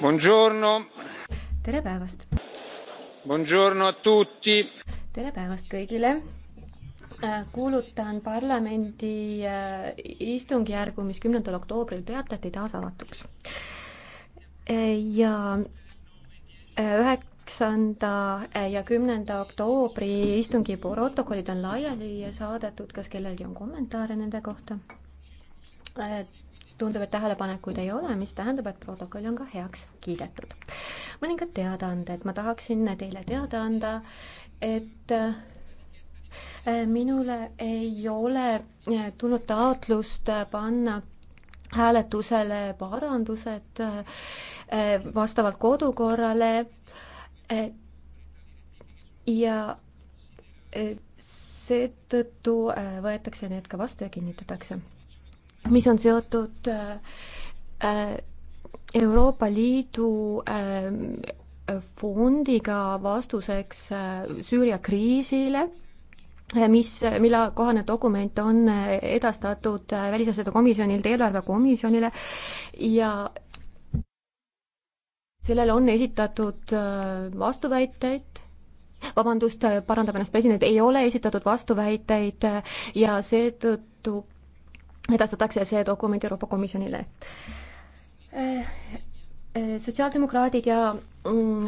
tere päevast! tere päevast kõigile! Äh, kuulutan parlamendi äh, istungjärgu, mis kümnendal oktoobril peatati, taas avatuks. Äh, ja üheksanda ja kümnenda oktoobri istungi protokollid on laiali saadetud, kas kellelgi on kommentaare nende kohta? tundub, et tähelepanekuid ei ole, mis tähendab, et protokoll on ka heaks kiidetud. mõningad teadaanded, ma tahaksin teile teada anda, et äh, minule ei ole äh, tulnud taotlust äh, panna hääletusele parandused vastavalt kodukorrale ja seetõttu võetakse need ka vastu ja kinnitatakse mis on seotud äh, äh, Euroopa Liidu äh, fondiga vastuseks Süüria kriisile mis, mille kohane dokument on edastatud Välisasjade Komisjonilt eelarvekomisjonile ja sellele on esitatud vastuväiteid, vabandust, parandab ennast president, ei ole esitatud vastuväiteid ja seetõttu edastatakse see dokument Euroopa Komisjonile. sotsiaaldemokraadid ja mm,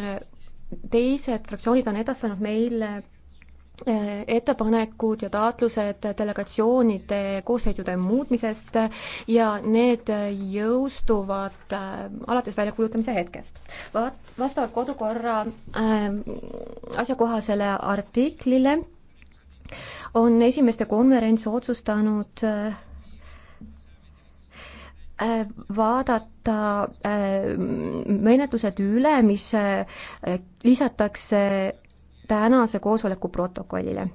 teised fraktsioonid on edastanud meile äh, ettepanekud ja taotlused delegatsioonide koosseisude muutmisest ja need jõustuvad äh, alates väljakuulutamise hetkest. vastavalt kodukorra äh, asjakohasele artiklile on esimeste konverents otsustanud Äh, vaadata äh, menetlused üle, mis äh, lisatakse tänase koosoleku protokollile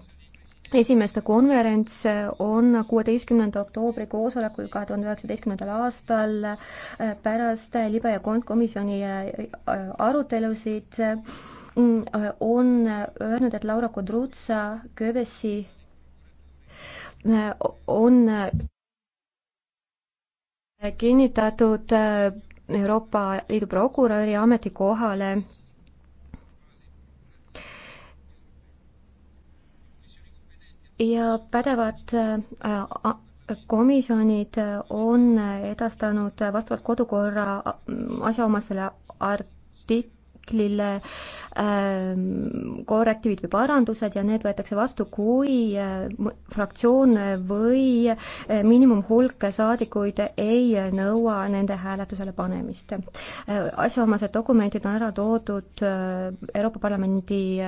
esimeste konverents on kuueteistkümnenda oktoobri koosolekul kahe tuhande üheksateistkümnendal aastal pärast libe- ja kontkomisjoni arutelusid on öelnud, et Laura Kodrutsa Kövesi on kinnitatud äh, Euroopa Liidu prokuröri ametikohale ja pädevad äh, komisjonid on edastanud vastavalt kodukorra äh, asjaomasele artik-, artiklile ähm, korrektiivid või parandused ja need võetakse vastu, kui äh, fraktsioon või äh, miinimumhulk saadikuid ei nõua nende hääletusele panemist. Äh, asjaomased dokumendid on ära toodud Euroopa Parlamendi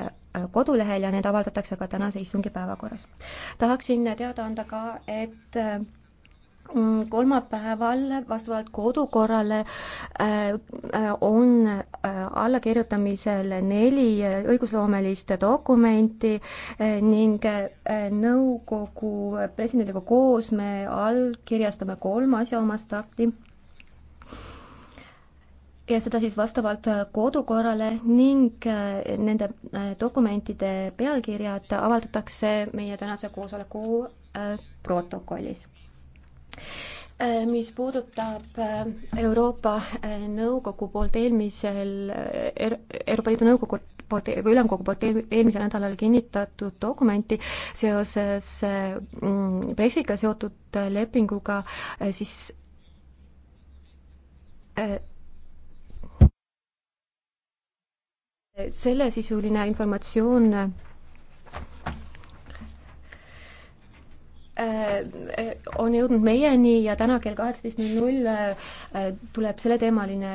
kodulehel ja need avaldatakse ka tänase istungi päevakorras. tahaksin teada anda ka, et Mm, kolmapäeval vastavalt kodukorrale äh, äh, on äh, allakirjutamisel neli õigusloomelist dokumenti ning nõukogu presidendiga koos me allkirjastame kolm asjaomast akti ja seda siis vastavalt kodukorrale ning nende dokumentide pealkirjad avaldatakse meie tänase koosoleku protokollis Äh, mis puudutab äh, Euroopa äh, Nõukogu poolt eelmisel, er, Euroopa Liidu Nõukogu poolt e-, või ülemkogu poolt eelmisel nädalal kinnitatud dokumenti seoses mm, Brexitiga seotud lepinguga, siis sellesisuline informatsioon Äh, äh, on jõudnud meieni ja täna kell kaheksateist null null äh, tuleb selleteemaline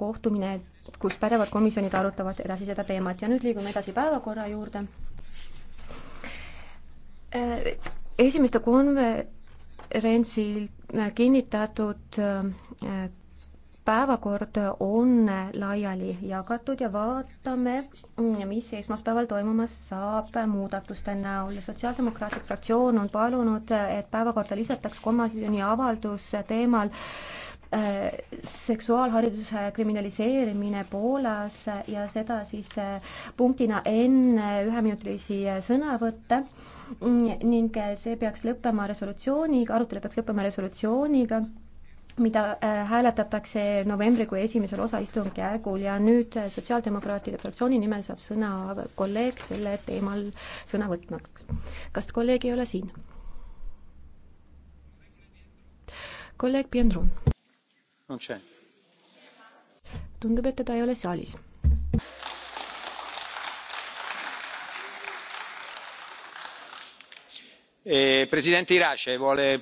kohtumine, kus pädevad komisjonid arutavad edasi seda teemat ja nüüd liigume edasi päevakorra juurde. esimeste konverentsil kinnitatud päevakord on laiali jagatud ja vaatame, mis esmaspäeval toimumas saab muudatuste näol. sotsiaaldemokraatlik fraktsioon on palunud, et päevakorda lisataks komisjoni avaldus teemal äh, seksuaalhariduse kriminaliseerimine Poolas ja seda siis äh, punktina enne üheminutilisi sõnavõtte ning see peaks lõppema resolutsiooniga, arutelu peaks lõppema resolutsiooniga mida äh, hääletatakse novembrikuu esimesel osaistungjärgul ja nüüd äh, Sotsiaaldemokraatide fraktsiooni nimel saab sõna kolleeg selle teemal sõna võtmaks. kas kolleeg ei ole siin? kolleeg Piendrun. tundub, et teda ei ole saalis. Eh, president Iraše, vole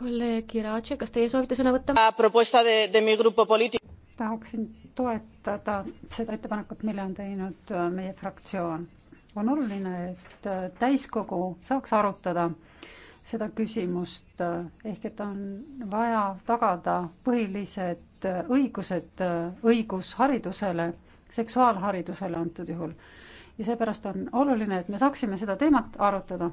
kolleeg Irace, kas teie soovite sõna võtta? Äh, tahaksin toetada seda ettepanekut, mille on teinud äh, meie fraktsioon. on oluline, et äh, täiskogu saaks arutada seda küsimust, ehk et on vaja tagada põhilised õigused õigusharidusele, seksuaalharidusele antud juhul ja seepärast on oluline, et me saaksime seda teemat arutada.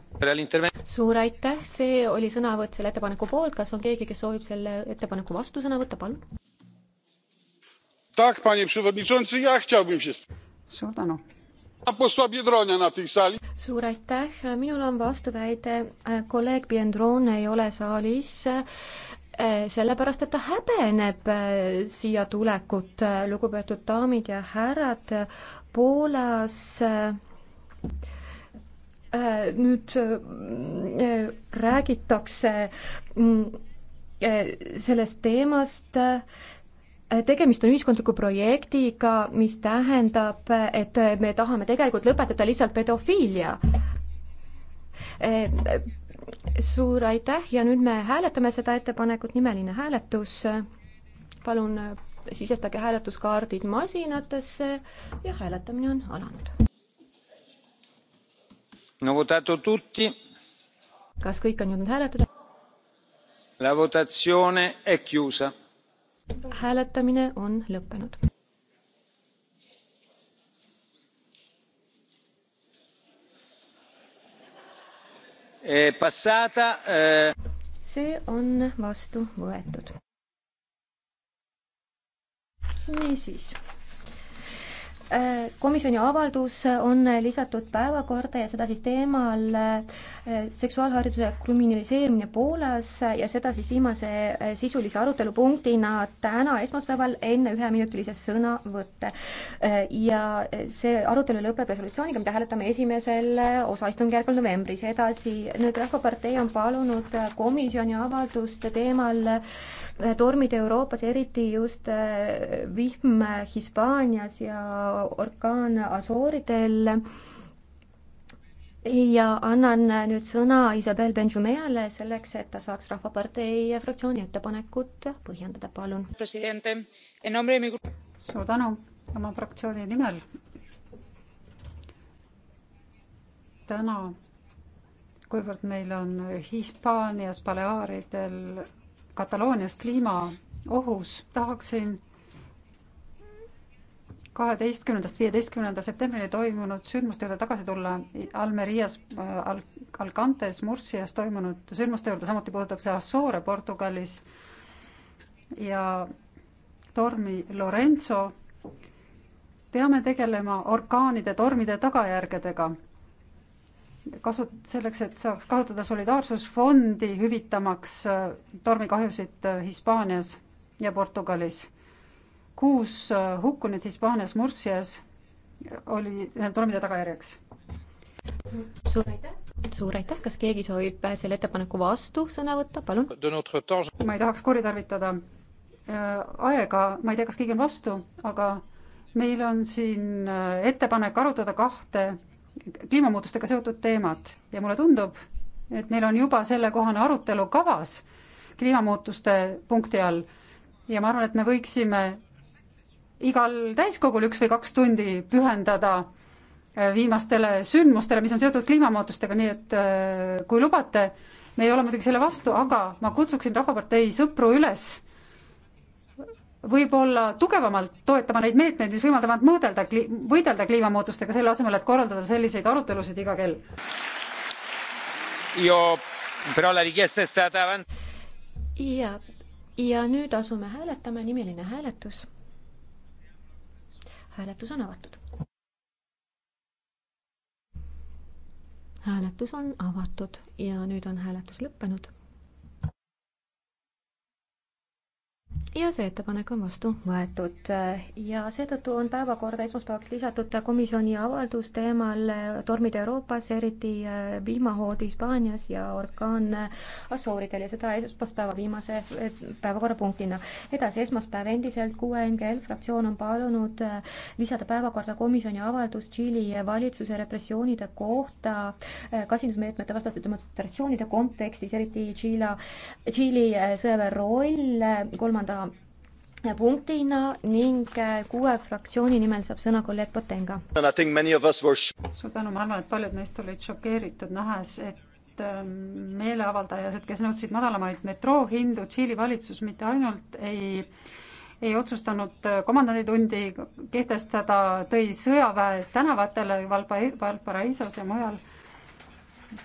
suur aitäh, see oli sõnavõtt selle ettepaneku poolt, kas on keegi, kes soovib selle ettepaneku vastu sõna võtta, palun? suur tänu. suur aitäh, minul on vastuväide, kolleeg Biendron ei ole saalis Eh, sellepärast, et ta häbeneb eh, siia tulekut, eh, lugupeetud daamid ja härrad, Poolas nüüd räägitakse mm, sellest teemast, tegemist on ühiskondliku projektiga, mis tähendab, et me tahame tegelikult lõpetada lihtsalt pedofiilia suur aitäh ja nüüd me hääletame seda ettepanekut, nimeline hääletus. palun äh, sisestage hääletuskaardid masinatesse ja hääletamine on alanud. kas kõik on jõudnud hääletada? hääletamine on lõppenud. passata eh, see on vastu võetud. niisiis Äh, komisjoni avaldus on lisatud päevakorda ja seda siis teemal äh, seksuaalhariduse kriminaliseerimine Poolas ja seda siis viimase äh, sisulise arutelupunktina täna esmaspäeval enne üheminutilise sõnavõtte. ja see arutelu lõpeb resolutsiooniga, mida hääletame esimesel osaistungjärgul novembris. edasi nüüd Rahvapartei on palunud komisjoni avaldust teemal tormid Euroopas, eriti just äh, vihm Hispaanias ja orkaan Asooridel. ja annan äh, nüüd sõna Isabel Benjumeale selleks, et ta saaks Rahvapartei fraktsiooni ettepanekut põhjendada, palun. suur tänu oma fraktsiooni nimel. täna, kuivõrd meil on Hispaanias Baleaaridel Kataloonias kliimaohus, tahaksin kaheteistkümnendast viieteistkümnenda septembrini toimunud sündmuste juurde tagasi tulla Almerias äh, Al-, Alcantes Murcias toimunud sündmuste juurde, samuti puudutab see Assoore Portugalis ja tormi Lorenzo. peame tegelema orkaanide, tormide tagajärgedega kasu-, selleks, et saaks kasutada solidaarsusfondi, hüvitamaks äh, tormikahjusid äh, Hispaanias ja Portugalis. kuus äh, hukkunut Hispaanias Murcias oli tormide tagajärjeks. suur aitäh! suur aitäh, kas keegi soovib selle ettepaneku vastu sõna võtta, palun? ma ei tahaks kuritarvitada aega, ma ei tea, kas keegi on vastu, aga meil on siin ettepanek arutada kahte kliimamuutustega seotud teemad ja mulle tundub, et meil on juba sellekohane arutelu kavas kliimamuutuste punkti all ja ma arvan, et me võiksime igal täiskogul üks või kaks tundi pühendada äh, viimastele sündmustele, mis on seotud kliimamuutustega, nii et äh, kui lubate, me ei ole muidugi selle vastu, aga ma kutsuksin Rahvapartei sõpru üles võib-olla tugevamalt toetama neid meetmeid, mis võimaldavad mõõdelda, võidelda kliimamuutustega, selle asemel, et korraldada selliseid arutelusid iga kell. ja, ja nüüd asume hääletama, nimeline hääletus. hääletus on avatud. hääletus on avatud ja nüüd on hääletus lõppenud ja see ettepanek on vastu võetud ja seetõttu on päevakorda esmaspäevaks lisatud komisjoni avaldus teemal tormid Euroopas, eriti äh, vihmahood Hispaanias ja orkaan äh, Assuuridel ja seda esmaspäeva viimase äh, päevakorrapunktina. edasi, esmaspäev endiselt QNGL fraktsioon on palunud lisada päevakorda komisjoni avaldus Tšiili valitsuse repressioonide kohta kasinusmeetmete vastaste demonstratsioonide kontekstis, eriti Tšiila, Tšiili sõjaväe roll kolmanda punktina ning äh, kuue fraktsiooni nimel saab sõna kolleeg Potenga. suur tänu, ma arvan, et paljud meist olid šokeeritud, nähes, et ähm, meeleavaldajad, kes nõudsid madalamaid metroohindu, Tšiili valitsus mitte ainult ei ei otsustanud äh, komandanditundi kehtestada, tõi sõjaväe tänavatele Valpa-, Valparaisos ja mujal.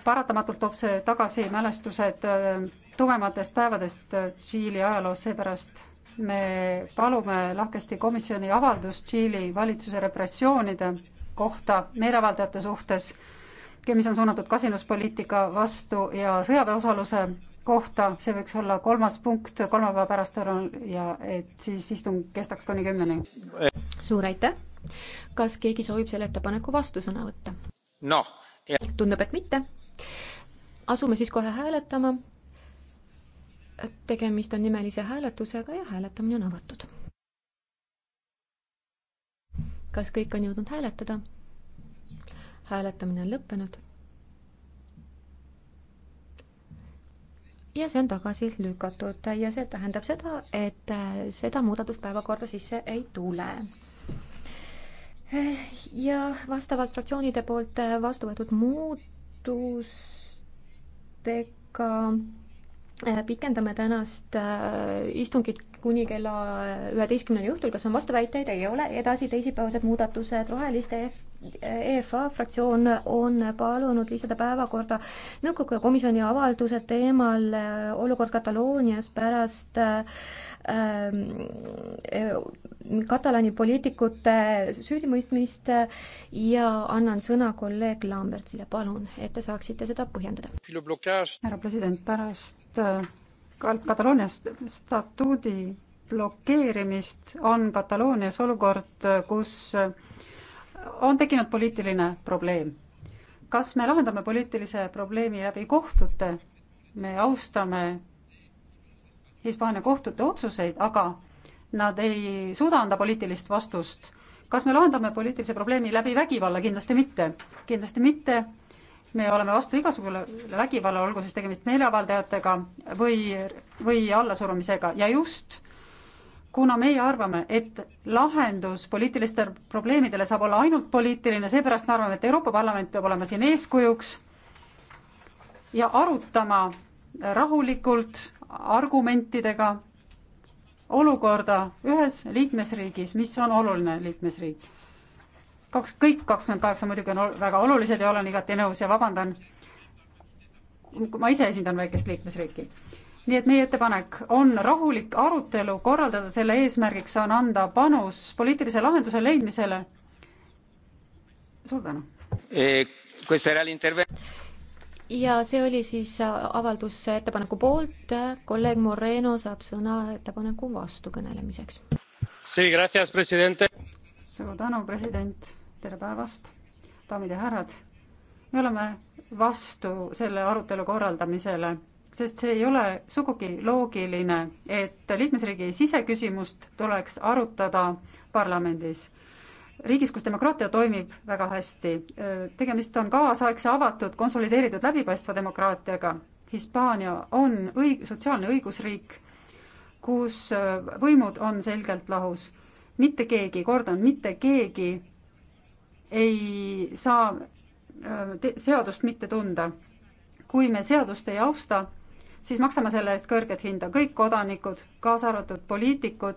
paratamatult toob see tagasi mälestused äh, tumematest päevadest Tšiili ajaloos, seepärast me palume lahkesti komisjoni avaldust Tšiili valitsuse repressioonide kohta meeleavaldajate suhtes, mis on suunatud kasinuspoliitika vastu ja sõjaväe osaluse kohta, see võiks olla kolmas punkt kolmapäeva pärastlõunal ja et siis istung kestaks kuni kümneni. suur aitäh. kas keegi soovib selle ettepaneku vastusõna võtta? noh. tundub, et mitte. asume siis kohe hääletama tegemist on nimelise hääletusega ja hääletamine on avatud. kas kõik on jõudnud hääletada? hääletamine on lõppenud. ja see on tagasi lükatud ja see tähendab seda, et äh, seda muudatust päevakorda sisse ei tule. ja vastavalt fraktsioonide poolt äh, vastu võetud muutustega Äh, pikendame tänast äh, istungit kuni kella äh, üheteistkümneni õhtul, kas on vastuväiteid, ei ole, edasi teisipäevased muudatused, Roheliste EFA fraktsioon on palunud lisada päevakorda nõukogu ja komisjoni avalduse teemal olukord Kataloonias pärast ähm, katalaani poliitikute süüdimõistmist ja annan sõna kolleeg Lambertsile, palun, et te saaksite seda põhjendada. härra president, pärast pärast äh, Kataloonia statuudi blokeerimist on Kataloonias olukord, äh, kus äh, on tekkinud poliitiline probleem. kas me lahendame poliitilise probleemi läbi kohtute? me austame Hispaania kohtute otsuseid, aga nad ei suuda anda poliitilist vastust. kas me lahendame poliitilise probleemi läbi vägivalla? kindlasti mitte. kindlasti mitte me oleme vastu igasugusele vägivallale, olgu siis tegemist meeleavaldajatega või, või allasurumisega ja just kuna meie arvame, et lahendus poliitilistele probleemidele saab olla ainult poliitiline, seepärast me arvame, et Euroopa Parlament peab olema siin eeskujuks ja arutama rahulikult argumentidega olukorda ühes liikmesriigis, mis on oluline liikmesriik kaks, kõik kakskümmend kaheksa muidugi on väga olulised ja olen igati nõus ja vabandan, ma ise esindan väikest liikmesriiki. nii et meie ettepanek on rahulik arutelu korraldada, selle eesmärgiks on anda panus poliitilise lahenduse leidmisele. suur tänu eh, ja see oli siis avaldus ettepaneku poolt, kolleeg Moreno saab sõna ettepaneku vastukõnelemiseks. suur tänu, president tere päevast, daamid ja härrad. me oleme vastu selle arutelu korraldamisele, sest see ei ole sugugi loogiline, et liikmesriigi siseküsimust tuleks arutada parlamendis riigis, kus demokraatia toimib väga hästi. tegemist on kaasaegse avatud, konsolideeritud, läbipaistva demokraatiaga. Hispaania on õig-, sotsiaalne õigusriik, kus võimud on selgelt lahus. mitte keegi, kordan, mitte keegi ei saa seadust mitte tunda. kui me seadust ei austa, siis maksame selle eest kõrget hinda, kõik kodanikud, kaasa arvatud poliitikud.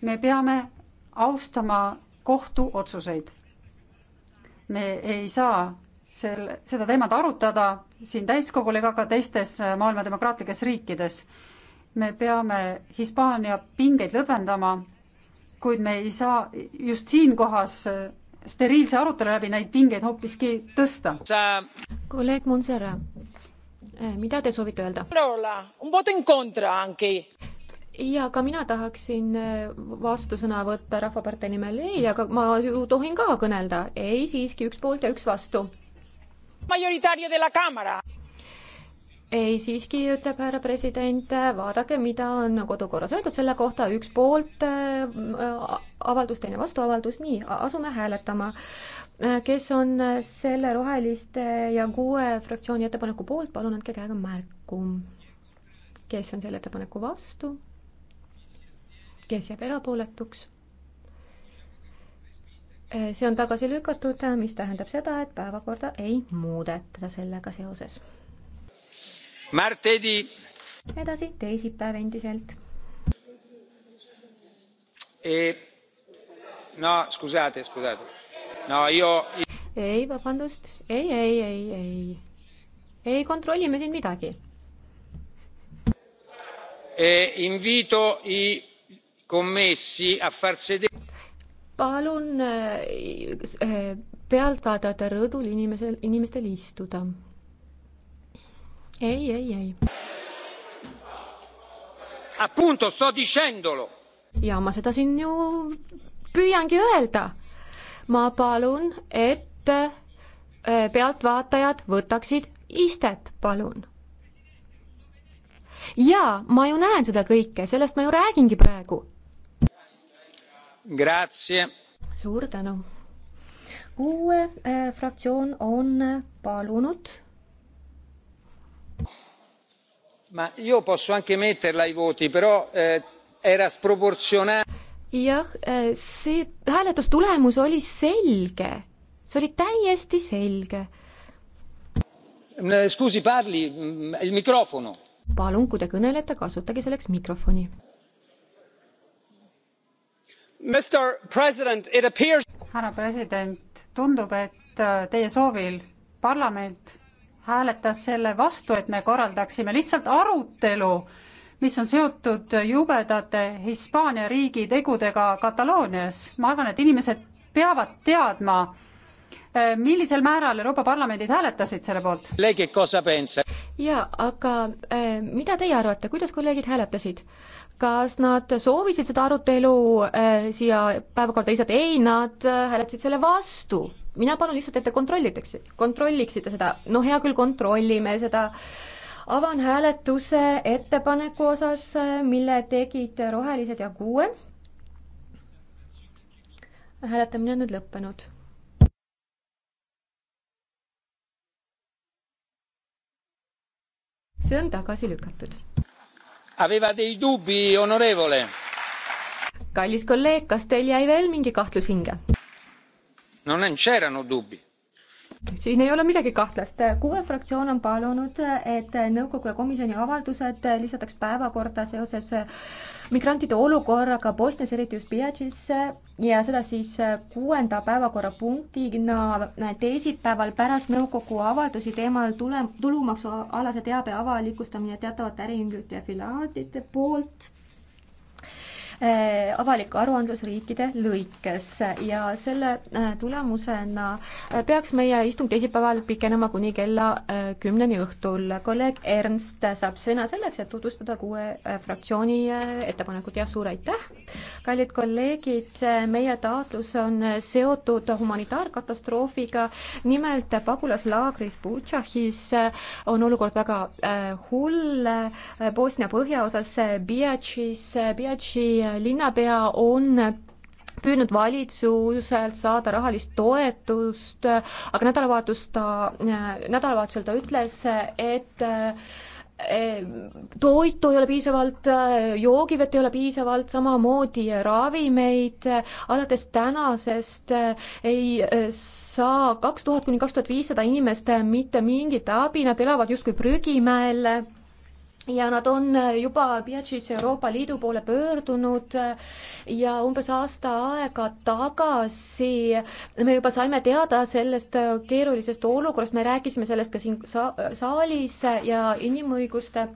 me peame austama kohtuotsuseid. me ei saa sel, seda teemat arutada siin täiskogul ega ka teistes maailma demokraatlikes riikides. me peame Hispaania pingeid lõdvendama, kuid me ei saa just siinkohas steriilse arutelu läbi neid pingeid hoopiski tõsta. kolleeg Monsera, eh, mida te soovite öelda? ja ka mina tahaksin eh, vastusõna võtta Rahvapartei nimel, ei, aga ma ju tohin ka kõnelda, ei siiski üks poolt ja üks vastu ei, siiski ütleb härra president, vaadake, mida on kodukorras öeldud selle kohta, üks poolt äh, avaldus, teine vastuavaldus, nii, asume hääletama. Äh, kes on selle roheliste ja kuue fraktsiooni ettepaneku poolt, palun andke käega märku. kes on selle ettepaneku vastu? kes jääb erapooletuks? Äh, see on tagasi lükatud, mis tähendab seda, et päevakorda ei muudeta sellega seoses martedì. edasi teisipäev endiselt e.... no scusate, scusate. no io. ei, vabandust, ei, ei, ei, ei, ei kontrollime siin midagi e. invito i commessi a far sedere. palun eh, eh, pealtvaatajate rõdul inimesel, inimestel istuda ei, ei, ei. Appunto, sto dicendolo. ja ma seda siin ju püüangi öelda. ma palun, et äh, pealtvaatajad võtaksid istet, palun. jaa, ma ju näen seda kõike, sellest ma ju räägingi praegu. suur tänu. uue äh, fraktsioon on palunud ma io posso anche metterla ai voti però eh, era sproporzionato. jah eh, see hääletustulemus oli selge see oli täiesti selge. Mm, eh, scusi, parli, mm, il microfono. palun, kui te kõnelete, kasutage selleks mikrofoni. härra president, tundub, et teie soovil parlament hääletas selle vastu, et me korraldaksime lihtsalt arutelu, mis on seotud jubedate Hispaania riigi tegudega Kataloonias. ma arvan, et inimesed peavad teadma, eh, millisel määral Euroopa Parlamendid hääletasid selle poolt? jaa, aga äh, mida teie arvate, kuidas kolleegid hääletasid? kas nad soovisid seda arutelu äh, siia päevakorda lisada? ei, nad äh, hääletasid selle vastu mina palun lihtsalt, et te kontrolliteks, kontrolliksite seda, no hea küll, kontrollime seda, avan hääletuse ettepaneku osas, mille tegid rohelised ja kuue. hääletamine on nüüd lõppenud see on tagasi lükatud. kallis kolleeg, kas teil jäi veel mingi kahtlus hinge? siin ei ole midagi kahtlast. kuue fraktsioon on palunud, et nõukogu ja komisjoni avaldused lisataks päevakorda seoses migrantide olukorraga Bosnias, eriti just Piatšis ja seda siis kuuenda päevakorrapunktina teisipäeval pärast nõukogu avaldusi teemal tule, tulumaksualase teabe avalikustamine teatavate äriühingute ja filaadide poolt Eh, avalik aruandlus riikide lõikes ja selle eh, tulemusena eh, peaks meie istung teisipäeval pikenema kuni kella kümneni õhtul. kolleeg Ernst saab sõna selleks, et tutvustada kuue fraktsiooni ettepanekut ja suur aitäh. kallid kolleegid, meie taotlus on seotud humanitaarkatastroofiga, nimelt pagulaslaagris Butšahis on olukord väga hull Bosnia põhjaosas, Biatšis, Biatši linnapea on püüdnud valitsuselt saada rahalist toetust, aga nädalavahetus ta, nädalavahetusel ta ütles, et eh, toitu ei ole piisavalt, joogivett ei ole piisavalt, samamoodi ravimeid, alates tänasest eh, ei eh, saa kaks tuhat kuni kaks tuhat viissada inimest mitte mingit abi, nad elavad justkui prügimäel ja nad on juba Biatšis Euroopa Liidu poole pöördunud äh, ja umbes aasta aega tagasi me juba saime teada sellest äh, keerulisest olukorrast, me rääkisime sellest ka siin sa-, saalis äh, ja inimõiguste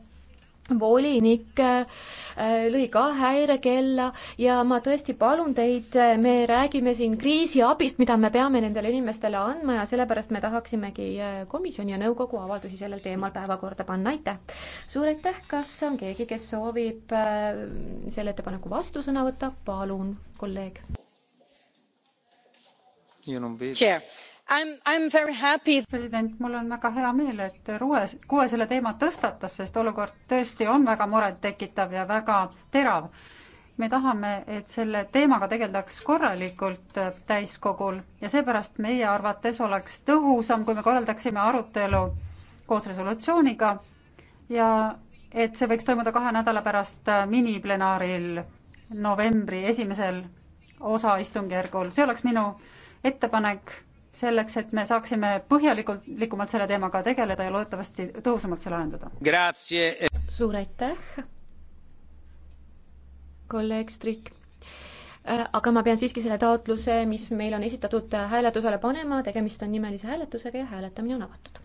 volinik äh, lõi ka häirekella ja ma tõesti palun teid, äh, me räägime siin kriisiabist, mida me peame nendele inimestele andma ja sellepärast me tahaksimegi äh, komisjoni ja nõukogu avaldusi sellel teemal päevakorda panna, aitäh. suur aitäh, kas on keegi, kes soovib selle ettepaneku vastusõna võtta, palun, kolleeg president, mul on väga hea meel, et Ruue, Kuue selle teema tõstatas, sest olukord tõesti on väga murettekitav ja väga terav. me tahame, et selle teemaga tegeldaks korralikult täiskogul ja seepärast meie arvates oleks tõhusam, kui me korraldaksime arutelu koos resolutsiooniga ja et see võiks toimuda kahe nädala pärast miniplenaaril novembri esimesel osaistungjärgul, see oleks minu ettepanek selleks, et me saaksime põhjalikult, likumalt selle teemaga tegeleda ja loodetavasti tõhusamalt see lahendada. suur aitäh, kolleeg Strik äh, aga ma pean siiski selle taotluse, mis meile on esitatud, äh, hääletusele panema, tegemist on nimelise hääletusega ja hääletamine on avatud.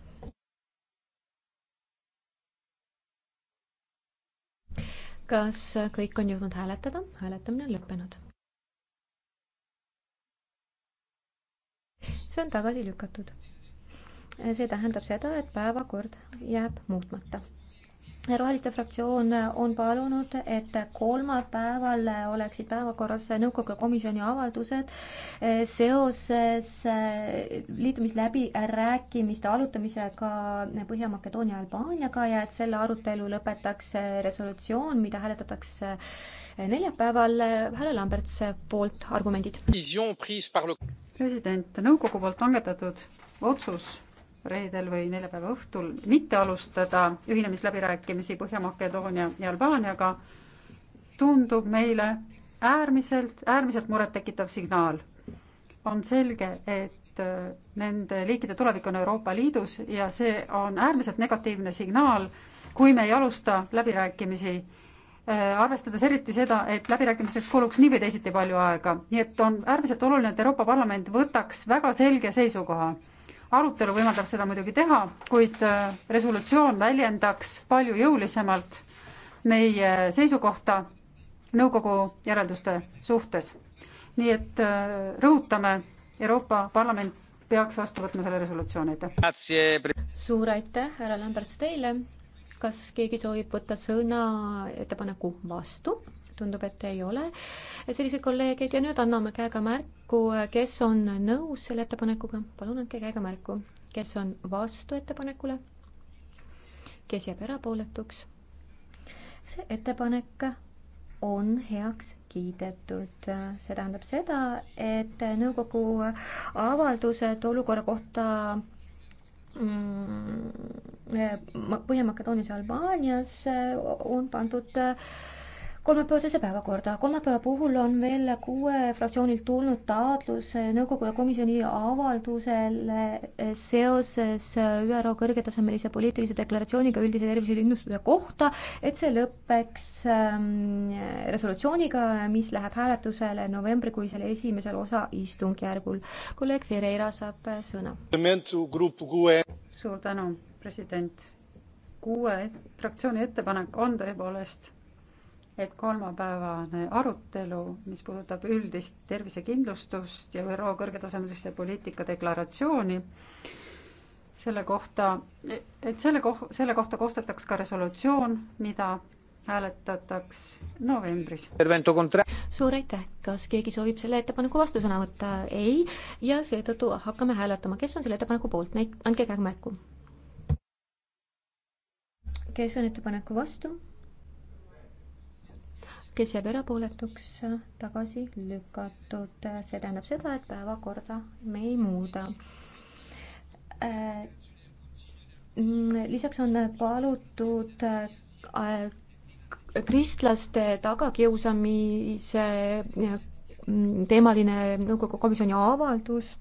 kas kõik on jõudnud hääletada? hääletamine on lõppenud see on tagasi lükatud. see tähendab seda, et päevakord jääb muutmata roheliste fraktsioon on palunud, et kolmapäeval oleksid päevakorras nõukogu komisjoni avaldused seoses eh, liitumisläbirääkimiste alutamisega Põhja-Makedoonia ja Albaaniaga ja et selle arutelu lõpetaks resolutsioon, mida hääletatakse neljapäeval. härra Lamberts, poolt argumendid president, nõukogu poolt langetatud otsus reedel või neljapäeva õhtul mitte alustada ühinemisläbirääkimisi Põhja-Makedoonia ja Albaaniaga tundub meile äärmiselt, äärmiselt murettekitav signaal. on selge, et äh, nende liikide tulevik on Euroopa Liidus ja see on äärmiselt negatiivne signaal, kui me ei alusta läbirääkimisi Äh, arvestades eriti seda, et läbirääkimisteks kuluks nii või teisiti palju aega, nii et on äärmiselt oluline, et Euroopa Parlament võtaks väga selge seisukoha. arutelu võimaldab seda muidugi teha, kuid äh, resolutsioon väljendaks palju jõulisemalt meie seisukohta nõukogu järelduste suhtes. nii et äh, rõhutame, Euroopa Parlament peaks vastu võtma selle resolutsiooni, aitäh. suur aitäh, härra Lamberts, teile kas keegi soovib võtta sõna ettepaneku vastu? tundub, et ei ole selliseid kolleegeid ja nüüd anname käega märku, kes on nõus selle ettepanekuga, palun andke käega märku, kes on vastu ettepanekule, kes jääb erapooletuks. see ettepanek on heaks kiidetud, see tähendab seda, et nõukogu avaldused olukorra kohta Mm, eh, Põhja-Makedoonias ja Albaanias eh, on pandud eh, kolmapäevasesse päevakorda. kolmapäeva puhul on veel kuue fraktsioonilt tulnud taotlus nõukogu ja komisjoni avaldusele seoses ÜRO kõrgetasemelise poliitilise deklaratsiooniga üldise tervisekindlustuse kohta, et see lõpeks ähm, resolutsiooniga, mis läheb hääletusele novembrikuisel esimesel osaistungjärgul. kolleeg Ferreira saab sõna. suur tänu, president. kuue fraktsiooni ettepanek on tõepoolest et kolmapäevane arutelu, mis puudutab üldist tervisekindlustust ja ÜRO kõrgetasemelise poliitika deklaratsiooni, selle kohta, et selle koh-, selle kohta koostataks ka resolutsioon, mida hääletataks novembris. suur aitäh, kas keegi soovib selle ettepaneku vastusõna võtta? ei, ja seetõttu hakkame hääletama, kes on selle ettepaneku poolt, näit-, andke käega märku. kes on ettepaneku vastu? kes jääb erapooletuks, tagasi lükatud. see tähendab seda, et päevakorda me ei muuda. Äh, lisaks on palutud äh, kristlaste tagakiusamise äh, teemaline nõukogu komisjoni avaldus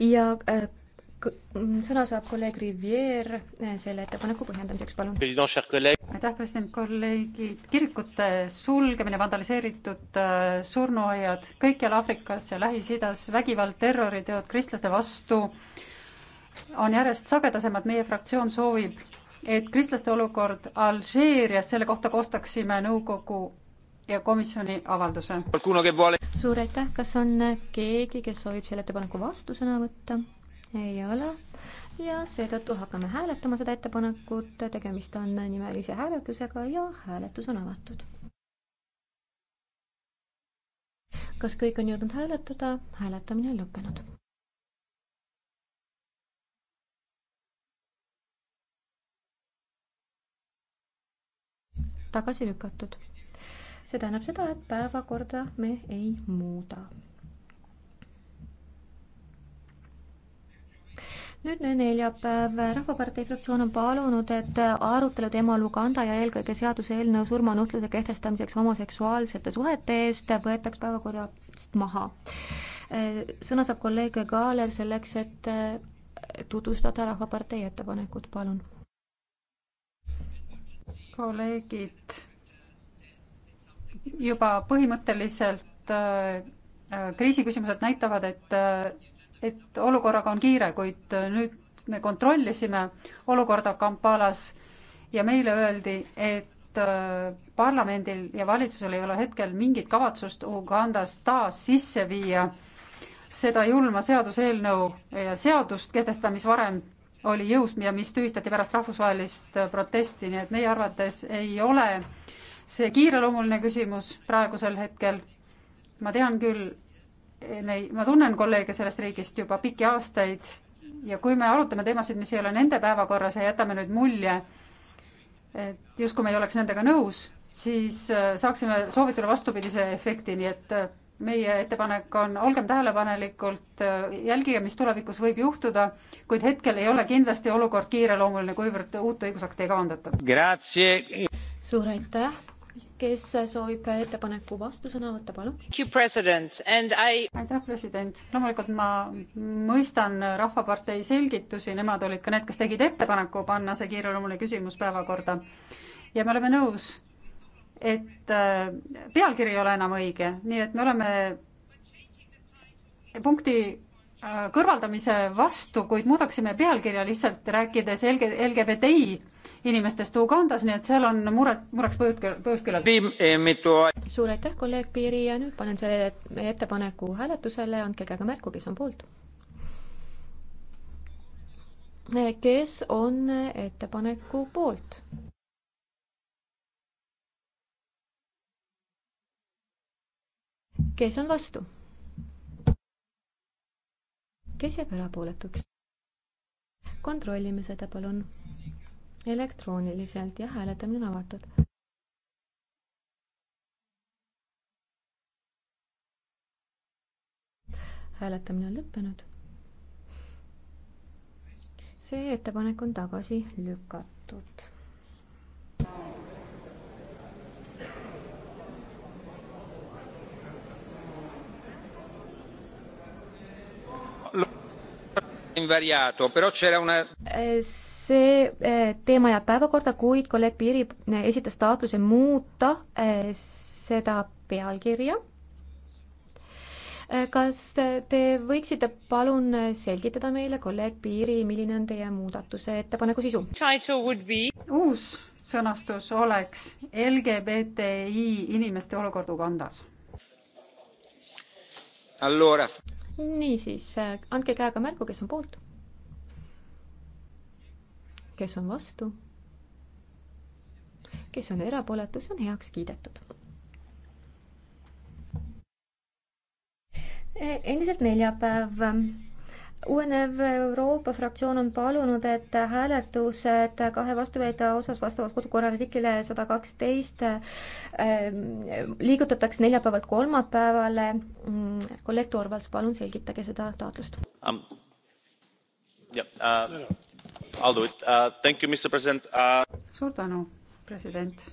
ja Mm, sõna saab kolleeg Rivier eh, selle ettepaneku põhjendamiseks, palun. aitäh, president, kolleegid. kirikute sulgemine, vandaliseeritud eh, surnuaiad kõikjal Aafrikas ja Lähis-Idas, vägivald, terroriteod kristlaste vastu on järjest sagedasemad. meie fraktsioon soovib, et kristlaste olukord Alžeerias, selle kohta koostaksime nõukogu ja komisjoni avalduse. suur aitäh, kas on keegi, kes soovib selle ettepaneku vastusõna võtta? ei ole ja seetõttu hakkame hääletama seda ettepanekut, tegemist on nimelise hääletusega ja hääletus on avatud. kas kõik on jõudnud hääletada? hääletamine on lõppenud. tagasi lükatud. see tähendab seda, et päevakorda me ei muuda nüüd neljapäev, Rahvapartei fraktsioon on palunud, et arutelu teemal Uganda ja eelkõige seaduseelnõu surmanuhtluse kehtestamiseks homoseksuaalsete suhete eest võetaks päevakorrast maha. sõna saab kolleeg Kaaler selleks, et tutvustada Rahvapartei ettepanekut, palun. kolleegid, juba põhimõtteliselt äh, äh, kriisiküsimused näitavad, et äh, et olukorraga on kiire, kuid nüüd me kontrollisime olukorda Kampalas ja meile öeldi, et äh, parlamendil ja valitsusel ei ole hetkel mingit kavatsust Ugandas taas sisse viia seda julma seaduseelnõu ja seadust kehtestada, mis varem oli jõus ja mis tühistati pärast rahvusvahelist äh, protesti, nii et meie arvates ei ole see kiireloomuline küsimus praegusel hetkel. ma tean küll, neid, ma tunnen kolleege sellest riigist juba pikki aastaid ja kui me arutame teemasid, mis ei ole nende päevakorras ja jätame nüüd mulje, et justkui me ei oleks nendega nõus, siis äh, saaksime soovitule vastupidise efekti, nii et äh, meie ettepanek on, olgem tähelepanelikult, äh, jälgige, mis tulevikus võib juhtuda, kuid hetkel ei ole kindlasti olukord kiireloomuline, kuivõrd uut õigusakti ei kavandata. suur aitäh kes soovib ettepaneku vastusõna võtta, palun. aitäh, president. loomulikult ma mõistan Rahvapartei selgitusi, nemad olid ka need, kes tegid ettepaneku panna see kiireloomuline küsimus päevakorda. ja me oleme nõus, et äh, pealkiri ei ole enam õige, nii et me oleme punkti äh, kõrvaldamise vastu, kuid muudaksime pealkirja lihtsalt rääkides LGBTI inimestest Ugandas, nii et seal on muret, mureks põhjust, põhjust küllalt. Eh, suur aitäh, kolleeg Piiri ja nüüd panen selle ettepaneku hääletusele, andke käega märku, kes on poolt. Eh, kes on ettepaneku poolt? kes on vastu? kes jääb erapooletuks? kontrollime seda, palun elektrooniliselt ja hääletamine on avatud. hääletamine on lõppenud. see ettepanek on tagasi lükatud. Look. Eh, see eh, teema jääb päevakorda, kuid kolleeg Piiri eh, esitas taotluse muuta seda pealkirja. kas te võiksite palun selgitada meile, kolleeg Piiri, milline on teie muudatuse ettepaneku sisu? uus sõnastus oleks LGBTI inimeste olukord Ugandas niisiis, äh, andke käega märku, kes on poolt. kes on vastu? kes on erapooletu, see on heaks kiidetud. E, endiselt neljapäev UNF Euroopa fraktsioon on palunud, et hääletused kahe vastuväite osas vastavalt kodukorra artiklile sada kaksteist ähm, liigutataks neljapäevalt kolmapäevale. Mm, kolleeg Torvalds, palun selgitage seda taotlust um,. Yeah, uh, I'll do it. Uh, thank you, Mr President uh.... suur tänu, president.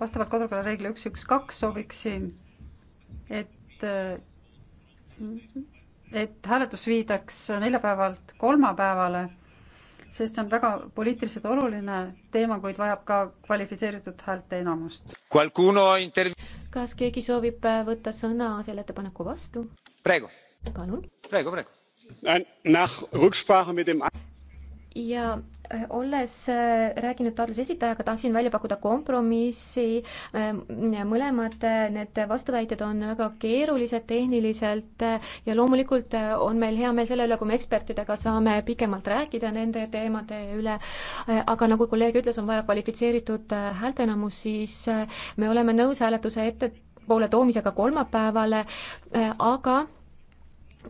vastavalt kodukorra reeglile üks, üks, kaks sooviksin, et uh, et hääletus viidaks neljapäevalt kolmapäevale, sest see on väga poliitiliselt oluline teema, kuid vajab ka kvalifitseeritud häälteenamust. kas keegi soovib võtta sõna selle ettepaneku vastu? palun. Äh, ja äh, olles äh, rääkinud taotluse esitajaga, tahaksin välja pakkuda kompromissi, ähm, mõlemad äh, need vastuväited on väga keerulised tehniliselt ja loomulikult on meil hea meel selle üle, kui me ekspertidega saame pikemalt rääkida nende teemade üle, aga nagu kolleeg ütles, on vaja kvalifitseeritud häälteenamus, siis me oleme nõus hääletuse ettepoole toomisega kolmapäevale, aga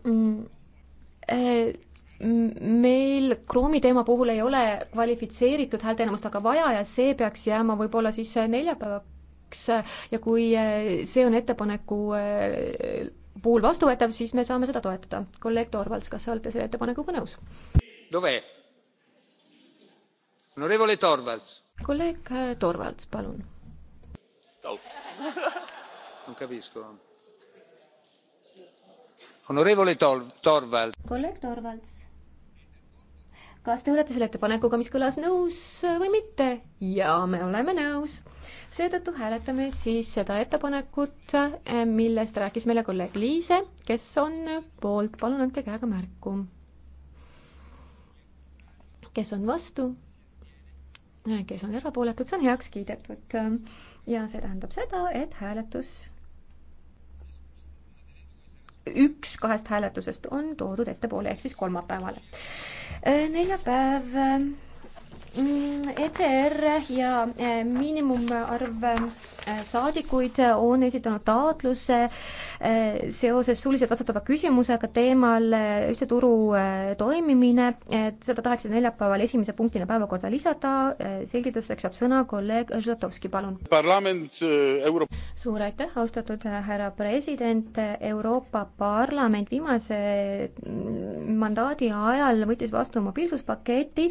mm, meil Chrome'i teema puhul ei ole kvalifitseeritud häälteenamust aga vaja ja see peaks jääma võib-olla siis äh, neljapäevaks ja kui äh, see on ettepaneku äh, puhul vastuvõetav, siis me saame seda toetada. kolleeg Torvalds, kas olete selle ettepanekuga nõus? kolleeg Torvalds, palun no.. Non capisco. Onorevole Tor- Torvalds. Kolleeg Torvalds kas te olete selle ettepanekuga, mis kõlas, nõus äh, või mitte? jaa, me oleme nõus. seetõttu hääletame siis seda ettepanekut, äh, millest rääkis meile kolleeg Liise, kes on poolt, palun andke käega märku. kes on vastu? Äh, kes on erapooletud, see on heaks kiidetud. ja see tähendab seda, et hääletus, üks kahest hääletusest on toodud ettepoole ehk siis kolmapäevale. Äh, neljapäev ähm, Mm, ECR ja eh, miinimumarv eh, saadikuid on esitanud taotluse eh, seoses suuliselt vastatava küsimusega teemal ühtse turu toimimine, et seda tahaksin neljapäeval esimese punktina päevakorda lisada, selgituseks saab sõna kolleeg Žlatovski, palun. Euro... suur aitäh, austatud härra president, Euroopa Parlament viimase mm, mandaadi ajal võttis vastu mobiilsuspaketi,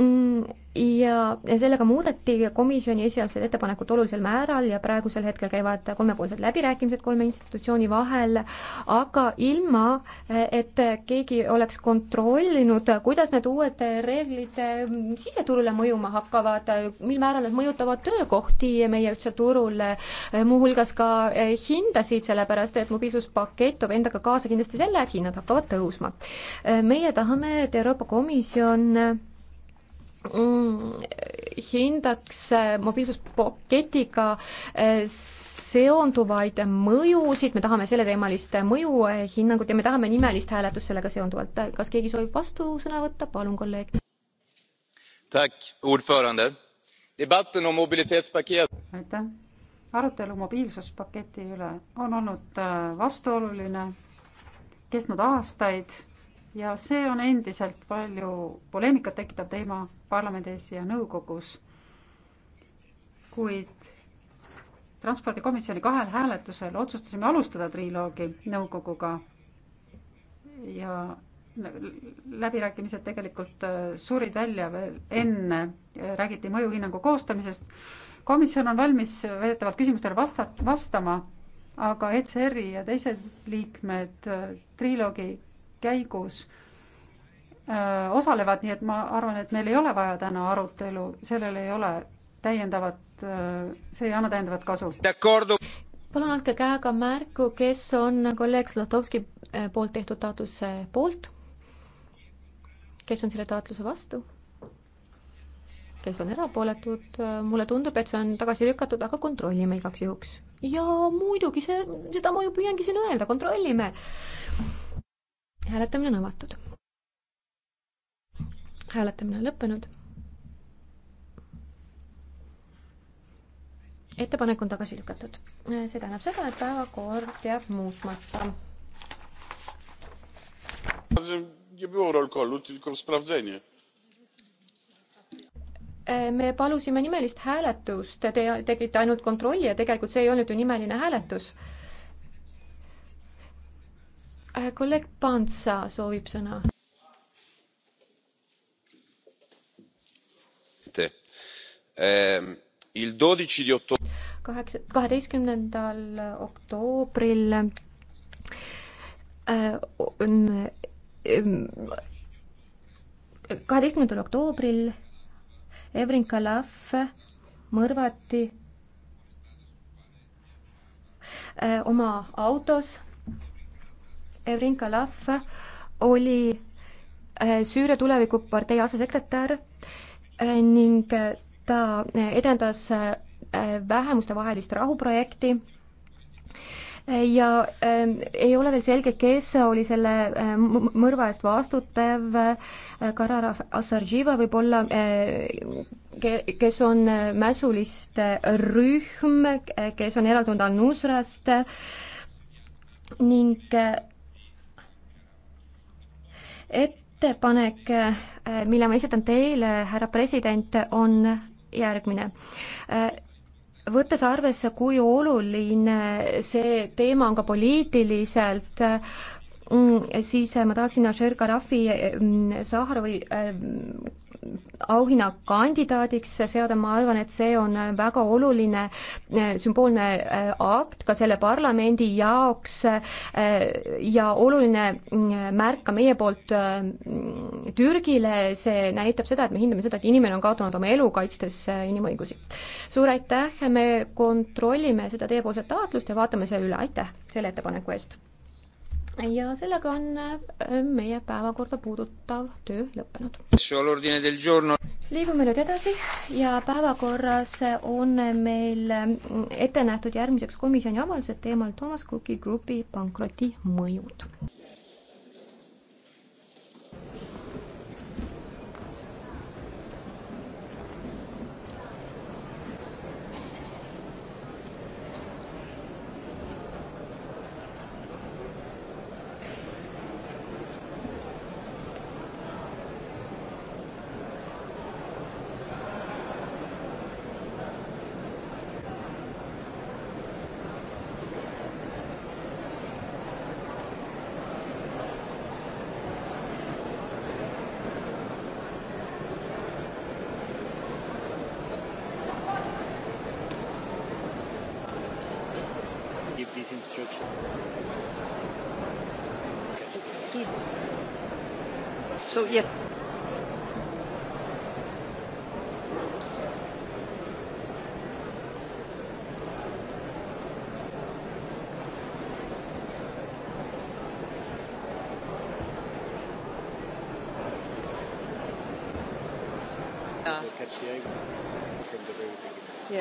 Mm, ja, ja sellega muudeti komisjoni esialgset ettepanekut olulisel määral ja praegusel hetkel käivad kolmepoolsed läbirääkimised kolme institutsiooni vahel, aga ilma, et keegi oleks kontrollinud, kuidas need uued reeglid mm, siseturule mõjuma hakkavad, mil määral need mõjutavad töökohti meie ühtsel turul, muuhulgas ka eh, hindasid, sellepärast et mobiilsuspakett toob endaga kaasa kindlasti selle, et hinnad hakkavad tõusma. meie tahame, et Euroopa Komisjon Mm, hindakse mobiilsuspaketiga eh, seonduvaid mõjusid, me tahame selleteemalist mõjuhinnangut eh, ja me tahame nimelist hääletust sellega seonduvalt. kas keegi soovib vastusõna võtta, palun, kolleeg? aitäh, arutelu mobiilsuspaketi üle on olnud eh, vastuoluline, kestnud aastaid ja see on endiselt palju poleemikat tekitav teema parlamendis ja nõukogus. kuid transpordikomisjoni kahel hääletusel otsustasime alustada triloogi nõukoguga ja läbirääkimised tegelikult äh, surid välja veel enne, räägiti mõjuhinnangu koostamisest. komisjon on valmis väidetavalt küsimustele vasta-, vastama, aga ECR-i ja teised liikmed äh, triloogi käigus äh, osalevad, nii et ma arvan, et meil ei ole vaja täna arutelu, sellel ei ole täiendavat, äh, see ei anna täiendavat kasu. palun andke käega märku, kes on kolleeg Zlatovski äh, poolt tehtud taotluse poolt, kes on selle taotluse vastu, kes on erapooletud, mulle tundub, et see on tagasi lükatud, aga kontrollime igaks juhuks. ja muidugi see, seda ma ju püüangi siin öelda, kontrollime hääletamine on avatud. hääletamine on lõppenud. ettepanek on tagasi lükatud. see tähendab seda, et päevakord jääb muutmata. me palusime nimelist hääletust, te tegite ainult kontrolli ja tegelikult see ei olnud ju nimeline hääletus Äh, kolleeg Pantsa soovib sõna. Ähm, kaheksa, kaheteistkümnendal oktoobril äh, ähm, kaheteistkümnendal oktoobril Evrin Kalaf mõrvati äh, oma autos Evrinka Lahv oli äh, Süüria tulevikupartei asesekretär äh, ning äh, ta edendas vähemustevahelist rahuprojekti ja äh, ei ole veel selge, kes oli selle äh, mõrva eest vastutav äh,, Karara Assarživa võib-olla äh, ke,, kes on äh, mässuliste rühm äh,, kes on eraldunud Al-Nusrast äh, ning äh, ettepanek, äh, mille ma esitan teile, härra president, on järgmine äh, võttes arvesse, kui oluline see teema on ka poliitiliselt, mm, siis ma tahaksin Asher Karafi mm, Saharovi äh, auhinna kandidaadiks seada, ma arvan, et see on väga oluline eh, sümboolne eh, akt ka selle parlamendi jaoks eh, ja oluline mm, märk ka meie poolt mm, Türgile, see näitab seda, et me hindame seda, et inimene on kaotanud oma elu, kaitstes inimõigusi. suur aitäh, me kontrollime seda teiepoolset taotlust ja vaatame selle üle, aitäh selle ettepaneku eest! ja sellega on äh, meie päevakorda puudutav töö lõppenud. liigume nüüd edasi ja päevakorras on meil äh, ette nähtud järgmiseks komisjoni avaldused teemal Thomas Cooki grupi pankroti mõjud.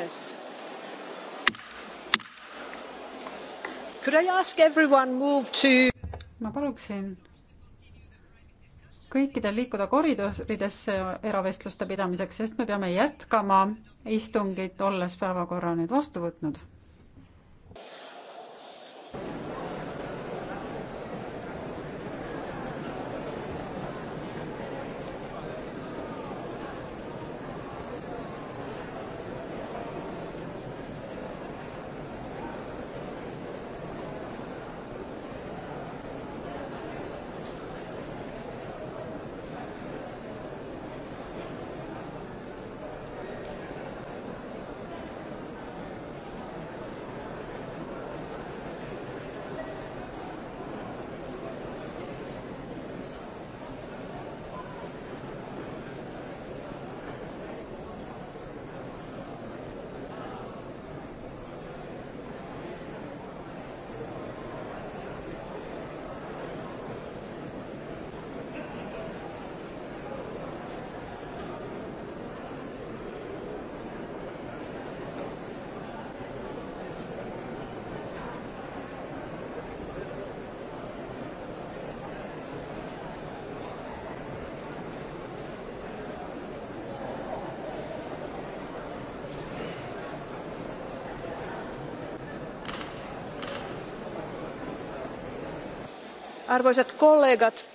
yes. Could I ask everyone move to ma paluksin kõikidel liikuda koridoridesse eravestluste pidamiseks, sest me peame jätkama istungit, olles päevakorra nüüd vastu võtnud arvoisat kollegat.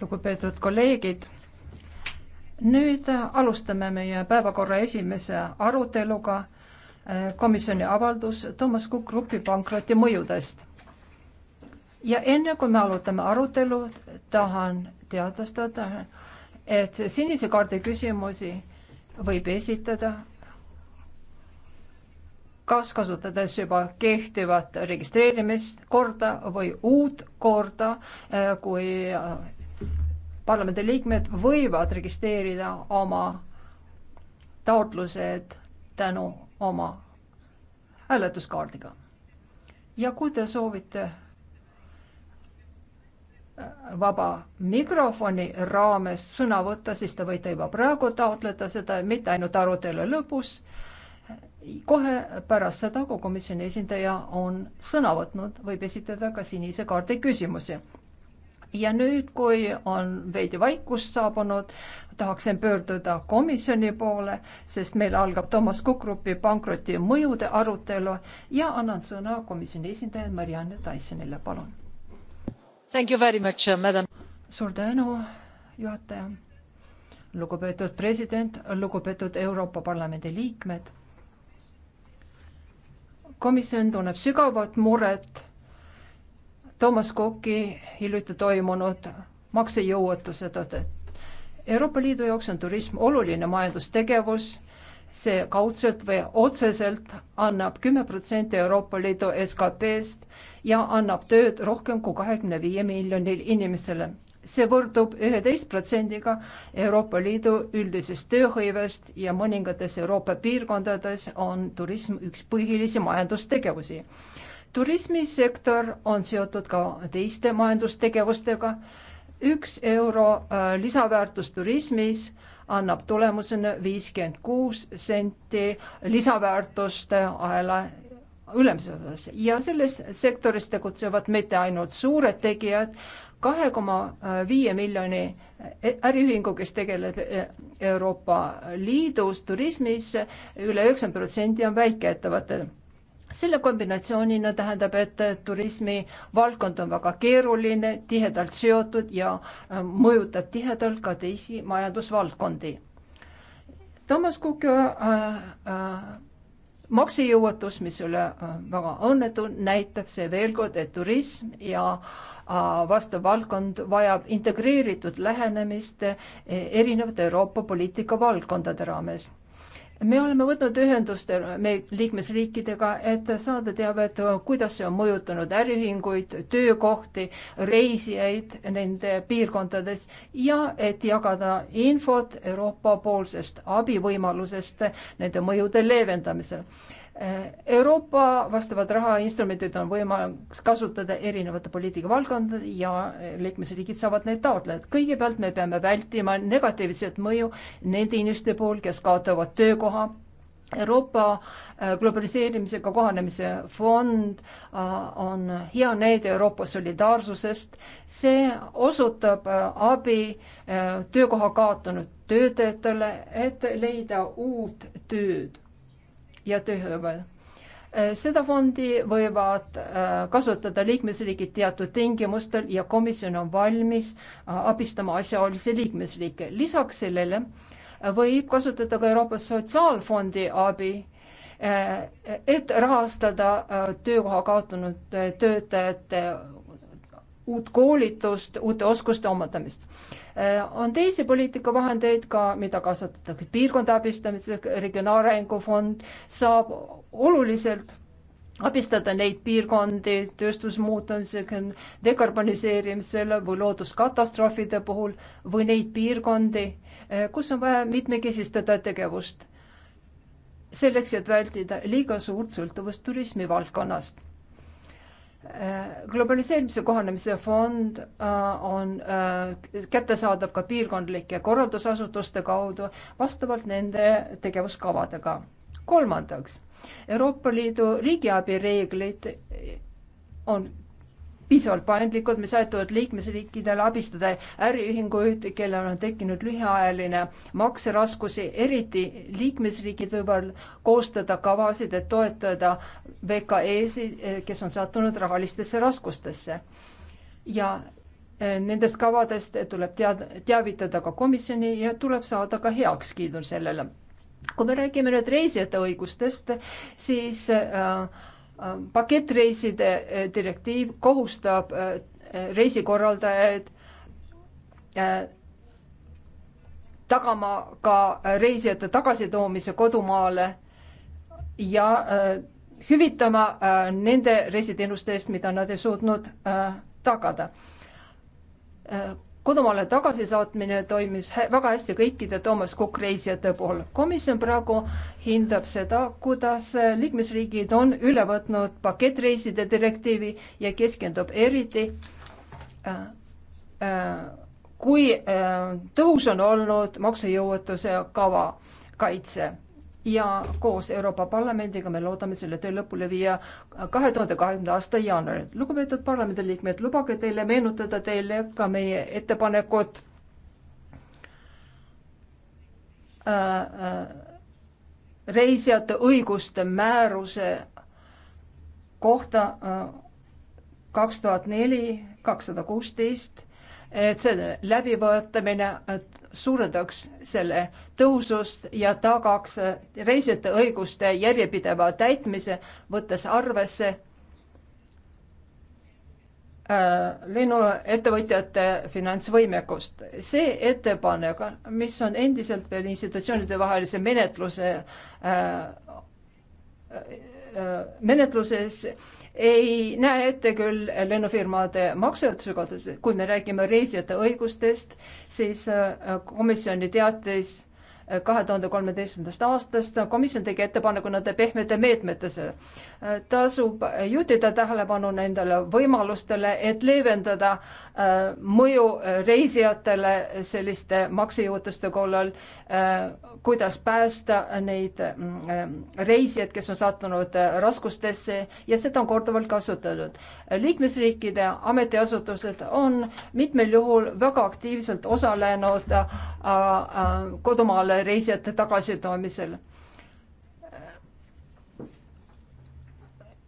lugupeetud kolleegid. nüüd alustame meie päevakorra esimese aruteluga eh, komisjoni avaldus Toomas Cook Grupi pankroti mõjudest. ja enne kui me alustame arutelu, tahan teadvustada, et sinise kaardi küsimusi võib esitada kas kasutades juba kehtivat registreerimiskorda või uut korda, eh, kui eh, parlamendiliikmed võivad registreerida oma taotlused tänu oma hääletuskaardiga. ja kui te soovite eh, vaba mikrofoni raames sõna võtta, siis te võite juba praegu taotleda seda, mitte ainult arutelu lõpus kohe pärast seda, kui komisjoni esindaja on sõna võtnud, võib esitada ka sinise kaardi küsimusi. ja nüüd, kui on veidi vaikust saabunud, tahaksin pöörduda komisjoni poole, sest meil algab Toomas Kukrupi pankroti mõjude arutelu ja annan sõna komisjoni esindajale Marianne Tysonile, palun. Uh, suur tänu, juhataja lugupeetud president, lugupeetud Euroopa Parlamendi liikmed komisjon tunneb sügavat muret Toomas Koki hiljuti toimunud maksejõuetuse tõttu. Euroopa Liidu jaoks on turism oluline majandustegevus, see kaudselt või otseselt annab kümme protsenti Euroopa Liidu SKP-st ja annab tööd rohkem kui kahekümne viie miljonil inimesele see võrdub üheteist protsendiga Euroopa Liidu üldisest tööhõivest ja mõningates Euroopa piirkondades on turism üks põhilisi majandustegevusi. turismisektor on seotud ka teiste majandustegevustega. üks euro äh, lisaväärtus turismis annab tulemusena viiskümmend kuus senti lisaväärtust äh, aela ülemises osas ja selles sektoris tegutsevad mitte ainult suured tegijad, kahe koma viie miljoni äriühingu, kes tegeleb eh, Euroopa Liidus turismis üle, üle üheksakümmend protsenti on väikeettevõtted selle kombinatsioonina tähendab, et turismi valdkond on väga keeruline, tihedalt seotud ja eh, mõjutab tihedalt ka teisi majandusvaldkondi. Toomas Kukk äh, äh, maksejõuetus, mis ei ole väga õnnetu, näitab see veel kord, et turism ja vastav valdkond vajab integreeritud lähenemist e, erinevate Euroopa poliitika valdkondade raames me oleme võtnud ühendust meie liikmesriikidega, et saada teavet, kuidas see on mõjutanud äriühinguid, töökohti, reisijaid nende piirkondades ja et jagada infot Euroopa-poolsest abivõimalusest nende mõjude leevendamisel Euroopa vastavad rahainstrumendid on võimalik kasutada erinevate poliitikavaldkondade ja liikmesriigid saavad neid taotleda. kõigepealt me peame vältima negatiivset mõju nende inimeste pool, kes kaotavad töökoha. Euroopa äh, globaliseerimisega kohanemise fond äh, on hea näide Euroopa solidaarsusest. see osutab äh, abi töökoha kaotanud töötajatele, et leida uut tööd ja tööhõivel. Äh, seda fondi võivad äh, kasutada liikmesriigid teatud tingimustel ja komisjon on valmis äh, abistama asjaolisi liikmesriike. lisaks sellele võib kasutada ka Euroopa Sotsiaalfondi abi, et rahastada töökoha kaotanud töötajate uut koolitust, uute oskuste omandamist. Äh, on teisi poliitikavahendeid ka, mida kasutatakse piirkonda abistamiseks, regionaalarengu fond saab oluliselt abistada neid piirkondi tööstusmuutumisega, dekarboniseerimisele või looduskatastroofide puhul või neid piirkondi, äh, kus on vaja mitmekesistada tegevust. selleks, et vältida liiga suurt sõltuvust turismivaldkonnast globaliseerimise kohanemise fond äh, on äh, kättesaadav ka piirkondlike korraldusasutuste kaudu vastavalt nende tegevuskavadega. kolmandaks, Euroopa Liidu riigiabi reeglid on piisavalt paindlikud, mis aitavad liikmesriikidel abistada äriühinguid, kellel on tekkinud lühiajaline makseraskusi, eriti liikmesriigid võivad koostada kavasid, et toetada VKE-sid, kes on sattunud rahalistesse raskustesse. ja e, nendest kavadest tuleb teada, teavitada ka komisjoni ja tuleb saada ka heakskiidu sellele. kui me räägime nüüd reisijate õigustest, siis äh, pakettreiside eh, direktiiv kohustab eh, eh, reisikorraldajaid tagama ka reisijate tagasitoomise kodumaale ja hüvitama nende reisiteenuste eest, mida nad ei suutnud tagada kodumaale tagasisaatmine toimis väga hästi kõikide Toomas Cook reisijate puhul. komisjon praegu hindab seda, kuidas liikmesriigid on üle võtnud pakettreiside direktiivi ja keskendub eriti äh, äh, kui äh, tõhus on olnud maksejõuetuse kava kaitse ja koos Euroopa Parlamendiga me loodame selle töö lõpule viia kahe tuhande kahekümnenda aasta jaanuaril. lugupeetud parlamendiliikmed, lubage teile meenutada teile ka meie ettepanekut äh, äh, reisijate õiguste määruse kohta äh, kaks tuhat neli, kakssada kuusteist, et selle läbivaatamine suurendaks selle tõusust ja tagaks reisijate õiguste järjepideva täitmise, võttes arvesse äh, lennuettevõtjate finantsvõimekust. see ettepanek, mis on endiselt veel institutsioonide vahelise menetluse äh, äh, äh menetluses ei näe ette küll lennufirmade maksejõuetuse kohta, kui me räägime reisijate õigustest, siis äh, komisjoni teates kahe tuhande kolmeteistkümnendast aastast. komisjon tegi ettepaneku nende pehmete meetmetesse. tasub juhtida tähelepanu nendele võimalustele, et leevendada äh, mõju reisijatele selliste maksejõuetuste korral, äh, kuidas päästa neid mm, äh, reisijaid, kes on sattunud raskustesse ja seda on korduvalt kasutatud. liikmesriikide ametiasutused on mitmel juhul väga aktiivselt osalenud kodumaale reisijate tagasitoomisel.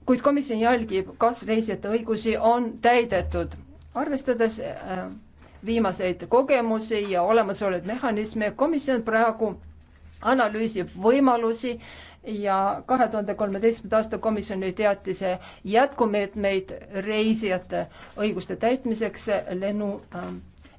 kuid komisjon jälgib, kas reisijate õigusi on täidetud. arvestades äh, viimaseid kogemusi ja olemasolevaid mehhanisme, komisjon praegu analüüsib võimalusi ja kahe tuhande kolmeteistkümnenda aasta komisjoni teatise jätkumeetmeid reisijate õiguste täitmiseks lennu äh,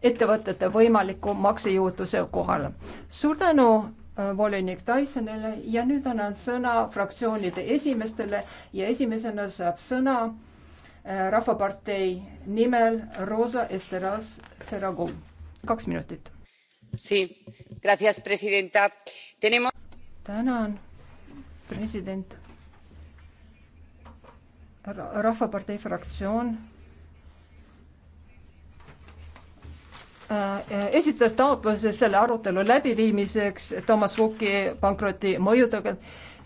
ettevõtete võimaliku maksejõutuse kohal. suur tänu äh, volinik Tysonile ja nüüd annan sõna fraktsioonide esimestele ja esimesena saab sõna äh, Rahvapartei nimel Rosa Esteras Ferragu. kaks minutit. tänan, president. rahvapartei fraktsioon Äh, äh, esitas taotluse selle arutelu läbiviimiseks Thomas Cooki pankroti mõjudega.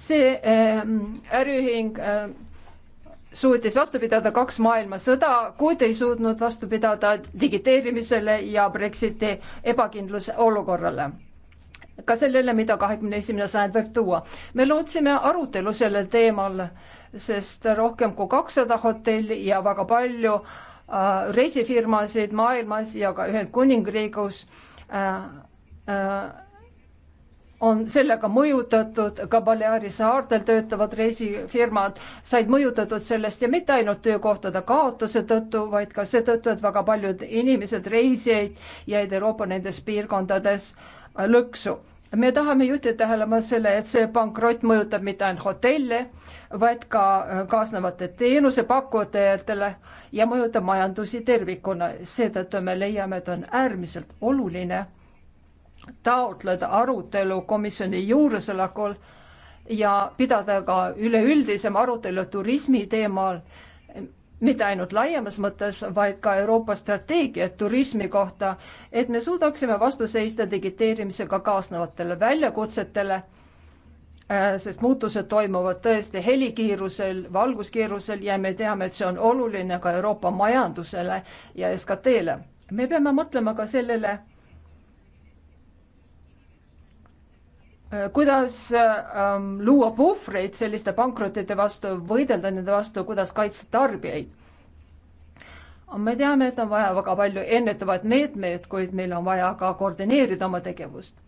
see ähm, äriühing äh, suutis vastu pidada kaks maailmasõda, kuid ei suutnud vastu pidada digiteerimisele ja Brexiti ebakindluse olukorrale ka sellele, mida kahekümne esimene sajand võib tuua. me lootsime arutelu sellel teemal, sest rohkem kui kakssada hotelli ja väga palju äh, Äh, reisifirmasid maailmas ja ka Ühendkuningriigus äh, äh, on sellega mõjutatud, ka Baleari saartel töötavad reisifirmad said mõjutatud sellest ja mitte ainult töökohtade kaotuse tõttu, vaid ka seetõttu, et väga paljud inimesed, reisijaid jäid Euroopa nendes piirkondades lõksu me tahame juhtida tähelepanu selle, et see pankrott mõjutab mitte ainult hotelle, vaid ka äh, kaasnevate teenusepakkujatele ja mõjutab majandusi tervikuna. seetõttu me leiame, et on äärmiselt oluline taotleda arutelu komisjoni juuresolekul ja pidada ka üleüldisem arutelu turismi teemal mitte ainult laiemas mõttes, vaid ka Euroopa strateegiat turismi kohta, et me suudaksime vastu seista digiteerimisega kaasnevatele väljakutsetele, äh, sest muutused toimuvad tõesti helikiirusel, valguskiirusel ja me teame, et see on oluline ka Euroopa majandusele ja SKT-le. me peame mõtlema ka sellele, Äh, kuidas äh, ähm, luua puhvreid selliste pankrotite vastu, võidelda nende vastu, kuidas kaitsta tarbijaid? Äh, me teame, et on vaja väga palju ennetavaid meetmeid, kuid meil on vaja ka koordineerida oma tegevust.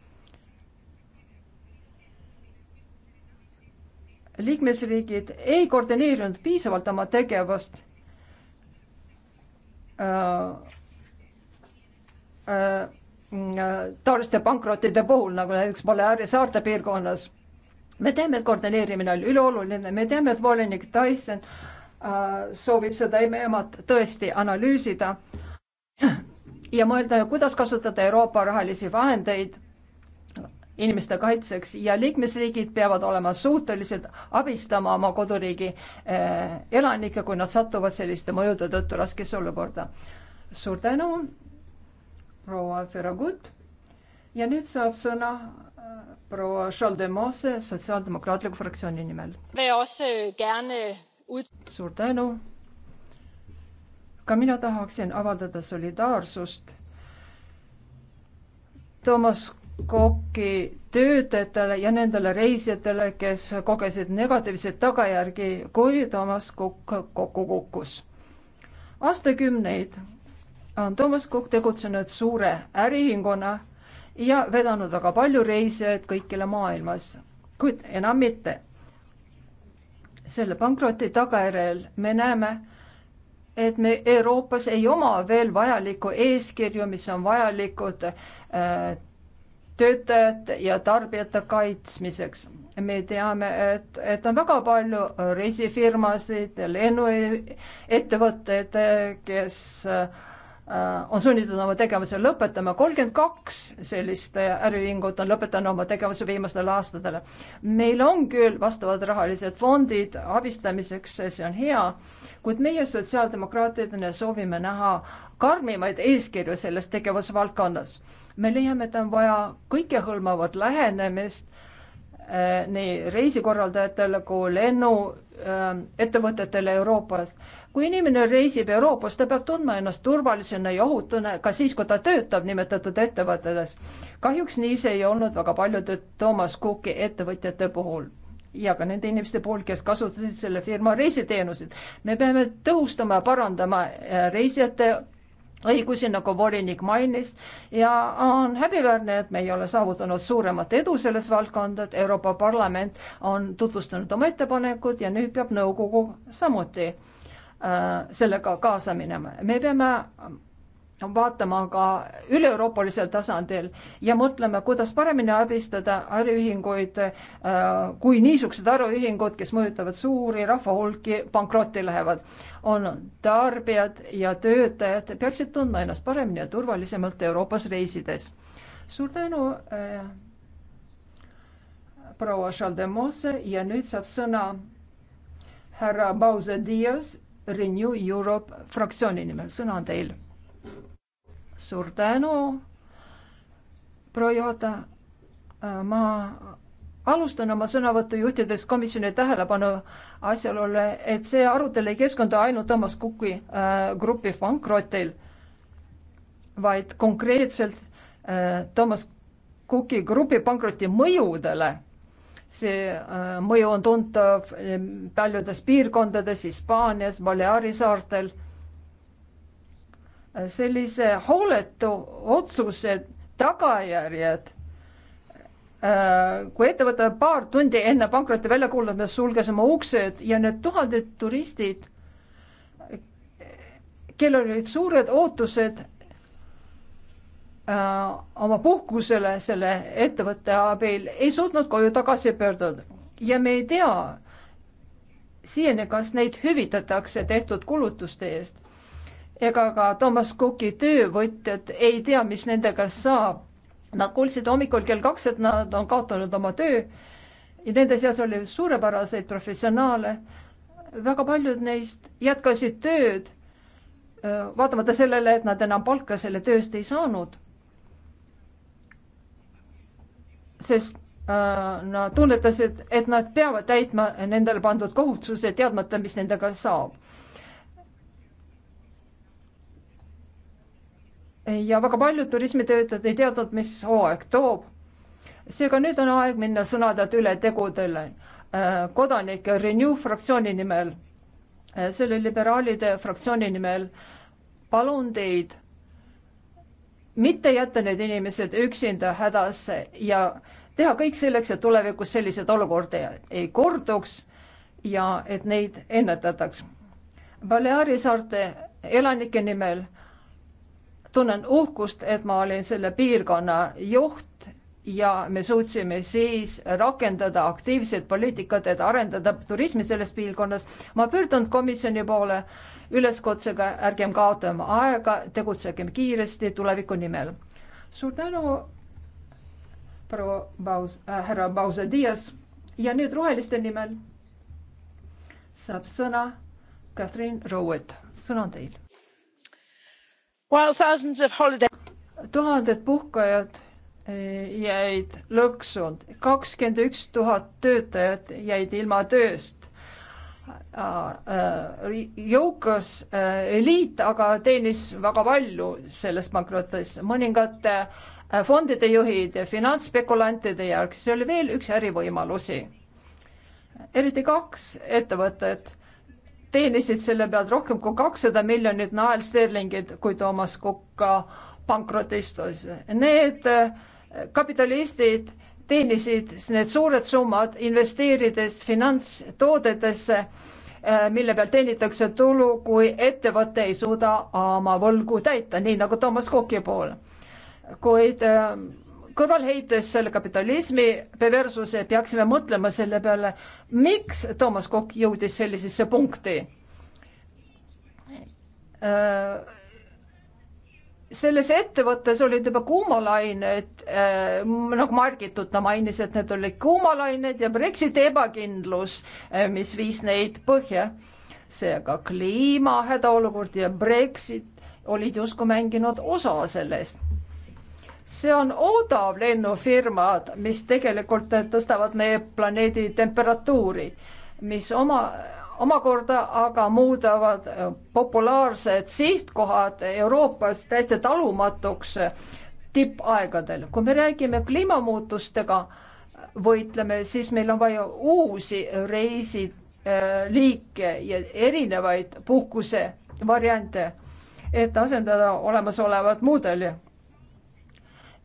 liikmesriigid ei koordineerinud piisavalt oma tegevust äh,. Äh, Mm, äh, taoliste pankrottide puhul, nagu näiteks Baleari saarte piirkonnas. me teame, et koordineerimine on ülioluline, me teame, et volinik Tyson äh, soovib seda emat tõesti analüüsida ja mõelda, kuidas kasutada Euroopa rahalisi vahendeid inimeste kaitseks ja liikmesriigid peavad olema suutelised abistama oma koduriigi äh, elanikke, kui nad satuvad selliste mõjude tõttu raskesse olukorda. suur tänu proua Ferragut ja nüüd saab sõna äh, proua Šaldemose Sotsiaaldemokraatliku fraktsiooni nimel. Øh, suur tänu. ka mina tahaksin avaldada solidaarsust Toomas Koki töötajatele ja nendele reisijatele, kes kogesid negatiivseid tagajärgi, kui Toomas Kukk kokku kukkus. aastakümneid on Thomas Cook tegutsenud suure äriühinguna ja vedanud väga palju reisijaid kõikjale maailmas, kuid enam mitte. selle pankroti tagajärjel me näeme, et me Euroopas ei oma veel vajalikku eeskirju, mis on vajalikud äh, töötajate ja tarbijate kaitsmiseks. me teame, et, et on väga palju reisifirmasid, lennuettevõtteid, kes äh, Äh, on sunnitud oma tegevuse lõpetama, kolmkümmend kaks sellist äriühingut on lõpetanud oma tegevuse viimastel aastatel. meil on küll vastavad rahalised fondid abistamiseks, see on hea, kuid meie sotsiaaldemokraatidena soovime näha karmimaid eeskirju selles tegevusvaldkonnas. me leiame, et on vaja kõikehõlmavat lähenemist Äh, nii reisikorraldajatele kui lennuettevõtetele äh, Euroopast. kui inimene reisib Euroopas, ta peab tundma ennast turvalisena ja ohutuna ka siis, kui ta töötab nimetatud ettevõtetes. kahjuks nii see ei olnud väga paljude Thomas Cooki ettevõtjate puhul ja ka nende inimeste puhul, kes kasutasid selle firma reisiteenuseid. me peame tõhustama ja parandama äh, reisijate õigusi, nagu volinik mainis ja on häbiväärne, et me ei ole saavutanud suuremat edu selles valdkonda, et Euroopa Parlament on tutvustanud oma ettepanekud ja nüüd peab nõukogu samuti äh, sellega kaasa minema. me peame vaatama ka üle-euroopalisel tasandil ja mõtlema, kuidas paremini abistada äriühinguid äh, kui niisugused äriühingud, kes mõjutavad suuri rahvahulki, pankrotti lähevad. on tarbijad ja töötajad peaksid tundma ennast paremini ja turvalisemalt Euroopas reisides. suur tänu äh, proua Chaldemose ja nüüd saab sõna härra Bausa Dias Renew Europe fraktsiooni nimel, sõna on teil suur tänu, proua juhataja. Äh, ma alustan oma sõnavõttu juhtides komisjoni tähelepanu asjaolule, et see arutelu ei keskendu ainult Toomas Kuki äh, grupi pankrotil, vaid konkreetselt äh, Toomas Kuki grupi pankroti mõjudele. see äh, mõju on tuntav äh, paljudes piirkondades, Hispaanias, Baleari saartel sellise hooletu otsuse tagajärjed äh, kui ettevõte paar tundi enne pankroti väljakuulutamist sulges oma uksed ja need tuhanded turistid, kellel olid suured ootused äh, oma puhkusele selle ettevõtte abil, ei suutnud koju tagasi pöörduda ja me ei tea siiani, kas neid hüvitatakse tehtud kulutuste eest ega ka Thomas Cooki töövõtjad ei tea, mis nendega saab. Nad kuulsid hommikul kell kaks, et nad on kaotanud oma töö ja nende seas oli suurepäraseid professionaale. väga paljud neist jätkasid tööd, vaatamata sellele, et nad enam palka selle töö eest ei saanud. sest äh, nad tunnetasid, et nad peavad täitma nendele pandud kohustuse, teadmata, mis nendega saab ja väga paljud turismitöötajad ei teadnud, mis hooaeg toob. seega nüüd on aeg minna sõnadelt üle tegudele. Äh, kodanik Renew fraktsiooni nimel, äh, selle liberaalide fraktsiooni nimel, palun teid mitte jätta need inimesed üksinda hädasse ja teha kõik selleks, et tulevikus selliseid olukordi ei korduks ja et neid ennetataks. Baleari saarte elanike nimel tunnen uhkust, et ma olin selle piirkonna juht ja me suutsime siis rakendada aktiivset poliitikat, et arendada turismi selles piirkonnas. ma pöördun komisjoni poole üleskutsega, ärgem kaotame aega, tegutsegem kiiresti tuleviku nimel. suur tänu, proua Baus äh,, härra Bausa Dias ja nüüd roheliste nimel saab sõna Katrin Rowett, sõna on teil tuhanded puhkajad eh, jäid lõksu, kakskümmend üks tuhat töötajat jäid ilma tööst. Ah, eh, jõukas eh, eliit aga teenis väga palju sellest pankrotist, mõningate fondide juhid ja finantsspekulantide jaoks, see oli veel üks ärivõimalusi. eriti kaks ettevõtet teenisid selle pealt rohkem kui kakssada miljonit naelsterlingit, kui Toomas Kukk pankrotistus. Need äh, kapitalistid teenisid need suured summad investeerides finantstoodetesse, äh, mille pealt teenitakse tulu, kui ettevõte ei suuda oma võlgu täita, nii nagu Toomas Koki pool. kuid äh, kõrvalheites selle kapitalismi perversuse peaksime mõtlema selle peale, miks Toomas Kokk jõudis sellisesse punkti. Äh, selles ettevõttes olid juba kuumalained äh, nagu märgitud, ta mainis, et need olid kuumalained ja Brexiti ebakindlus, äh, mis viis neid põhja. seega kliima hädaolukord ja Brexit olid justkui mänginud osa sellest see on odav lennufirmad, mis tegelikult tõstavad meie planeedi temperatuuri, mis oma, omakorda aga muudavad populaarsed sihtkohad Euroopas täiesti talumatuks tippaegadel. kui me räägime kliimamuutustega võitleme, siis meil on vaja uusi reisiliike äh, ja erinevaid puhkusevariante, et asendada olemasolevat mudeli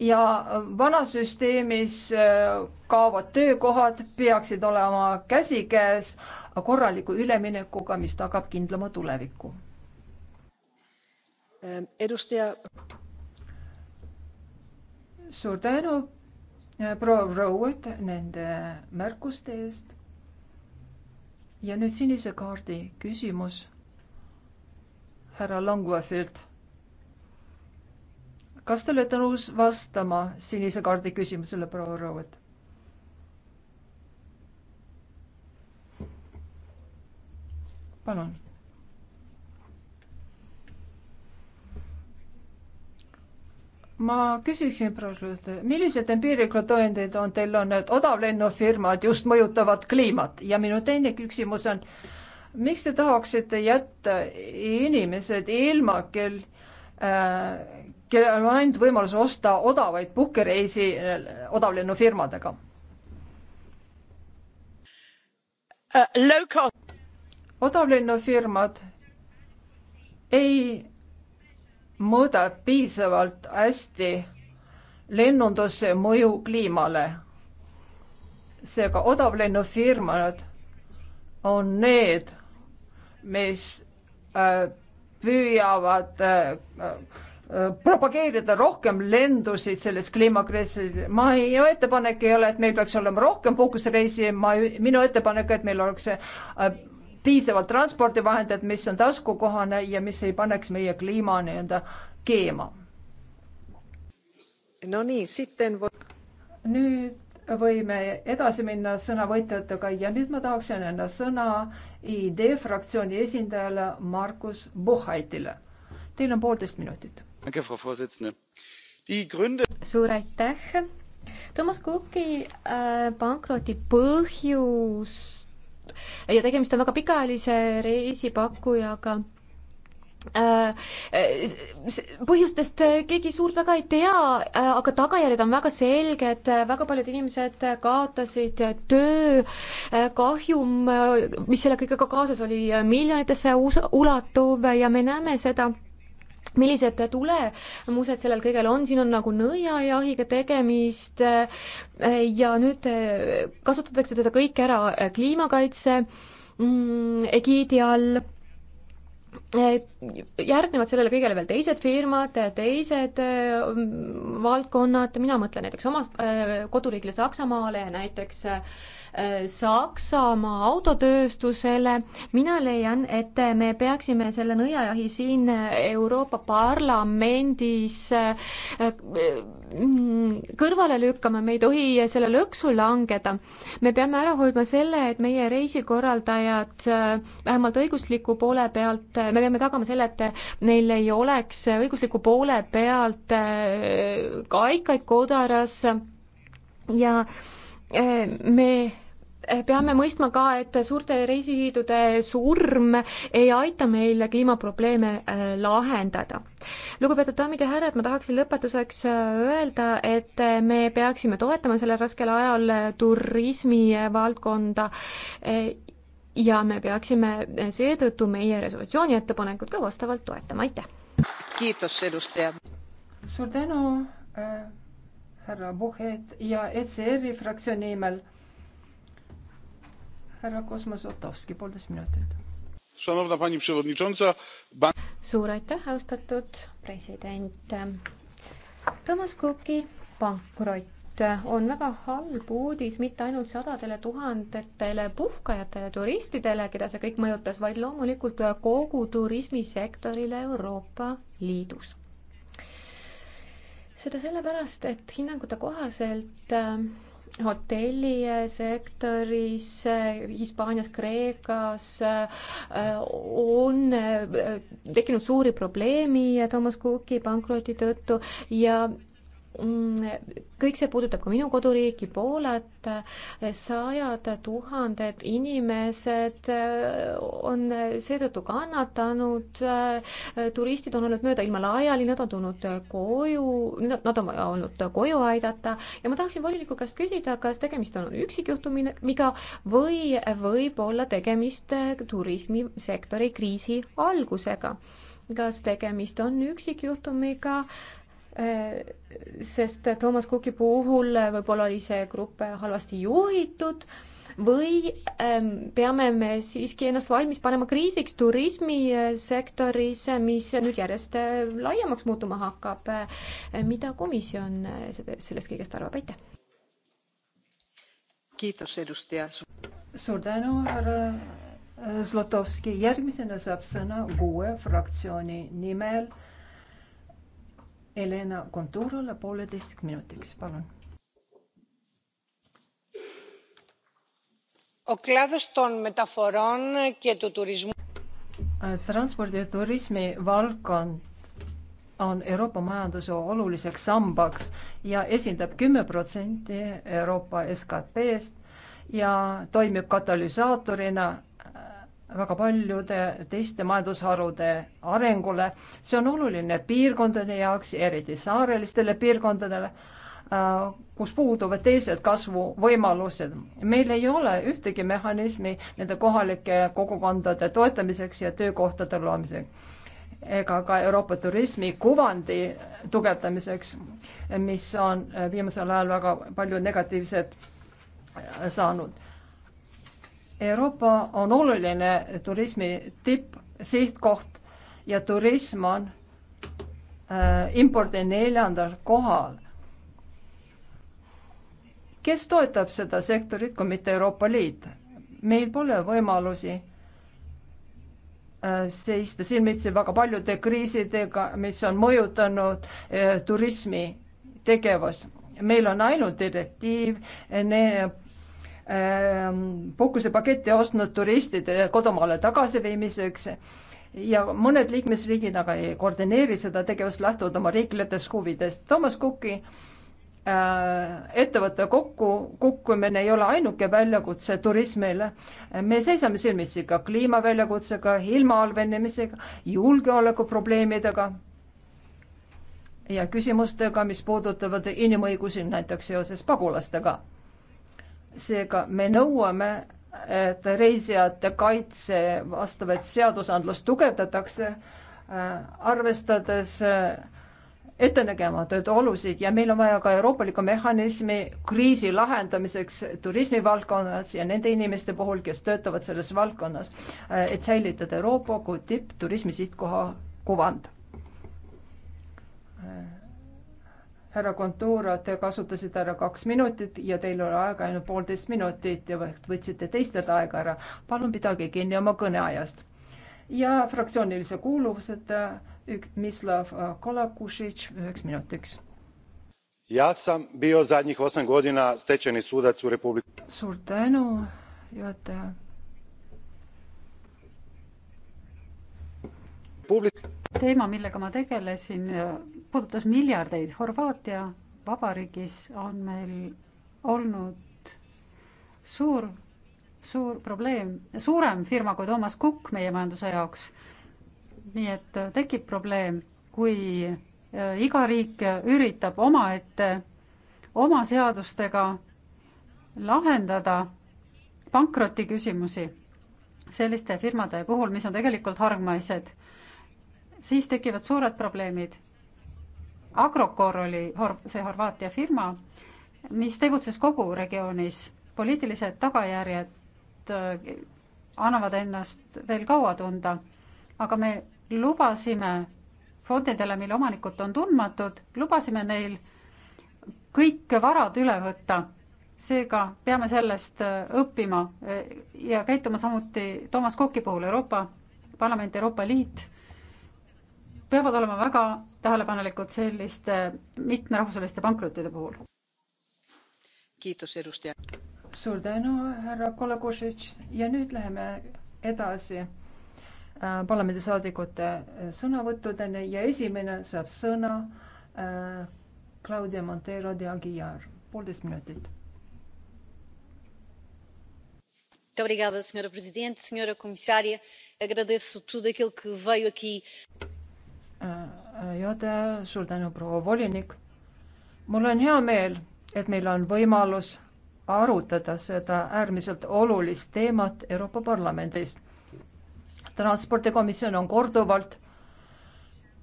ja vanas süsteemis äh, kaovad töökohad, peaksid olema käsikäes korraliku üleminekuga, mis tagab kindlama tuleviku. Ähm, edustaja. suur tänu, äh, proua Rauet nende märkuste eest. ja nüüd sinise kaardi küsimus härra Longworthilt kas te olete nõus vastama sinise kaardi küsimusele, proua Rõuet? palun. ma küsiksin praegult, millised empiirilised tõendid on teil on, et odavlennufirmad just mõjutavad kliimat ja minu teine küsimus on, miks te tahaksite jätta inimesed ilma, kel äh, kellel on ainult võimalus osta odavaid puhkereisi odavlennufirmadega. Uh, odavlennufirmad ei mõõda piisavalt hästi lennunduse mõju kliimale. seega odavlennufirmad on need, mis äh, püüavad äh, propageerida rohkem lendusid selles kliimakriisis. ma, minu ettepanek ei ole, et meil peaks olema rohkem puhkusereisi, ma, minu ettepanek, et meil oleks äh, piisavalt transpordivahendeid, mis on taskukohane ja mis ei paneks meie kliima nii-öelda keema. no nii, sitten nüüd võime edasi minna sõnavõtjatega ja nüüd ma tahaksin anda sõna ID fraktsiooni esindajale Markus Buchheitile. Teil on poolteist minutit suur aitäh. Thomas Cooki äh, pankroti põhjus ja tegemist on väga pikaajalise reisipakkujaga äh, äh, põhjustest keegi suurt väga ei tea, äh, aga tagajärjed on väga selged, väga paljud inimesed kaotasid töö, kahjum, mis selle kõigega kaasas oli, miljonitesse ulatuv ja me näeme seda millised tulemused sellel kõigel on, siin on nagu nõiajahiga tegemist eh, ja nüüd eh, kasutatakse teda kõike ära eh, kliimakaitse mm, egiidi all järgnevad sellele kõigele veel teised firmad, teised valdkonnad, mina mõtlen näiteks oma koduriigile Saksamaale ja näiteks äh, Äh, Saksamaa autotööstusele. mina leian, et me peaksime selle nõiajahi siin äh, Euroopa Parlamendis äh, kõrvale lükkama, me ei tohi selle lõksu langeda. me peame ära hoidma selle, et meie reisikorraldajad vähemalt õigusliku poole pealt, me peame tagama selle, et neil ei oleks õigusliku poole pealt kaikaid kodaras ja me peame mõistma ka, et suurte reisiliidude surm ei aita meil kliimaprobleeme äh, lahendada. lugupeetud daamid ja härrad, ma tahaksin lõpetuseks äh, öelda, et äh, me peaksime toetama sellel raskel ajal turismivaldkonda ja me peaksime seetõttu meie resolutsiooni ettepanekut ka vastavalt toetama, aitäh! kiitos, edustaja! suur tänu äh,, härra Buhet ja ECR-i fraktsiooni nimel härra Kosmas Otovski, poolteist minutit. suur aitäh, austatud president. Thomas Cooki pankrot on väga halb uudis mitte ainult sadadele tuhandetele puhkajatele, turistidele, keda see kõik mõjutas, vaid loomulikult kogu turismisektorile Euroopa Liidus. seda sellepärast, et hinnangute kohaselt äh, hotellisektoris Hispaanias, Kreekas äh, on äh, tekkinud suuri probleeme Thomas Cooki pankroti tõttu ja Mm, kõik see puudutab ka minu koduriiki Poolat, sajad tuhanded inimesed eh, on seetõttu kannatanud, eh, turistid on olnud mööda ilma laiali, nad on tulnud koju, nad on vaja olnud koju aidata ja ma tahaksin voliniku käest küsida, kas tegemist on üksikjuhtumiga või võib olla tegemist turismisektori kriisi algusega kas tegemist on üksikjuhtumiga Äh, sest Toomas Cooki puhul äh, võib-olla oli see grupp äh, halvasti juhitud või ähm, peame me siiski ennast valmis panema kriisiks turismisektoris, mis nüüd järjest laiemaks muutuma hakkab. mida komisjon sellest kõigest arvab, aitäh! suur tänu, härra Zlotovski, järgmisena saab sõna kuue fraktsiooni nimel Helena Konturole pooleteiseks minutiks, palun. transpordi ja turismi valdkond on Euroopa majanduse oluliseks sambaks ja esindab kümme protsenti Euroopa SKP-st ja toimib katalüsaatorina väga paljude teiste majandusharude arengule. see on oluline piirkondade jaoks, eriti saarelistele piirkondadele, äh, kus puuduvad teised kasvuvõimalused. meil ei ole ühtegi mehhanismi nende kohalike kogukondade toetamiseks ja töökohtade loomiseks ega ka Euroopa turismikuvandi tugevdamiseks, mis on äh, viimasel ajal väga palju negatiivset äh, saanud Euroopa on oluline turismi tippsihtkoht ja turism on äh, impordi neljandal kohal. kes toetab seda sektorit, kui mitte Euroopa Liit? meil pole võimalusi äh, seista silmitsi väga paljude kriisidega, mis on mõjutanud äh, turismi tegevus. meil on ainult direktiiv, Ähm, puhkusepakette ostnud turistide kodumaale tagasiviimiseks ja mõned liikmesriigid aga ei koordineeri seda tegevust lähtuvalt oma riiklikest huvidest. Thomas Cooki äh, ettevõtte kokku kukkumine ei ole ainuke väljakutse turismile. me seisame silmitsi ka kliimaväljakutsega, ilma halvenemisega, julgeolekuprobleemidega ja küsimustega, mis puudutavad inimõigusi näiteks seoses pagulastega seega me nõuame, et reisijate kaitse vastavat seadusandlust tugevdatakse, äh, arvestades äh, ettenägematuid olusid ja meil on vaja ka euroopalikku mehhanismi kriisi lahendamiseks turismivaldkonnas ja nende inimeste puhul, kes töötavad selles valdkonnas, äh, et säilitada Euroopa kui tippturismi sihtkoha kuvand härra Kontura, te kasutasite ära kaks minutit ja teil oli aega ainult poolteist minutit ja võtsite teistelt aega ära. palun pidage kinni oma kõneajast. ja fraktsioonilise kuuluvuseta Mislav Kolakušić üheks minutiks. Ja sam bio zadnjih osam godina stečajni sudac u Republici. Suur tänu, juhataja. teema, millega ma tegelesin puudutas miljardeid. Horvaatia vabariigis on meil olnud suur, suur probleem, suurem firma kui Toomas Kukk meie majanduse jaoks. nii et äh, tekib probleem, kui äh, iga riik üritab omaette, oma seadustega lahendada pankrotiküsimusi selliste firmade puhul, mis on tegelikult hargmaised, siis tekivad suured probleemid Agrokor oli hor-, see Horvaatia firma, mis tegutses kogu regioonis. poliitilised tagajärjed äh, annavad ennast veel kaua tunda, aga me lubasime fondidele, mille omanikud on tundmatud, lubasime neil kõik varad üle võtta. seega peame sellest äh, õppima äh, ja käituma samuti Toomas Koki puhul Euroopa Parlament, Euroopa Liit peavad olema väga tähelepanelikud selliste mitmerahvuseliste pankrottide puhul. suur tänu, härra Kolakušitš ja nüüd läheme edasi äh, parlamendisaadikute äh, sõnavõttudeni ja esimene saab sõna äh, Claudia Montero de Aguiar, poolteist minutit. Obrigada, senhora presidente, senhora comissária, agradeço tudo aquilo que veio aqui. Äh, juhataja, suur tänu, proua volinik. mul on hea meel, et meil on võimalus arutada seda äärmiselt olulist teemat Euroopa Parlamendis. transpordikomisjon on korduvalt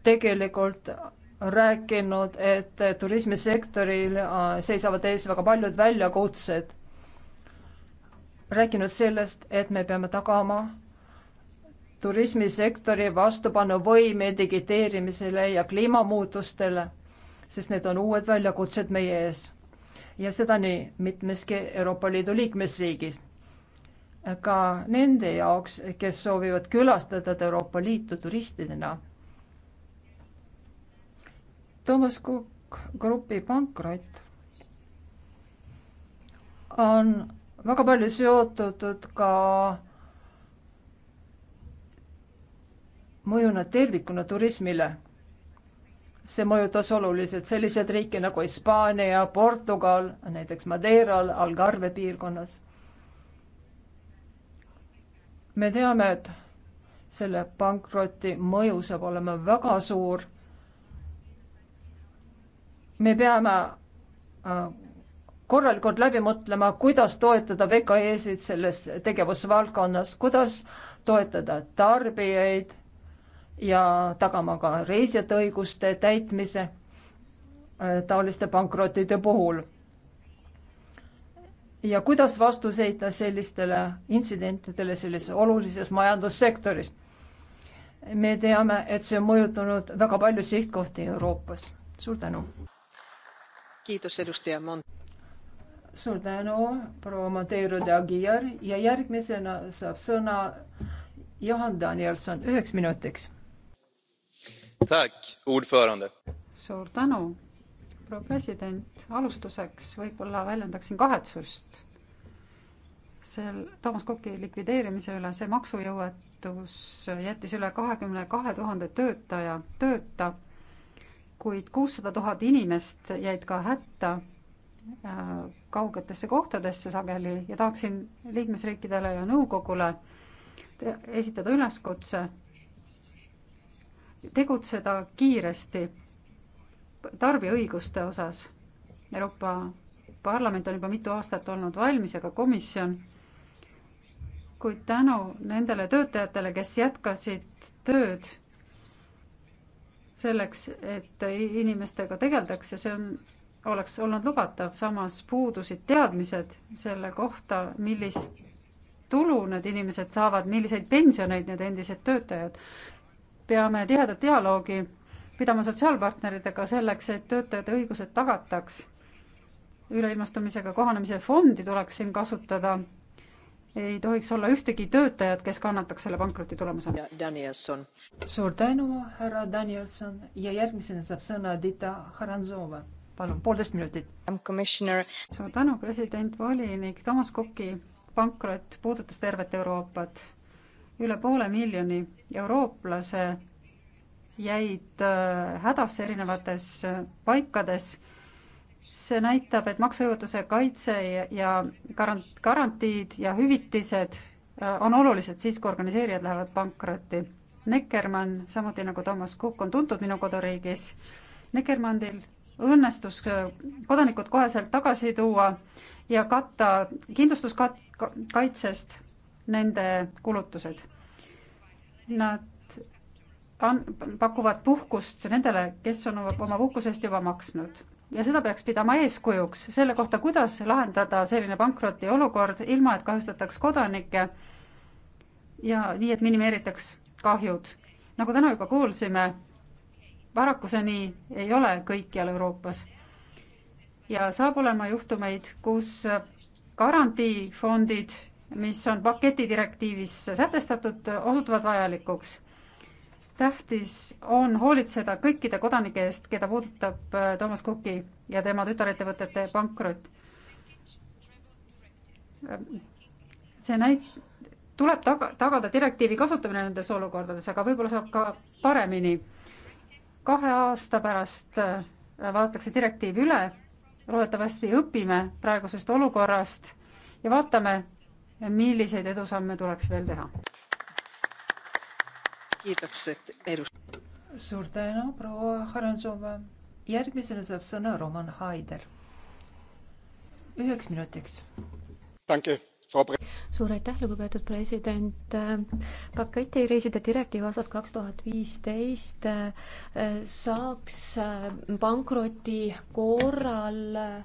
tegelikult rääkinud, et turismisektoril äh, seisavad ees väga paljud väljakutsed. rääkinud sellest, et me peame tagama turismisektori vastupanuvõime digiteerimisele ja kliimamuutustele, sest need on uued väljakutsed meie ees. ja seda nii mitmeski Euroopa Liidu liikmesriigis. ka nende jaoks, kes soovivad külastada Euroopa Liitu turistidena. Toomas Kukk grupi pankrot on väga palju seotud ka mõjunud tervikuna turismile. see mõjutas oluliselt selliseid riike nagu Hispaania, Portugal, näiteks Madeiral, Algarve piirkonnas. me teame, et selle pankroti mõju saab olema väga suur. me peame äh, korralikult läbi mõtlema, kuidas toetada VKE-sid selles tegevusvaldkonnas, kuidas toetada tarbijaid ja tagama ka reisijate õiguste täitmise äh, taoliste pankrottide puhul. ja kuidas vastu seita sellistele intsidentidele sellises olulises majandussektoris? me teame, et see on mõjutanud väga palju sihtkohti Euroopas. suur tänu. suur tänu, proua Monteiro de Aguiar ja järgmisena saab sõna Johan Danielson üheks minutiks suur tänu, proua president. alustuseks võib-olla väljendaksin kahetsust seal Toomas Koki likvideerimise üle, see maksujõuetus jättis üle kahekümne kahe tuhande töötaja tööta, kuid kuussada tuhat inimest jäid ka hätta äh, kaugetesse kohtadesse sageli ja tahaksin liikmesriikidele ja nõukogule esitada üleskutse tegutseda kiiresti tarbijaõiguste osas. Euroopa Parlament on juba mitu aastat olnud valmis ja ka komisjon, kuid tänu nendele töötajatele, kes jätkasid tööd selleks, et inimestega tegeldakse, see on, oleks olnud lubatav, samas puudusid teadmised selle kohta, millist tulu need inimesed saavad, milliseid pensioneid need endised töötajad peame tihedat dialoogi pidama sotsiaalpartneritega selleks, et töötajate õigused tagataks. üleilmastumisega kohanemise fondi tuleks siin kasutada. ei tohiks olla ühtegi töötajat, kes kannataks selle pankroti tulemusena. Danielson. suur tänu, härra Danielson ja järgmisena saab sõna Dita Haranzova. palun, poolteist minutit. suur tänu, president, volinik Toomas Koki pankrot puudutas tervet Euroopat üle poole miljoni eurooplase jäid äh, hädasse erinevates äh, paikades. see näitab, et maksujõuetuse kaitse ja garant-, garantiid ja hüvitised äh, on olulised siis, kui organiseerijad lähevad pankrotti. Nekkermann, samuti nagu Toomas Kukk, on tuntud minu koduriigis. Nekkermannil õnnestus kodanikud koheselt tagasi tuua ja katta kindlustuskaitsest nende kulutused. Nad an-, pakuvad puhkust nendele, kes on oma puhkuse eest juba maksnud ja seda peaks pidama eeskujuks selle kohta, kuidas lahendada selline pankrotiolukord, ilma et kahjustataks kodanikke ja nii, et minimeeritaks kahjud. nagu täna juba kuulsime, paraku see nii ei ole kõikjal Euroopas. ja saab olema juhtumeid, kus garantiifondid mis on paketidirektiivis sätestatud, osutuvad vajalikuks. tähtis on hoolitseda kõikide kodanike eest, keda puudutab äh, Thomas Cooki ja tema tütarettevõtete pankrot. see näit-, tuleb taga, tagada direktiivi kasutamine nendes olukordades, aga võib-olla saab ka paremini. kahe aasta pärast äh, vaadatakse direktiiv üle, loodetavasti õpime praegusest olukorrast ja vaatame, milliseid edusamme tuleks veel teha? kiitokset Eero. suur tänu, proua Harantsova. järgmisena saab sõna Roman Haider. üheks minutiks. tänke suur aitäh, lugupeetud president. paketireiside direktiiv aastast kaks tuhat viisteist saaks äh, pankroti korral äh,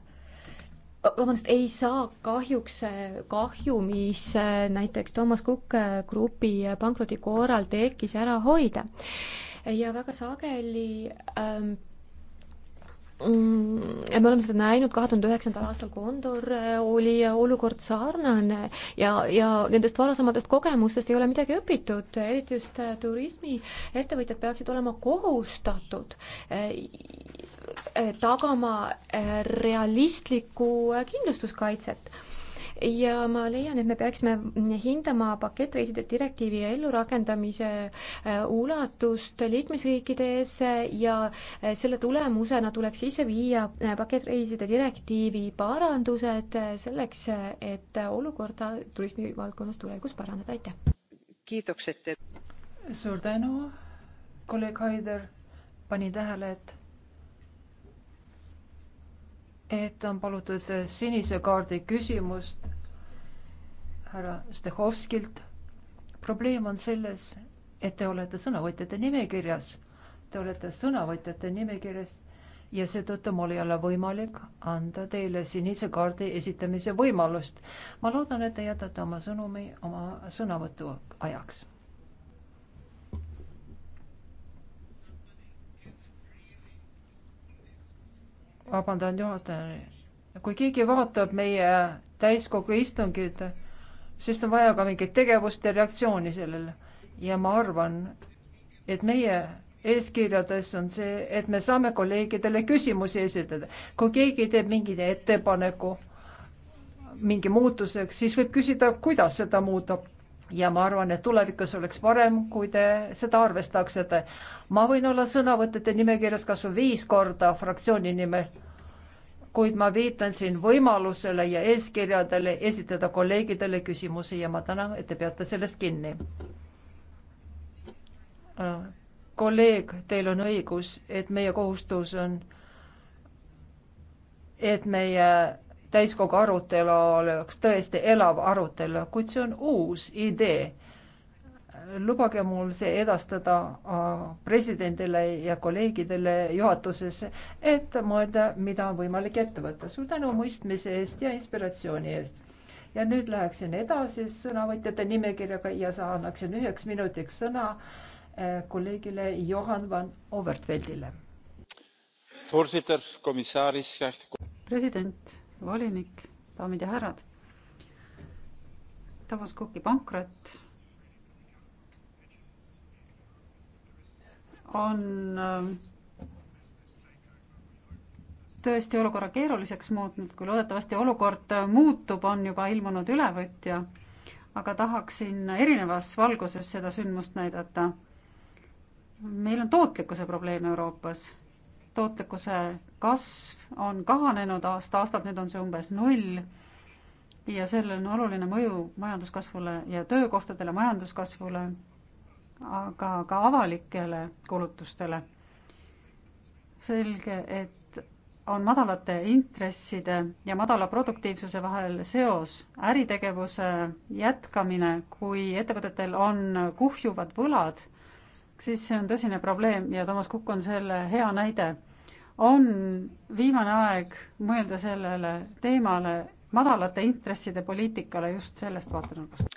vabandust, ei saa kahjuks äh, kahju, mis äh, näiteks Toomas Kukk äh, grupi pankroti korral tekkis, ära hoida. ja väga sageli ähm, mm, me oleme seda näinud, kahe tuhande üheksandal aastal Kondor oli olukord sarnane ja, ja nendest varasematest kogemustest ei ole midagi õpitud, eriti just turismiettevõtjad peaksid olema kohustatud Eh, tagama eh, realistlikku eh, kindlustuskaitset. ja ma leian, et me peaksime hindama pakettreiside direktiivi ellurakendamise ulatust liikmesriikides ja selle tulemusena tuleks sisse viia pakettreiside direktiivi parandused selleks, et olukorda turismivaldkonnas tulevikus parandada, aitäh! kiitokset! suur tänu, kolleeg Haider, panin tähele, et et on palutud sinise kaardi küsimust härra Stehovskilt. probleem on selles, et te olete sõnavõtjate nimekirjas. Te olete sõnavõtjate nimekirjas ja seetõttu mul ei ole võimalik anda teile sinise kaardi esitamise võimalust. ma loodan, et te jätate oma sõnumi oma sõnavõtu ajaks vabandan juhatajale. kui keegi vaatab meie täiskogu istungid, siis on vaja ka mingit tegevust ja reaktsiooni sellele. ja ma arvan, et meie eeskirjades on see, et me saame kolleegidele küsimusi esitada. kui keegi teeb mingi ettepaneku mingi muutuseks, siis võib küsida, kuidas seda muuta ja ma arvan, et tulevikus oleks parem, kui te seda arvestaksite. ma võin olla sõnavõtete nimekirjas kas või viis korda fraktsiooni nimel, kuid ma viitan siin võimalusele ja eeskirjadele esitada kolleegidele küsimusi ja ma tänan, et te peate sellest kinni. Äh, kolleeg, teil on õigus, et meie kohustus on, et meie täiskogu arutelu oleks tõesti elav arutelu, kuid see on uus idee. lubage mul see edastada äh, presidendile ja kolleegidele juhatuses, et mõelda, mida on võimalik ette võtta. suur tänu mõistmise eest ja inspiratsiooni eest. ja nüüd läheksin edasi sõnavõtjate nimekirjaga ja sa annaksin üheks minutiks sõna äh, kolleegile Johan van Overtveldile. voorzitter, commissaris, president volinik, daamid ja härrad. Toomas Kuki pankrot on ähm, tõesti olukorra keeruliseks muutnud, kui loodetavasti olukord äh, muutub, on juba ilmunud ülevõtja, aga tahaksin erinevas valguses seda sündmust näidata. meil on tootlikkuse probleem Euroopas tootlikkuse kasv on kahanenud aasta-aastalt, nüüd on see umbes null ja sellel on oluline mõju majanduskasvule ja töökohtadele, majanduskasvule, aga ka avalikele kulutustele. selge, et on madalate intresside ja madala produktiivsuse vahel seos äritegevuse jätkamine, kui ettevõtetel on kuhjuvad võlad, siis see on tõsine probleem ja Toomas Kukk on selle hea näide on viimane aeg mõelda sellele teemale, madalate intresside poliitikale just sellest vaatenurgast.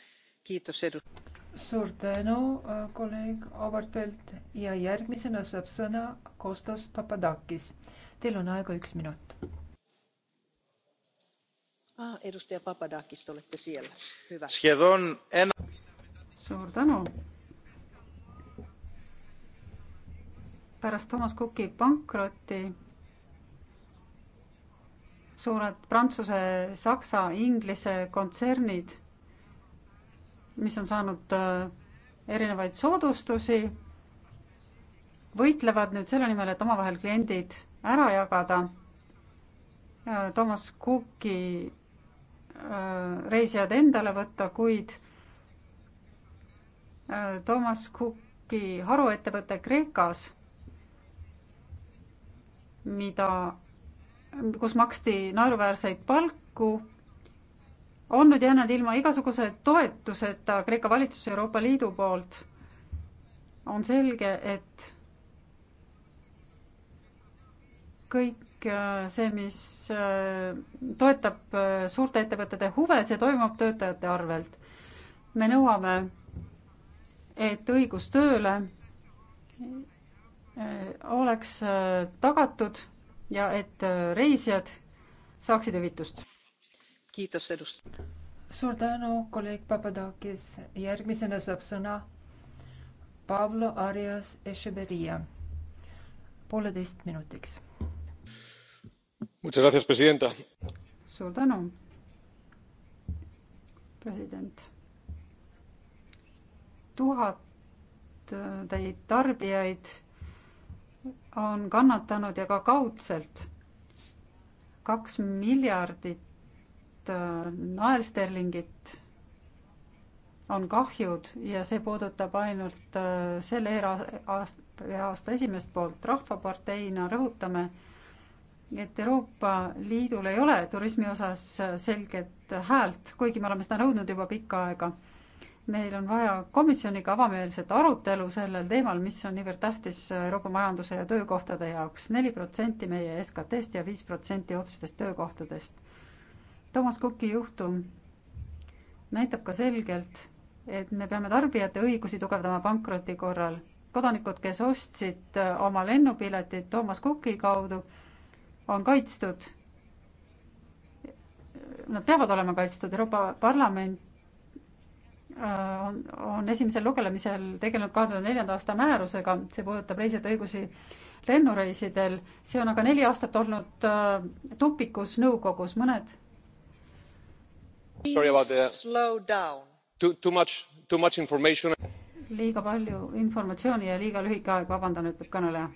suur tänu, äh, kolleeg Auerfeld ja järgmisena saab sõna Kostas Papadakis. Teil on aega üks minut ah,. edustaja Papadakis, te olete siia. suur tänu pärast Thomas Cooki pankrotti suured Prantsuse, Saksa, Inglise kontsernid, mis on saanud äh, erinevaid soodustusi, võitlevad nüüd selle nimel, et omavahel kliendid ära jagada. Äh, Thomas Cooki äh, reisijad endale võtta, kuid Thomas Cooki haruettevõte Kreekas mida, kus maksti naeruväärseid palku, on nüüd jäänud ilma igasuguse toetuseta Kreeka valitsuse Euroopa Liidu poolt. on selge, et kõik äh, see, mis äh, toetab äh, suurte ettevõtete huve, see toimub töötajate arvelt. me nõuame, et õigus tööle Äh, oleks äh, tagatud ja et äh, reisijad saaksid hüvitust. suur tänu, kolleeg Papadakis. järgmisena saab sõna Pablo Arias Echeverria pooleteist minutiks. suur tänu, president. tuhat täit tarbijaid on kannatanud ja ka kaudselt. kaks miljardit äh, naelsterlingit on kahjud ja see puudutab ainult äh, selle aasta, aasta esimest poolt. rahvaparteina rõhutame, et Euroopa Liidul ei ole turismi osas selget häält, kuigi me oleme seda nõudnud juba pikka aega meil on vaja komisjoniga avameelset arutelu sellel teemal, mis on niivõrd tähtis Euroopa majanduse ja töökohtade jaoks. neli protsenti meie SKT-st ja viis protsenti otsestest töökohtadest. Toomas Kuki juhtum näitab ka selgelt, et me peame tarbijate õigusi tugevdama pankroti korral. kodanikud, kes ostsid oma lennupiletid Toomas Kuki kaudu, on kaitstud. Nad peavad olema kaitstud, Euroopa Parlament Äh, on esimesel lugemisel tegelenud kahe tuhande neljanda aasta määrusega, see puudutab reisijate õigusi lennureisidel, see on aga neli aastat olnud äh, tupikus nõukogus, mõned. liiga palju informatsiooni ja liiga lühike aeg, vabandan, ütleb kõneleja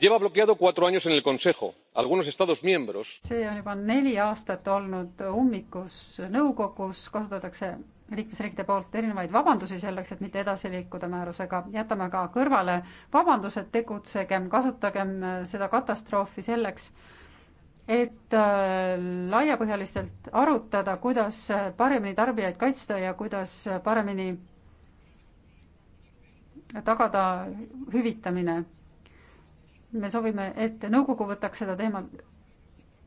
lleva bloqueado cuatro años en el consejo algunos estados miembros. see on juba neli aastat olnud ummikus nõukogus kasutatakse liikmesriikide poolt erinevaid vabandusi selleks et mitte edasi liikuda määrusega jätame ka kõrvale vabandused tegutsegem kasutagem seda katastroofi selleks et äh, laiapõhjalistelt arutada kuidas paremini tarbijaid kaitsta ja kuidas paremini tagada hüvitamine me soovime, et nõukogu võtaks seda teemat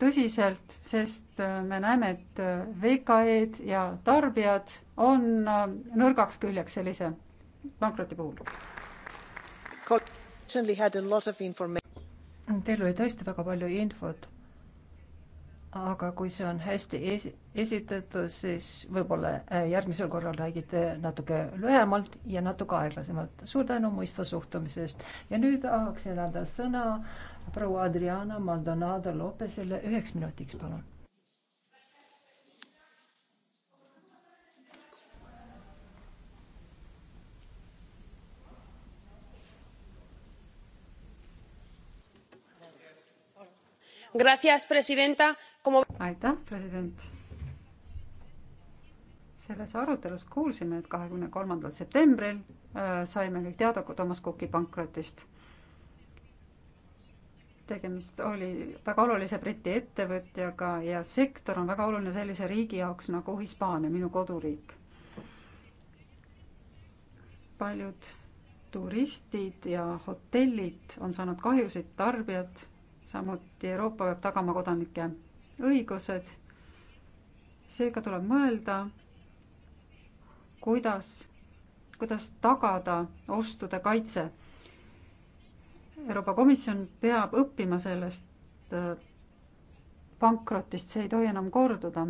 tõsiselt, sest äh, me näeme, et äh, VKE-d ja tarbijad on äh, nõrgaks küljeks sellise pankroti puhul. Teil oli tõesti väga palju infot aga kui see on hästi es esitatud, siis võib-olla äh, järgmisel korral räägite natuke lühemalt ja natuke aeglasemalt. suur tänu mõistva suhtumise eest ja nüüd tahaksin anda sõna proua Adriana Maldonado Lopesele üheks minutiks, palun. aitäh, president. selles arutelus kuulsime, et kahekümne kolmandal septembril äh, saime kõik teada Thomas Cooki pankrotist. tegemist oli väga olulise Briti ettevõtjaga ja sektor on väga oluline sellise riigi jaoks nagu Hispaania, minu koduriik. paljud turistid ja hotellid on saanud kahjusid, tarbijad samuti Euroopa peab tagama kodanike õigused. seega tuleb mõelda, kuidas, kuidas tagada ostude kaitse. Euroopa Komisjon peab õppima sellest äh, pankrotist, see ei tohi enam korduda.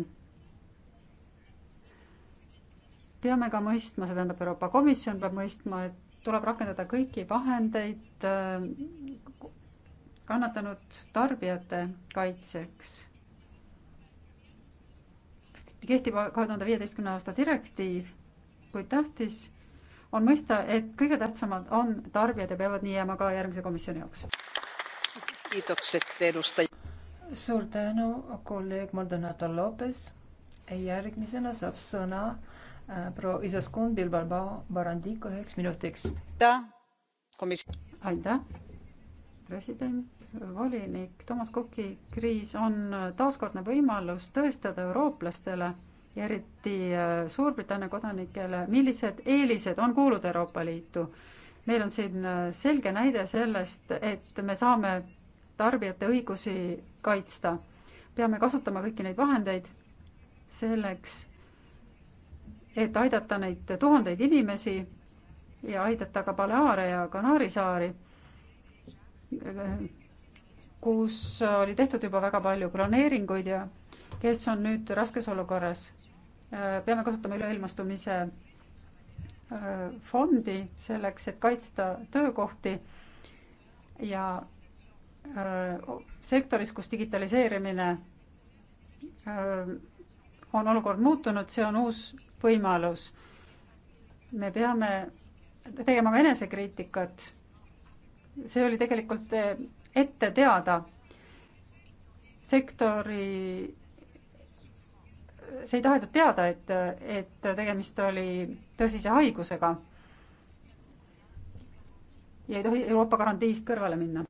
peame ka mõistma, see tähendab, Euroopa Komisjon peab mõistma, et tuleb rakendada kõiki vahendeid äh, kannatanud tarbijate kaitseks kehtiv kahe tuhande viieteistkümne aasta direktiiv, kuid tähtis on mõista, et kõige tähtsamad on tarbijad ja peavad nii jääma ka järgmise komisjoni jaoks. suur tänu, kolleeg Maldonado Lopez. järgmisena saab sõna äh, proua Isaskun Bilbao Barandico üheks minutiks. aitäh president, volinik Toomas Kuki kriis on taaskordne võimalus tõestada eurooplastele ja eriti äh, Suurbritannia kodanikele, millised eelised on kuuluda Euroopa Liitu. meil on siin äh, selge näide sellest, et me saame tarbijate õigusi kaitsta. peame kasutama kõiki neid vahendeid selleks, et aidata neid tuhandeid inimesi ja aidata ka Baleaare ja Kanaari saari kus oli tehtud juba väga palju planeeringuid ja kes on nüüd raskes olukorras. peame kasutama üleilmastumise äh, fondi selleks, et kaitsta töökohti ja äh, sektoris, kus digitaliseerimine äh, on olukord muutunud, see on uus võimalus. me peame tegema ka enesekriitikat see oli tegelikult eh, ette teada. sektori, see ei tahetud teada, et, et tegemist oli tõsise haigusega. ja ei tohi Euroopa garantiist kõrvale minna.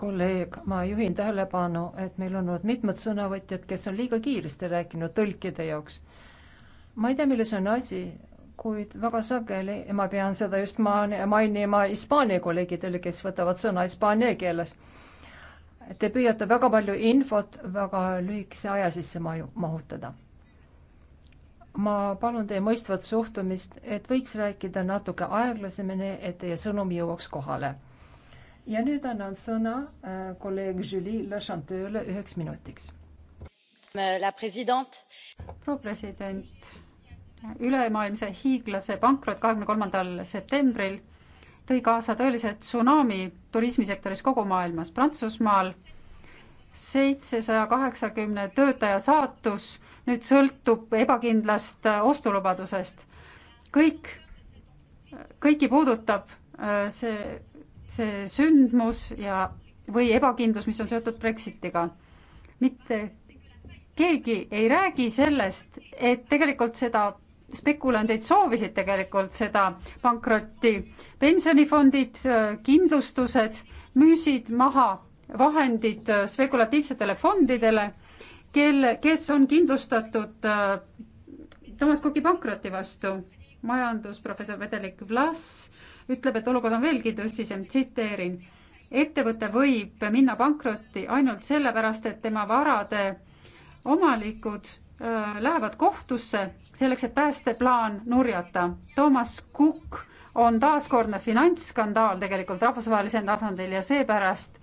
kolleeg, ma juhin tähelepanu, et meil on olnud mitmed sõnavõtjad, kes on liiga kiiresti rääkinud tõlkide jaoks. ma ei tea, milles on asi kuid väga sageli ja ma pean seda just mainima Hispaania kolleegidele, kes võtavad sõna hispaania keeles. Te püüate väga palju infot väga lühikese aja sisse maju, mahutada. ma palun teie mõistvat suhtumist, et võiks rääkida natuke aeglasemini, et teie sõnum jõuaks kohale. ja nüüd annan sõna äh, kolleeg Julie Lachanteule üheks minutiks. proua president ülemaailmse hiiglase pankrot kahekümne kolmandal septembril tõi kaasa tõelise tsunami turismisektoris kogu maailmas. Prantsusmaal seitsesaja kaheksakümne töötaja saatus nüüd sõltub ebakindlast ostulubadusest. kõik, kõiki puudutab äh, see, see sündmus ja, või ebakindlus, mis on seotud Brexitiga. mitte keegi ei räägi sellest, et tegelikult seda spekulandid soovisid tegelikult seda pankrotti. pensionifondid, kindlustused müüsid maha vahendid spekulatiivsetele fondidele, kel, kes on kindlustatud äh, Toomas Kuki pankroti vastu. majandusprofessor Vedelik Vlas ütleb, et olukord on veelgi tõsisem, tsiteerin. ettevõte võib minna pankrotti ainult sellepärast, et tema varade omanikud lähevad kohtusse selleks, et päästeplaan nurjata. Toomas Kukk on taaskordne finantsskandaal tegelikult rahvusvahelisel tasandil ja seepärast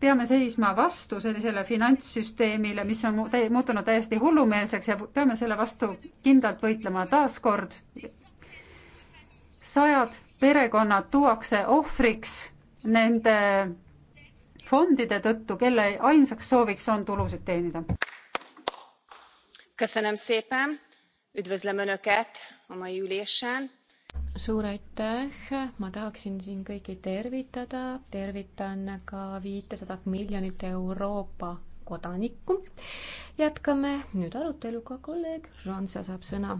peame seisma vastu sellisele finantssüsteemile, mis on muutunud täiesti hullumeelseks ja peame selle vastu kindlalt võitlema taaskord. sajad perekonnad tuuakse ohvriks nende fondide tõttu, kelle ainsaks sooviks on tulusid teenida elnök asszony! üdvözlöm önöket a mai ülésen. suur aitäh! ma tahaksin siin kõiki tervitada. tervitan ka viitesadat miljonit Euroopa kodanikku. jätkame nüüd aruteluga. kolleeg Žansa saab sõna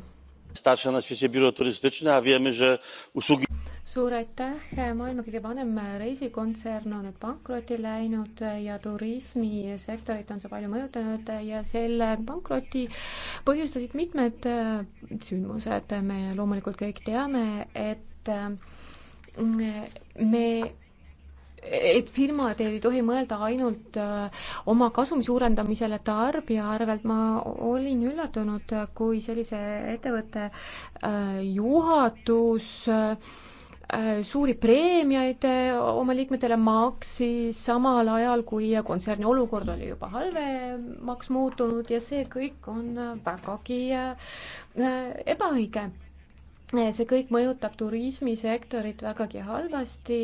suur aitäh, maailma kõige vanem reisikontsern on nüüd pankrotti läinud ja turismisektorit on see palju mõjutanud ja selle pankroti põhjustasid mitmed äh, sündmused. me loomulikult kõik teame, et äh, me et firmad ei tohi mõelda ainult äh, oma kasumi suurendamisele tarbija arvelt, ma olin üllatunud, kui sellise ettevõtte äh, juhatus äh, suuri preemiaid oma liikmetele maksis, samal ajal kui kontserni olukord oli juba halvemaks muutunud ja see kõik on vägagi ebaõige see kõik mõjutab turismisektorit vägagi halvasti,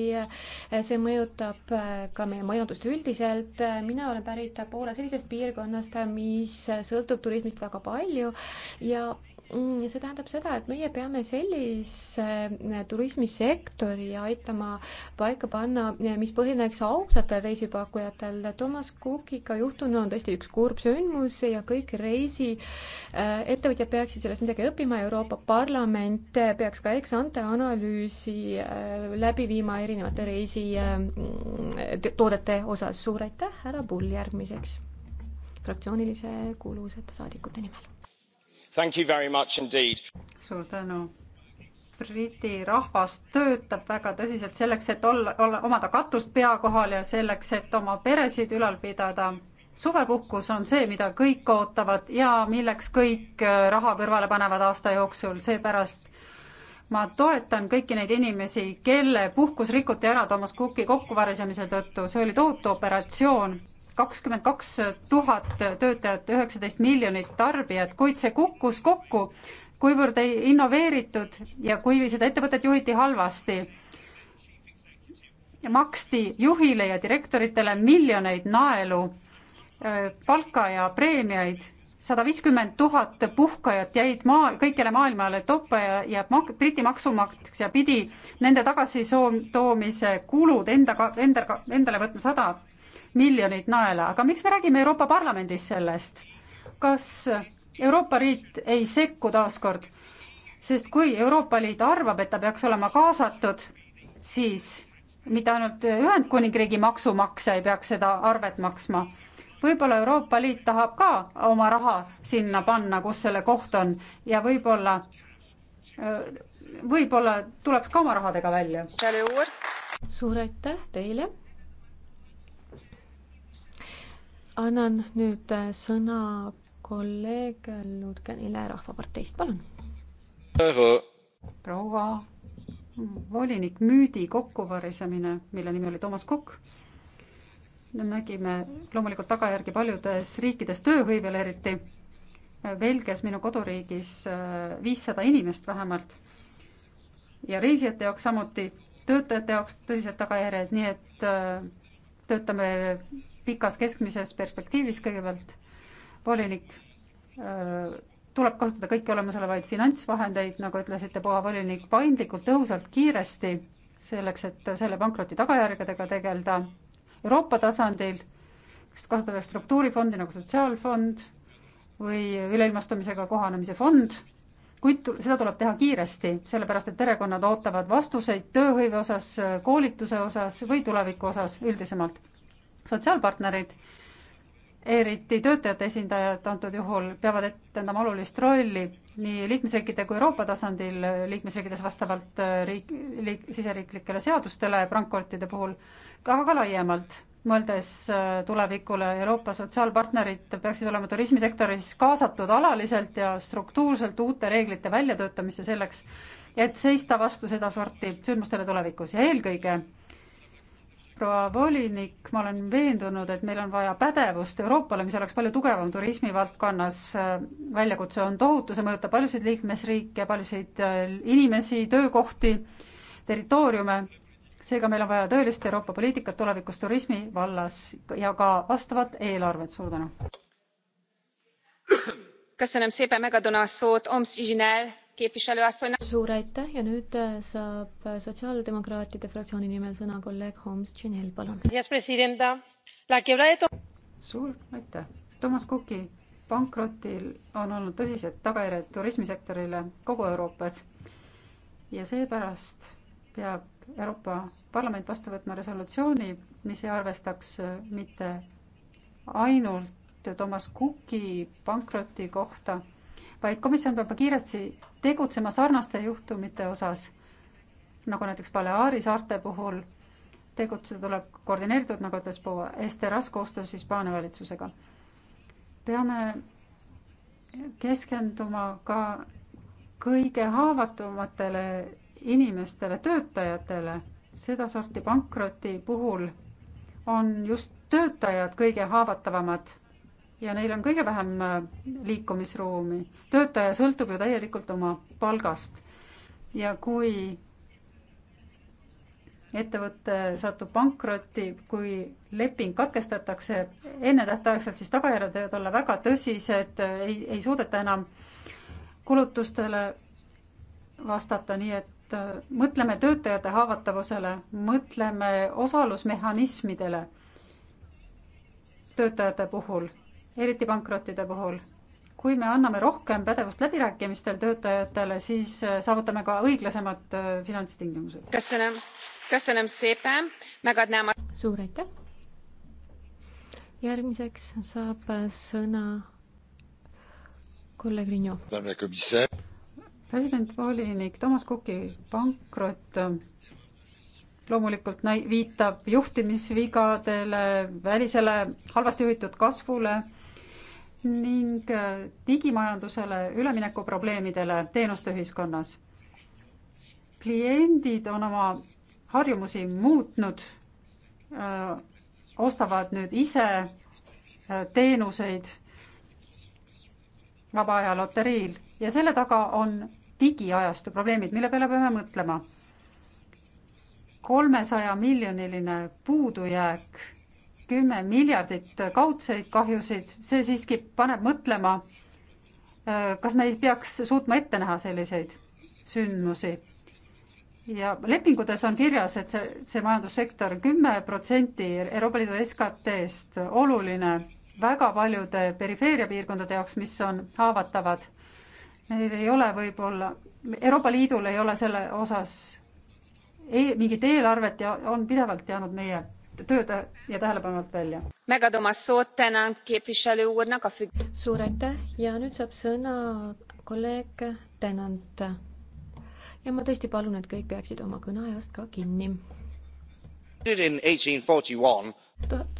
see mõjutab äh, ka meie majandust üldiselt, mina olen pärit Poola sellisest piirkonnast, mis sõltub turismist väga palju ja Mm, see tähendab seda, et meie peame sellise eh, turismisektori aitama paika panna, eh, mis põhineks ausatel reisipakkujatel. Thomas Cookiga juhtunu on tõesti üks kurb sündmus ja kõik reisiettevõtjad eh, peaksid sellest midagi õppima. Euroopa Parlament peaks ka eksante analüüsi läbi viima erinevate reisitoodete mm, osas. suur aitäh, härra Pull järgmiseks fraktsioonilise kuuluvuseta saadikute nimel suur tänu. Briti rahvas töötab väga tõsiselt selleks, et olla, olla, omada katust pea kohal ja selleks, et oma peresid ülal pidada. suvepuhkus on see, mida kõik ootavad ja milleks kõik äh, raha kõrvale panevad aasta jooksul, seepärast ma toetan kõiki neid inimesi, kelle puhkus rikuti ära Thomas Cooki kokkuvarisemise tõttu, see oli tohutu operatsioon kakskümmend kaks tuhat töötajat, üheksateist miljonit tarbijat, kuid see kukkus kokku, kuivõrd ei innoveeritud ja kui seda ettevõtet juhiti halvasti. maksti juhile ja direktoritele miljoneid naelu, äh, palka ja preemiaid, sada viiskümmend tuhat puhkajat jäid maa, kõikjale maailmale toppa ja, ja mak-, Briti maksumaksja pidi nende tagasi soom-, toomise kulud enda, enda, endale võtma sada miljonit naela, aga miks me räägime Euroopa Parlamendis sellest? kas Euroopa Liit ei sekku taaskord? sest kui Euroopa Liit arvab, et ta peaks olema kaasatud, siis mitte ainult Ühendkuningriigi maksumaksja ei peaks seda arvet maksma, võib-olla Euroopa Liit tahab ka oma raha sinna panna, kus selle koht on ja võib-olla, võib-olla tuleb ka oma rahadega välja. suur aitäh teile annan nüüd äh, sõna kolleeg Ludgenile Rahvaparteist, palun. proua volinik, müüdi kokkuvarisemine, mille nimi oli Toomas Kukk me nägime loomulikult tagajärgi paljudes riikides tööhõivel eriti. Belgias, minu koduriigis, äh, viissada inimest vähemalt. ja reisijate jaoks samuti, töötajate jaoks tõsised tagajärjed, nii et äh, töötame pikas keskmises perspektiivis kõigepealt volinik äh, tuleb kasutada kõiki olemasolevaid finantsvahendeid, nagu ütlesite, Poa volinik, paindlikult, tõhusalt, kiiresti, selleks, et selle pankroti tagajärgedega tegeleda Euroopa tasandil, kas kasutada struktuurifondi nagu Sotsiaalfond või üleilmastumisega kohanemise fond, kuid seda tuleb teha kiiresti, sellepärast et perekonnad ootavad vastuseid tööhõive osas, koolituse osas või tuleviku osas üldisemalt sotsiaalpartnerid, eriti töötajate esindajad antud juhul, peavad etendama olulist rolli nii liikmesriikide kui Euroopa tasandil, liikmesriikides vastavalt äh, riik, liik, siseriiklikele seadustele pankrottide puhul, aga ka laiemalt mõeldes äh, tulevikule, Euroopa sotsiaalpartnerid peaksid olema turismisektoris kaasatud alaliselt ja struktuurselt uute reeglite väljatöötamisse selleks, et seista vastu sedasorti sündmustele tulevikus ja eelkõige proua volinik, ma olen veendunud, et meil on vaja pädevust Euroopale, mis oleks palju tugevam turismivaldkonnas. väljakutse on tohutu, see mõjutab paljusid liikmesriike, paljusid äh, inimesi, töökohti, territooriume. seega meil on vaja tõelist Euroopa poliitikat tulevikus turismi vallas ja ka vastavat eelarvet. suur tänu. köszönöm szépen megadom a szót Omsz Zsinel suur aitäh ja nüüd äh, saab äh, sotsiaaldemokraatide fraktsiooni nimel sõna kolleeg Holmes Chanel, palun. suur aitäh. Thomas Cooki pankrotil on olnud tõsised tagajärjed turismisektorile kogu Euroopas ja seepärast peab Euroopa Parlament vastu võtma resolutsiooni, mis ei arvestaks äh, mitte ainult Thomas Cooki pankroti kohta vaid komisjon peab kiiresti tegutsema sarnaste juhtumite osas, nagu näiteks Baleari saarte puhul, tegutseda tuleb koordineeritud, nagu ütles proua Esteras koostöös Hispaania valitsusega. peame keskenduma ka kõige haavatumatele inimestele, töötajatele, sedasorti pankroti puhul on just töötajad kõige haavatavamad ja neil on kõige vähem äh, liikumisruumi. töötaja sõltub ju täielikult oma palgast. ja kui ettevõte satub pankrotti, kui leping katkestatakse ennetähtaegselt, siis tagajärjed võivad olla väga tõsised, ei, ei suudeta enam kulutustele vastata, nii et äh, mõtleme töötajate haavatavusele, mõtleme osalusmehhanismidele töötajate puhul eriti pankrottide puhul. kui me anname rohkem pädevust läbirääkimistel töötajatele, siis äh, saavutame ka õiglasemad äh, finantstingimused. suur aitäh! järgmiseks saab äh, sõna kolleeg Rinno. president volinik Toomas Kuki pankrot loomulikult näi-, viitab juhtimisvigadele, välisele halvasti juhitud kasvule ning äh, digimajandusele ülemineku probleemidele teenuste ühiskonnas. kliendid on oma harjumusi muutnud, äh, ostavad nüüd ise äh, teenuseid vaba aja loteriil ja selle taga on digiajastu probleemid, mille peale peame mõtlema. kolmesaja miljoniline puudujääk kümme miljardit kaudseid kahjusid, see siiski paneb mõtlema, äh, kas me ei peaks suutma ette näha selliseid sündmusi. ja lepingutes on kirjas, et see, see majandussektor kümme protsenti Euroopa Liidu SKT-st oluline väga paljude perifeeriapiirkondade jaoks, mis on haavatavad. Neil ei ole võib-olla, Euroopa Liidul ei ole selle osas ei, mingit eelarvet ja on pidevalt jäänud meie tööd ja tähelepanu alt välja. suur aitäh ja nüüd saab sõna kolleeg Tenant. ja ma tõesti palun, et kõik peaksid oma kõneajast ka kinni.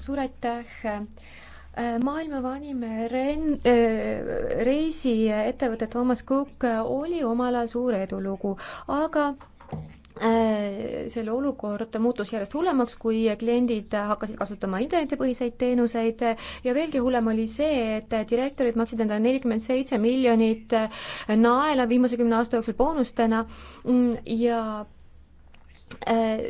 suur aitäh maailma vanim ren-, reisiettevõte Thomas Cook oli omal ajal suur edulugu, aga Äh, selle olukord muutus järjest hullemaks, kui kliendid hakkasid kasutama internetipõhiseid teenuseid ja veelgi hullem oli see, et direktorid maksid endale nelikümmend seitse miljonit naela viimase kümne aasta jooksul boonustena ja äh,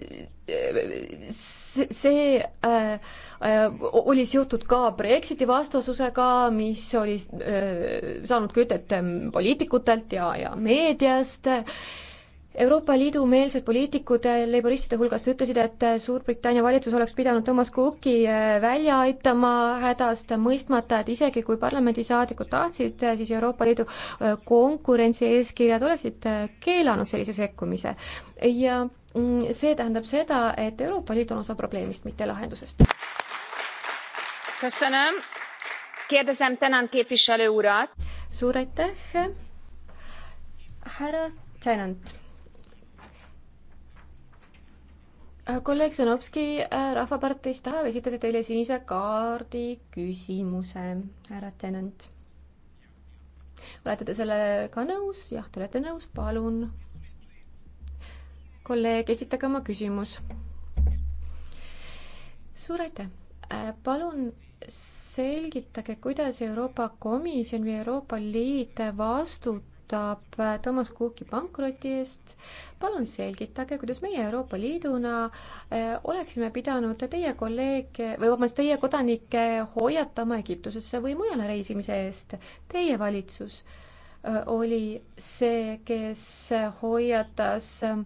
see äh, oli seotud ka Brexiti vastasusega, mis oli äh, saanud kütet poliitikutelt ja, ja meediast äh,, Euroopa Liidu meelsed poliitikud laboristide hulgast ütlesid, et Suurbritannia valitsus oleks pidanud Thomas Cooki äh, välja aitama hädast, mõistmata, et isegi kui parlamendisaadikud tahtsid, äh, siis Euroopa Liidu äh, konkurentsieeskirjad oleksid keelanud sellise sekkumise. ja mm, see tähendab seda, et Euroopa Liit on osa probleemist, mitte lahendusest. suur aitäh, härra Tennant Äh, kolleeg Sõnovski äh, Rahvaparteist tahab esitada teile sinise kaardi küsimuse, härra Tennant. olete te sellega nõus? jah, te olete nõus, palun. kolleeg, esitage oma küsimus. suur aitäh. Äh, palun selgitage, kuidas Euroopa Komisjon või Euroopa Liit vastutab vastutab äh, Thomas Cooki pankroti eest. palun selgitage, kuidas meie Euroopa Liiduna äh, oleksime pidanud teie kolleege või vabandust, teie kodanikke hoiatama Egiptusesse või mujale reisimise eest. Teie valitsus äh, oli see, kes hoiatas äh,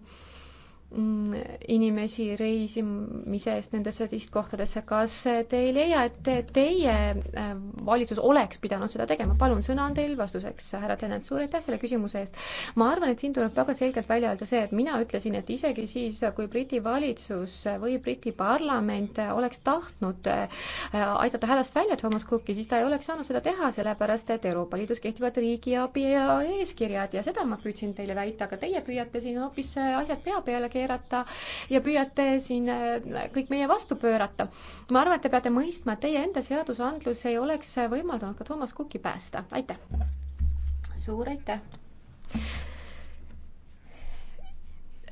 Mm, inimesi reisimise eest nendesse sihtkohtadesse, kas te ei leia, et teie äh, valitsus oleks pidanud seda tegema, palun, sõna on teil vastuseks, härra Tennant, suur aitäh selle küsimuse eest. ma arvan, et siin tuleb väga selgelt välja öelda see, et mina ütlesin, et isegi siis, kui Briti valitsus või Briti parlament oleks tahtnud äh, aidata hädast välja Thomas Cooki, siis ta ei oleks saanud seda teha, sellepärast et Euroopa Liidus kehtivad riigiabi ja eeskirjad ja seda ma püüdsin teile väita, aga teie püüate siin hoopis asjad pea peale keerata keerata ja püüate siin äh, kõik meie vastu pöörata. ma arvan, et te peate mõistma, et teie enda seadusandlus ei oleks võimaldanud ka Toomas Cooki päästa, aitäh! suur aitäh!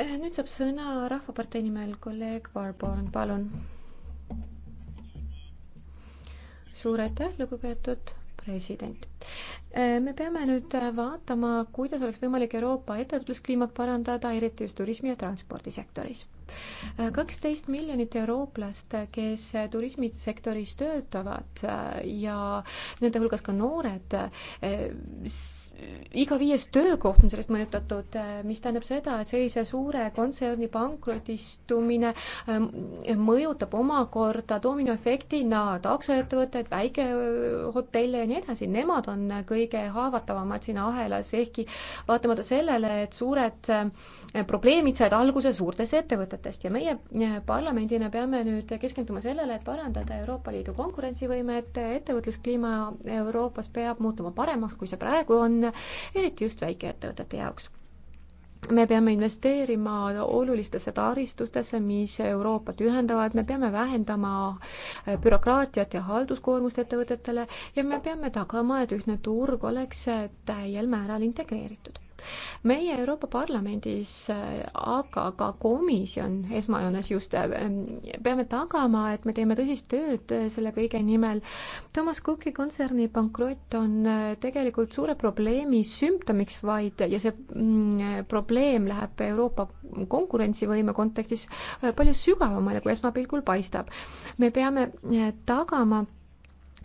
Äh, nüüd saab sõna Rahvapartei nimel kolleeg Varborn, palun. suur aitäh, lugupeetud president. Äh, me peame nüüd äh, vaatama, kuidas oleks võimalik Euroopa ettevõtluskliimat parandada, eriti just turismi- ja transpordisektoris kaksteist miljonit eurooplast, kes turismisektoris töötavad äh, ja nende hulgas ka noored, äh, iga viies töökoht on sellest mõjutatud, äh, mis tähendab seda, et sellise suure kontserni pankrotistumine ähm, mõjutab omakorda dominoefektina taksoettevõtteid, väikehotelle ja nii edasi, nemad on kõige haavatavamad siin ahelas, ehkki vaatamata sellele, et suured probleemid said alguse suurtes ettevõtetes mõtetest ja meie eh, parlamendina peame nüüd keskenduma sellele, et parandada Euroopa Liidu konkurentsivõimet, ettevõtluskliima Euroopas peab muutuma paremaks, kui see praegu on, eriti just väikeettevõtete jaoks me peame investeerima olulistesse taristutesse, mis Euroopat ühendavad, me peame vähendama eh, bürokraatiat ja halduskoormust ettevõtetele ja me peame tagama, et ühtne turg oleks eh, täiel määral integreeritud meie Euroopa Parlamendis, äh, aga ka komisjon esmajoones just, äh, peame tagama, et me teeme tõsist tööd äh, selle kõige nimel. Thomas Cooki kontserni pankrott on tegelikult suure probleemi sümptomiks vaid ja see mm, probleem läheb Euroopa konkurentsivõime kontekstis palju sügavamale, kui esmapilgul paistab. me peame tagama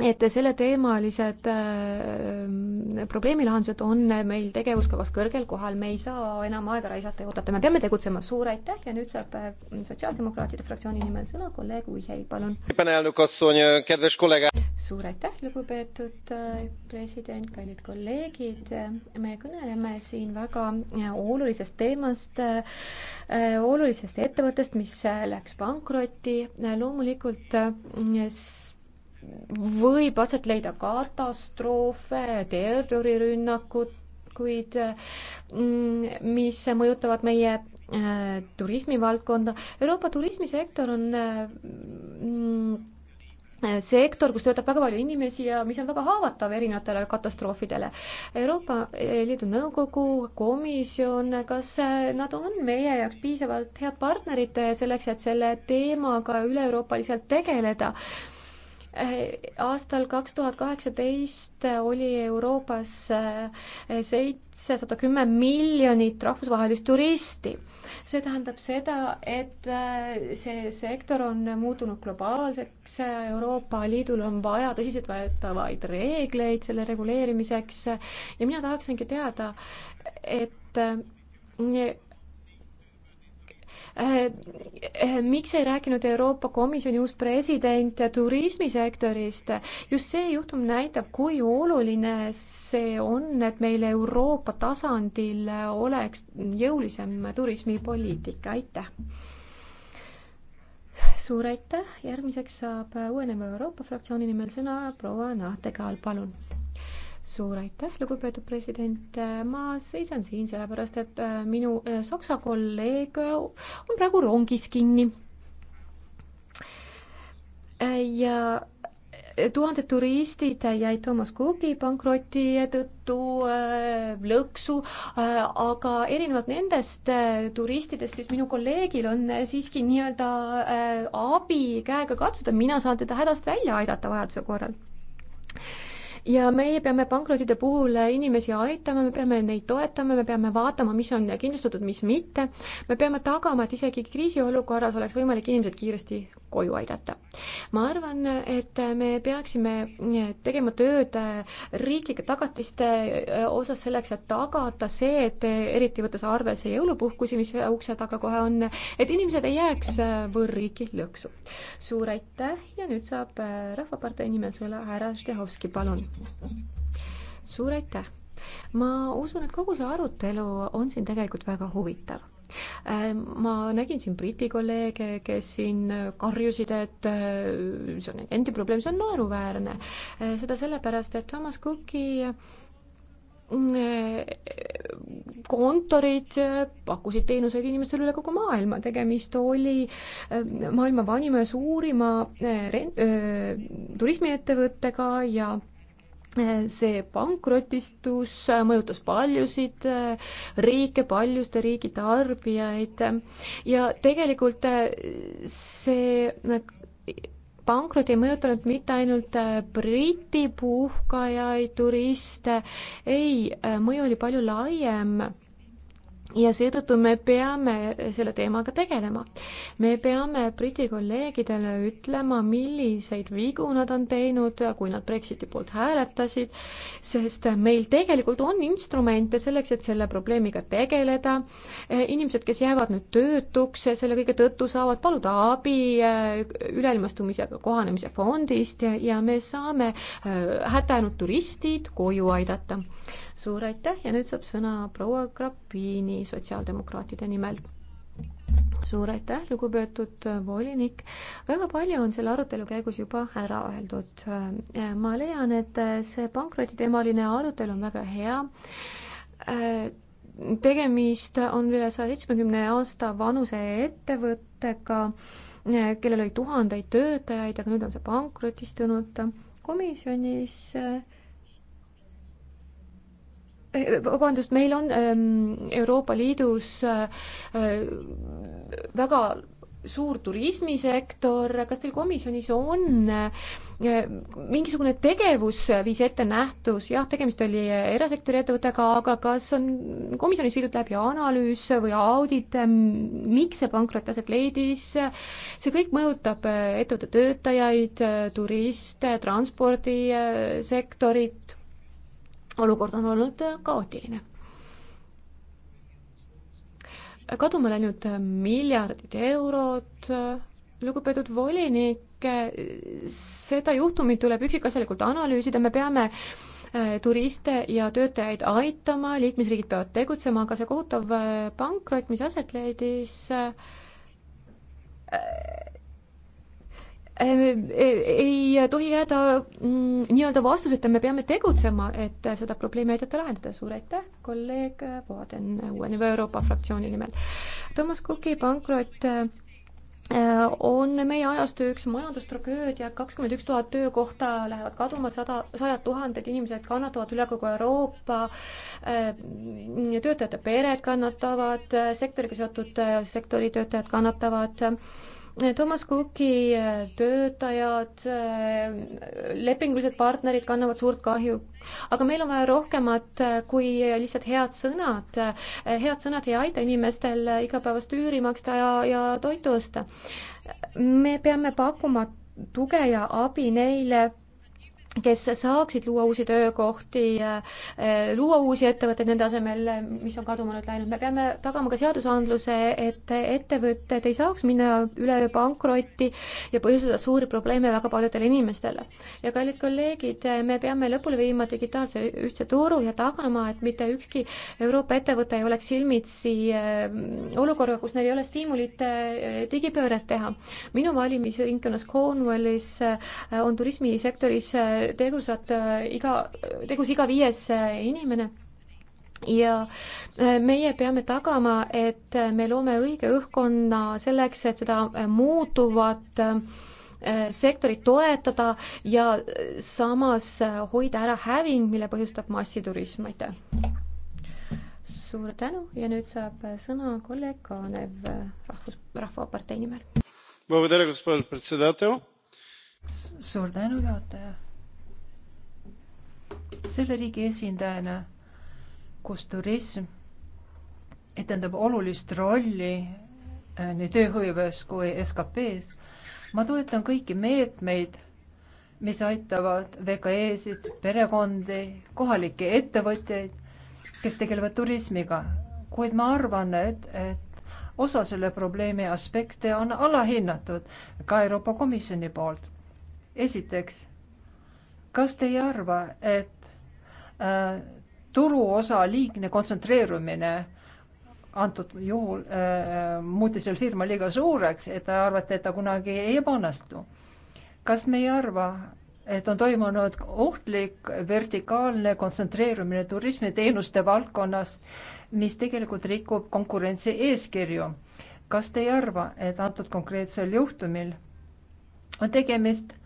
et selleteemalised äh, probleemilahendused on meil tegevuskavas kõrgel kohal, me ei saa enam aega raisata ja oodata, me peame tegutsema, suur aitäh ja nüüd saab äh, Sotsiaaldemokraatide fraktsiooni nimel sõna kolleeg Uihei, palun. suur aitäh, lugupeetud äh, president, kallid kolleegid, me kõneleme siin väga äh, olulisest teemast, äh, olulisest ettevõttest, mis äh, läks pankrotti, loomulikult võib aset leida katastroofe, terrorirünnakuid, mm, mis mõjutavad meie äh, turismivaldkonda. Euroopa turismisektor on äh, mm, sektor, kus töötab väga palju inimesi ja mis on väga haavatav erinevatele katastroofidele. Euroopa Liidu Nõukogu, komisjon, kas äh, nad on meie jaoks piisavalt head partnerid selleks, et selle teemaga üle-euroopaliselt tegeleda? aastal kaks tuhat kaheksateist oli Euroopas eh, seitsesada kümme miljonit rahvusvahelist turisti. see tähendab seda, et eh, see sektor on muutunud globaalseks, Euroopa Liidul on vaja tõsiseltvõetavaid reegleid selle reguleerimiseks ja mina tahaksingi teada, et eh, Äh, äh, miks ei rääkinud Euroopa Komisjoni uus president turismisektorist? just see juhtum näitab, kui oluline see on, et meil Euroopa tasandil oleks jõulisem turismipoliitika, aitäh! suur aitäh, järgmiseks saab Uueneva Euroopa fraktsiooni nimel sõna proua Nahtekaal, palun suur aitäh, lugupeetud president, ma seisan siin sellepärast, et äh, minu äh, saksa kolleeg äh, on praegu rongis kinni. ja tuhanded turistid jäid Thomas Cooki pankroti tõttu lõksu, aga erinevalt nendest turistidest, siis minu kolleegil on siiski nii-öelda abi käega katsuda, mina saan teda hädast välja aidata vajaduse korral ja meie peame pankrotide puhul inimesi aitama, me peame neid toetama, me peame vaatama, mis on kindlustatud, mis mitte. me peame tagama, et isegi kriisiolukorras oleks võimalik inimesed kiiresti koju aidata. ma arvan, et me peaksime tegema tööd riiklike tagatiste osas selleks, et tagada see, et eriti võttes arvesse jõulupuhkusi, mis ukse taga kohe on, et inimesed ei jääks võõrriiki lõksu. suur aitäh ja nüüd saab Rahvapartei nimel sõna härra Štehovski, palun suur aitäh! ma usun, et kogu see arutelu on siin tegelikult väga huvitav ähm, ma nägin siin Briti kolleege, kes siin karjusid, et äh, see on nende probleem, see on naeruväärne. Äh, seda sellepärast, et Thomas Cooki äh, kontorid pakkusid teenuseid inimestele üle kogu maailma, tegemist oli maailma vanima ja suurima turismiettevõttega ja see pankrotistus mõjutas paljusid riike, paljuste riigi tarbijaid ja tegelikult see pankrot ei mõjutanud mitte ainult Briti puhkajaid, turiste, ei, mõju oli palju laiem ja seetõttu me peame selle teemaga tegelema. me peame Briti kolleegidele ütlema, milliseid vigu nad on teinud, kui nad Brexiti poolt hääletasid, sest meil tegelikult on instrumente selleks, et selle probleemiga tegeleda. inimesed, kes jäävad nüüd töötuks selle kõige tõttu, saavad paluda abi üleilmastumisega kohanemise fondist ja me saame äh, häda jäänud turistid koju aidata suur aitäh ja nüüd saab sõna proua Grappini sotsiaaldemokraatide nimel suur aitäh, lugupeetud äh, volinik. väga palju on selle arutelu käigus juba ära öeldud. Äh, ma leian, et äh, see pankrotiteemaline arutelu on väga hea. tegemist on üle saja seitsmekümne aasta vanuse ettevõttega, kellel oli tuhandeid töötajaid, aga nüüd on see pankrotistunud komisjonis äh, vabandust, meil on ähm, Euroopa Liidus äh, väga suur turismisektor, kas teil komisjonis on äh, mingisugune tegevusviis ette nähtus, jah, tegemist oli äh, erasektori ettevõttega, aga kas on komisjonis viidud läbi analüüs või audit, ähm, miks see pankrot aset leidis, see kõik mõjutab ettevõtte töötajaid, turiste, transpordisektorit olukord on olnud kaootiline. kaduma läinud miljardid eurod, lugupeetud volinik, seda juhtumit tuleb üksikasjalikult analüüsida, me peame äh, turiste ja töötajaid aitama, liikmesriigid peavad tegutsema, aga see kohutav äh, pankrot, mis aset leidis, äh, E, ei tohi jääda mm, nii-öelda vastuseta, me peame tegutsema, et seda probleemi aidata lahendada. suur aitäh, kolleeg Voden Uuenev Euroopa fraktsiooni nimel. Toomas Kuki pankrot äh, on meie ajastu üks majandustragöödia, kakskümmend üks tuhat töökohta lähevad kaduma, sada, sajad tuhanded inimesed kannatavad üle kogu Euroopa, äh, töötajate pered kannatavad, sektoriga seotud äh, sektori töötajad kannatavad Thomas Cooki äh, töötajad, äh, lepingulised partnerid kannavad suurt kahju, aga meil on vaja rohkemat äh, kui lihtsalt head sõnad. head sõnad ei aita inimestel igapäevast üüri maksta ja, ja toitu osta. me peame pakkuma tuge ja abi neile kes saaksid luua uusi töökohti, eh, luua uusi ettevõtteid nende asemel, mis on kaduma nüüd läinud, me peame tagama ka seadusandluse, et ettevõtted ei saaks minna üleöö pankrotti ja põhjustada suuri probleeme väga paljudele inimestele. ja kallid kolleegid, me peame lõpule viima digitaalse ühtse turu ja tagama, et mitte ükski Euroopa ettevõte ei oleks silmitsi eh, olukorraga, kus neil ei ole stiimulit eh, digipööret teha. minu valimisringkonnas Cornwallis on turismisektoris tegusad iga, tegus iga viies äh, inimene ja äh, meie peame tagama, et me loome õige õhkkonna selleks, et seda äh, muutuvat sektorit toetada ja samas hoida ära häving, mille põhjustab massiturism, aitäh. suur tänu ja nüüd saab sõna kolleeg Kaanev rahvus, Rahvapartei nimel. suur tänu, juhataja selle riigi esindajana, kus turism etendab olulist rolli äh, nii tööhõives kui SKP-s, ma toetan kõiki meetmeid, mis aitavad VKE-sid, perekondi, kohalikke ettevõtjaid, kes tegelevad turismiga, kuid ma arvan, et, et osa selle probleemi aspekte on alahinnatud ka Euroopa Komisjoni poolt. esiteks, kas te ei arva, et Äh, turuosa liigne kontsentreerumine antud juhul äh, äh, muutis selle firma liiga suureks, et te arvate, et ta kunagi ei ebaõnnestu. kas me ei arva, et on toimunud ohtlik vertikaalne kontsentreerumine turismiteenuste valdkonnas, mis tegelikult rikub konkurentsi eeskirju? kas te ei arva, et antud konkreetsel juhtumil on tegemist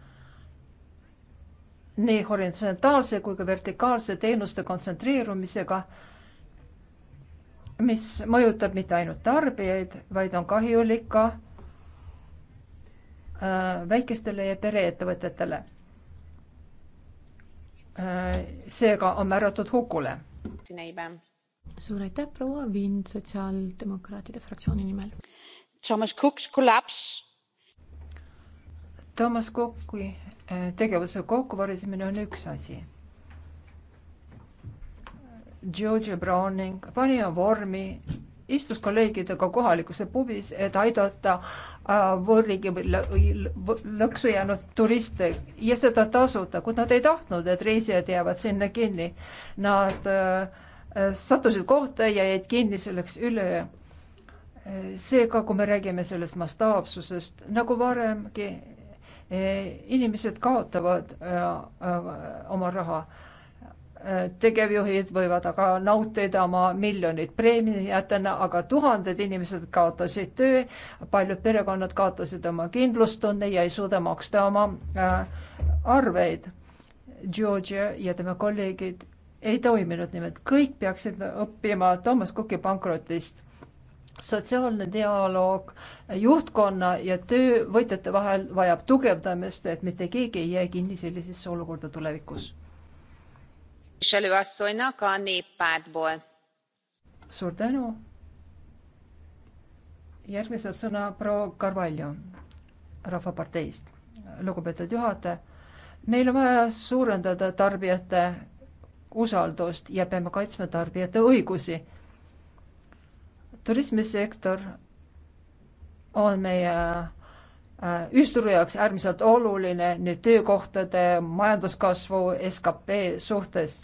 nii horisontaalse kui ka vertikaalse teenuste kontsentreerumisega, mis mõjutab mitte ainult tarbijaid, vaid on kahjulik ka äh, väikestele ja pereettevõtetele. Äh, seega on määratud hukule. suur aitäh, proua Vind Sotsiaaldemokraatide fraktsiooni nimel. Thomas Cooks kollaps. Thomas Cooki Äh, tegevuse kokkuvarisemine on üks asi. Georgia Browning pani vormi, istus kolleegidega kohalikus pubis, et aidata äh, võõrriigi lõksu jäänud turiste ja seda tasuta, kuid nad ei tahtnud, et reisijad jäävad sinna kinni. Nad äh, sattusid kohta ja jäid kinni selleks üleöö. Äh, seega, kui me räägime sellest mastaapsusest, nagu varemgi, Eh, inimesed kaotavad eh, eh, oma raha. tegevjuhid võivad aga nautida oma miljonit preemiatena, aga tuhanded inimesed kaotasid töö, paljud perekonnad kaotasid oma kindlustunne ja ei suuda maksta oma arveid. Georgia ja tema kolleegid ei toiminud nimelt, kõik peaksid õppima Thomas Cooki pankrotist sotsiaalne dialoog juhtkonna ja töövõtjate vahel vajab tugevdamist, et mitte keegi ei jää kinni sellisesse olukorda tulevikus. suur tänu. järgmiseb sõna proua Carvalho Rahvaparteist. lugupeetud juhataja, meil on vaja suurendada tarbijate usaldust ja peame kaitsma tarbijate õigusi turismisektor on meie äh, ühisturu jaoks äärmiselt oluline nüüd töökohtade, majanduskasvu, skp suhtes.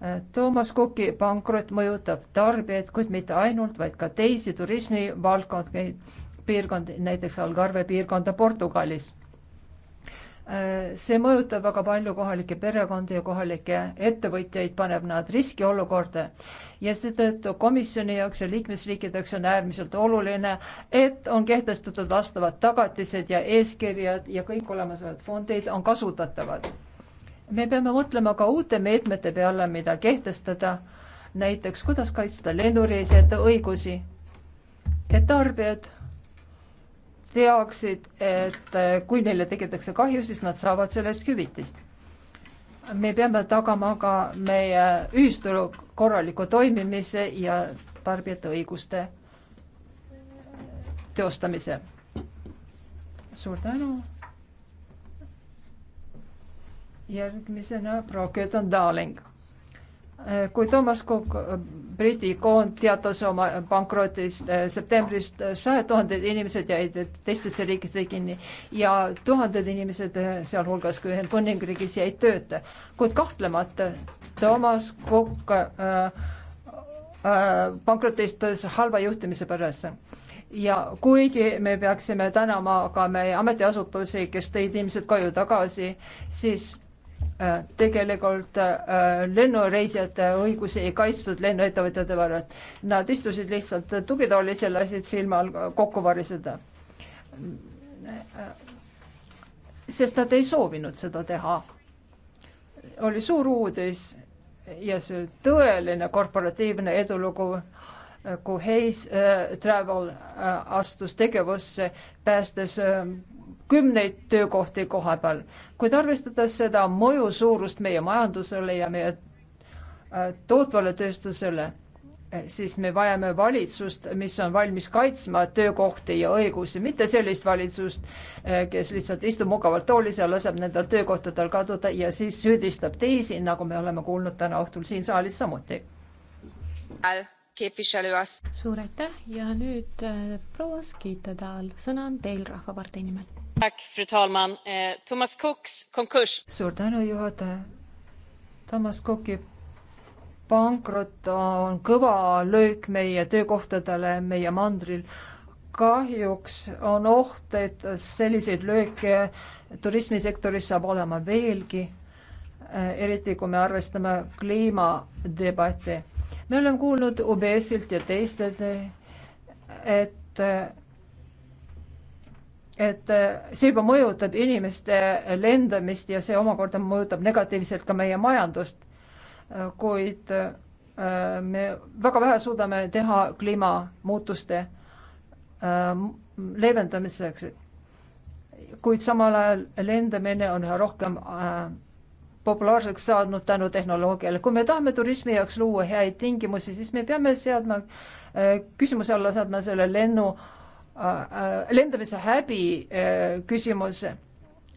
Äh, Toomas Kuki pankrot mõjutab tarbijaid, kuid mitte ainult, vaid ka teisi turismivaldkondi, piirkondi, näiteks Algarve piirkonda Portugalis see mõjutab väga palju kohalikke perekondi ja kohalikke ettevõtjaid, paneb nad riskiolukorda ja seetõttu komisjoni jaoks ja liikmesriikide jaoks on äärmiselt oluline, et on kehtestatud vastavad tagatised ja eeskirjad ja kõik olemasolevad fondid on kasutatavad. me peame mõtlema ka uute meetmete peale, mida kehtestada, näiteks kuidas kaitsta lennureisijate õigusi, et tarbijad teaksid, et äh, kui neile tegeldakse kahju, siis nad saavad selle eest hüvitist. me peame tagama ka meie ühisturu korraliku toimimise ja tarbijate õiguste teostamise. suur tänu. järgmisena proua Kötan Darling Eh, kui Thomas Cook, eh, Briti ikoon, teatas oma pankrotist eh, septembris, sajad tuhanded inimesed jäid teistesse riikidesse kinni ja tuhanded inimesed, sealhulgas ka Ühendkuningriigis, jäid tööta. kuid kahtlemata Thomas Cook äh, äh, pankrotistas halva juhtimise pärast ja kuigi me peaksime tänama ka meie ametiasutusi, kes tõid inimesed koju tagasi, siis Äh, tegelikult äh, lennureisijate õigusi ei kaitstud lennuettevõtjate varjal. Nad istusid lihtsalt tugitoolis ja lasid firmal kokku variseda. Äh, sest nad ei soovinud seda teha. oli suur uudis ja see tõeline korporatiivne edulugu, kui Hayes äh, Travel äh, astus tegevusse, päästes äh, kümneid töökohti koha peal. kuid arvestades seda mõju suurust meie majandusele ja meie äh, tootvale tööstusele, eh, siis me vajame valitsust, mis on valmis kaitsma töökohti ja õigusi, mitte sellist valitsust, eh, kes lihtsalt istub mugavalt toolis ja laseb nendel töökohtadel kaduda ja siis süüdistab teisi, nagu me oleme kuulnud täna õhtul siin saalis samuti. suur aitäh ja nüüd eh, proua Skitedal, sõna on teil Rahvapartei nimel Eh, suur tänu, juhataja. Thomas Cooki pankrot on kõva löök meie töökohtadele, meie mandril. kahjuks on oht, et selliseid lööke turismisektoris saab olema veelgi, eh, eriti kui me arvestame kliimadebatti. me oleme kuulnud UBS-ilt ja teistelt, et eh, et äh, see juba mõjutab inimeste lendamist ja see omakorda mõjutab negatiivselt ka meie majandust. Äh, kuid äh, me väga vähe suudame teha kliimamuutuste leevendamiseks. kuid samal ajal lendamine on üha rohkem populaarseks saanud tänu tehnoloogiale. kui me tahame turismi jaoks luua häid tingimusi, siis me peame seadma, küsimuse alla seadma selle lennu äh, Äh, äh, lendamise häbi äh, küsimus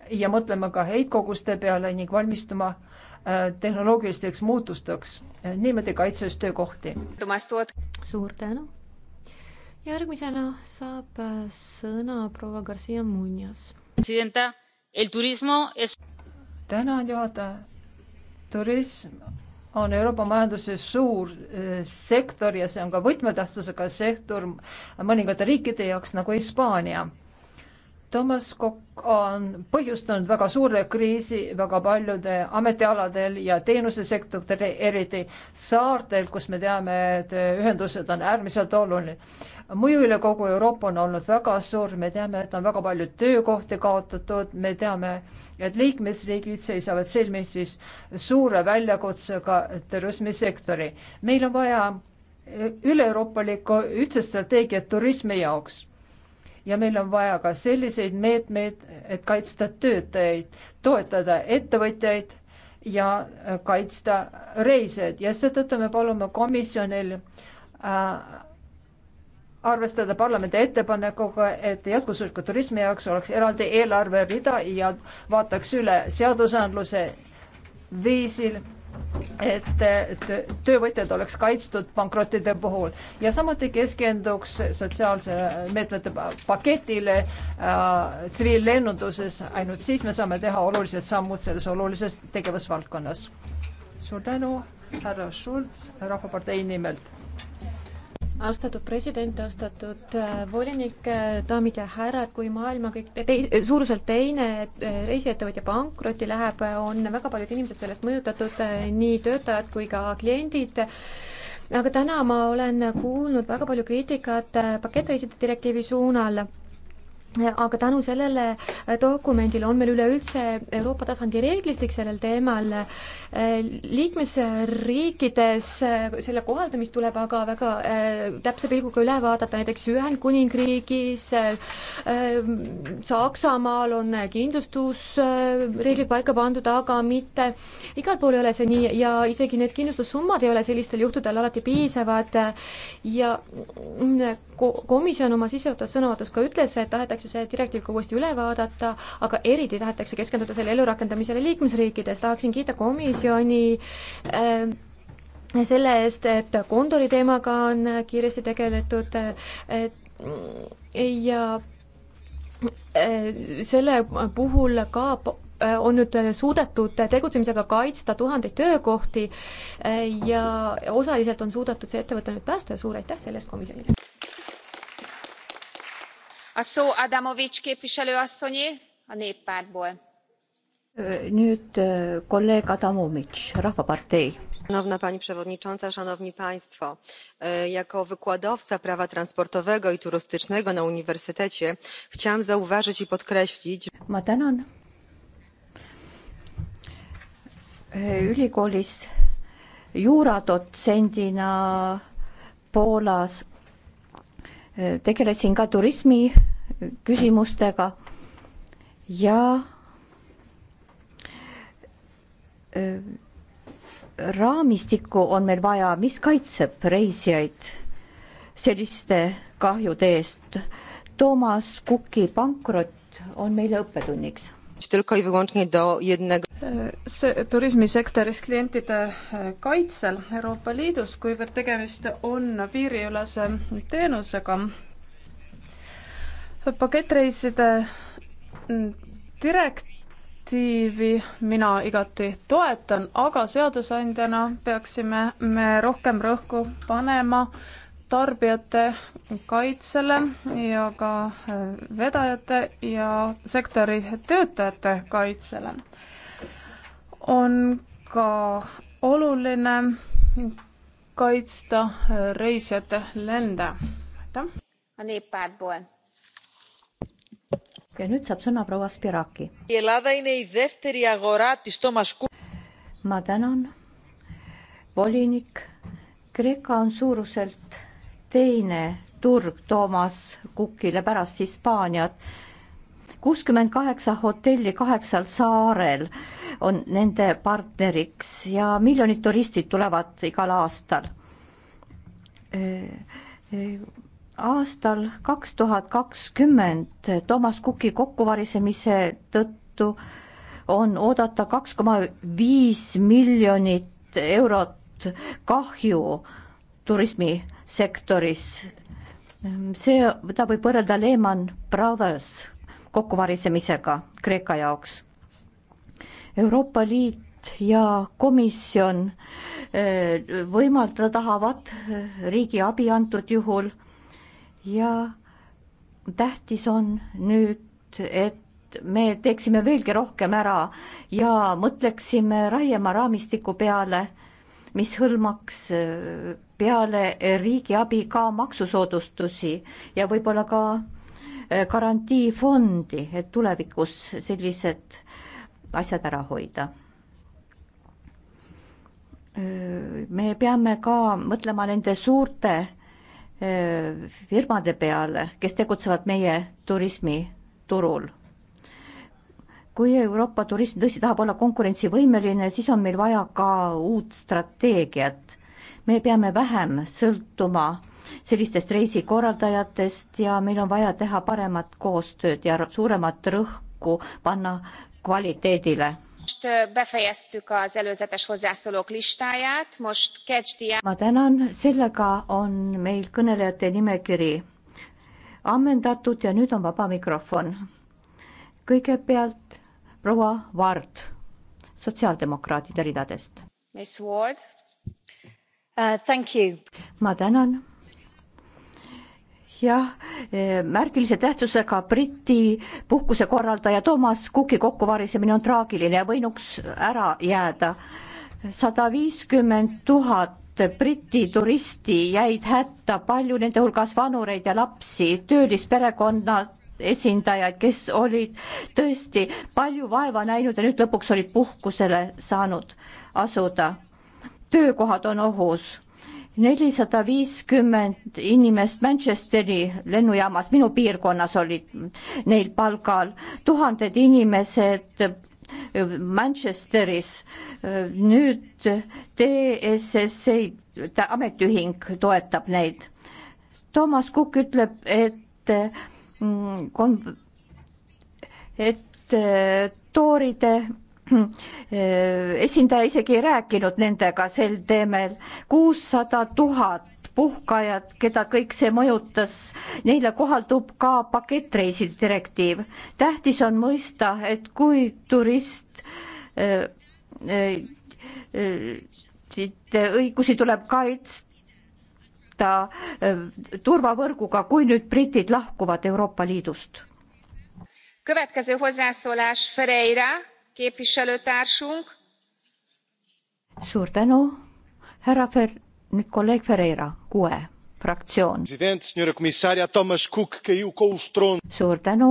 ja mõtlema ka heitkoguste peale ning valmistuma tehnoloogilisteks muutusteks. niimoodi kaitses töökohti. suur tänu. järgmisena saab sõna proua Garcia Munoz. tänan, juhataja. turism on Euroopa majanduses suur eh, sektor ja see on ka võtmetähtsusega sektor mõningate riikide jaoks nagu Hispaania. Thomas Cook on põhjustanud väga suure kriisi väga paljude ametialadel ja teenusesektoril, eriti saartel, kus me teame, et ühendused on äärmiselt oluline mõju üle kogu Euroopa on olnud väga suur, me teame, et on väga palju töökohti kaotatud, me teame, et liikmesriigid seisavad silmitsi suure väljakutsega turismisektori. meil on vaja üle-euroopalikku ühtset strateegiat turismi jaoks ja meil on vaja ka selliseid meetmeid, et kaitsta töötajaid, toetada ettevõtjaid ja kaitsta reisijaid ja seetõttu me palume komisjonil äh, arvestada parlamendi ettepanekuga, et jätkusuutliku turismi jaoks oleks eraldi eelarverida ja vaataks üle seadusandluse viisil, et töövõtjad oleks kaitstud pankrottide puhul ja samuti keskenduks sotsiaalse meetmete paketile äh, tsiviillennunduses, ainult siis me saame teha olulised sammud selles olulises tegevusvaldkonnas. suur tänu, härra Schulz Rahvapartei nimelt austatud president, austatud äh, volinik, äh, daamid ja härrad, kui maailma kõik tei-, suuruselt teine äh, reisiettevõtja pankrotti läheb, on väga paljud inimesed sellest mõjutatud, nii töötajad kui ka kliendid, aga täna ma olen kuulnud väga palju kriitikat pakettreiside direktiivi suunal aga tänu sellele äh, dokumendile on meil üleüldse Euroopa tasandi reeglistik sellel teemal. Äh, liikmesriikides äh, selle kohaldamist tuleb aga väga täpse pilguga üle vaadata, näiteks Ühendkuningriigis, Saksamaal on kindlustusreeglid paika pandud, aga mitte igal pool ei ole see nii ja isegi need kindlustussummad ei ole sellistel juhtudel alati piisavad ja mm, komisjon oma sissejuhatavas sõnavõtus ka ütles, et tahetakse see direktiiv ka uuesti üle vaadata, aga eriti tahetakse keskenduda selle elurakendamisele liikmesriikides, tahaksin kiita komisjoni äh, selle eest, et Kondori teemaga on kiiresti tegeletud äh, ja äh, selle puhul ka äh, on nüüd suudetud tegutsemisega kaitsta tuhandeid töökohti äh, ja osaliselt on suudetud see ettevõte nüüd päästa ja suur aitäh selle eest komisjonile! nüüd kolleeg adamovitš rahvapartei. szanowna pani przewodnicząca! szanowni państwo! E, jako wykładowca prawa transportowego i turystycznego na uniwersytecie chciałam zauważyć i podkreślić. ma tänan. E, ülikoolis juuradotsendina poolas tegelesin ka turismi küsimustega ja raamistikku on meil vaja, mis kaitseb reisijaid selliste kahjude eest. Toomas Kuki pankrot on meile õppetunniks see turismisektoris klientide äh, kaitsel Euroopa Liidus, kuivõrd tegemist on piiriülese teenusega. pakettreiside mm, direktiivi mina igati toetan, aga seadusandjana peaksime me rohkem rõhku panema tarbijate kaitsele ja ka äh, vedajate ja sektori töötajate kaitsele on ka oluline kaitsta äh, reisijate lende. aitäh! ja nüüd saab sõna proua Spiraki. ma tänan, volinik. Kreeka on suuruselt teine turg Toomas Kukile pärast Hispaaniat kuuskümmend kaheksa hotelli kaheksal saarel on nende partneriks ja miljonid turistid tulevad igal aastal. aastal kaks tuhat kakskümmend Toomas Kuki kokkuvarisemise tõttu on oodata kaks koma viis miljonit eurot kahju turismisektoris. see, mida võib võrrelda Lehman Brothers kokkuvarisemisega Kreeka jaoks. Euroopa Liit ja komisjon eh, võimaldada tahavad eh, riigi abi antud juhul ja tähtis on nüüd, et me teeksime veelgi rohkem ära ja mõtleksime raiema raamistiku peale, mis hõlmaks eh, peale riigiabi ka maksusoodustusi ja võib-olla ka garantiifondi, et tulevikus sellised asjad ära hoida. me peame ka mõtlema nende suurte eh, firmade peale, kes tegutsevad meie turismiturul. kui Euroopa turism tõesti tahab olla konkurentsivõimeline, siis on meil vaja ka uut strateegiat. me peame vähem sõltuma sellistest reisikorraldajatest ja meil on vaja teha paremat koostööd ja suuremat rõhku panna kvaliteedile. ma tänan, sellega on meil kõnelejate nimekiri ammendatud ja nüüd on vaba mikrofon. kõigepealt proua Vard sotsiaaldemokraatide ridadest. Uh, ma tänan jah, e, märgilise tähtsusega Briti puhkusekorraldaja Thomas Cooki kokkuvarisemine on traagiline ja võinuks ära jääda. sada viiskümmend tuhat Briti turisti jäid hätta, palju nende hulgas vanureid ja lapsi, töölisperekonnad, esindajaid, kes olid tõesti palju vaeva näinud ja nüüd lõpuks olid puhkusele saanud asuda. töökohad on ohus nelisada viiskümmend inimest Manchesteri lennujaamas, minu piirkonnas olid neil palgal, tuhanded inimesed Manchesteris. nüüd DSSI ametiühing toetab neid. Toomas Kukk ütleb, et mm, kon-, et eh, tooride Äh, esindaja isegi ei rääkinud nendega sel teemal, kuussada tuhat puhkajat, keda kõik see mõjutas, neile kohaldub ka pakettreiside direktiiv. tähtis on mõista, et kui turist äh, äh, äh, siit õigusi tuleb kaitsta äh, turvavõrguga, kui nüüd britid lahkuvad Euroopa Liidust. Következő hozzászólás Ferreira suur tänu, härra Fer-, nüüd kolleeg Ferreira, kuue fraktsioon. suur tänu.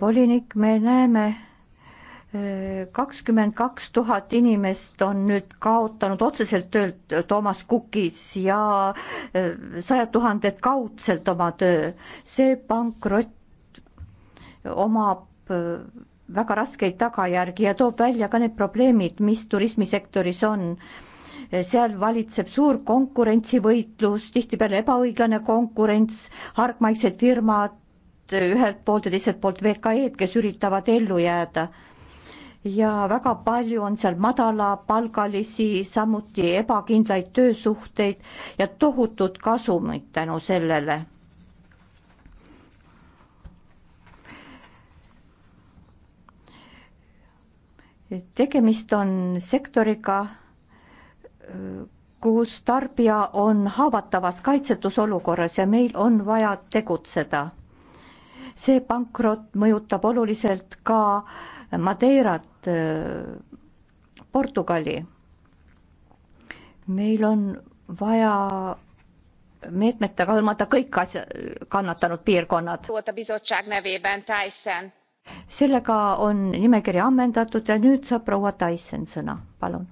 volinik, me näeme kakskümmend kaks tuhat inimest on nüüd kaotanud otseselt töölt Toomas Kukis ja eh, sajad tuhanded kaudselt oma töö. see pankrott omab äh, väga raskeid tagajärgi ja toob välja ka need probleemid, mis turismisektoris on. seal valitseb suur konkurentsivõitlus, tihtipeale ebaõiglane konkurents, hargmaised firmad ühelt poolt ja teiselt poolt VKE-d, kes üritavad ellu jääda. ja väga palju on seal madalapalgalisi, samuti ebakindlaid töösuhteid ja tohutut kasumit tänu sellele tegemist on sektoriga, kus tarbija on haavatavas kaitsetus olukorras ja meil on vaja tegutseda. see pankrot mõjutab oluliselt ka Madeirat, äh, Portugali. meil on vaja meetmetega hõlmata kõik asja, kannatanud piirkonnad sellega on nimekiri ammendatud ja nüüd saab proua Tyson sõna, palun.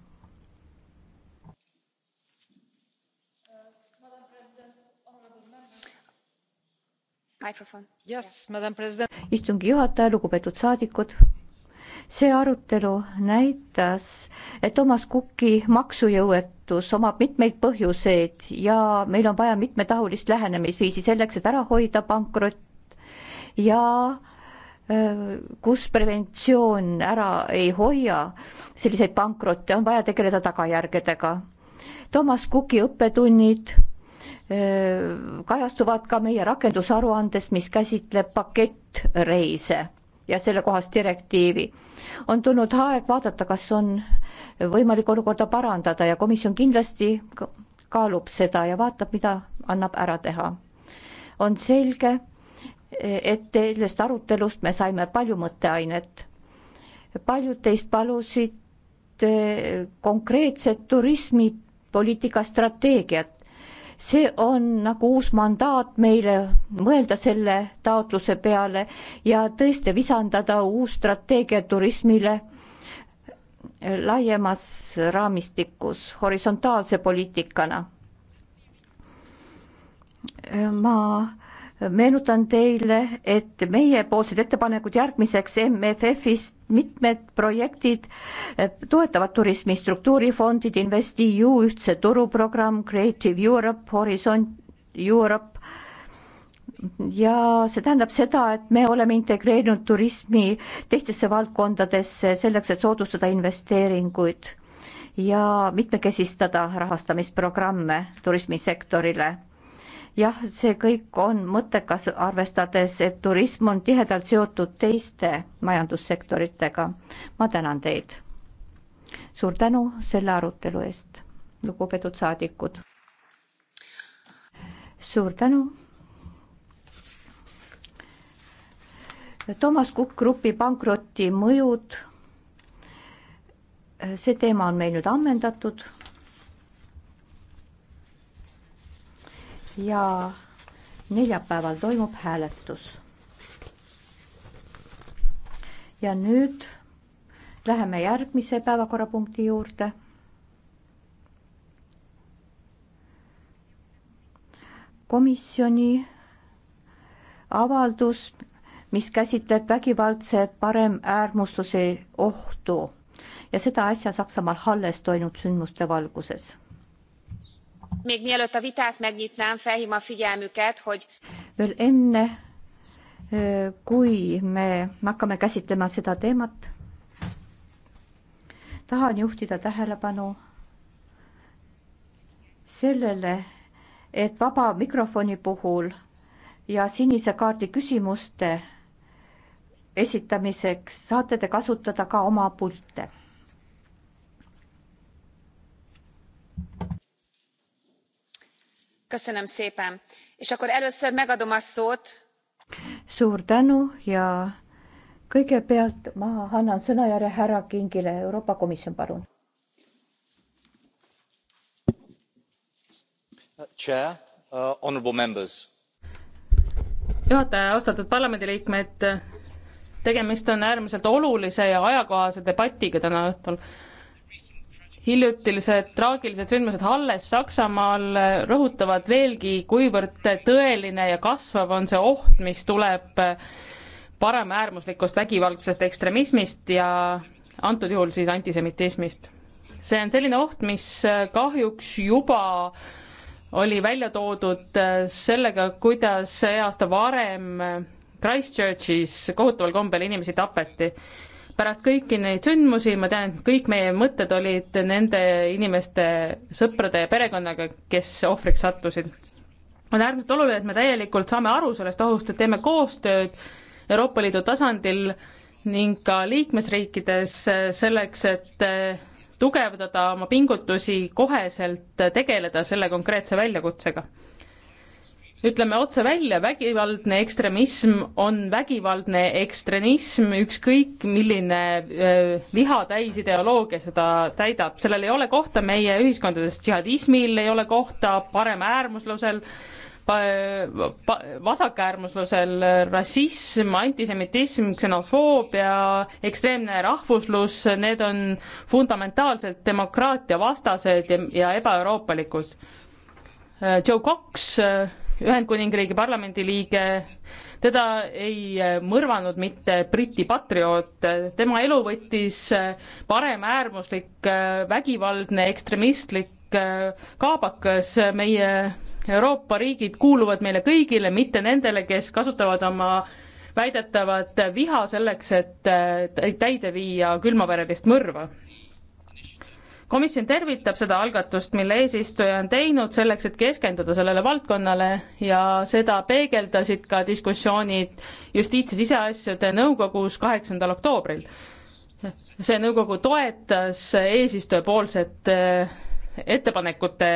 Yes, istungi juhataja, lugupeetud saadikud see arutelu näitas, et Toomas Kuki maksujõuetus omab mitmeid põhjuseid ja meil on vaja mitmetahulist lähenemisviisi selleks, et ära hoida pankrot ja kus preventsioon ära ei hoia selliseid pankrotte, on vaja tegeleda tagajärgedega. Toomas Kuki õppetunnid kajastuvad ka meie rakendusaruandes, mis käsitleb pakettreise ja sellekohast direktiivi. on tulnud aeg vaadata, kas on võimalik olukorda parandada ja komisjon kindlasti kaalub seda ja vaatab, mida annab ära teha. on selge, et sellest arutelust me saime palju mõtteainet. paljud teist palusid eh, konkreetset turismipoliitika strateegiat. see on nagu uus mandaat meile mõelda selle taotluse peale ja tõesti visandada uus strateegia turismile eh, laiemas raamistikus horisontaalse poliitikana. Eh, ma meenutan teile, et meiepoolsed ettepanekud järgmiseks MFF-ist, mitmed projektid eh, toetavad turismi struktuurifondid, InvestEU, ühtse turuprogramm, Creative Europe, Horisont Europe ja see tähendab seda, et me oleme integreerinud turismi teistesse valdkondadesse selleks, et soodustada investeeringuid ja mitmekesistada rahastamisprogramme turismisektorile jah, see kõik on mõttekas, arvestades, et turism on tihedalt seotud teiste majandussektoritega. ma tänan teid. suur tänu selle arutelu eest, lugupeetud saadikud. suur tänu. Toomas Kukk Grupi pankroti mõjud. see teema on meil nüüd ammendatud ja neljapäeval toimub hääletus. ja nüüd läheme järgmise päevakorrapunkti juurde. komisjoni avaldus, mis käsitleb vägivaldse paremäärmusluse ohtu ja seda äsja Saksamaal Halles toimunud sündmuste valguses veel enne, kui me hakkame käsitlema seda teemat, tahan juhtida tähelepanu sellele, et vaba mikrofoni puhul ja sinise kaardi küsimuste esitamiseks saate te kasutada ka oma pilte suur tänu ja kõigepealt ma annan sõnajärje härra Kingile, Euroopa Komisjon, palun. Uh, uh, juhataja, austatud parlamendiliikmed, tegemist on äärmiselt olulise ja ajakohase debatiga täna õhtul hiljutised traagilised sündmused Halles Saksamaal rõhutavad veelgi, kuivõrd tõeline ja kasvav on see oht, mis tuleb paremäärmuslikust vägivaldsest ekstremismist ja antud juhul siis antisemitismist. see on selline oht, mis kahjuks juba oli välja toodud sellega, kuidas see aasta varem Christchurchis kohutaval kombel inimesi tapeti pärast kõiki neid sündmusi ma tean, et kõik meie mõtted olid nende inimeste sõprade ja perekonnaga, kes ohvriks sattusid. on äärmiselt oluline, et me täielikult saame aru sellest ohust, et teeme koostööd Euroopa Liidu tasandil ning ka liikmesriikides selleks, et eh, tugevdada oma pingutusi koheselt eh, tegeleda selle konkreetse väljakutsega ütleme otse välja, vägivaldne ekstremism on vägivaldne ekstremism, ükskõik milline viha täis ideoloogia seda täidab, sellel ei ole kohta meie ühiskondades, džihadismil ei ole kohta, paremäärmuslusel vasakäärmuslusel rassism, antisemitism, ksenofoobia, ekstreemne rahvuslus, need on fundamentaalselt demokraatia vastased ja, ja ebaeuroopalikud. Joe Cox, Ühendkuningriigi parlamendi liige, teda ei eh, mõrvanud mitte Briti patrioot, tema elu võttis eh, paremäärmuslik, eh, vägivaldne, ekstremistlik kaabakas, meie Euroopa riigid kuuluvad meile kõigile, mitte nendele, kes kasutavad oma väidetavat viha selleks, et täide viia külmaverelist mõrva komisjon tervitab seda algatust, mille eesistuja on teinud selleks, et keskenduda sellele valdkonnale ja seda peegeldasid ka diskussioonid justiits- ja siseasjade nõukogus kaheksandal oktoobril. see nõukogu toetas eesistuja poolset eh, ettepanekute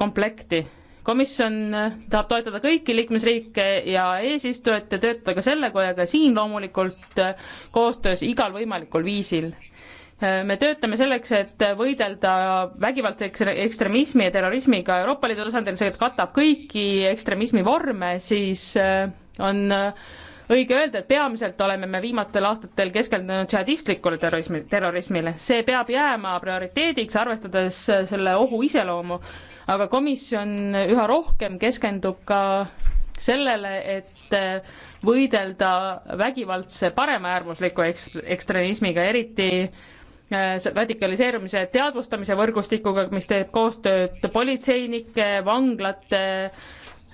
komplekti komisjon tahab toetada kõiki liikmesriike ja eesistujat ja töötada ka selle kojaga siin loomulikult eh, koostöös igal võimalikul viisil me töötame selleks, et võidelda vägivaldse ekstremismi ja terrorismiga Euroopa Liidu tasandil, see katab kõiki ekstremismi vorme, siis äh, on äh, õige öelda, et peamiselt oleme me viimastel aastatel keskendunud džihadistlikule terrorismi, terrorismile. see peab jääma prioriteediks, arvestades äh, selle ohu iseloomu, aga komisjon üha rohkem keskendub ka sellele, et võidelda vägivaldse paremäärmusliku eks-, ekstremismiga, eriti Äh, radikaliseerumise teadvustamise võrgustikuga, mis teeb koostööd politseinike, vanglate,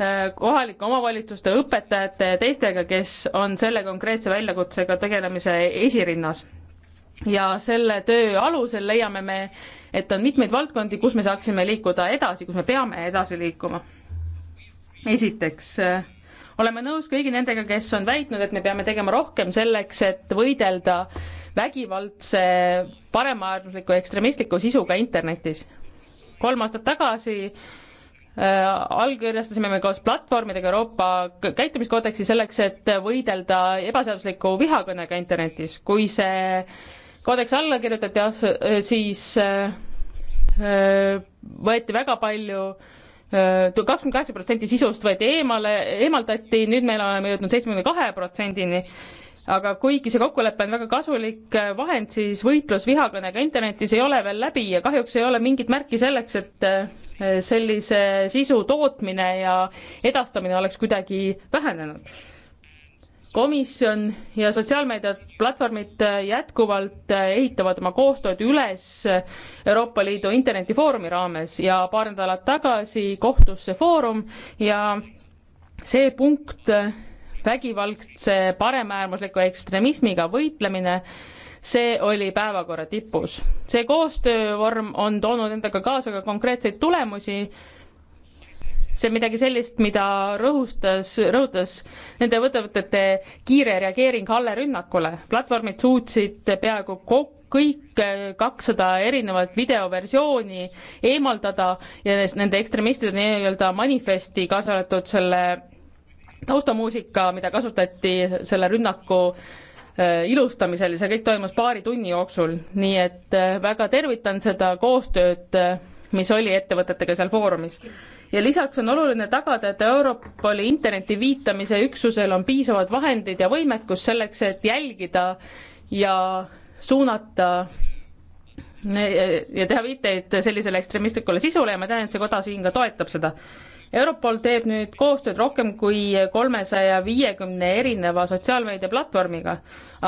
äh, kohalike omavalitsuste, õpetajate ja teistega, kes on selle konkreetse väljakutsega tegelemise esirinnas. ja selle töö alusel leiame me, et on mitmeid valdkondi, kus me saaksime liikuda edasi, kus me peame edasi liikuma. esiteks äh, oleme nõus kõigi nendega, kes on väitnud, et me peame tegema rohkem selleks, et võidelda äh, vägivaldse paremaäärmusliku ekstremistliku sisuga internetis. kolm aastat tagasi äh, allkirjastasime me koos platvormidega Euroopa käitumiskoodeksi selleks, et võidelda ebaseadusliku vihakõnega internetis. kui see koodeks alla kirjutati, äh, siis äh, võeti väga palju kakskümmend kaheksa protsenti sisust võeti eemale, eemaldati, nüüd me oleme jõudnud seitsmekümne kahe protsendini aga kuigi see kokkulepe on väga kasulik äh, vahend, siis võitlus vihakõnega internetis ei ole veel läbi ja kahjuks ei ole mingit märki selleks, et äh, sellise sisu tootmine ja edastamine oleks kuidagi vähenenud. komisjon ja sotsiaalmeediaplatvormid äh, jätkuvalt ehitavad oma koostööd üles Euroopa Liidu internetifoorumi raames ja paar nädalat tagasi kohtus see foorum ja see punkt vägivaldse paremäärmusliku ekstremismiga võitlemine, see oli päevakorra tipus. see koostöövorm on toonud endaga kaasa ka konkreetseid tulemusi, see on midagi sellist, mida rõhustas, rõhutas nende võttevõtete kiire reageering Halle rünnakule. platvormid suutsid peaaegu kõik kakssada erinevat videoversiooni eemaldada ja nende ekstremistide nii-öelda manifesti, kaasa arvatud selle taustamuusika, mida kasutati selle rünnaku äh, ilustamisel ja see kõik toimus paari tunni jooksul, nii et äh, väga tervitan seda koostööd, äh, mis oli ettevõtetega seal foorumis. ja lisaks on oluline tagada, et Europoli interneti viitamise üksusel on piisavad vahendid ja võimekus selleks, et jälgida ja suunata ja teha viiteid sellisele ekstremistlikule sisule ja ma tean, et see koda siin ka toetab seda Europol teeb nüüd koostööd rohkem kui kolmesaja viiekümne erineva sotsiaalmeediaplatvormiga,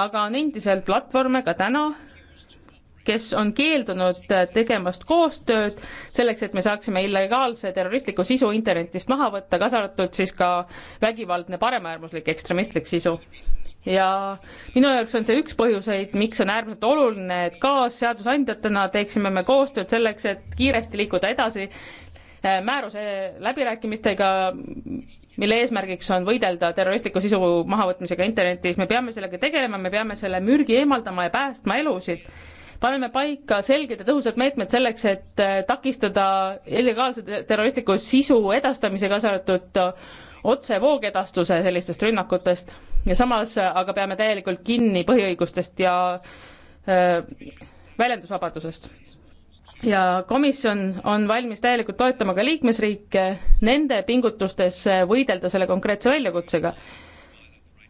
aga on endiselt platvorme ka täna, kes on keeldunud tegemast koostööd selleks, et me saaksime illegaalse terroristliku sisu internetist maha võtta, kaasa arvatud siis ka vägivaldne paremäärmuslik ekstremistlik sisu. ja minu jaoks on see üks põhjuseid, miks on äärmiselt oluline, et kaasseadusandjatena teeksime me koostööd selleks, et kiiresti liikuda edasi määruse läbirääkimistega, mille eesmärgiks on võidelda terroristliku sisu mahavõtmisega internetis. me peame sellega tegelema, me peame selle mürgi eemaldama ja päästma elusid paneme paika selged ja tõhusad meetmed selleks, et äh, takistada illegaalse terroristliku sisu edastamise, kaasa arvatud äh, otsevoogedastuse sellistest rünnakutest ja samas äh, aga peame täielikult kinni põhiõigustest ja äh, väljendusvabadusest ja komisjon on valmis täielikult toetama ka liikmesriike nende pingutustes võidelda selle konkreetse väljakutsega.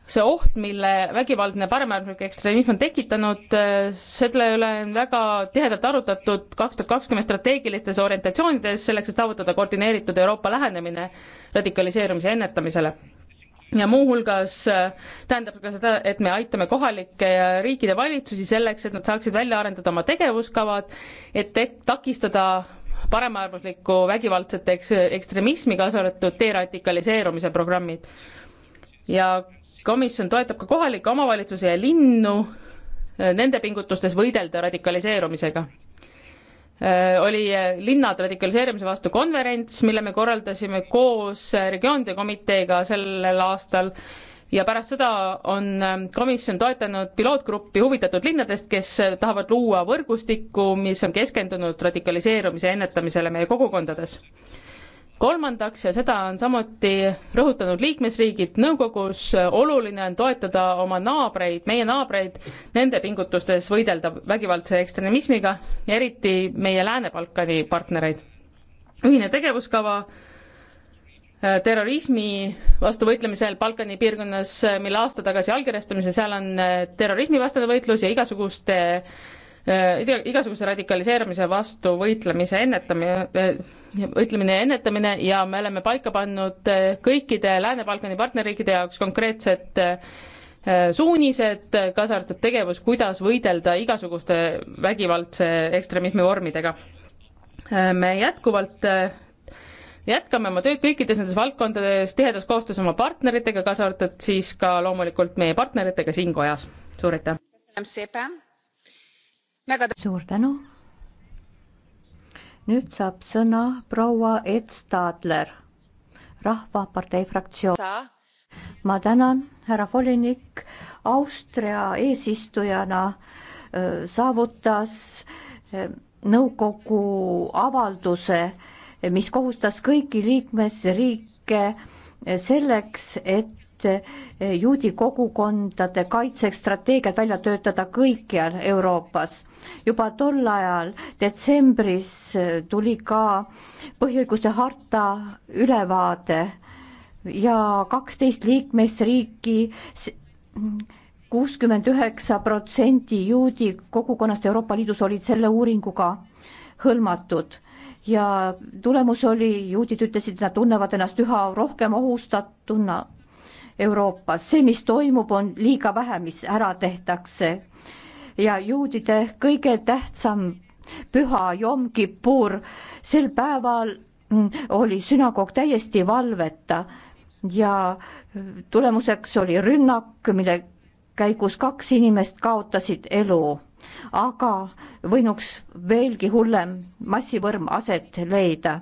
see oht, mille vägivaldne paremäärmuslik ekstremism on tekitanud, selle üle on väga tihedalt arutatud kaks tuhat kakskümmend strateegilistes orientatsioonides, selleks et saavutada koordineeritud Euroopa lähenemine radikaliseerumise ennetamisele ja muuhulgas äh, tähendab ka seda, et me aitame kohalikke ja riikide valitsusi selleks, et nad saaksid välja arendada oma tegevuskavad, et takistada paremäärmuslikku vägivaldset eks-, ekstremismi, kaasa arvatud deradikaliseerumise programmid. ja komisjon toetab ka kohalikke omavalitsusi ja linnu äh, nende pingutustes võidelda radikaliseerumisega Äh, oli äh, linna radikaliseerimise vastu konverents, mille me korraldasime koos äh, regioonide komiteega sellel aastal ja pärast seda on ähm, komisjon toetanud pilootgruppi huvitatud linnadest, kes tahavad luua võrgustikku, mis on keskendunud radikaliseerumise ennetamisele meie kogukondades kolmandaks, ja seda on samuti rõhutanud liikmesriigid nõukogus, oluline on toetada oma naabreid, meie naabreid, nende pingutustes võidelda vägivaldse ekstremismiga, eriti meie Lääne-Balkani partnereid. ühine tegevuskava äh, terrorismi vastu võitlemisel Balkani piirkonnas, äh, mille aasta tagasi allkirjastamise, seal on äh, terrorismivastane võitlus ja igasuguste äh, Äh, igasuguse radikaliseerumise vastu võitlemise ennetamine, äh, võitlemine ja ennetamine ja me oleme paika pannud äh, kõikide Lääne-Balkani partnerriikide jaoks konkreetsed suunised, kaasa arvatud tegevus, kuidas võidelda igasuguste vägivaldse ekstremismi vormidega. me jätkuvalt jätkame oma tööd kõikides nendes valdkondades tihedas koostöös oma partneritega, kaasa arvatud siis ka loomulikult meie partneritega siin kojas. suur aitäh! suur tänu. nüüd saab sõna proua Ed Stadler, Rahvapartei fraktsioon. ma tänan, härra volinik, Austria eesistujana saavutas nõukogu avalduse, mis kohustas kõiki liikmesriike selleks, et ühte eh, juudi kogukondade kaitseks strateegiat välja töötada kõikjal Euroopas. juba tol ajal detsembris eh, tuli ka põhiõiguste harta ülevaade ja kaksteist liikmesriiki kuuskümmend üheksa protsenti juudi kogukonnast Euroopa Liidus olid selle uuringuga hõlmatud ja tulemus oli, juudid ütlesid, nad tunnevad ennast üha rohkem ohustatuna Euroopas, see, mis toimub, on liiga vähe, mis ära tehtakse. ja juudide kõige tähtsam püha Jom Kippur, sel päeval mm, oli sünagoog täiesti valveta ja tulemuseks oli rünnak, mille käigus kaks inimest kaotasid elu, aga võinuks veelgi hullem massivõrm aset leida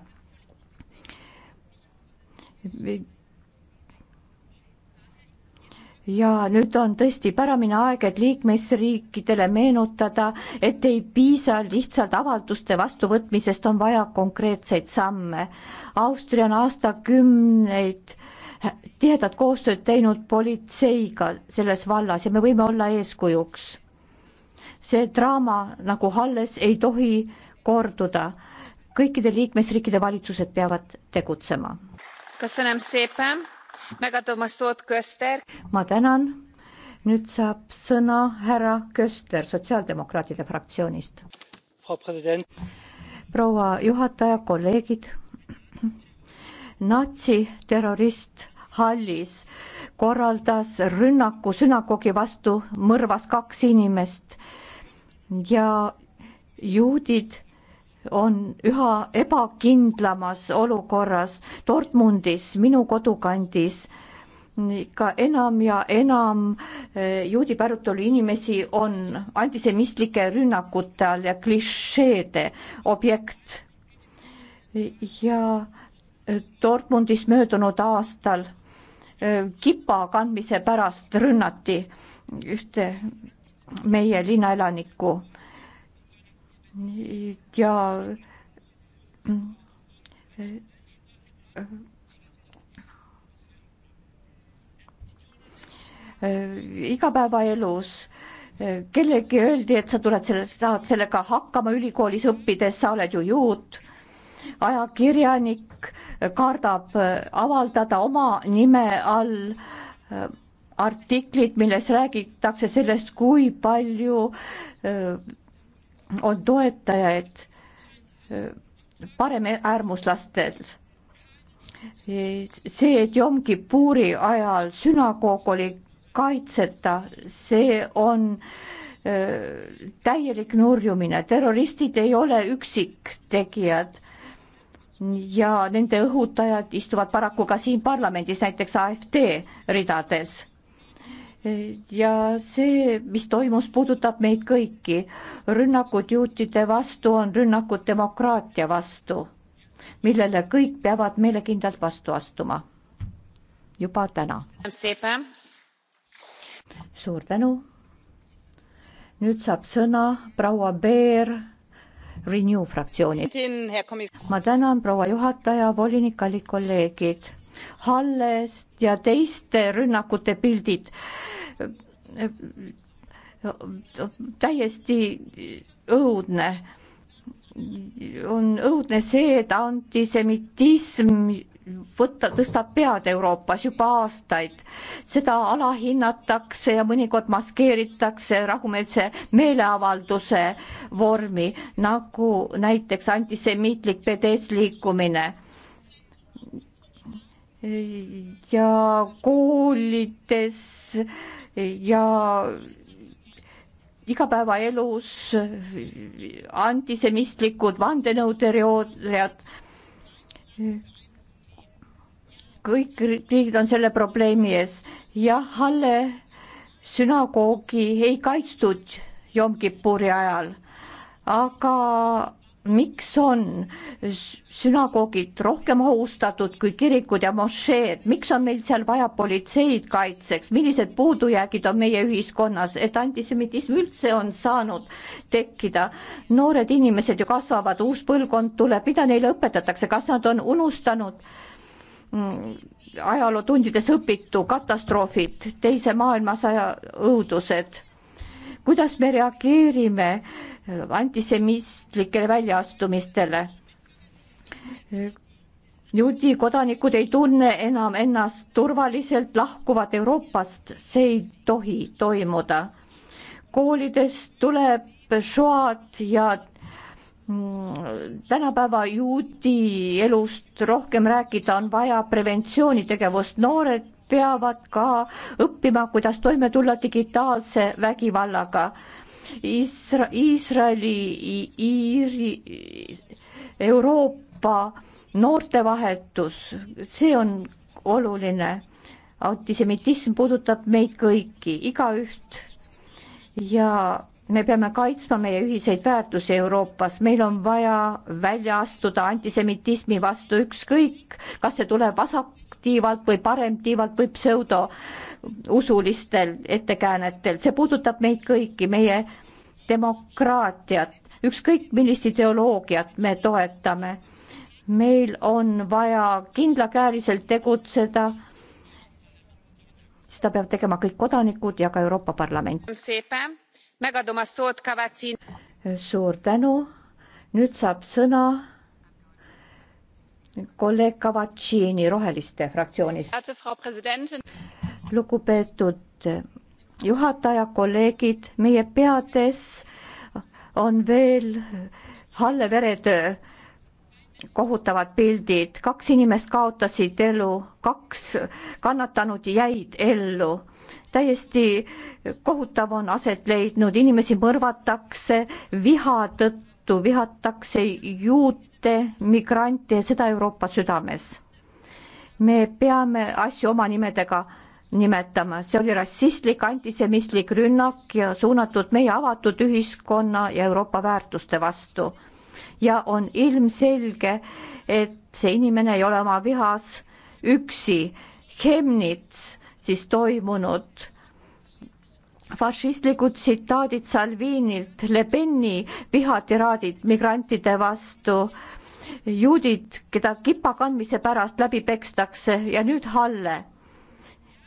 ja nüüd on tõesti päramine aeg, et liikmesriikidele meenutada, et ei piisa lihtsalt avalduste vastuvõtmisest, on vaja konkreetseid samme. Austria on aastakümneid tihedat koostööd teinud politseiga selles vallas ja me võime olla eeskujuks. see draama nagu Halles ei tohi korduda. kõikide liikmesriikide valitsused peavad tegutsema. kas see näeb seepäev? ma tänan. nüüd saab sõna härra Köster Sotsiaaldemokraatide fraktsioonist. proua juhataja, kolleegid. natsiterrorist Hallis korraldas rünnaku sünagoogi vastu, mõrvas kaks inimest ja juudid on üha ebakindlamas olukorras Dortmundis, minu kodukandis. ikka enam ja enam eh, juudi päritolu inimesi on antisemitlike rünnakute all ja klišeede objekt. ja eh, Dortmundis möödunud aastal eh, kipa kandmise pärast rünnati ühte meie linnaelanikku ja äh, igapäevaelus äh, kellelegi öeldi, et sa tuled selle, saad sellega hakkama ülikoolis õppides, sa oled ju juut. ajakirjanik kardab äh, avaldada oma nime all artiklit, milles räägitakse sellest, kui palju on toetajaid eh, paremäärmuslastel. see, et Yom Kippuri ajal sünagoog oli kaitseta, see on eh, täielik nurjumine, terroristid ei ole üksiktegijad ja nende õhutajad istuvad paraku ka siin parlamendis, näiteks AfD ridades ja see, mis toimus, puudutab meid kõiki. rünnakud juutide vastu on rünnakud demokraatia vastu, millele kõik peavad meelekindlalt vastu astuma. juba täna. suur tänu. nüüd saab sõna proua Beer Renew fraktsiooni. ma tänan, proua juhataja, volinik, kallid kolleegid Hallest ja teiste rünnakute pildid täiesti õudne. on õudne see, et antisemitism võtta, tõstab pead Euroopas juba aastaid. seda alahinnatakse ja mõnikord maskeeritakse rahumeelse meeleavalduse vormi, nagu näiteks antisemiitlik BDS liikumine ja koolides ja igapäevaelus antisemistlikud vandenõuteooriad. kõik riigid on selle probleemi ees. jah, Halle sünagoogi ei kaitstud Jom Kippuri ajal, aga miks on sünagoogid rohkem ohustatud kui kirikud ja mošeed, miks on meil seal vaja politseid kaitseks, millised puudujäägid on meie ühiskonnas, et antisemitism üldse on saanud tekkida? noored inimesed ju kasvavad, uus põlvkond tuleb, mida neile õpetatakse, kas nad on unustanud mm, ajalootundides õpitu, katastroofid, teise maailmasõja õudused? kuidas me reageerime äh, antisemistlikele väljaastumistele. juudi kodanikud ei tunne enam ennast turvaliselt, lahkuvad Euroopast, see ei tohi toimuda. koolides tuleb šoad ja mm, tänapäeva juudi elust rohkem rääkida, on vaja preventsioonitegevust, noored peavad ka õppima, kuidas toime tulla digitaalse vägivallaga Iisra-, Iisraeli, Iiri, Euroopa noortevahetus, see on oluline. antisemitism puudutab meid kõiki, igaüht ja me peame kaitsma meie ühiseid väärtusi Euroopas, meil on vaja välja astuda antisemitismi vastu ükskõik, kas see tuleb vasaktiivalt või paremtiivalt või pseudo usulistel ettekäänetel, see puudutab meid kõiki, meie demokraatiat, ükskõik millist ideoloogiat me toetame. meil on vaja kindlakäeliselt tegutseda. seda peavad tegema kõik kodanikud ja ka Euroopa Parlament. suur tänu. nüüd saab sõna kolleeg Kavatsiini Roheliste fraktsioonist lugupeetud juhataja, kolleegid, meie peades on veel Halle veretöö kohutavad pildid, kaks inimest kaotasid elu, kaks kannatanut jäid ellu. täiesti kohutav on aset leidnud, inimesi mõrvatakse viha tõttu, vihatakse juute, migrante ja seda Euroopa südames. me peame asju oma nimedega nimetama, see oli rassistlik, antisemistlik rünnak ja suunatud meie avatud ühiskonna ja Euroopa väärtuste vastu. ja on ilmselge, et see inimene ei ole oma vihas üksi. Chemnitz siis toimunud fašistlikud tsitaadid Salvinilt, Le Peni vihatiraadid migrantide vastu, juudid, keda kipakandmise pärast läbi pekstakse ja nüüd Halle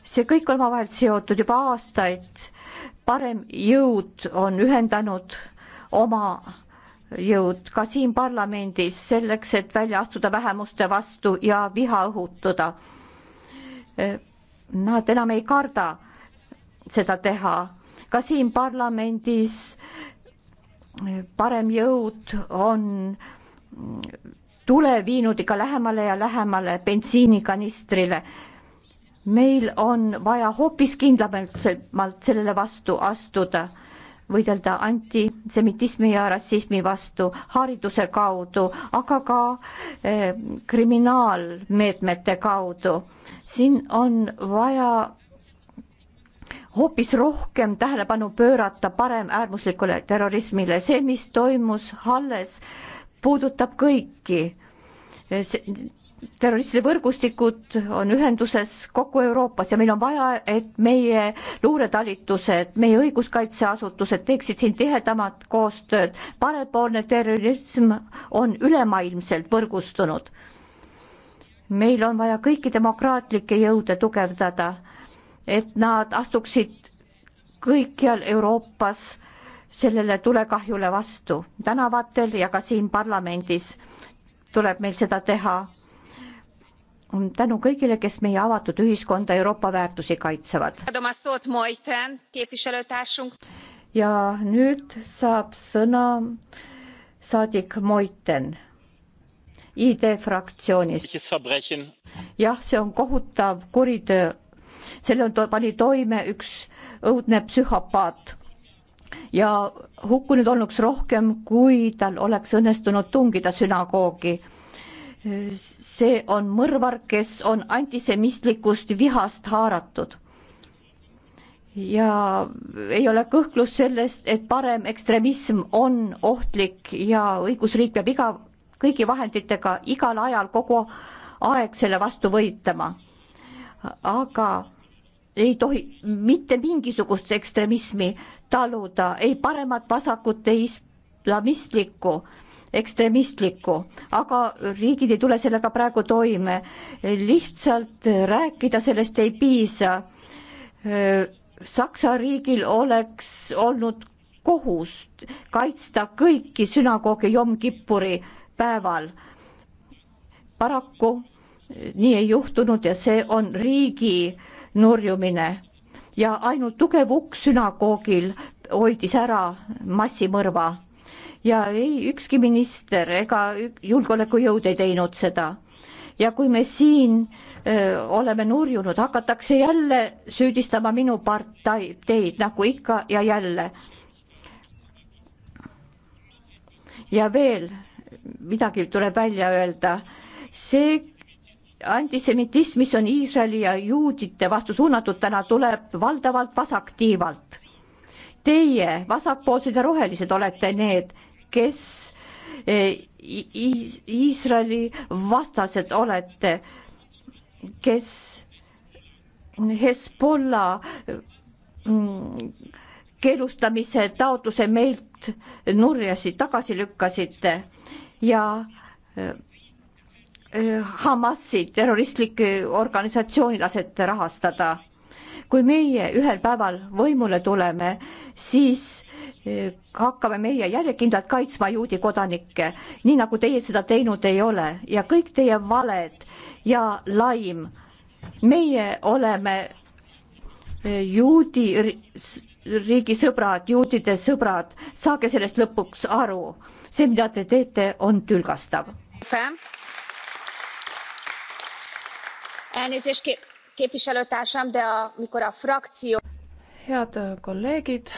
see kõik on omavahel seotud juba aastaid. parem jõud on ühendanud oma jõud ka siin parlamendis selleks, et välja astuda vähemuste vastu ja viha õhutada. Nad enam ei karda seda teha. ka siin parlamendis parem jõud on tule viinud ikka lähemale ja lähemale bensiinikanistrile meil on vaja hoopis kindlamalt sellele vastu astuda, võidelda antisemitismi ja rassismi vastu hariduse kaudu, aga ka eh, kriminaalmeetmete kaudu. siin on vaja hoopis rohkem tähelepanu pöörata paremäärmuslikule terrorismile, see, mis toimus Halles, puudutab kõiki see, terroristide võrgustikud on ühenduses kogu Euroopas ja meil on vaja, et meie luuretalitused, meie õiguskaitseasutused teeksid siin tihedamat koostööd. parempoolne terrorism on ülemaailmselt võrgustunud. meil on vaja kõiki demokraatlikke jõude tugevdada, et nad astuksid kõikjal Euroopas sellele tulekahjule vastu, tänavatel ja ka siin parlamendis tuleb meil seda teha tänu kõigile, kes meie avatud ühiskonda Euroopa väärtusi kaitsevad. ja nüüd saab sõna saadik Moiten ID fraktsioonist. jah, see on kohutav kuritöö. selle on to-, pani toime üks õudne psühhopaat ja hukkunud olnuks rohkem, kui tal oleks õnnestunud tungida sünagoogi see on mõrvar, kes on antisemistlikust vihast haaratud. ja ei ole kõhklust sellest, et parem ekstremism on ohtlik ja õigusriik peab iga, kõigi vahenditega igal ajal kogu aeg selle vastu võitlema. aga ei tohi mitte mingisugust ekstremismi taluda, ei paremat, vasakut, ei islamistlikku ekstremistlikku, aga riigid ei tule sellega praegu toime. lihtsalt rääkida sellest ei piisa. Saksa riigil oleks olnud kohust kaitsta kõiki sünagoogi Jom Kippuri päeval. paraku nii ei juhtunud ja see on riigi nurjumine ja ainult tugev uks sünagoogil hoidis ära massimõrva ja ei ükski minister ega julgeolekujõud ei teinud seda. ja kui me siin öö, oleme nurjunud, hakatakse jälle süüdistama minu parteid nagu ikka ja jälle. ja veel midagi tuleb välja öelda, see antisemitism, mis on Iisraeli ja juudite vastu suunatud täna, tuleb valdavalt vasaktiivalt. Teie, vasakpoolsed ja rohelised, olete need, kes eh, Iisraeli vastased olete, kes Hezbollah mm, keelustamise taotluse meilt nurjasid, tagasi lükkasite ja eh, eh, Hamasi terroristlikke organisatsiooni lasete rahastada. kui meie ühel päeval võimule tuleme, siis hakkame meie järjekindlalt kaitsma juudi kodanikke, nii nagu teie seda teinud ei ole ja kõik teie valed ja laim. meie oleme e, juudi riigi sõbrad, juutide sõbrad, saage sellest lõpuks aru. see, mida te teete, on tülgastav. head kolleegid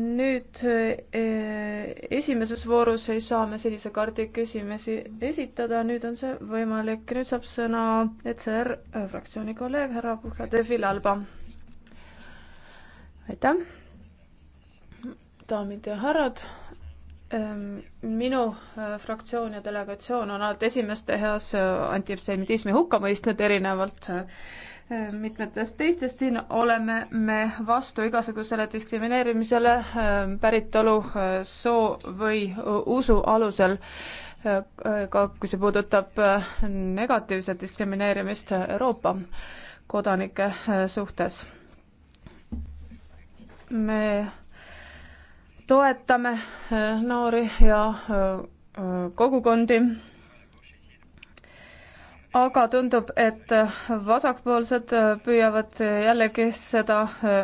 nüüd eh, esimeses voorus ei saa me sellise kaardi küsimusi esitada, nüüd on see võimalik, nüüd saab sõna ECR fraktsiooni kolleeg härra Puhhadevi Lalba. aitäh. daamid ja härrad, ehm, minu eh, fraktsioon ja delegatsioon on alati esimeste heas eh, antisemitismi hukka mõistnud, erinevalt äh, mitmetest teistest siin oleme me vastu igasugusele diskrimineerimisele äh, päritolu, äh, soo või äh, usu alusel. ka kui see puudutab negatiivset diskrimineerimist Euroopa kodanike suhtes. me toetame noori ja kogukondi aga tundub, et vasakpoolsed püüavad jällegi seda äh,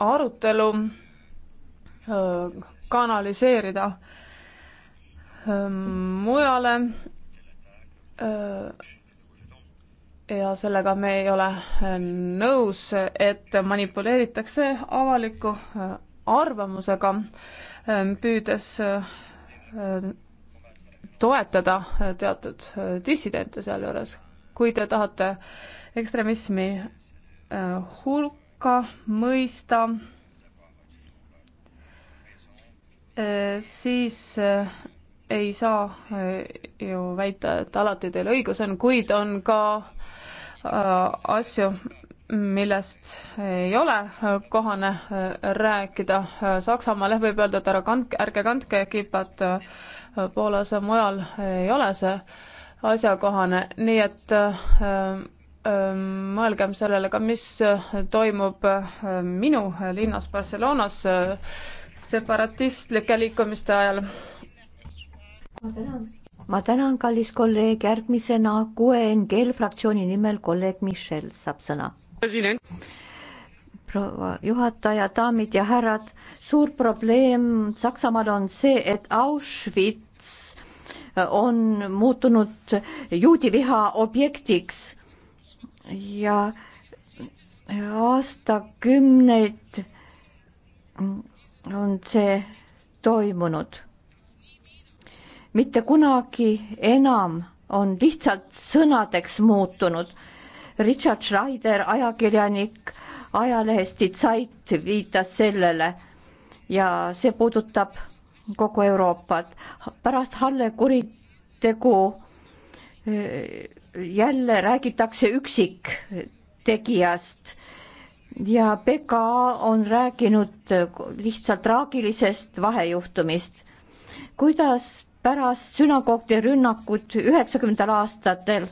arutelu äh, kanaliseerida ähm, mujale. Äh, ja sellega me ei ole nõus, et manipuleeritakse avaliku arvamusega, ähm, püüdes toetada äh, teatud äh, dissidente sealjuures. kui te tahate ekstremismi äh, hulka mõista, siis ei saa ju väita, et alati teil õigus on, kuid on ka asju, millest ei ole kohane rääkida. Saksamaale võib öelda, et ära kandke, ärge kandke kipad Poolas ja mujal ei ole see asjakohane, nii et äh, äh, mõelgem sellele ka, mis toimub äh, minu linnas Barcelonas separatistlike liikumiste ajal. ma tänan. ma tänan, kallis kolleeg, järgmisena QNGL fraktsiooni nimel kolleeg Michel saab sõna. president proua juhataja, daamid ja härrad, suur probleem Saksamaal on see, et Auschwitz äh, on muutunud juudiviha objektiks ja aastakümneid on see toimunud. mitte kunagi enam on lihtsalt sõnadeks muutunud. Richard Schreider, ajakirjanik, ajalehest Die Zeit viitas sellele ja see puudutab kogu Euroopat. pärast Halle kuritegu eh, jälle räägitakse üksiktegijast ja PKA on rääkinud eh, lihtsalt traagilisest vahejuhtumist. kuidas pärast sünagoogide rünnakut üheksakümnendal aastatel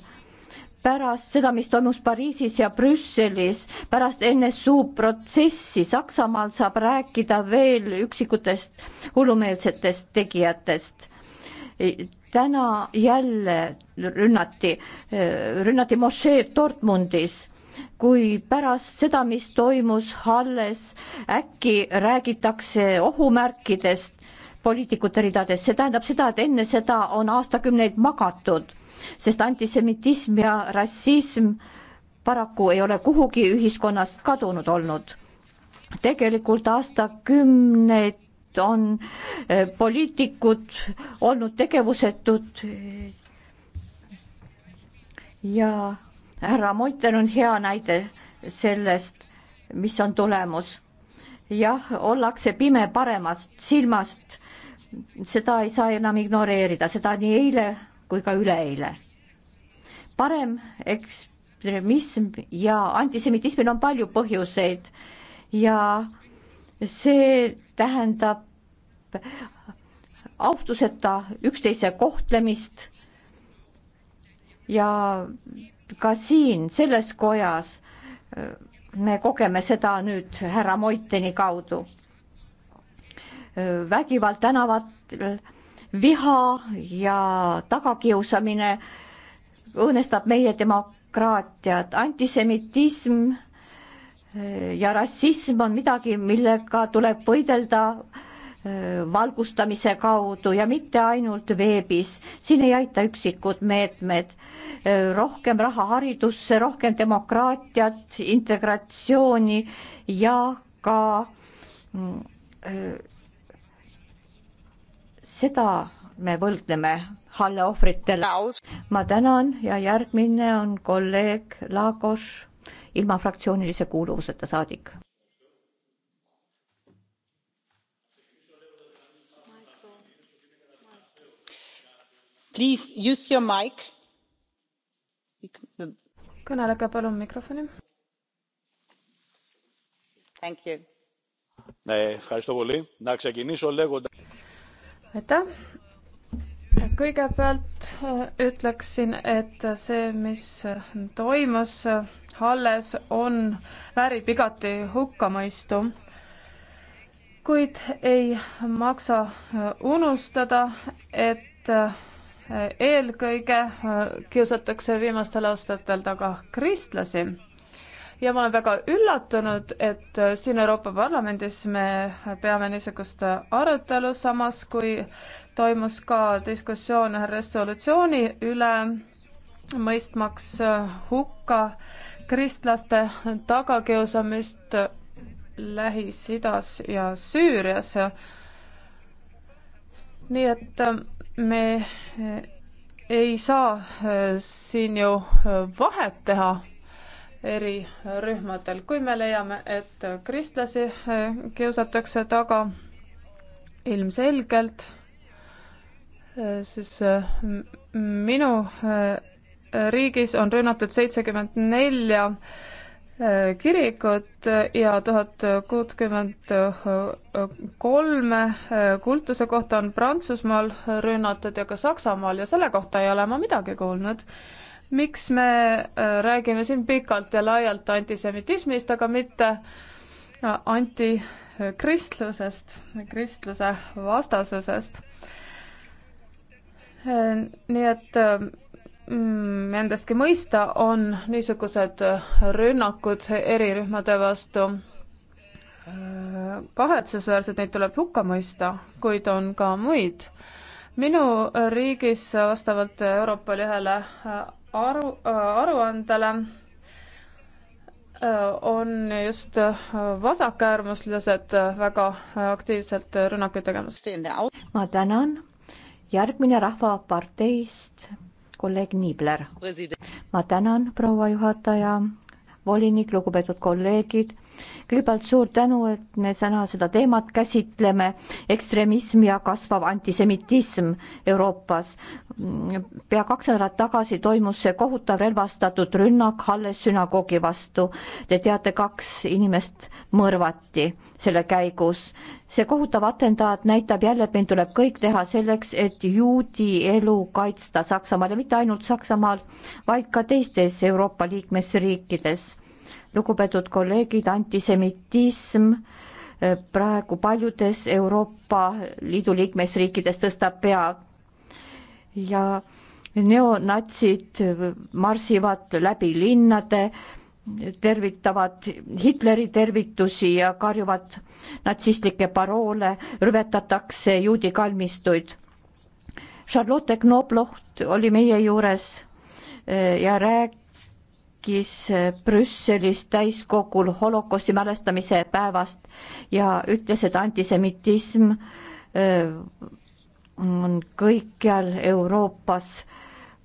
pärast seda, mis toimus Pariisis ja Brüsselis, pärast NSU protsessi Saksamaal saab rääkida veel üksikutest hullumeelsetest tegijatest. täna jälle rünnati, rünnati mošeed Dortmundis, kui pärast seda, mis toimus Halles, äkki räägitakse ohumärkidest poliitikute ridades, see tähendab seda, et enne seda on aastakümneid magatud sest antisemitism ja rassism paraku ei ole kuhugi ühiskonnast kadunud olnud. tegelikult aastakümneid on eh, poliitikud olnud tegevusetud ja härra Muiten on hea näide sellest, mis on tulemus. jah, ollakse pime paremast silmast, seda ei saa enam ignoreerida, seda nii eile kui ka üleeile. parem ekstremism ja antisemitismil on palju põhjuseid ja see tähendab austuseta üksteise kohtlemist ja ka siin selles kojas me kogeme seda nüüd härra Moiteni kaudu. vägivald tänavatel viha ja tagakiusamine õõnestab meie demokraatiat, antisemitism eh, ja rassism on midagi, millega tuleb võidelda eh, valgustamise kaudu ja mitte ainult veebis, siin ei aita üksikud meetmed, eh, rohkem raha haridusse, rohkem demokraatiat, integratsiooni ja ka mm, seda me võlgneme Halle ohvritele. ma tänan ja järgmine on kolleeg Lagos, ilma fraktsioonilise kuuluvuseta saadik. Please use your mic. kõnelege palun mikrofoni. Thank you aitäh! kõigepealt äh, ütleksin, et see, mis äh, toimus Halles, äh, on, väärib igati hukkamõistu. kuid ei maksa unustada, et eelkõige kiusatakse viimastel aastatel taga kristlasi ja ma olen väga üllatunud, et äh, siin Euroopa Parlamendis me peame niisugust äh, arutelu, samas kui toimus ka diskussioon ühe resolutsiooni üle, mõistmaks äh, hukka kristlaste tagakiusamist Lähis-Idas ja Süürias. nii et me ei saa siin ju vahet teha eri rühmadel. kui me leiame, et kristlasi eh, kiusatakse taga ilmselgelt, eh, siis eh, minu riigis on rünnatud seitsekümmend nelja kirikut ja tuhat kuutkümmend kolme kultuse kohta on Prantsusmaal rünnatud ja ka Saksamaal ja selle kohta ei ole ma midagi kuulnud miks me äh, räägime siin pikalt ja laialt antisemitismist, aga mitte äh, antikristlusest, kristluse vastasusest. Äh, nii et mm, endastki mõista on niisugused rünnakud erirühmade vastu kahetsusväärsed, neid tuleb hukka mõista, kuid on ka muid. minu riigis vastavalt Euroopa ühele aru, äh, aruandele äh, on just äh, vasakäärmuslased väga aktiivselt rünnakuid tegemas. ma tänan. järgmine Rahvaparteist kolleeg Niibler. ma tänan, proua juhataja, volinik, lugupeetud kolleegid kõigepealt suur tänu, et me täna seda teemat käsitleme, ekstremism ja kasvav antisemitism Euroopas. pea kaks nädalat tagasi toimus see kohutav relvastatud rünnak Halles sünagoogi vastu. Te teate, kaks inimest mõrvati selle käigus. see kohutav atentaat näitab jälle, et meil tuleb kõik teha selleks, et juudi elu kaitsta Saksamaal ja mitte ainult Saksamaal, vaid ka teistes Euroopa liikmesriikides lugupeetud kolleegid, antisemitism eh, praegu paljudes Euroopa Liidu liikmesriikides tõstab pead ja neonatsid marsivad läbi linnade, tervitavad Hitleri tervitusi ja karjuvad natsistlikke paroole, rüvetatakse juudi kalmistuid. Charlotte Knobloht oli meie juures eh, ja rääk-, rääkis eh, Brüsselis täiskogul holokausti mälestamise päevast ja ütles, et antisemitism eh, on kõikjal Euroopas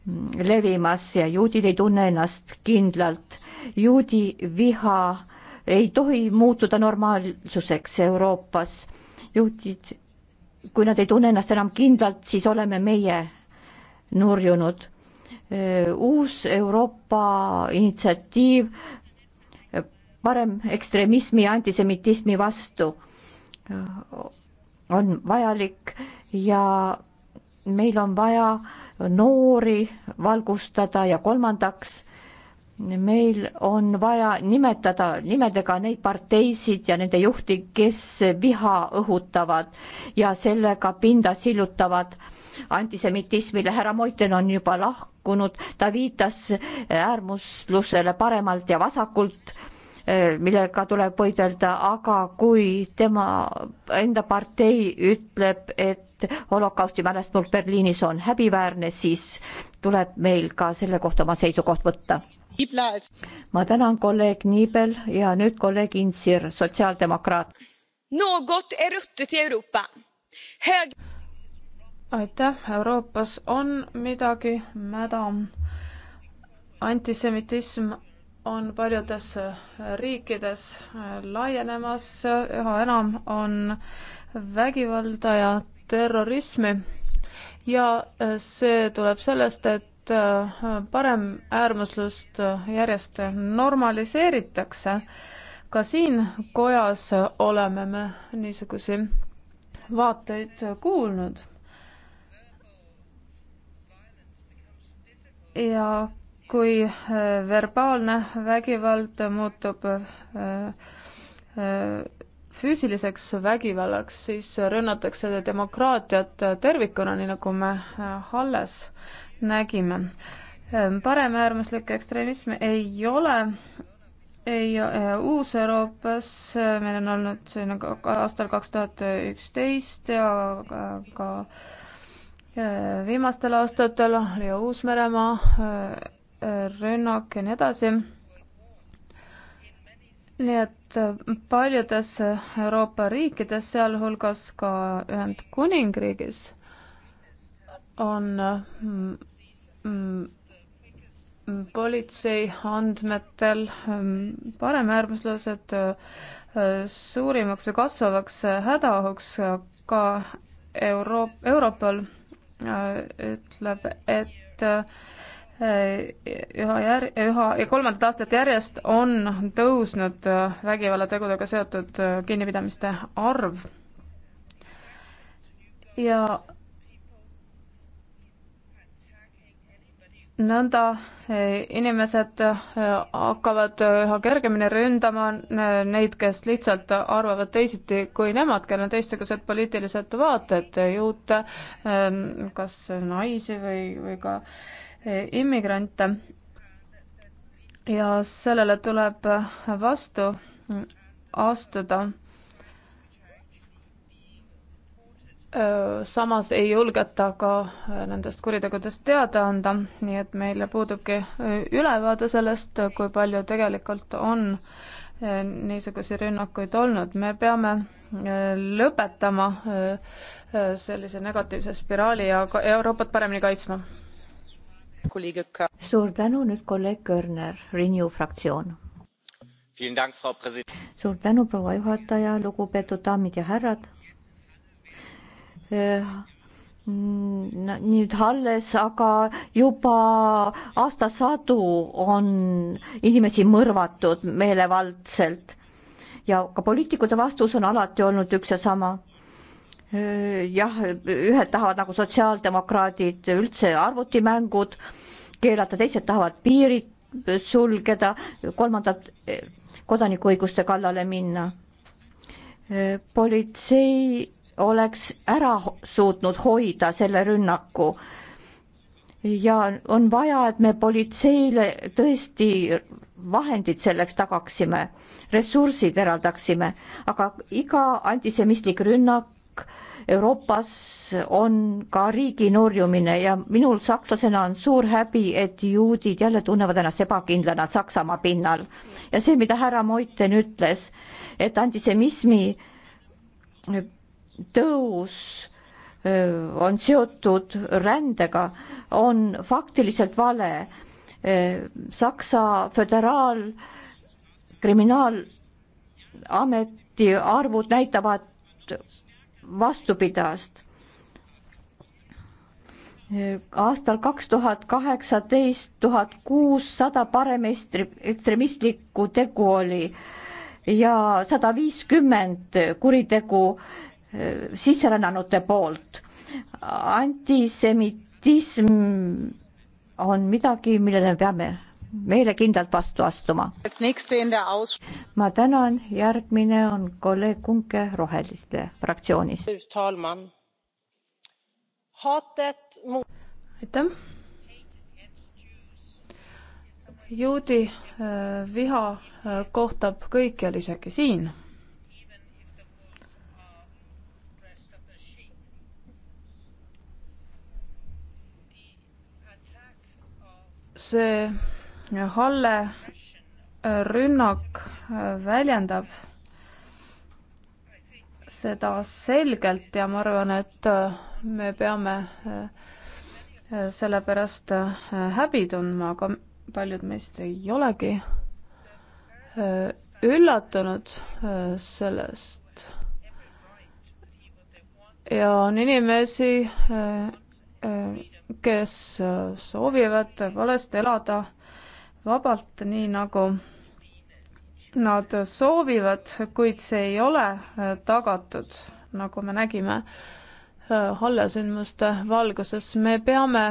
mm, levimas ja juudid ei tunne ennast kindlalt. juudi viha ei tohi muutuda normaalsuseks Euroopas. juudid, kui nad ei tunne ennast enam kindlalt, siis oleme meie nurjunud Äh, uus Euroopa initsiatiiv parem ekstremismi ja antisemitismi vastu äh, on vajalik ja meil on vaja noori valgustada ja kolmandaks, meil on vaja nimetada nimedega neid parteisid ja nende juhti, kes viha õhutavad ja sellega pinda sillutavad äh, antisemitismile, härra Moiten on juba lahkunud, ta viitas eh, äärmuslusele paremalt ja vasakult, eh, millega tuleb võidelda, aga kui tema enda partei ütleb, et holokausti mälestusmärk Berliinis on häbiväärne, siis tuleb meil ka selle kohta oma seisukoht võtta ma tänan kolleeg Niibel ja nüüd kolleeg Intsir, sotsiaaldemokraat no, aitäh, Euroopas on midagi mäda. antisemitism on paljudes riikides laienemas, üha enam on vägivalda ja terrorismi ja see tuleb sellest, et paremäärmuslust järjest normaliseeritakse. ka siin kojas oleme me niisugusi vaateid kuulnud ja kui äh, verbaalne vägivald muutub äh, äh, füüsiliseks vägivallaks, siis rünnatakse demokraatiat tervikuna, nii nagu me alles nägime. paremäärmuslik ekstremism ei ole ei, Uus-Euroopas meil on olnud siin aastal kaks tuhat üksteist ja ka, ka viimastel aastatel oli Uus-Meremaa äh, äh, rünnak ja nii edasi. nii et äh, paljudes Euroopa riikides, sealhulgas ka Ühendkuningriigis, on mm, mm, politsei andmetel paremäärmuslased suurimaks või kasvavaks hädaohuks ka Euroop-, Europol Äh, ütleb, et äh, üha jär-, üha ja kolmandat aastat järjest on tõusnud äh, vägivallategudega seotud kinnipidamiste arv. ja nõnda eh, inimesed eh, hakkavad eh, üha kergemini ründama neid, kes lihtsalt arvavad teisiti kui nemad, kellel on teistsugused poliitilised vaated, juute, kas naisi või, või ka immigrante. ja sellele tuleb vastu astuda samas ei julgeta ka nendest kuritegudest teada anda, nii et meil puudubki ülevaade sellest, kui palju tegelikult on niisuguseid rünnakuid olnud. me peame lõpetama sellise negatiivse spiraali ja Euroopat paremini kaitsma. suur tänu, nüüd kolleeg Körner, Renew fraktsioon. suur tänu, proua juhataja, lugupeetud daamid ja härrad Eh, nüüd alles, aga juba aastasadu on inimesi mõrvatud meelevaldselt ja ka poliitikute vastus on alati olnud üks ja sama. Eh, jah, ühed tahavad nagu sotsiaaldemokraadid üldse arvutimängud keelata, teised tahavad piirid sulgeda, kolmandad eh, kodanikuõiguste kallale minna. politsei oleks ära suutnud hoida selle rünnaku. ja on vaja, et me politseile tõesti vahendid selleks tagaksime, ressursid eraldaksime, aga iga antisemistlik rünnak Euroopas on ka riigi nurjumine ja minul sakslasena on suur häbi, et juudid jälle tunnevad ennast ebakindlana Saksamaa pinnal. ja see, mida härra Moiten ütles, et antisemismi tõus on seotud rändega, on faktiliselt vale. Saksa föderaalkriminaalameti arvud näitavad vastupidast. aastal kaks tuhat kaheksateist tuhat kuussada paremeistri, ekstremistlikku tegu oli ja sada viiskümmend kuritegu Eh, sisserännanute poolt. antisemitism on midagi, millele me peame meelekindlalt vastu astuma. ma tänan, järgmine on kolleeg Kunke Roheliste fraktsioonist. aitäh. juudi eh, viha eh, kohtab kõikjal, isegi siin see Halle äh, rünnak äh, väljendab seda selgelt ja ma arvan, et äh, me peame selle pärast häbi tundma, aga paljud meist ei olegi üllatunud sellest ja on inimesi, kes äh, soovivad tõepoolest elada vabalt, nii nagu nad soovivad, kuid see ei ole äh, tagatud, nagu me nägime hallesündmuste äh, valguses. me peame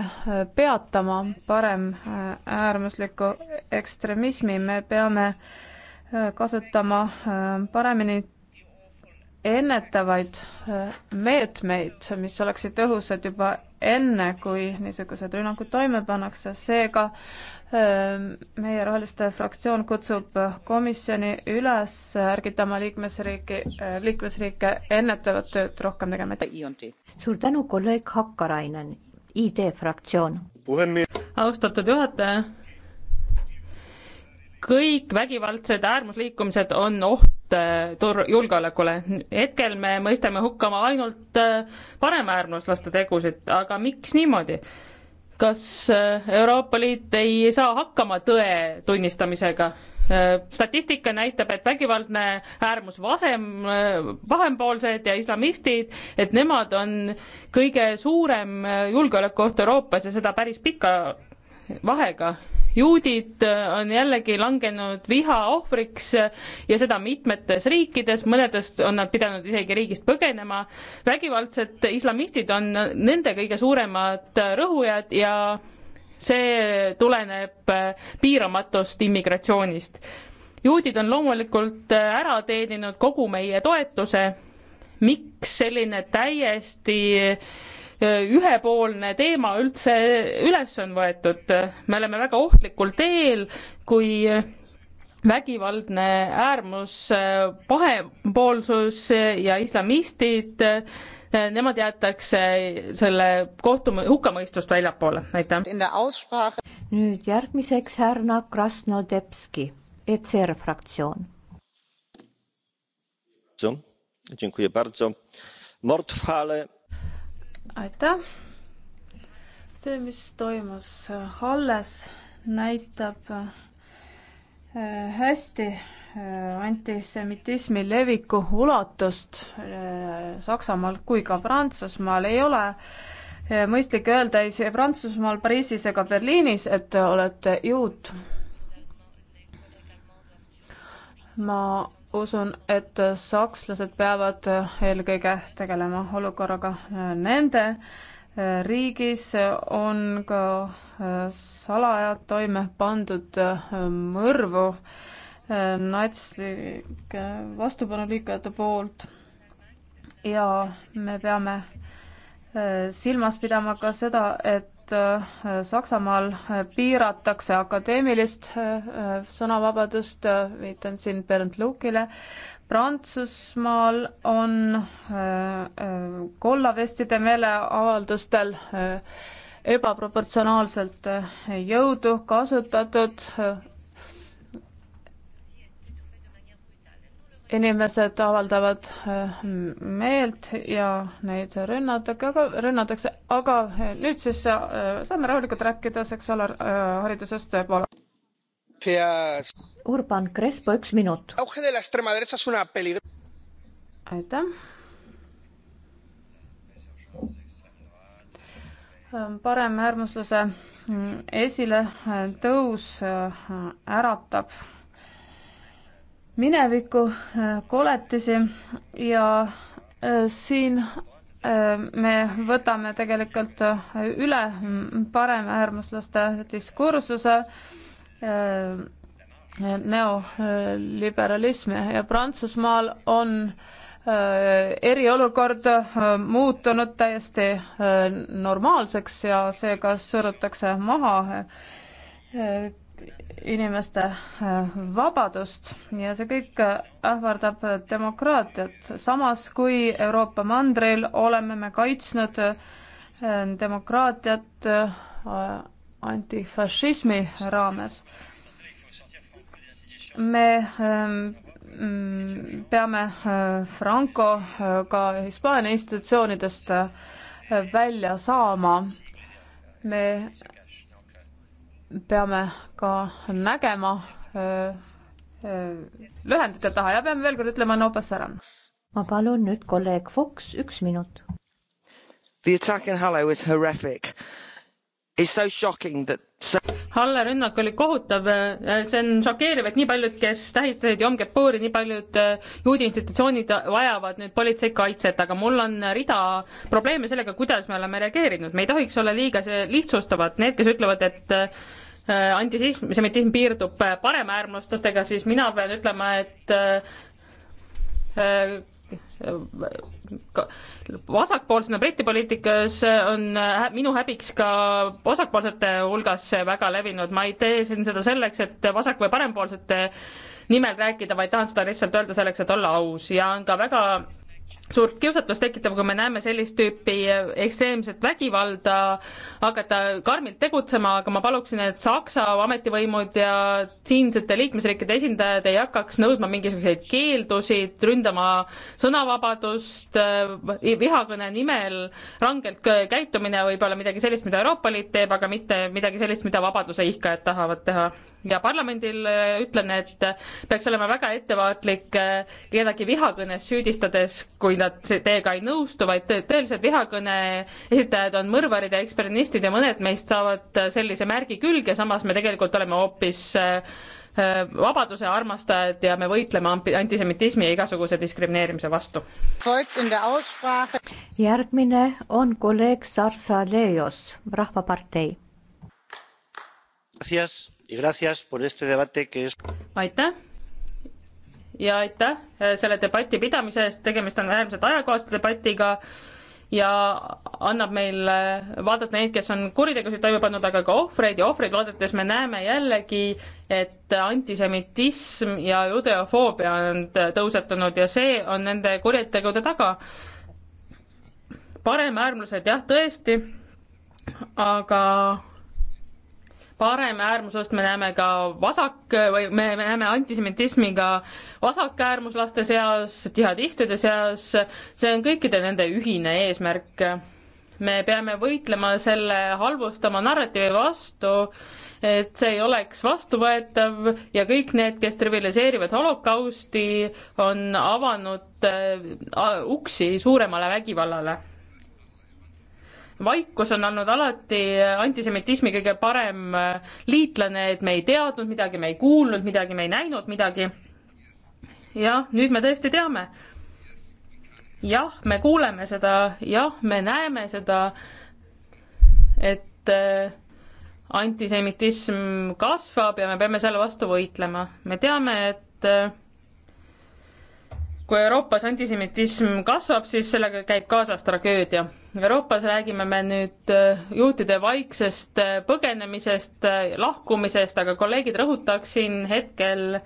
peatama paremäärmusliku ekstremismi, me peame kasutama paremini ennetavaid meetmeid, mis oleksid tõhusad juba enne, kui niisugused rünnakud toime pannakse, seega ähm, meie Roheliste fraktsioon kutsub komisjoni üles ärgitama liikmesriiki, äh, liikmesriike ennetavat tööd rohkem tegema. suur tänu, kolleeg Hakkarainen, ID fraktsioon. austatud juhataja, kõik vägivaldsed äärmusliikumised on oht Äh, tor-, julgeolekule. hetkel me mõistame hukkama ainult äh, paremäärmuslaste tegusid, aga miks niimoodi? kas äh, Euroopa Liit ei saa hakkama tõe tunnistamisega? statistika näitab, et vägivaldne äärmus vasem, vahempoolsed ja islamistid, et nemad on kõige suurem julgeolekuoht Euroopas ja seda päris pika vahega juudid äh, on jällegi langenud viha ohvriks äh, ja seda mitmetes riikides, mõnedest on nad pidanud isegi riigist põgenema. vägivaldsed islamistid on nende kõige suuremad äh, rõhujad ja see tuleneb piiramatust immigratsioonist. juudid on loomulikult ära teeninud kogu meie toetuse. miks selline täiesti äh, ühepoolne teema üldse üles on võetud. me oleme väga ohtlikul teel, kui vägivaldne äärmus, pahepoolsus ja islamistid, nemad jäetakse selle kohtu, hukkamõistust väljapoole, aitäh. nüüd järgmiseks härra Krasnodebski, ECR fraktsioon. mord w hale aitäh. see, mis toimus Halles, näitab äh, hästi äh, antisemitismi leviku ulatust äh, Saksamaal kui ka Prantsusmaal ei ole mõistlik öelda ei Prantsusmaal, Pariisis ega Berliinis, et te olete juut. ma usun, et sakslased peavad äh, eelkõige tegelema olukorraga äh, nende äh, riigis on ka salajad toime pandud mõrvu natslike vastupanuliiklejate poolt ja me peame silmas pidama ka seda, et et äh, Saksamaal äh, piiratakse akadeemilist äh, sõnavabadust, viitan siin Bernd Lukile, Prantsusmaal on kollavestide meeleavaldustel ebaproportsionaalselt jõudu kasutatud, inimesed avaldavad äh, meelt ja neid rünnatakse, aga, rünnatakse, aga äh, nüüd siis äh, saame rahulikult rääkida seksuaalharidusest Poolas. Urban Crespo, üks minut. aitäh. paremäärmusluse mm, esiletõus äratab mineviku äh, koletisi ja äh, siin äh, me võtame tegelikult üle paremäärmuslaste diskursuse neoliberalismi ja Prantsusmaal on eriolukord muutunud täiesti normaalseks ja seega surutakse maha inimeste äh, vabadust ja see kõik äh, ähvardab demokraatiat. samas kui Euroopa mandril oleme me kaitsnud äh, demokraatiat antifašismi raames. me ähm, mm, peame Franco ka Hispaania institutsioonidest välja saama. me peame ka nägema lühendite taha ja peame veel kord ütlema no passaran. ma palun nüüd kolleeg Fox, üks minut. The attack in Hallo is horrific Halle rünnak oli kohutav, see on šokeeriv, et nii paljud, kes tähistasid Yom Kippuri, nii paljud eh, juudi institutsioonid vajavad nüüd politsei kaitset, aga mul on rida probleeme sellega, kuidas me oleme reageerinud, me ei tohiks olla liiga lihtsustavad, need, kes ütlevad, et eh, antisemitism piirdub paremäärmuslastega, siis mina pean ütlema, et eh, vasakpoolsena Briti poliitikas on minu häbiks ka vasakpoolsete hulgas väga levinud, ma ei tee siin seda selleks, et vasak- või parempoolsete nimel rääkida, vaid tahan seda lihtsalt öelda selleks, et olla aus ja on ka väga suurt kiusatust tekitav, kui me näeme sellist tüüpi ekstreemset vägivalda, hakata karmilt tegutsema, aga ma paluksin, et Saksa ametivõimud ja siinsete liikmesriikide esindajad ei hakkaks nõudma mingisuguseid keeldusid, ründama sõnavabadust, eh, vihakõne nimel rangelt käitumine võib olla midagi sellist, mida Euroopa Liit teeb, aga mitte midagi sellist, mida vabaduse ihkajad tahavad teha. ja parlamendil eh, ütlen, et peaks olema väga ettevaatlik eh, kedagi vihakõnes süüdistades, kui nad teiega ei nõustu, vaid tõelised vihakõne esitajad on mõrvarid ja ekspernistid ja mõned meist saavad sellise märgi külge, samas me tegelikult oleme hoopis äh, äh, vabaduse armastajad ja me võitleme antisemitismi ja igasuguse diskrimineerimise vastu. järgmine on kolleeg Sarsa Leios, Rahvapartei. aitäh ja aitäh eh, selle debati pidamise eest, tegemist on äärmiselt ajakohase debatiga ja annab meil vaadata neid, kes on kuritegusid toime pannud, aga ka ohvreid ja ohvreid vaadates me näeme jällegi, et antisemitism ja judeofoobia on tõusetunud ja see on nende kuritegude taga. paremäärmused jah, tõesti, aga parem äärmuslust, me näeme ka vasak või me, me näeme antisemitismi ka vasakäärmuslaste seas, džihadistide seas, see on kõikide nende ühine eesmärk. me peame võitlema selle halvustama narratiivi vastu, et see ei oleks vastuvõetav ja kõik need, kes trivialiseerivad holokausti, on avanud äh, uksi suuremale vägivallale vaikus on olnud alati antisemitismi kõige parem äh, liitlane, et me ei teadnud midagi, me ei kuulnud midagi, me ei näinud midagi. jah, nüüd me tõesti teame. jah, me kuuleme seda, jah, me näeme seda, et äh, antisemitism kasvab ja me peame selle vastu võitlema. me teame, et äh, kui Euroopas antisemitism kasvab, siis sellega käib kaasas tragöödia. Euroopas räägime me nüüd äh, juutide vaiksest äh, põgenemisest, äh, lahkumisest, aga kolleegid, rõhutaksin hetkel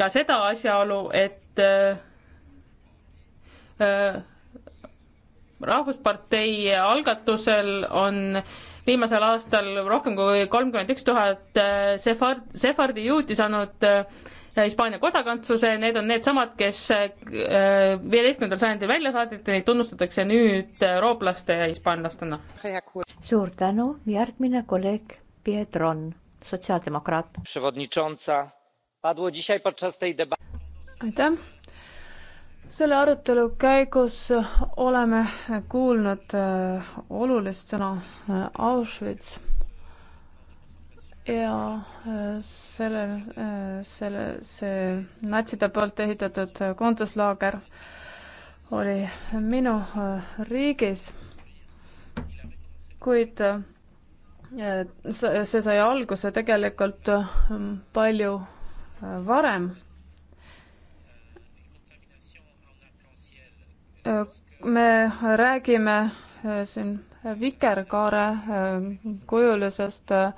ka seda asjaolu, et Rahvuspartei algatusel on viimasel aastal rohkem kui kolmkümmend üks tuhat sefard-, sefardi juuti saanud äh, Hispaania kodakondsuse, need on needsamad, kes äh, viieteistkümnendal sajandil välja saadeti, neid tunnustatakse nüüd eurooplaste ja hispaanlastena. suur tänu, järgmine kolleeg Piedron, sotsiaaldemokraat. aitäh. selle arutelu käigus oleme kuulnud äh, olulist sõna äh, Auschwitz ja äh, selle, äh, selle, see natside poolt ehitatud äh, koonduslaager oli minu riigis, kuid see sai alguse tegelikult palju varem. me räägime siin vikerkaare kujulisest äh,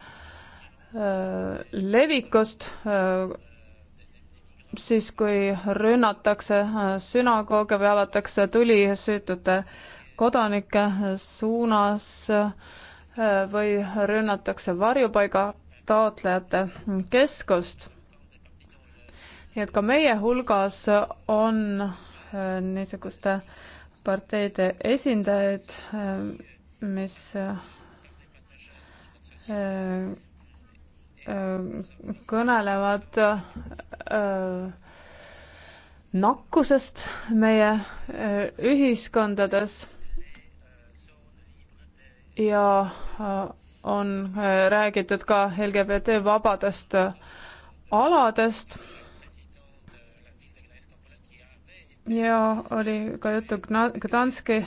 Äh, levikust, äh, siis kui rünnatakse äh, sünagooge või avatakse tuli süütute kodanike suunas või rünnatakse varjupaiga taotlejate keskust. nii et ka meie hulgas on niisuguste parteide esindajaid, mis Äh, kõnelevad äh, nakkusest meie äh, ühiskondades ja on räägitud ka LGBT vabadest aladest. ja oli ka juttu Gdanski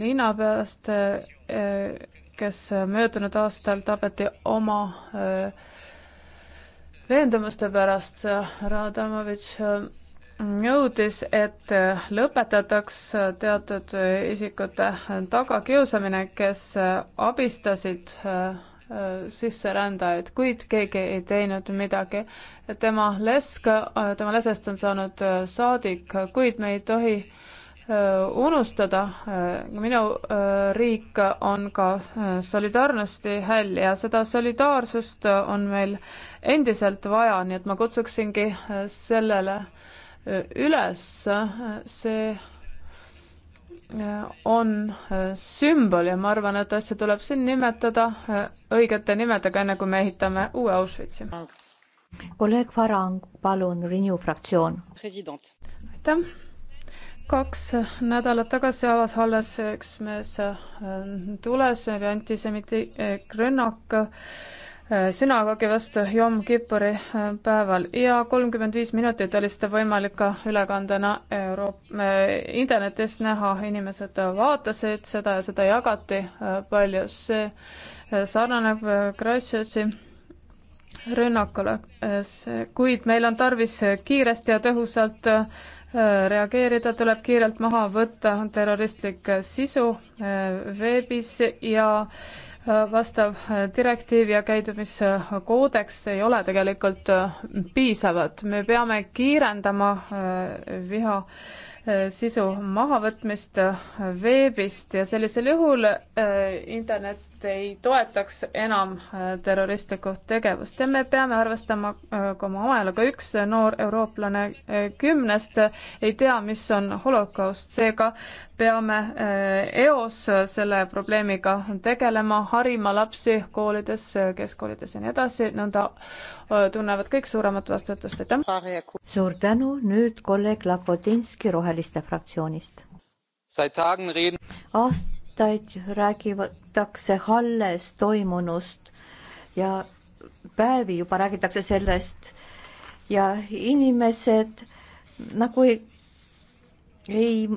linnapeast kes äh, möödunud aastal tapeti oma äh, veendumuste pärast. Radamovitš äh, nõudis, et lõpetataks teatud isikute tagakiusamine, kes abistasid sisserändajaid, kuid keegi ei teinud midagi. tema lesk, tema lesest on saanud saadik, kuid me ei tohi Äh, unustada. Äh, minu äh, riik on ka solidaarnosti häll ja seda solidaarsust on meil endiselt vaja, nii et ma kutsuksingi sellele üles. see on sümbol ja ma arvan, et asja tuleb siin nimetada õigete nimedega, enne kui me ehitame uue Auschwitzi. kolleeg Varang, palun, Renew fraktsioon. aitäh kaks nädalat tagasi avas alles üks mees äh, tules, oli antisemiitlik äh, rünnak äh, sünagoogi vastu Jom Kippuri päeval ja kolmkümmend viis minutit oli seda võimalik ka ülekandena Euroop-, internetis näha, inimesed vaatasid seda ja seda jagati palju, see sarnaneb Christchurchi rünnakule, kuid meil on tarvis kiiresti ja tõhusalt Äh, reageerida, tuleb kiirelt maha võtta terroristlik sisu äh, veebis ja äh, vastav direktiiv ja käidumiskoodeks ei ole tegelikult piisavad. me peame kiirendama viha sisu mahavõtmist veebist ja sellisel juhul internet ei toetaks enam äh, terroristlikku tegevust ja me peame arvestama äh, ka oma ajalugu. üks äh, noor eurooplane kümnest ei tea, mis on holokaust, seega peame eos selle probleemiga tegelema, harima lapsi koolides, keskkoolides ja nii edasi, nõnda tunnevad kõik suuremat vastutust, aitäh. suur tänu, nüüd kolleeg Lakodinski Roheliste fraktsioonist. aasta aastaid räägitakse Halles toimunust ja päevi juba räägitakse sellest ja inimesed nagu ei, ei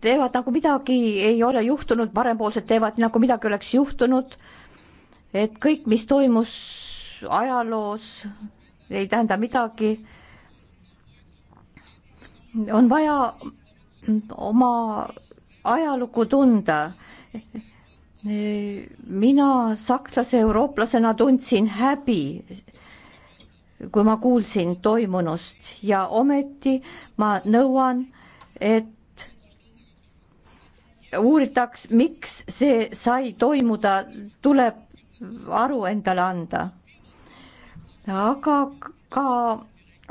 teevad nagu midagi ei ole juhtunud, parempoolsed teevad nagu midagi oleks juhtunud. et kõik, mis toimus ajaloos, ei tähenda midagi. on vaja oma ajalugu tunda. mina sakslase eurooplasena tundsin häbi, kui ma kuulsin toimunust ja ometi ma nõuan, et uuritaks, miks see sai toimuda, tuleb aru endale anda. aga ka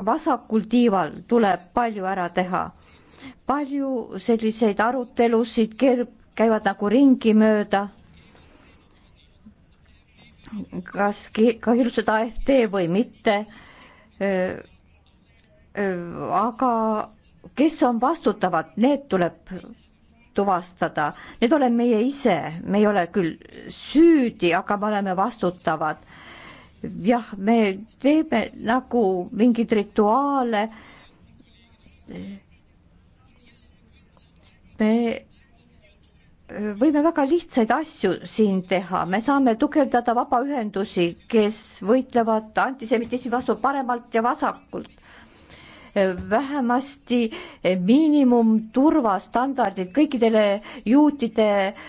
vasakul tiival tuleb palju ära teha palju selliseid arutelusid kerb, käivad nagu ringi mööda. kas kahjustada AfD või mitte. aga kes on vastutavad, need tuleb tuvastada, need oleme meie ise, me ei ole küll süüdi, aga me oleme vastutavad. jah, me teeme nagu mingeid rituaale me võime väga lihtsaid asju siin teha, me saame tugevdada vabaühendusi, kes võitlevad antisemitismi vastu paremalt ja vasakult. vähemasti miinimumturvastandardid kõikidele juutide äh,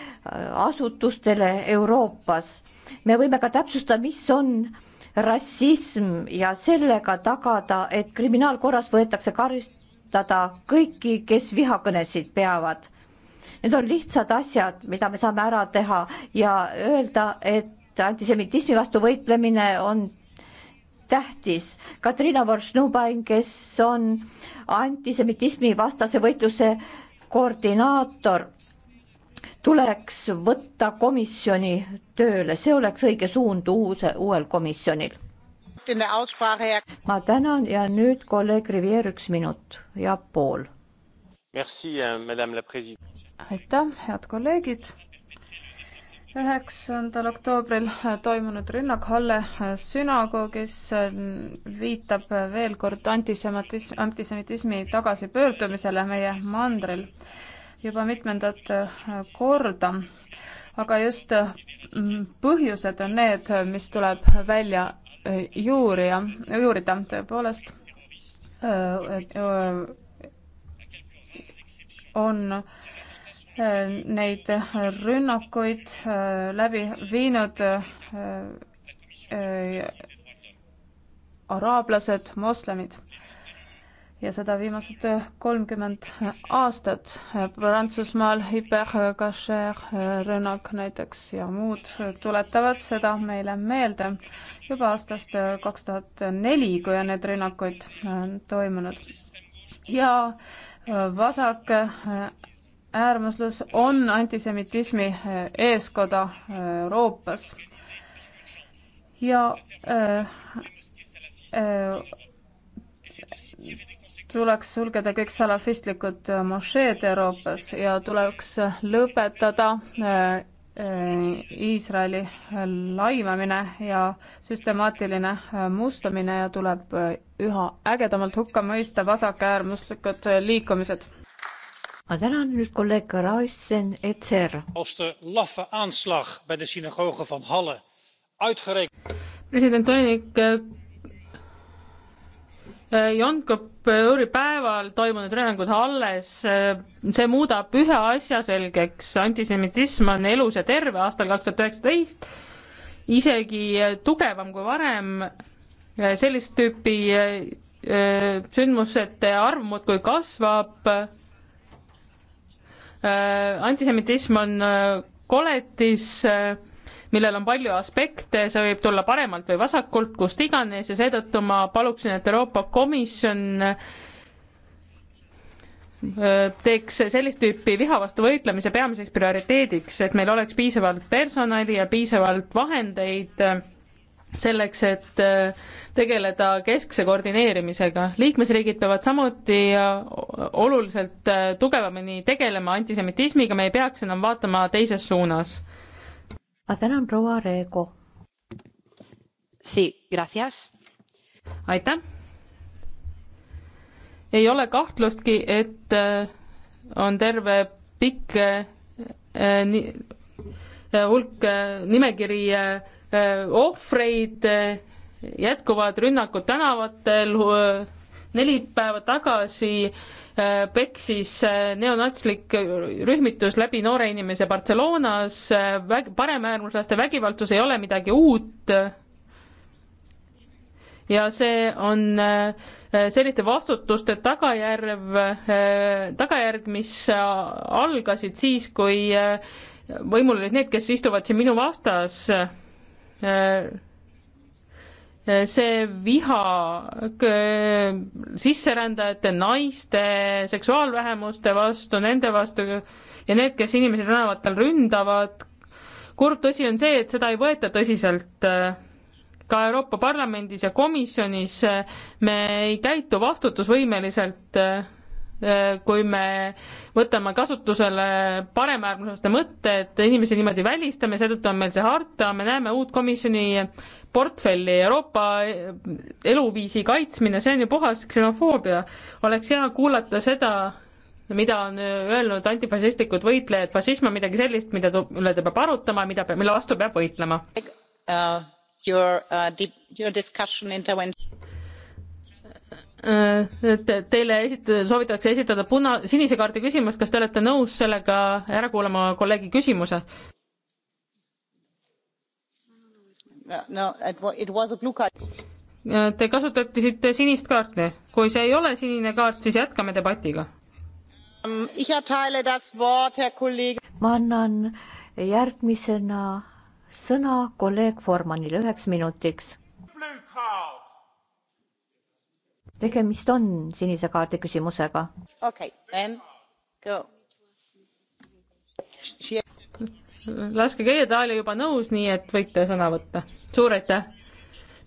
asutustele Euroopas. me võime ka täpsustada, mis on rassism ja sellega tagada, et kriminaalkorras võetakse karist-, kaotada kõiki, kes vihakõnesid peavad. Need on lihtsad asjad, mida me saame ära teha ja öelda, et antisemitismi vastu võitlemine on tähtis. Katrina Voršnubain, kes on antisemitismi vastase võitluse koordinaator, tuleks võtta komisjoni tööle, see oleks õige suund uus, uuel komisjonil ma tänan ja nüüd kolleeg Rivier üks minut ja pool. Euh, aitäh, head kolleegid. üheksandal oktoobril toimunud rünnak Halle sünagoogis viitab veel kord antisemitismi, antisemitismi tagasipöördumisele meie mandril juba mitmendat korda aga just põhjused on need, mis tuleb välja juurija, juurida tõepoolest on neid rünnakuid läbi viinud araablased, moslemid ja seda viimased äh, kolmkümmend aastat. Äh, Prantsusmaal rünnak äh, näiteks ja muud tuletavad seda meile meelde juba aastast kaks tuhat neli, kui on need rünnakud toimunud. ja vasak äärmuslus on antisemitismi eeskoda Euroopas ja äh, äh, tuleks sulgeda kõik salafistlikud äh, mošeed Euroopas ja tuleks äh, lõpetada äh, Iisraeli laimamine ja süstemaatiline mustamine ja tuleb üha ägedamalt hukka mõista vasakäärmuslikud liikumised. ma tänan nüüd kolleeg Karaissen, ETSR. president Olinik Jonkopööri päeval toimunud rünnangud alles, eh, see muudab ühe asja selgeks, antisemitism on elus ja terve aastal kaks tuhat üheksateist, isegi eh, tugevam kui varem, eh, sellist tüüpi sündmuste arv muudkui kasvab, antisemitism on koletis, millel on palju aspekte, see võib tulla paremalt või vasakult, kust iganes ja seetõttu ma paluksin, et Euroopa Komisjon äh, teeks sellist tüüpi viha vastu võitlemise peamiseks prioriteediks, et meil oleks piisavalt personali ja piisavalt vahendeid äh, selleks, et äh, tegeleda keskse koordineerimisega. liikmesriigid peavad samuti oluliselt tugevamini tegelema antisemitismiga, me ei peaks enam vaatama teises suunas aitäh! ei ole kahtlustki, et äh, on terve pikk äh, äh, hulk nimekiri ohvreid, jätkuvad rünnakud tänavatel, neli päeva tagasi Äh, peksis äh, neonatslik rühmitus läbi noore inimese Barcelonas, äh, väg-, paremäärmuslaste vägivaldsus ei ole midagi uut, ja see on selliste vastutuste tagajärg, tagajärg, mis algasid siis, kui võimul olid need, kes istuvad siin minu vastas see viha sisserändajate, naiste, seksuaalvähemuste vastu, nende vastu ja need, kes inimesi tänavatel ründavad. kurb tõsi on see, et seda ei võeta tõsiselt. Äh, ka Euroopa Parlamendis ja komisjonis äh, me ei käitu vastutusvõimeliselt äh, Äh, kui me võtame kasutusele paremäärmuslaste mõtte, et inimesi niimoodi välistame, seetõttu on meil see harta, me näeme uut komisjoni portfelli Euroopa äh, eluviisi kaitsmine, see on ju puhas ksenofoobia. oleks hea kuulata seda, mida on äh, öelnud antifašistlikud võitlejad, fašism on midagi sellist, mida, mille ta peab arutama, mida, mille vastu peab võitlema uh,. Your uh,, your discussion intervention Äh, et teile esit-, soovitakse esitada puna-, sinise kaardi küsimus, kas te olete nõus sellega ära kuulama kolleegi küsimuse? no it was a blue card. Äh, te kasutasite sinist kaarti, kui see ei ole sinine kaart, siis jätkame debatiga. Um, ma annan järgmisena sõna kolleeg Formanile üheks minutiks. Blue card tegemist on sinise kaardi küsimusega. okei okay., go. laske käia, ta oli juba nõus, nii et võite sõna võtta. suur aitäh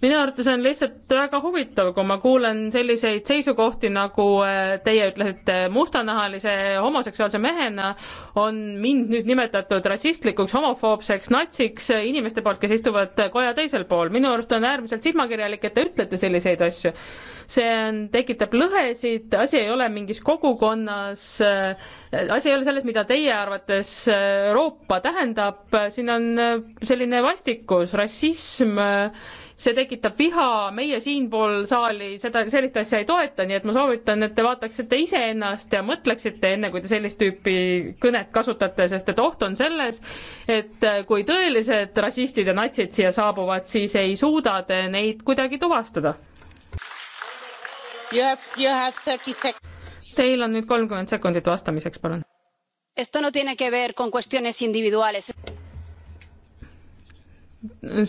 minu arvates on lihtsalt väga huvitav, kui ma kuulen selliseid seisukohti, nagu äh, teie ütlesite mustanahalise homoseksuaalse mehena, on mind nüüd nimetatud rassistlikuks, homofoobseks, natsiks äh, inimeste poolt, kes istuvad äh, koja teisel pool. minu arust on äärmiselt silmakirjalik, et te ütlete selliseid asju. see on, tekitab lõhesid, asi ei ole mingis kogukonnas, asi ei ole selles, mida teie arvates Euroopa tähendab, siin on selline vastikus, rassism see tekitab viha, meie siinpool saali seda, sellist asja ei toeta, nii et ma soovitan, et te vaataksite iseennast ja mõtleksite enne, kui te sellist tüüpi kõnet kasutate, sest et oht on selles, et äh, kui tõelised rassistid ja natsid siia saabuvad, siis ei suuda te neid kuidagi tuvastada. Teil on nüüd kolmkümmend sekundit vastamiseks, palun. Esto no tiene que ver con cuestiones individuales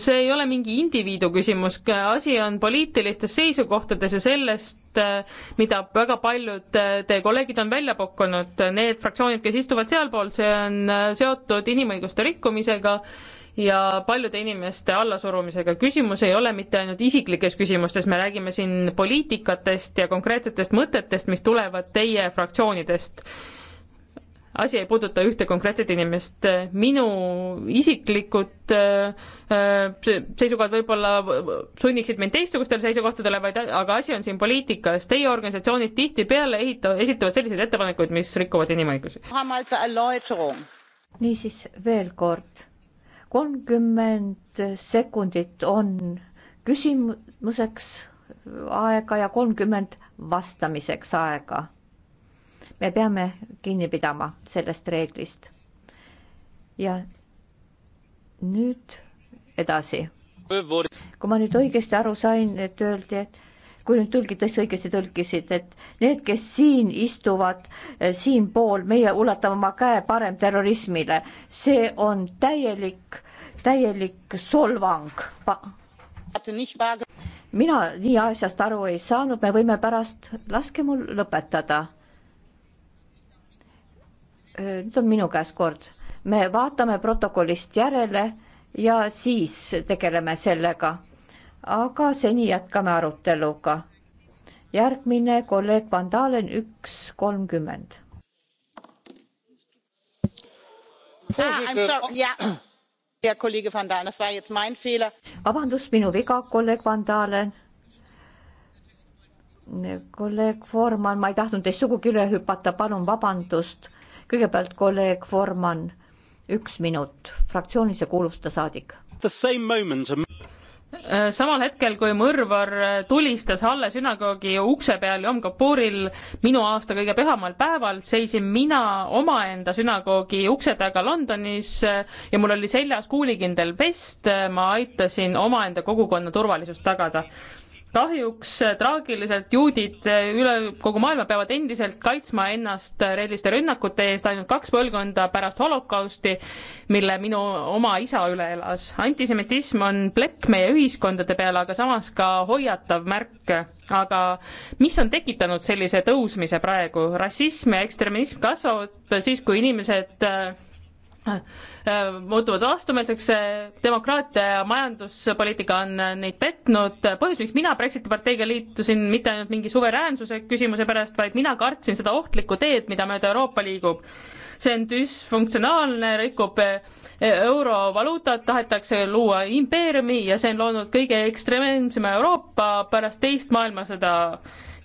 see ei ole mingi indiviidu küsimus, asi on poliitilistes seisukohtades ja sellest, äh, mida väga paljud äh, teie kolleegid on välja pakkunud, need fraktsioonid, kes istuvad sealpool, see on äh, seotud inimõiguste rikkumisega ja paljude inimeste allasurumisega. küsimus ei ole mitte ainult isiklikes küsimustes, me räägime siin poliitikatest ja konkreetsetest mõtetest, mis tulevad teie fraktsioonidest asi ei puuduta ühte konkreetset inimest, minu isiklikud äh, äh, seisukohad võib-olla sunniksid mind teistsugustele seisukohtadele, vaid aga asi on siin poliitikas, teie organisatsioonid tihtipeale ehitavad, esitavad selliseid ettepanekuid, mis rikuvad inimõigusi. niisiis veel kord, kolmkümmend sekundit on küsimuseks aega ja kolmkümmend vastamiseks aega me peame kinni pidama sellest reeglist. ja nüüd edasi. kui ma nüüd õigesti aru sain, et öeldi, et kui nüüd tõlgid tõesti õigesti tõlkisid, et need, kes siin istuvad eh, siinpool, meie ulatame oma käe parem terrorismile, see on täielik, täielik solvang mina nii asjast aru ei saanud, me võime pärast, laske mul lõpetada nüüd on minu käes kord, me vaatame protokollist järele ja siis tegeleme sellega. aga seni jätkame aruteluga. järgmine kolleeg Van Dalen, üks kolmkümmend. Ah, vabandust, minu viga, kolleeg Van Dalen kolleeg Foorman, ma ei tahtnud teist sugugi üle hüpata, palun vabandust kõigepealt kolleeg Forman, üks minut, fraktsioonis ja kuuluvuste saadik. Äh, samal hetkel, kui mõrvar tulistas Halle sünagoogi ukse peal Yom Kapuril minu aasta kõige pühamal päeval, seisin mina omaenda sünagoogi ukse taga Londonis äh, ja mul oli seljas kuulikindel vest, äh, ma aitasin omaenda kogukonna turvalisust tagada kahjuks traagiliselt juudid üle kogu maailma peavad endiselt kaitsma ennast reliste rünnakute eest ainult kaks põlvkonda pärast holokausti, mille minu oma isa üle elas. antisemitism on plekk meie ühiskondade peale, aga samas ka hoiatav märk. aga mis on tekitanud sellise tõusmise praegu? rassism ja ekstremism kasvavad siis, kui inimesed muutuvad vastumeelseks, demokraatia ja majanduspoliitika on neid petnud, põhjus, miks mina Brexiti parteiga liitusin, mitte ainult mingi suveräänsuse küsimuse pärast, vaid mina kartsin seda ohtlikku teed, mida mööda Euroopa liigub. see on düsfunktsionaalne, rikub eurovaluutat, tahetakse luua impeeriumi ja see on loonud kõige ekstreemsema Euroopa pärast teist maailmasõda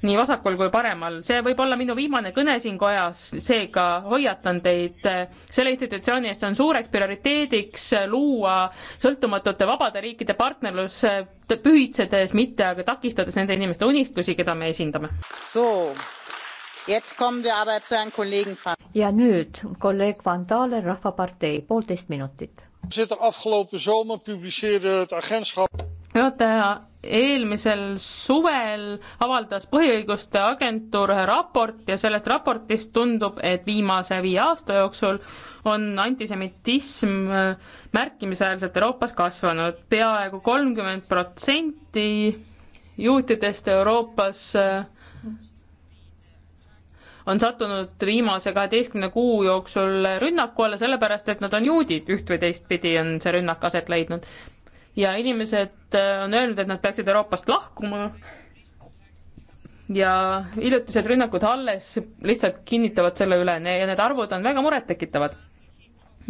nii vasakul kui paremal. see võib olla minu viimane kõne siin kojas, seega hoiatan teid, eh, selle institutsiooni eest on suureks prioriteediks eh, luua sõltumatute vabade riikide partnerlus, eh, pühitsedes, mitte aga takistades nende inimeste unistusi, keda me esindame. ja nüüd kolleeg Van Dalen Rahvapartei, poolteist minutit. juhataja eelmisel suvel avaldas Põhiõiguste Agentuur ühe raport ja sellest raportist tundub, et viimase viie aasta jooksul on antisemitism äh, märkimisväärselt Euroopas kasvanud peaaegu kolmkümmend protsenti juutidest Euroopas äh, on sattunud viimase kaheteistkümne kuu jooksul rünnaku alla, sellepärast et nad on juudid, üht või teistpidi on see rünnak aset leidnud ja inimesed äh, on öelnud, et nad peaksid Euroopast lahkuma. ja hiljutised rünnakud alles lihtsalt kinnitavad selle üle ja need arvud on väga murettekitavad.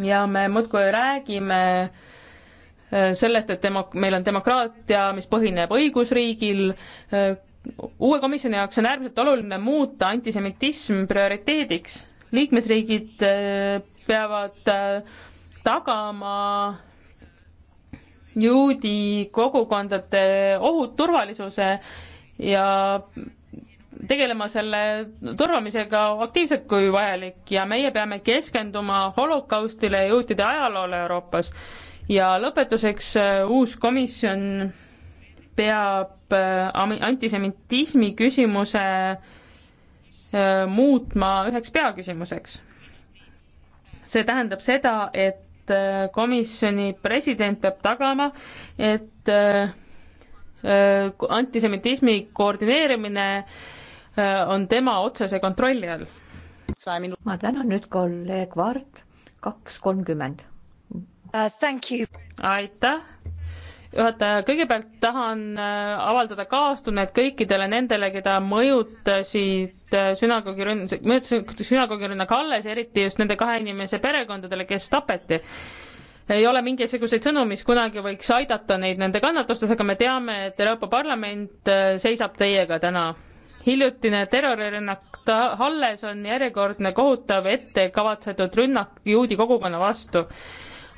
ja me muudkui räägime äh, sellest, et demo-, meil on demokraatia, mis põhineb õigusriigil, äh, uue komisjoni jaoks on äärmiselt oluline muuta antisemitism prioriteediks. liikmesriigid peavad tagama juudi kogukondade ohud turvalisuse ja tegelema selle turvamisega aktiivselt kui vajalik ja meie peame keskenduma holokaustile ja juutide ajaloole Euroopas. ja lõpetuseks äh, uus komisjon peab äh, antisemitismi küsimuse äh, muutma üheks peaküsimuseks. see tähendab seda, et et äh, komisjoni president peab tagama, et äh, äh, antisemitismi koordineerimine on tema otsese kontrolli all. ma tänan nüüd kolleeg Vart, kaks kolmkümmend. Uh, aitäh, juhataja, kõigepealt tahan äh, avaldada kaastunnet kõikidele nendele, keda mõjutasid äh, sünagoogi rünn-, mõjutasid sünagoogi rünnak alles, eriti just nende kahe inimese perekondadele, kes tapeti. ei ole mingisuguseid sõnu, mis kunagi võiks aidata neid nende kannatustes, aga me teame, et Euroopa Parlament äh, seisab teiega täna hiljutine terrorirünnak Halles on järjekordne kohutav ettekavatsetud rünnak juudi kogukonna vastu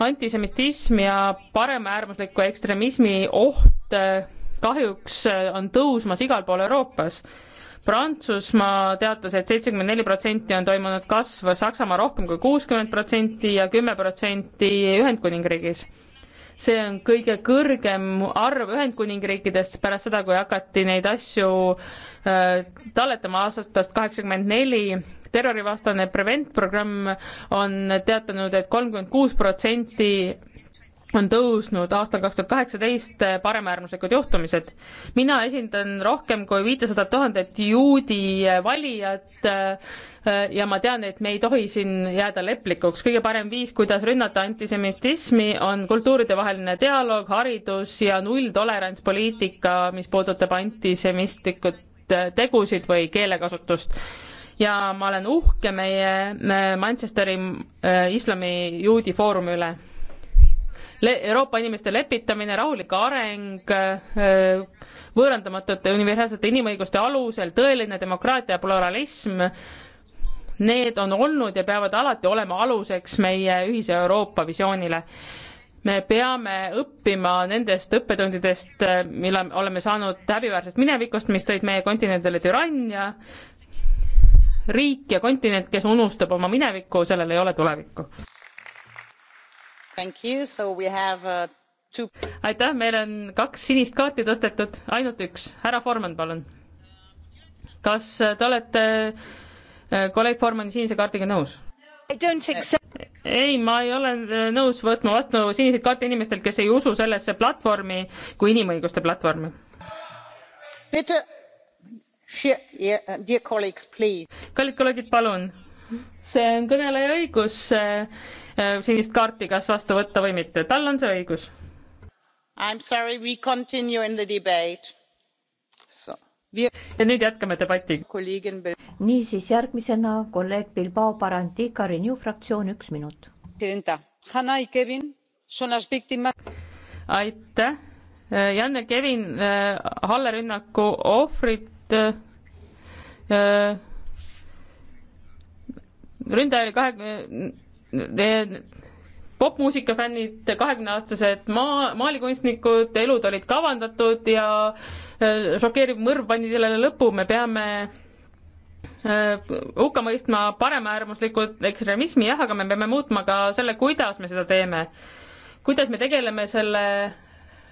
antisemitism ja paremäärmusliku ekstremismi oht eh, kahjuks eh, on tõusmas igal pool Euroopas. Prantsusmaa teatas et, et seitsekümmend neli protsenti on toimunud kasv, Saksamaa rohkem kui kuuskümmend protsenti ja kümme protsenti Ühendkuningriigis. see on kõige kõrgem arv Ühendkuningriikidest pärast seda, kui hakati neid asju äh, talletama aastast kaheksakümmend neli terrorivastane preventprogramm on teatanud et, et kolmkümmend kuus protsenti on tõusnud aastal kaks tuhat kaheksateist paremäärmuslikud juhtumised. mina esindan rohkem kui viitesadat tuhandet juudi valijat äh, ja ma tean, et me ei tohi siin jääda leplikuks. kõige parem viis, kuidas rünnata antisemitismi, on kultuuridevaheline dialoog, haridus ja nulltolerants poliitika, mis puudutab antisemistlikku äh, tegusid või keelekasutust ja ma olen uhke meie Manchesteri äh, islami juudi foorumi üle. Euroopa inimeste lepitamine, rahulik areng, äh, võõrandamatute universaalsete inimõiguste alusel, tõeline demokraatia ja pluralism, need on olnud ja peavad alati olema aluseks meie ühise Euroopa visioonile. me peame õppima nendest õppetundidest, äh, mille oleme saanud häbiväärsest minevikust, mis tõid meie kontinendile türannia, riik ja kontinent, kes unustab oma minevikku, sellel ei ole tulevikku. Uh, two... aitäh, meil on kaks sinist kaarti tõstetud, ainult üks. härra Forman, palun. kas äh, te olete äh, kolleeg Formani sinise kaardiga nõus? ei, ma ei ole äh, nõus võtma vastu siniseid kaarte inimestelt, kes ei usu sellesse platvormi kui inimõiguste platvormi. Peter Uh, kallid kolleegid, palun. see on kõneleja õigus äh, äh, sinist kaarti kas vastu võtta või mitte, tal on see õigus. ja nüüd jätkame debatti. niisiis, järgmisena kolleeg Bilbao Barandiga, Renew fraktsioon, üks minut. aitäh. Äh, Janne Kevin Halle rünnaku ohvrid Äh, ründaja oli kahekümne, äh, popmuusika fännid, kahekümneaastased maa, maalikunstnikud, elud olid kavandatud ja äh, šokeeriv mõrv pani sellele lõpu, me peame hukka mõistma paremäärmuslikud ekstremismi, jah, aga me peame muutma ka selle, kuidas me seda teeme. kuidas me tegeleme selle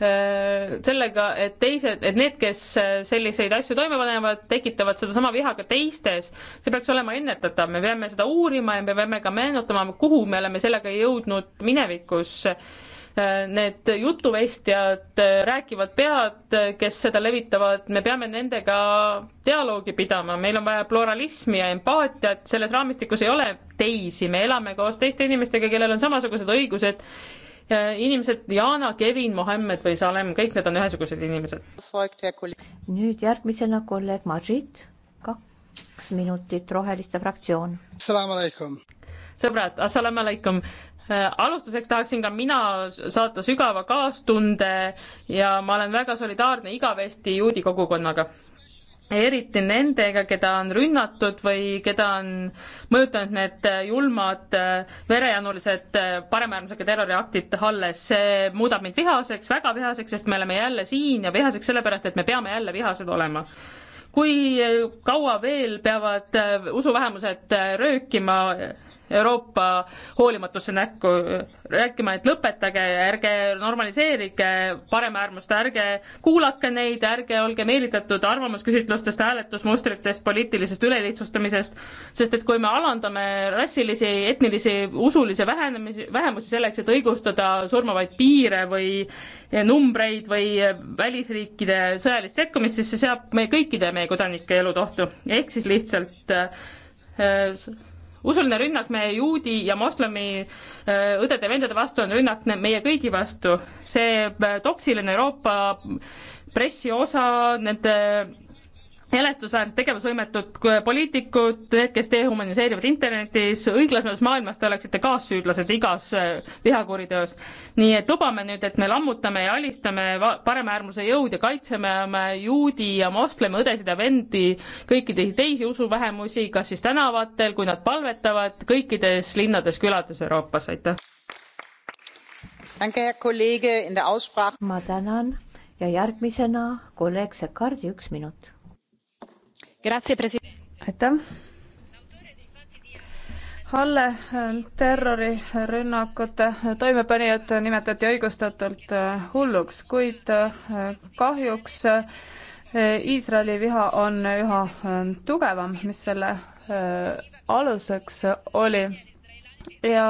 Äh, sellega, et teised, et need, kes äh, selliseid asju toime panevad, tekitavad sedasama viha ka teistes. see peaks olema ennetatav, me peame seda uurima ja me peame ka meenutama, kuhu me oleme sellega jõudnud minevikus. Äh, need jutuvestjad räägivad pead, kes seda levitavad, me peame nendega dialoogi pidama, meil on vaja pluralismi ja empaatiat, selles raamistikus ei ole teisi, me elame koos teiste inimestega, kellel on samasugused õigused Äh, inimesed, Jana, Kevin, Mohammed või Salem, kõik need on ühesugused inimesed. nüüd järgmisena kolleeg Majid, kaks minutit, Roheliste fraktsioon. sõbrad, assalamu alaikum äh, alustuseks tahaksin ka mina saata sügava kaastunde ja ma olen väga solidaarne igavesti juudi kogukonnaga eriti nendega, keda on rünnatud või keda on mõjutanud need julmad äh, verejanulised äh, paremäärmusega terroriaktid alles. see muudab mind vihaseks, väga vihaseks, sest me oleme jälle siin ja vihaseks sellepärast, et me peame jälle vihased olema. kui äh, kaua veel peavad usuvähemused röökima Euroopa hoolimatusse näkku, rääkima, et lõpetage, ärge normaliseerige paremäärmust, ärge kuulake neid, ärge olge meelitatud arvamusküsitlustest, hääletusmustritest, poliitilisest ülelihtsustamisest, sest et kui me alandame rassilisi, etnilisi, usulisi vähenemisi, vähemusi selleks, et õigustada surmavaid piire või numbreid või välisriikide sõjalist sekkumist, siis see seab meie kõikide meie kodanike elud ohtu. ehk siis lihtsalt äh, usuline rünnak meie juudi ja moslemi äh, õdede-vendade vastu on rünnak meie kõigi vastu. see äh, toksiline Euroopa pressiosa, nende elestusväärsed, tegevusvõimetud poliitikud, need, kes dehumaniseerivad internetis, õiglasemas maailmas te oleksite kaassüüdlased igas äh, vihakuriteos. nii et lubame nüüd, et me lammutame ja alistame paremäärmuse jõud ja kaitseme oma juudi ja moslemi õdesid ja vendi, kõikide teisi usuvähemusi, kas siis tänavatel, kui nad palvetavad, kõikides linnades-külades Euroopas, aitäh! ma tänan ja järgmisena kolleeg Sekardi üks minut aitäh. Halle äh, terrorirünnakute toimepanijad nimetati õigustatult äh, hulluks, kuid äh, kahjuks Iisraeli viha on üha tugevam, mis selle aluseks oli ja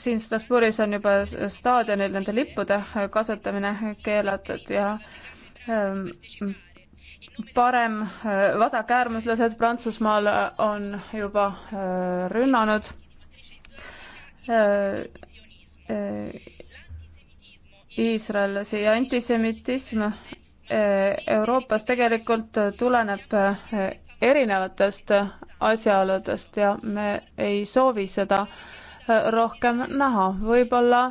siin Strasbourgis on juba staadionil nende lippude kasutamine keelatud ja Ehm, parem eh, vasakäärmuslased Prantsusmaal eh, on juba eh, rünnanud iisraellasi ja antisemitism Euroopas tegelikult tuleneb erinevatest asjaoludest ja me ei soovi seda rohkem näha. võib-olla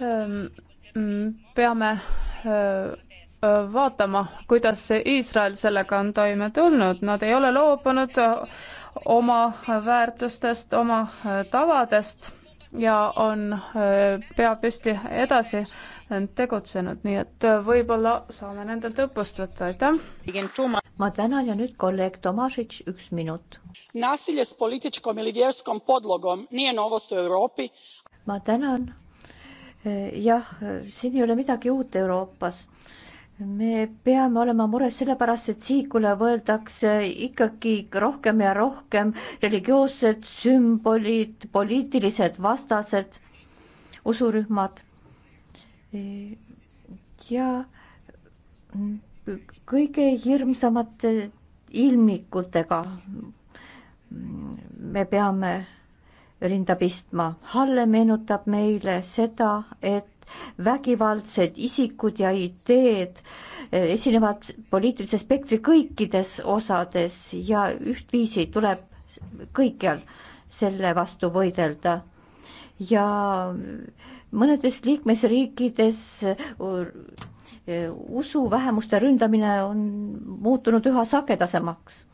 ehm, mm, peame Äh, vaatama, kuidas Iisrael sellega on toime tulnud, nad ei ole loobunud äh, oma väärtustest, oma äh, tavadest ja on pea püsti edasi tegutsenud, nii et võib-olla saame nendelt õppust võtta, aitäh. ma tänan ja nüüd kolleeg Tomašič, üks minut. Nasilje s političkom ili vjerskom podlogom nije novost u Euroopi. ma tänan. jah, siin ei ole midagi uut Euroopas me peame olema mures sellepärast, et sihikule võetakse ikkagi rohkem ja rohkem religioossed sümbolid, poliitilised vastased, usurühmad. ja kõige hirmsamate ilmikutega me peame rinda pistma. Halle meenutab meile seda, et vägivaldsed isikud ja ideed esinevad poliitilise spektri kõikides osades ja ühtviisi tuleb kõikjal selle vastu võidelda. ja mõnedes liikmesriikides usuvähemuste ründamine on muutunud üha sagedasemaks.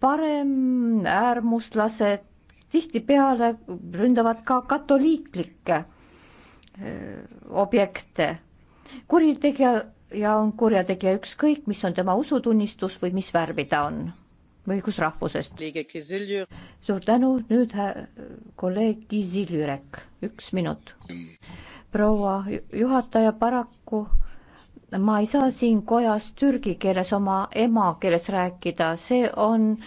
paremäärmuslased tihtipeale ründavad ka katoliiklikke objekte. kuritegija ja on kurjategija ükskõik, mis on tema usutunnistus või mis värvi ta on või kus rahvusest. suur tänu, nüüd kolleeg Kiziljürek, üks minut. proua juhataja, paraku ma ei saa siin kojas türgi keeles oma emakeeles rääkida, see on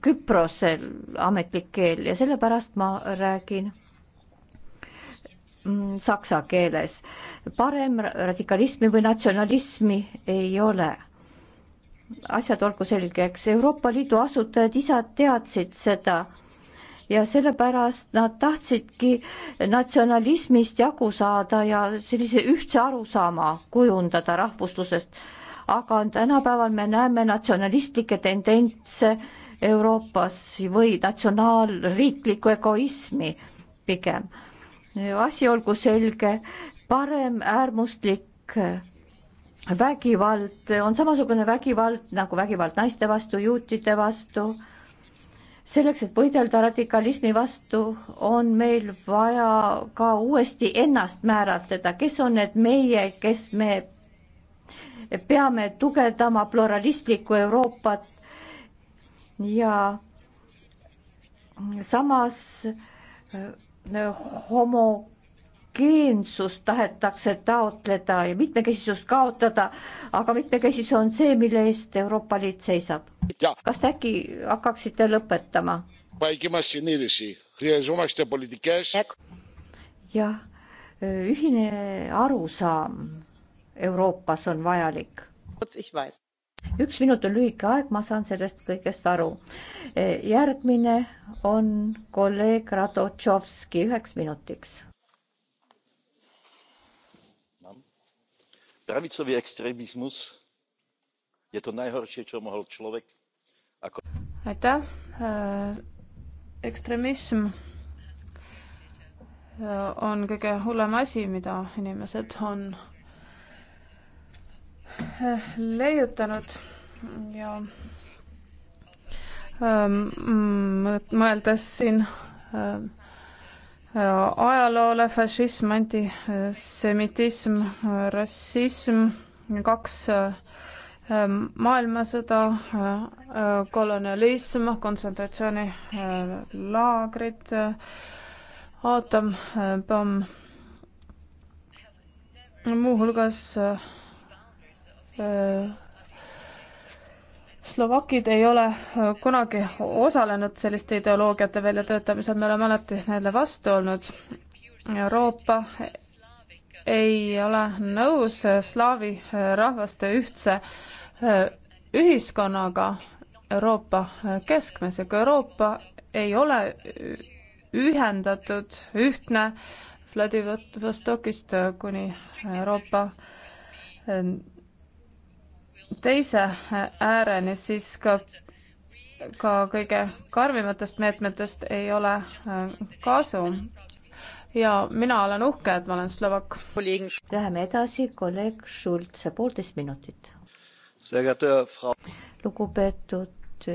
Küprosel ametlik keel ja sellepärast ma räägin Mm, saksa keeles. parem radikalismi või natsionalismi ei ole. asjad olgu selgeks, Euroopa Liidu asutajad isad teadsid seda ja sellepärast nad tahtsidki natsionalismist jagu saada ja sellise ühtse arusaama kujundada rahvuslusest. aga tänapäeval me näeme natsionalistlikke tendentse Euroopas või natsionaalriiklikku egoismi pigem asi olgu selge, paremäärmuslik vägivald on samasugune vägivald nagu vägivald naiste vastu, juutide vastu. selleks, et võidelda radikalismi vastu, on meil vaja ka uuesti ennast määratleda, kes on need meie, kes me peame tugevdama pluralistlikku Euroopat ja samas homogeensust tahetakse taotleda ja mitmekesisust kaotada, aga mitmekesisus on see, mille eest Euroopa Liit seisab. kas äkki hakkaksite lõpetama? jah, ühine arusaam Euroopas on vajalik üks minut on lühike aeg, ma saan sellest kõigest aru. E, järgmine on kolleeg Radotšovski üheks minutiks. pravicový extrémismus je to najhoršie, čo mohol človek ako... Aitäh! E, ekstremism e, on kõige hullem asi, mida inimesed on leiutanud ja ähm, mõeldes siin äh, ajaloole, fašism, antisemitism, rassism, kaks äh, äh, maailmasõda, kolonialism, kontsentratsioonilaagrid, aatompomm, muuhulgas Äh, Slovakid ei ole äh, kunagi osalenud selliste ideoloogiate väljatöötamisel, me oleme alati neile vastu olnud. Euroopa ei ole nõus äh, slaavi rahvaste ühtse ühiskonnaga Euroopa keskmes ja kui Euroopa ei ole ühendatud, ühtne Vladivostokist kuni Euroopa teise ääreni, siis ka, ka kõige karmimatest meetmetest ei ole äh, kasu. ja mina olen uhke, et ma olen Slovakk. Läheme edasi, kolleeg Schulze, poolteist minutit. lugupeetud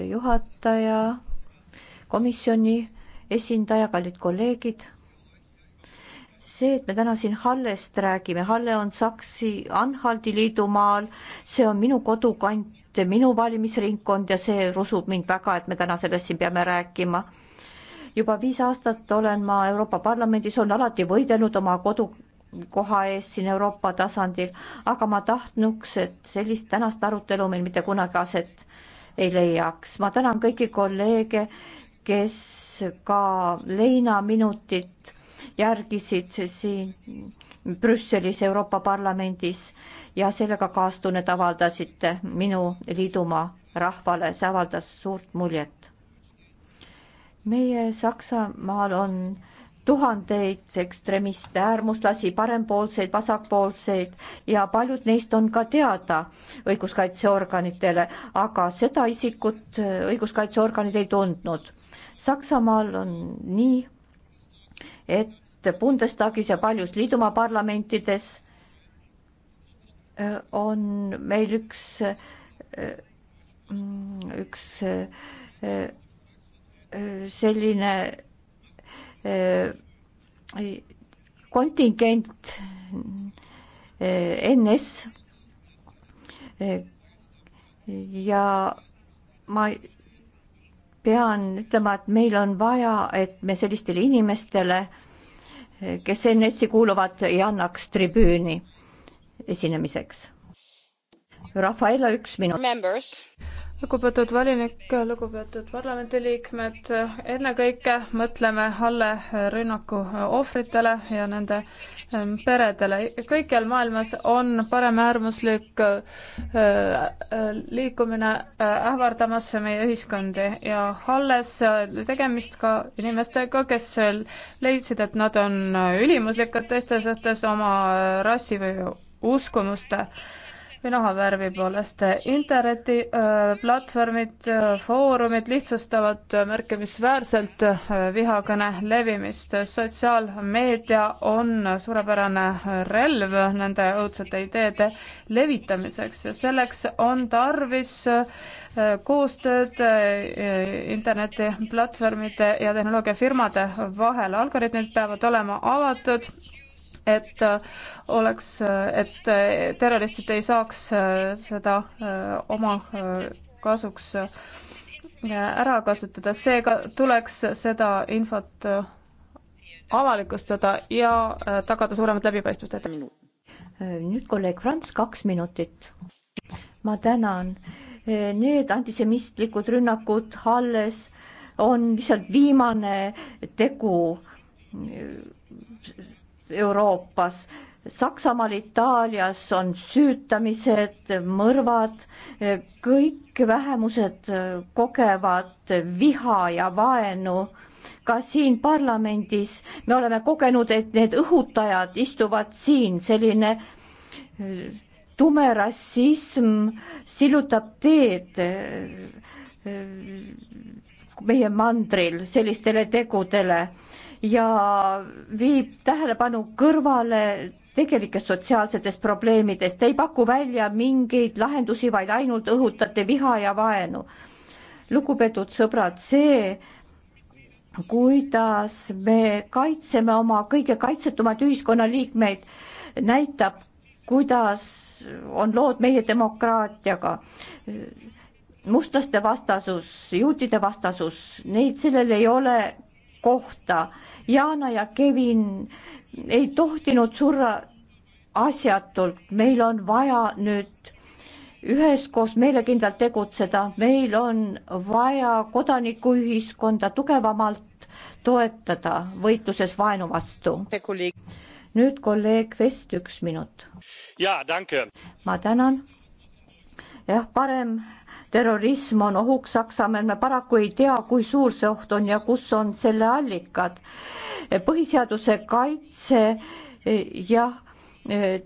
juhataja, komisjoni esindaja, kallid kolleegid see, et me täna siin Hallest räägime, Halle on Saksi Anhaldi liidumaal, see on minu kodukant, minu valimisringkond ja see rusub mind väga, et me täna sellest siin peame rääkima. juba viis aastat olen ma Euroopa Parlamendis, olen alati võidelnud oma kodukoha eest siin Euroopa tasandil, aga ma tahtnuks, et sellist tänast arutelu meil mitte kunagi aset ei leiaks. ma tänan kõiki kolleege, kes ka leinaminutit järgisid siin Brüsselis, Euroopa Parlamendis ja sellega kaastunnet avaldasite minu liidumaa rahvale, see avaldas suurt muljet. meie Saksamaal on tuhandeid ekstremiste, äärmuslasi, parempoolseid, vasakpoolseid ja paljud neist on ka teada õiguskaitseorganitele, aga seda isikut õiguskaitseorganid ei tundnud. Saksamaal on nii, et Bundestagis ja paljus liidumaa parlamentides äh, on meil üks, äh, üks äh, selline kontingent NS ja ma pean ütlema, et meil on vaja, et me sellistele inimestele, kes NS-i kuuluvad, ei annaks tribüüni esinemiseks. Rafaela, üks minut lugupeetud volinik, lugupeetud parlamendiliikmed, ennekõike mõtleme Halle rünnaku ohvritele ja nende ähm, peredele. kõikjal maailmas on paremäärmuslik äh, äh, liikumine äh, ähvardamas meie ühiskondi ja Halles tegemist ka inimestega, kes leidsid, et nad on ülimuslikud teiste suhtes oma rassi või uskumuste nahavärvi poolest. Eh, interneti eh, platvormid, eh, foorumid lihtsustavad märkimisväärselt vihakõne levimist. sotsiaalmeedia on suurepärane relv nende õudsate ideede levitamiseks ja selleks on tarvis koostööd internetiplatvormide ja tehnoloogiafirmade vahel. Algoritmid peavad olema avatud et äh, oleks, äh, et äh, terroristid ei saaks seda oma kasuks ära kasutada, seega tuleks seda infot avalikustada ja tagada suuremat läbipaistvust, aitäh. nüüd kolleeg Franz, kaks minutit. ma tänan. Need antisemistlikud rünnakud alles on lihtsalt viimane tegu Euroopas. Saksamaal, Itaalias on süütamised, mõrvad, kõik vähemused kogevad viha ja vaenu. ka siin parlamendis me oleme kogenud, et need õhutajad istuvad siin, selline äh, tume rassism sillutab teed äh, äh, meie mandril sellistele tegudele ja viib tähelepanu kõrvale tegelikest sotsiaalsetest probleemidest, ei paku välja mingeid lahendusi, vaid ainult õhutate viha ja vaenu. lugupeetud sõbrad, see, kuidas me kaitseme oma kõige kaitsetumad ühiskonnaliikmeid, näitab, kuidas on lood meie demokraatiaga. mustlaste vastasus, juutide vastasus, neid, sellel ei ole kohta. Jana ja Kevin ei tohtinud surra asjatult, meil on vaja nüüd üheskoos meelekindlalt tegutseda, meil on vaja kodanikuühiskonda tugevamalt toetada võitluses vaenu vastu. nüüd kolleeg Vest, üks minut. ma tänan jah, parem terrorism on ohuks Saksamaal, me paraku ei tea, kui suur see oht on ja kus on selle allikad. põhiseaduse kaitse jah,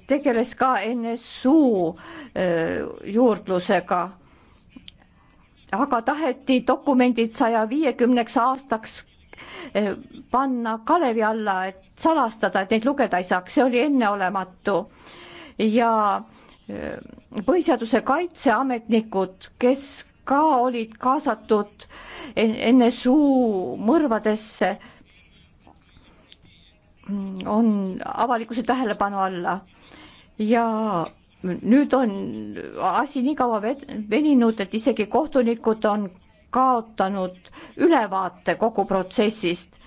tegeles ka NSU eh, juurdlusega. aga taheti dokumendid saja viiekümneks aastaks eh, panna kalevi alla, et salastada, et neid lugeda ei saaks, see oli enneolematu ja põhiseaduse kaitseametnikud, kes ka olid kaasatud NSU mõrvadesse, on avalikkuse tähelepanu alla ja nüüd on asi nii kaua veninud, et isegi kohtunikud on kaotanud ülevaate kogu protsessist,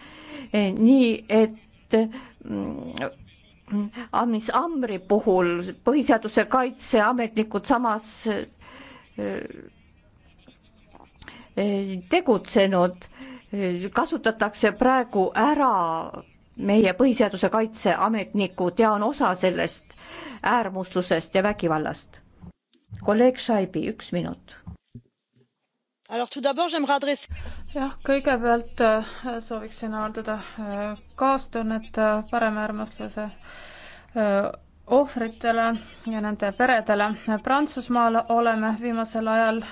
nii et mm, Amis ah, Amri puhul põhiseaduse kaitseametnikud samas eh, eh, tegutsenud, kasutatakse praegu ära meie põhiseaduse kaitseametnikud ja on osa sellest äärmuslusest ja vägivallast. kolleeg Šaibi, üks minut jah, kõigepealt äh, sooviksin avaldada äh, kaastunnet äh, paremäärmuslase ohvritele ja nende peredele. Prantsusmaal oleme viimasel ajal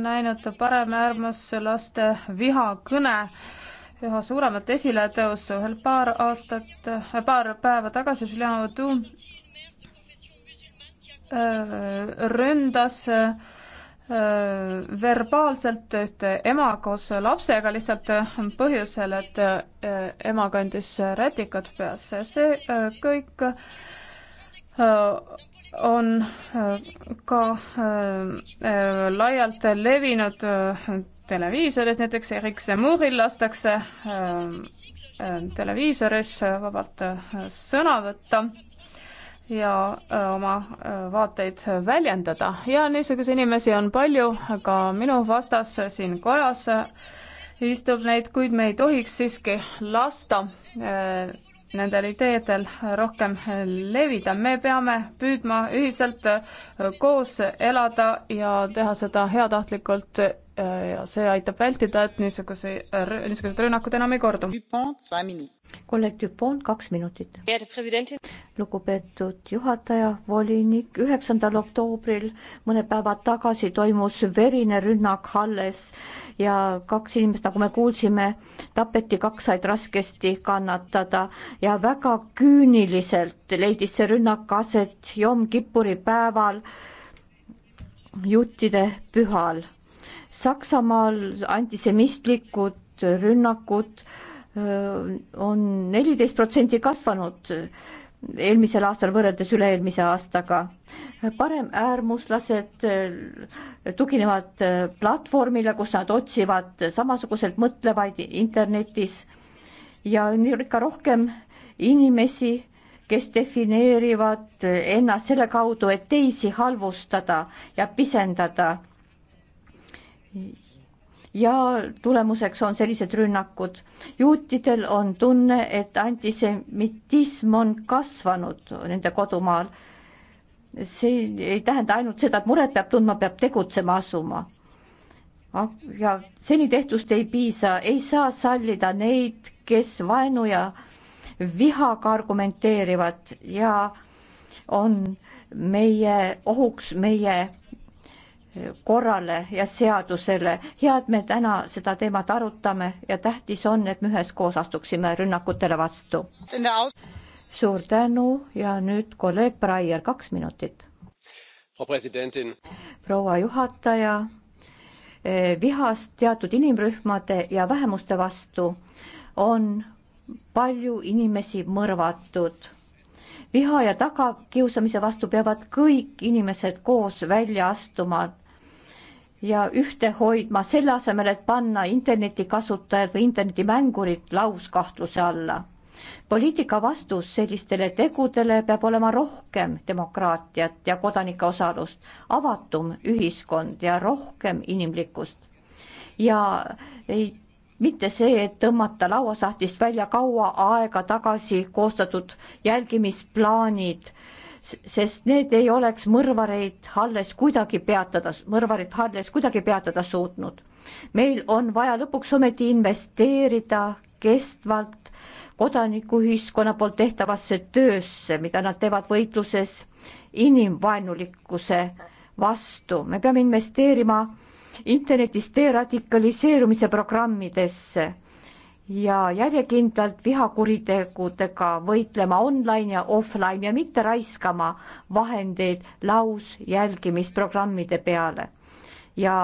näinud paremäärmuslaste vihakõne üha suuremat esiletõusu. veel paar aastat, paar päeva tagasi Julien Audu ründas äh, verbaalselt ühte ema koos lapsega lihtsalt põhjusel, et äh, ema kandis rätikat peas. see äh, kõik äh, on ka laialt levinud televiisoris, näiteks Erik Zemuril lastakse televiisoris vabalt sõna võtta ja oma vaateid väljendada ja niisuguseid inimesi on palju, ka minu vastas siin kojas istub neid, kuid me ei tohiks siiski lasta nendel ideedel rohkem levida. me peame püüdma ühiselt koos elada ja teha seda heatahtlikult Äh, ja see aitab vältida, et niisuguse, niisugused rünnakud enam ei kordu. kolleeg Dupont, kaks minutit. lugupeetud juhataja, volinik, üheksandal oktoobril mõned päevad tagasi toimus verine rünnak Halles ja kaks inimest, nagu me kuulsime, tapeti, kaks said raskesti kannatada ja väga küüniliselt leidis see rünnak aset Jom Kippuri päeval, juutide pühal Saksamaal antisemistlikud rünnakud äh, on neliteist protsenti kasvanud eelmisel aastal võrreldes üle-eelmise aastaga. paremäärmuslased äh, tuginevad äh, platvormile, kus nad otsivad samasuguselt mõtlevaid internetis ja on ikka rohkem inimesi, kes defineerivad ennast selle kaudu, et teisi halvustada ja pisendada ja tulemuseks on sellised rünnakud. juutidel on tunne, et antisemitism on kasvanud nende kodumaal. see ei tähenda ainult seda, et muret peab tundma, peab tegutsema asuma. ja seni tehtust ei piisa, ei saa sallida neid, kes vaenu ja vihaga argumenteerivad ja on meie ohuks meie korrale ja seadusele. hea, et me täna seda teemat arutame ja tähtis on, et me üheskoos astuksime rünnakutele vastu. suur tänu ja nüüd kolleeg Breyer, kaks minutit. proua juhataja, eh, vihast teatud inimrühmade ja vähemuste vastu on palju inimesi mõrvatud viha ja tagakiusamise vastu peavad kõik inimesed koos välja astuma ja ühte hoidma, selle asemel, et panna internetikasutajad või internetimängurid lauskahtluse alla. poliitika vastus sellistele tegudele peab olema rohkem demokraatiat ja kodanike osalust, avatum ühiskond ja rohkem inimlikkust. ja ei, mitte see, et tõmmata lauasahtlist välja kaua aega tagasi koostatud jälgimisplaanid sest need ei oleks mõrvareid alles kuidagi peatada, mõrvarid alles kuidagi peatada suutnud. meil on vaja lõpuks ometi investeerida kestvalt kodanikuühiskonna poolt tehtavasse töösse, mida nad teevad võitluses inimvaenulikkuse vastu, me peame investeerima internetis deradikaliseerumise programmidesse ja järjekindlalt vihakuritegudega võitlema online ja offline ja mitte raiskama vahendeid lausjälgimisprogrammide peale ja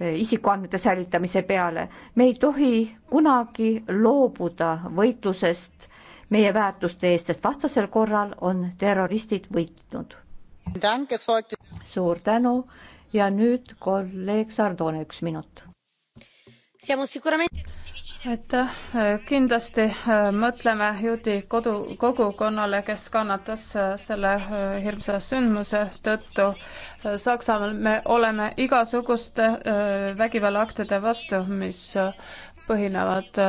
eh, isikuandmete säilitamise peale. me ei tohi kunagi loobuda võitlusest meie väärtuste eest, sest vastasel korral on terroristid võitnud. suur tänu ja nüüd kolleeg Sardone, üks minut aitäh, kindlasti äh, mõtleme juudi kodu, kogukonnale, kes kannatas äh, selle äh, hirmsa sündmuse tõttu. Saksamaal me oleme igasuguste vägivallaaktide vastu, mis põhinevad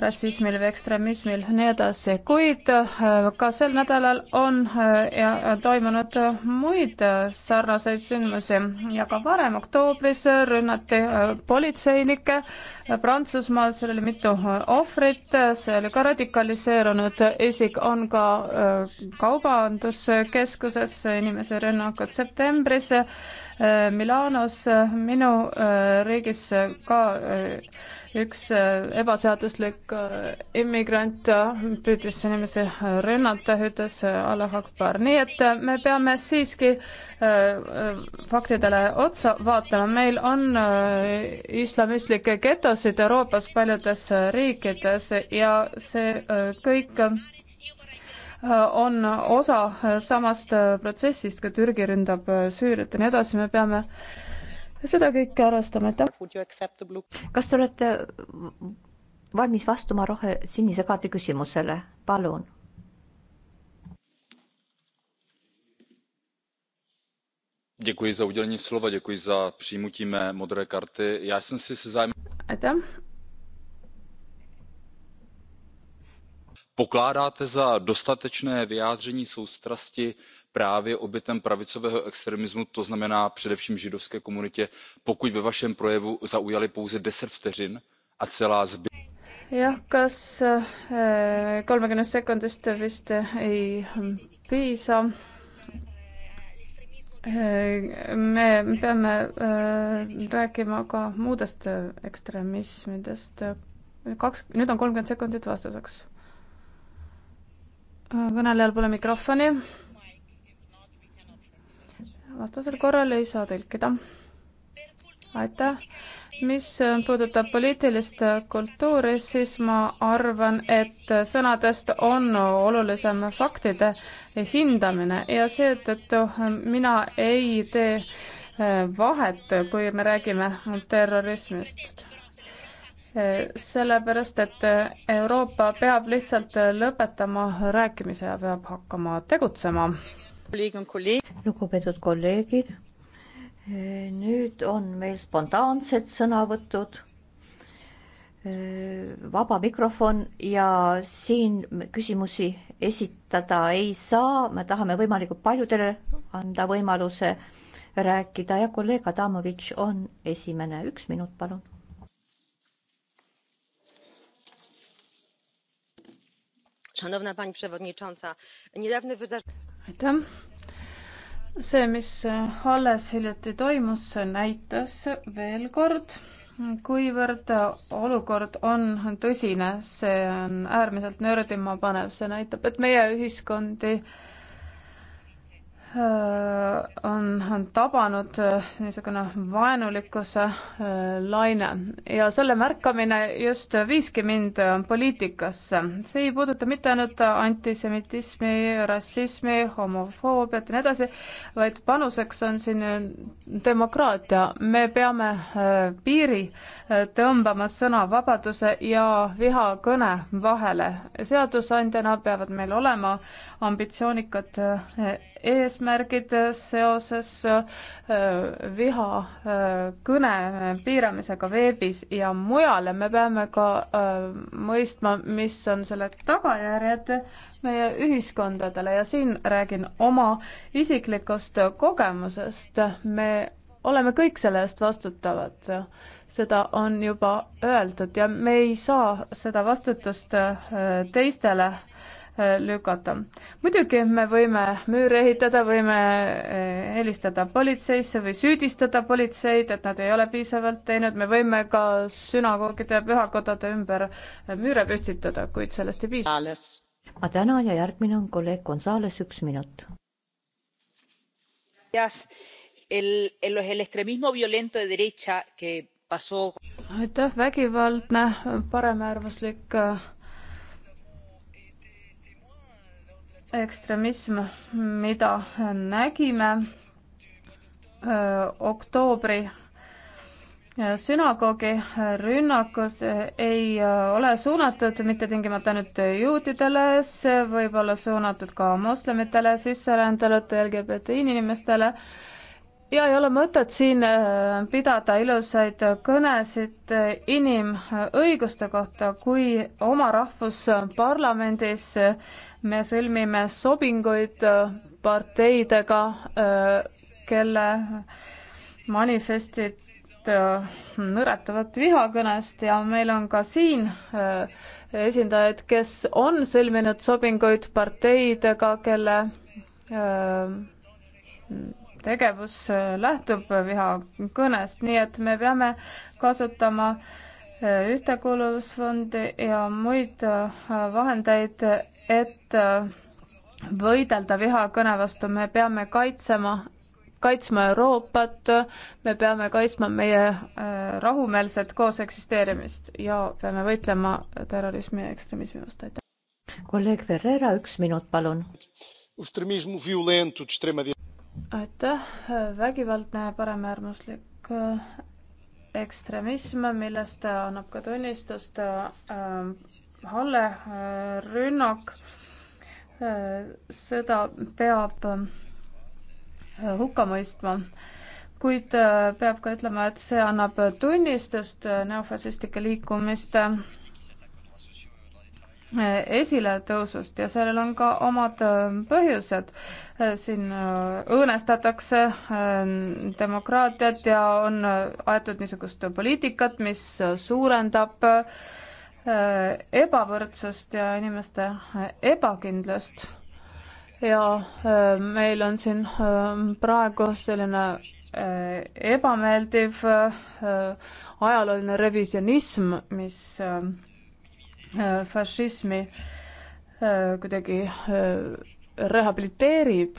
rassismil või ekstremismil, nii edasi, kuid äh, ka sel nädalal on äh, äh, toimunud muid sarnaseid sündmusi ja ka varem oktoobris rünnati politseinikke Prantsusmaal, seal oli mitu ohvrit, see oli ka radikaliseerunud isik, on ka kaubanduskeskuses inimese rünnakud septembris Äh, Milanos, äh, minu äh, riigis ka üks ebaseaduslik immigrant püüdis inimesi rünnata, ütles Allah Akbar, nii et me peame siiski faktidele otsa vaatama, meil on islamistlikke getosid Euroopas paljudes riikides ja see kõik on osa samast protsessist, ka Türgi ründab Süüriat ja nii edasi, me peame seda kõike arvestama, aitäh. kas te olete valmis vastuma rohe, sinise kaardi küsimusele, palun? aitäh pokládáte za dostatečné vyjádření soustrasti právě obětem pravicového extremismu to znamená především židovské komunitě pokud ve vašem projevu zaujaly pouze ten vteřin a celá zbylá? jah kas eh, kolmekümnest sekundist vist ei piisa eh, me peame eh, rääkima ka muudest ekstremismidest kaks nüüd on kolmkümmend sekundit vastuseks kõnelejal pole mikrofoni. vastasel korral ei saa tõlkida. aitäh. mis puudutab poliitilist kultuuri, siis ma arvan, et sõnadest on olulisem faktide hindamine ja seetõttu mina ei tee vahet, kui me räägime terrorismist Eh, sellepärast, et eh, Euroopa peab lihtsalt eh, lõpetama rääkimise ja peab hakkama tegutsema. lugupeetud kolleegid, nüüd on meil spontaansed sõnavõtud, vaba mikrofon ja siin küsimusi esitada ei saa, me tahame võimalikult paljudele anda võimaluse rääkida ja kolleeg Adamovitš on esimene, üks minut, palun aitäh. see, mis eh, alles hiljuti toimus, näitas veel kord, kuivõrd eh, olukord on tõsine, see on äärmiselt nördima panev, see näitab, et meie ühiskondi äh, Äh, on, on tabanud äh, niisugune vaenulikkuse äh, laine ja selle märkamine just viiski mind poliitikasse. see ei puuduta mitte ainult antisemitismi, rassismi, homofoobiat ja nii edasi, vaid panuseks on siin demokraatia. me peame piiri tõmbama sõnavabaduse ja vihakõne vahele. seadusandjana peavad meil olema ambitsioonikad eesmärgid, eesmärgid seoses äh, vihakõne äh, piiramisega veebis ja mujal ja me peame ka äh, mõistma, mis on selle tagajärjed meie ühiskondadele ja siin räägin oma isiklikust kogemusest. me oleme kõik selle eest vastutavad, seda on juba öeldud ja me ei saa seda vastutust teistele lükata. muidugi me võime müüre ehitada, võime eh, helistada politseisse või süüdistada politseid, et nad ei ole piisavalt teinud, me võime ka sünagoogide ja pühakodade ümber eh, müüre püstitada, kuid sellest ei piisa. ma tänan ja järgmine on kolleeg Gonzales, üks minut. El, el, el extremismo violento de derecha que pasó. aitäh, vägivaldne paremäärmuslik äh, ekstremism, mida nägime öö, oktoobri sünagoogi rünnakud e, ei ole suunatud mitte tingimata ainult juutidele, see võib olla suunatud ka moslemitele, sisserändajatele, LGBT inimestele ja ei ole mõtet siin äh, pidada ilusaid kõnesid äh, inimõiguste kohta, kui oma rahvusparlamendis äh, me sõlmime sobinguid parteidega, kelle manifestid nõretavad vihakõnest ja meil on ka siin esindajaid, kes on sõlminud sobinguid parteidega, kelle tegevus äh, lähtub vihakõnest, nii et me peame kasutama äh, ühtekuuluvusfondi ja muid äh, vahendeid, et võidelda vihakõne vastu, me peame kaitsema, kaitsma Euroopat, me peame kaitsma meie rahumeelset kooseksisteerimist ja peame võitlema terrorismi ja ekstremismi vastu, aitäh. kolleeg Ferreira, üks minut, palun aitäh, vägivaldne paremäärmuslik äh, ekstremism, millest annab ka tunnistust äh, Halle äh, rünnak. seda peab hukka mõistma, kuid peab ka ütlema, et see annab tunnistust neofašistlike liikumiste Äh, esiletõusust ja sellel on ka omad äh, põhjused. Äh, siin õõnestatakse demokraatiat ja on aetud niisugust poliitikat, mis suurendab ebavõrdsust ja inimeste ebakindlust. ja meil on siin praegu selline ebameeldiv ajalooline revisjonism, mis Äh, fašismi äh, kuidagi äh, rehabiliteerib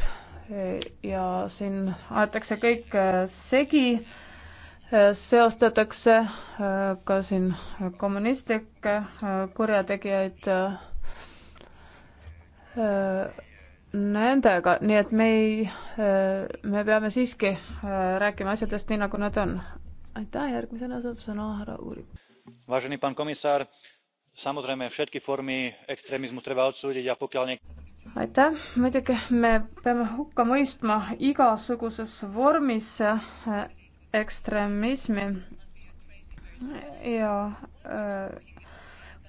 ja siin aetakse kõik segi, seostatakse ka siin kommunistlikke kurjategijaid nendega, nii et me ei, me peame siiski rääkima asjadest nii, nagu nad on. aitäh, järgmisena saab sõna härra Uurip samozrejme všetky formy extrémizmu treba odsúdiť a pokiaľ niek- aitäh, muidugi me peame hukka mõistma igasuguses vormis äh, ekstremismi ja äh,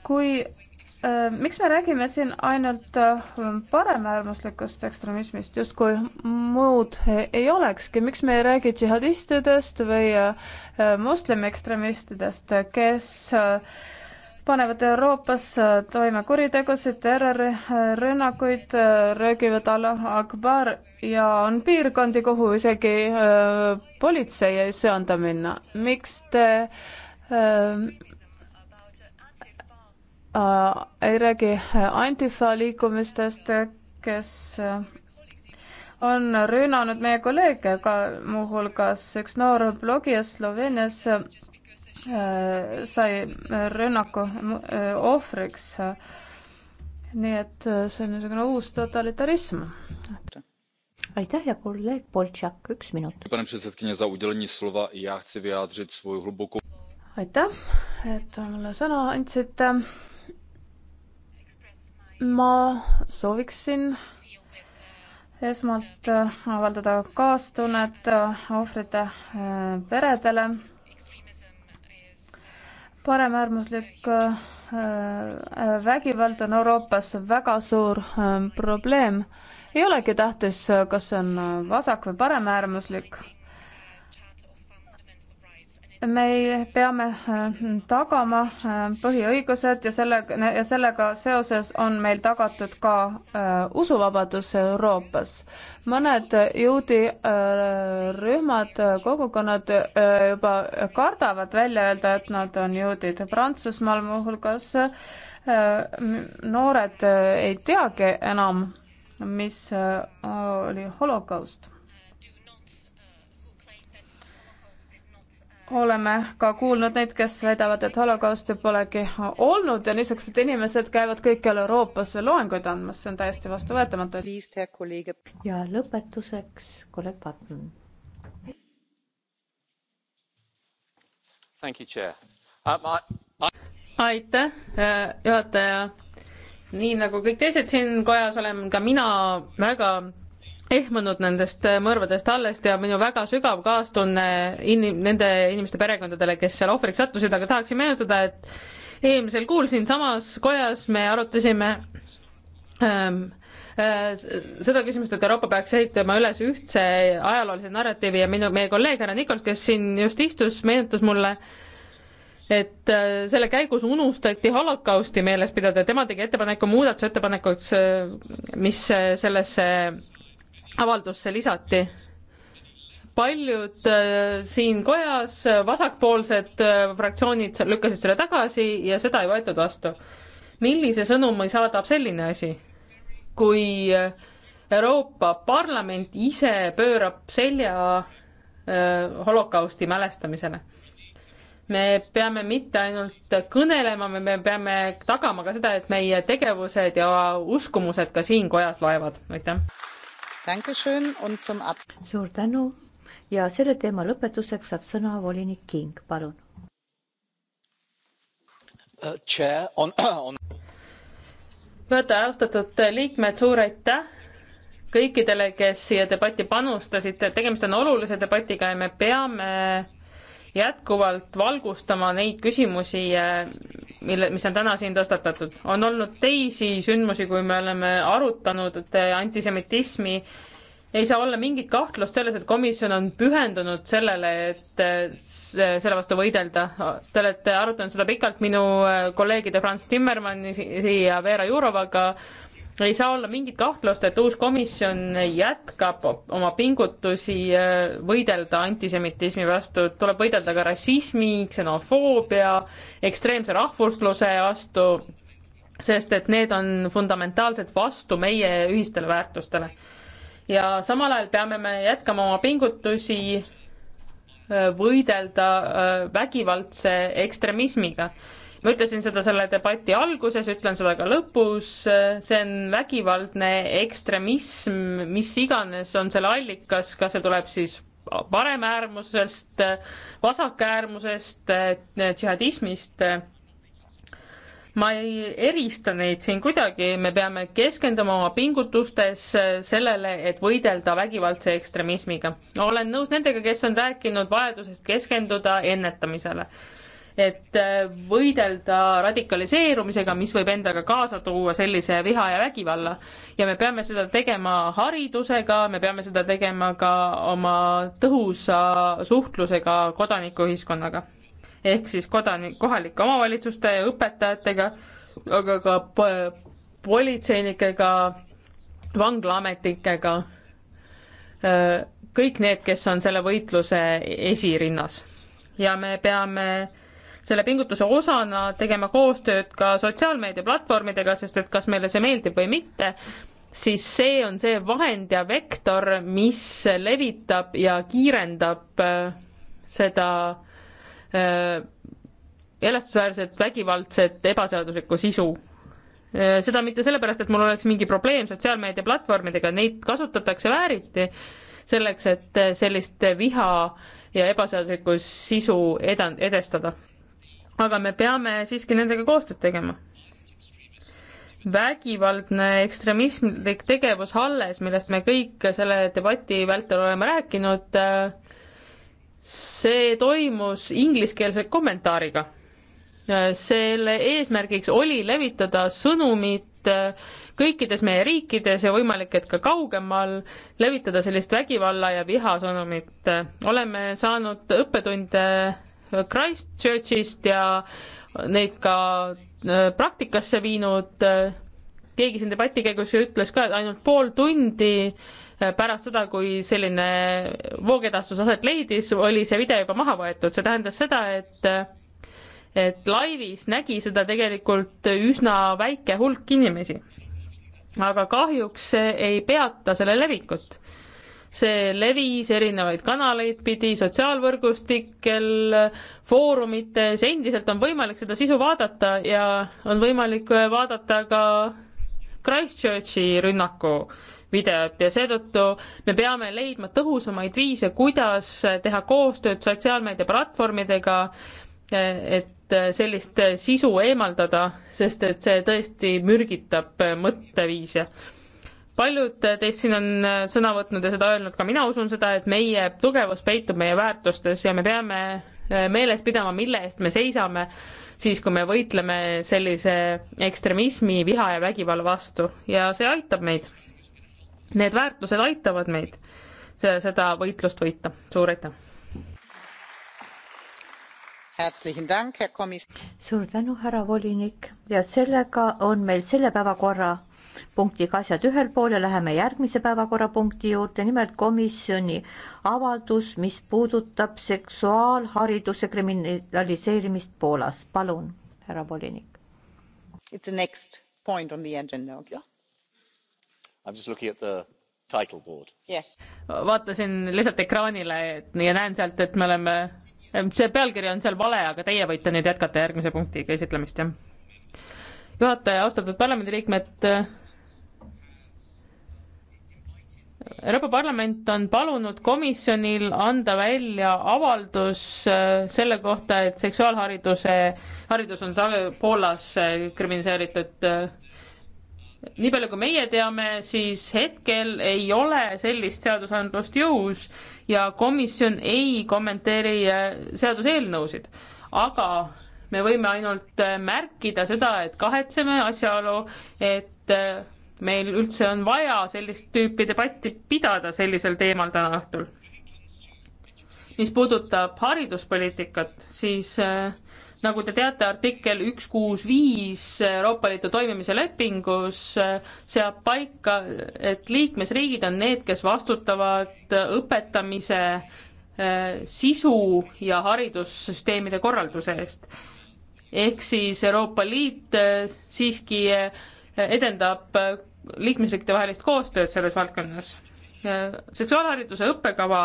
kui äh, miks me räägime siin ainult paremäärmuslikust ekstremismist, justkui muud ei olekski, miks me ei räägi džihadistidest või moslemi ekstremistidest, kes panevad Euroopas äh, toime kuritegusid, terrorirünnakuid, äh, röögivad Allah-Akbar ja on piirkondi, kuhu isegi öö, äh, politsei ei söanda minna. miks te öö, äh, ei räägi Antifa liikumistest, kes on rünnanud meie kolleege, ka muuhulgas üks noor blogija Sloveenias Äh, sai rünnaku äh, ohvriks. nii et äh, see on niisugune uus totalitarism. Aitäh ja kolleeg Boltšak, üks minut. aitäh, et mulle sõna andsite. ma sooviksin esmalt avaldada kaastunnet ohvrite peredele paremäärmuslik äh, äh, vägivald on Euroopas väga suur äh, probleem. ei olegi tähtis, kas see on vasak- või paremäärmuslik, me peame äh, tagama äh, põhiõigused ja selle, ja sellega seoses on meil tagatud ka äh, usuvabadus Euroopas. mõned juudi rühmad, kogukonnad juba kardavad välja öelda, et nad on juudid. Prantsusmaal muuhulgas noored ei teagi enam, mis oli holokaust oleme ka kuulnud neid, kes väidavad, et holokausti polegi olnud ja niisugused inimesed käivad kõikjal Euroopas loenguid andmas, see on täiesti vastuvõetamatu. ja lõpetuseks kolleeg Patton. Um, aitäh, juhataja. nii nagu kõik teised siin kojas olen ka mina väga ehmunud nendest mõrvadest allest ja minu väga sügav kaastunne inim-, nende inimeste perekondadele, kes seal ohvriks sattusid, aga tahaksin meenutada, et eelmisel kuul siinsamas kojas me arutasime ähm, äh, seda küsimust, et Euroopa peaks ehitama üles ühtse ajaloolise narratiivi ja minu, meie kolleeg härra Nikols, kes siin just istus, meenutas mulle, et äh, selle käigus unustati holokausti meeles pidada ja tema tegi ettepaneku muudatusettepanekuks äh,, mis äh, sellesse äh, avaldusse lisati. paljud äh, siin kojas äh, vasakpoolsed äh, fraktsioonid lükkasid selle tagasi ja seda ei võetud vastu. millise sõnumi saadab selline asi? kui Euroopa Parlament ise pöörab selja holokausti mälestamisele. me peame mitte ainult kõnelema, me peame tagama ka seda, et meie tegevused ja uskumused ka siin kojas loevad, aitäh suur tänu ja selle teema lõpetuseks saab sõna volinik King, palun. juhataja, austatud liikmed, suur aitäh kõikidele, kes siia debatti panustasid, tegemist on olulise debatiga ja me peame jätkuvalt valgustama neid küsimusi, eh, mille, mis on täna siin tõstatatud. on olnud teisi sündmusi, kui me oleme arutanud eh, antisemitismi ei saa olla mingit kahtlust selles, et komisjon on pühendunud sellele, et eh, selle vastu võidelda. Te olete arutanud seda pikalt minu kolleegide Franz Timmermanni ja Vera Jurovaga ei saa olla mingit kahtlust, et uus komisjon jätkab oma pingutusi äh, võidelda antisemitismi vastu, tuleb võidelda ka rassismi, ksenofoobia, ekstreemse rahvusluse vastu, sest et need on fundamentaalselt vastu meie ühistele väärtustele. ja samal ajal peame me jätkama oma pingutusi äh, võidelda äh, vägivaldse ekstremismiga ma ütlesin seda selle debati alguses, ütlen seda ka lõpus, see on vägivaldne ekstremism, mis iganes on selle allikas, kas see tuleb siis paremäärmusest, vasakäärmusest, džihadismist. ma ei erista neid siin kuidagi, me peame keskenduma oma pingutustes sellele, et võidelda vägivaldse ekstremismiga. olen nõus nendega, kes on rääkinud vajadusest keskenduda ennetamisele et äh, võidelda radikaliseerumisega, mis võib endaga kaasa tuua sellise viha ja vägivalla. ja me peame seda tegema haridusega, me peame seda tegema ka oma tõhusa suhtlusega kodanikuühiskonnaga. ehk siis kodanik, kohalike omavalitsuste ja õpetajatega, aga ka politseinikega, vanglaametnikega, äh, kõik need, kes on selle võitluse esirinnas ja me peame selle pingutuse osana tegema koostööd ka sotsiaalmeediaplatvormidega, sest et kas meile see meeldib või mitte, siis see on see vahend ja vektor, mis levitab ja kiirendab äh, seda äh, elastusväärset, vägivaldset, ebaseaduslikku sisu äh, seda mitte sellepärast, et mul oleks mingi probleem sotsiaalmeedia platvormidega, neid kasutatakse vääriti selleks, et sellist viha ja ebaseaduslikku sisu edan-, edestada aga me peame siiski nendega koostööd tegema. vägivaldne ekstremismlik tegevus Halles, millest me kõik selle debati vältel oleme rääkinud, see toimus ingliskeelse kommentaariga. selle eesmärgiks oli levitada sõnumit kõikides meie riikides ja võimalik, et ka kaugemal levitada sellist vägivalla ja viha sõnumit. oleme saanud õppetunde Christchurchist ja neid ka äh, praktikasse viinud. keegi siin debati käigus ju ütles ka, et ainult pool tundi äh, pärast seda, kui selline voogedastus aset leidis, oli see video juba maha võetud, see tähendas seda, et et laivis nägi seda tegelikult üsna väike hulk inimesi. aga kahjuks see ei peata selle levikut see levis erinevaid kanaleid pidi, sotsiaalvõrgustikel, foorumites, endiselt on võimalik seda sisu vaadata ja on võimalik vaadata ka Christchurchi rünnaku videot ja seetõttu me peame leidma tõhusamaid viise, kuidas teha koostööd sotsiaalmeedia platvormidega, et sellist sisu eemaldada, sest et see tõesti mürgitab mõtteviise paljud teist siin on äh, sõna võtnud ja seda öelnud ka mina usun seda, et meie tugevus peitub meie väärtustes ja me peame äh, meeles pidama, mille eest me seisame siis, kui me võitleme sellise ekstremismi, viha ja vägivalla vastu ja see aitab meid. Need väärtused aitavad meid see, seda võitlust võita. suur aitäh! suur tänu, härra volinik ja sellega on meil selle päevakorra punktiga asjad ühel pool ja läheme järgmise päevakorrapunkti juurde, nimelt komisjoni avaldus, mis puudutab seksuaalhariduse kriminaliseerimist Poolas. palun, härra volinik. It's the next point on the agenda, jah? I am just looking at the title board yes.. vaatasin lihtsalt ekraanile ja näen sealt, et me oleme, see pealkiri on seal vale, aga teie võite nüüd jätkata järgmise punktiga esitlemist, jah. juhataja, austatud parlamendiliikmed Euroopa Parlament on palunud komisjonil anda välja avaldus äh, selle kohta, et seksuaalhariduse, haridus on Poolas äh, kriminaliseeritud. Äh. nii palju, kui meie teame, siis hetkel ei ole sellist seadusandlust jõus ja komisjon ei kommenteeri seaduseelnõusid, aga me võime ainult märkida seda, et kahetseme asjaolu, et meil üldse on vaja sellist tüüpi debatti pidada sellisel teemal täna õhtul. mis puudutab hariduspoliitikat, siis äh, nagu te teate, artikkel üks kuus viis Euroopa Liidu toimimise lepingus äh, seab paika, et liikmesriigid on need, kes vastutavad õpetamise äh, sisu ja haridussüsteemide korralduse eest. ehk siis Euroopa Liit äh, siiski edendab liikmesriikide vahelist koostööd selles valdkonnas. seksuaalhariduse õppekava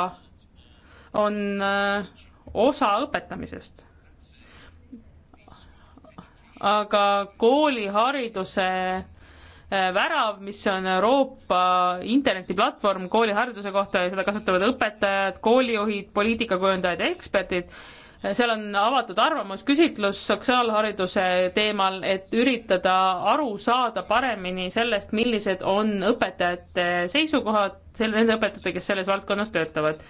on äh, osa õpetamisest. aga koolihariduse äh, värav, mis on Euroopa internetiplatvorm koolihariduse kohta ja seda kasutavad õpetajad, koolijuhid, poliitikakujundajad ja eksperdid, seal on avatud arvamusküsitlus seksuaalhariduse teemal, et üritada aru saada paremini sellest, millised on õpetajate seisukohad, selle, nende õpetajate, kes selles valdkonnas töötavad.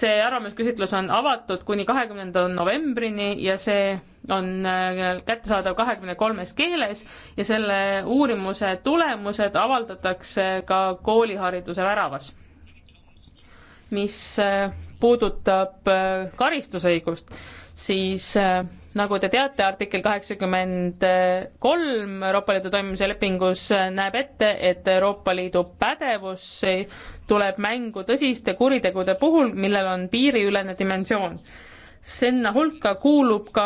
see arvamusküsitlus on avatud kuni kahekümnenda novembrini ja see on äh, kättesaadav kahekümne kolmes keeles ja selle uurimuse tulemused avaldatakse ka koolihariduse väravas mis äh, puudutab äh, karistusõigust, siis äh, nagu te teate, artikkel kaheksakümmend kolm Euroopa Liidu toimimise lepingus äh, näeb ette, et Euroopa Liidu pädevus tuleb mängu tõsiste kuritegude puhul, millel on piiriülene dimensioon sinna hulka kuulub ka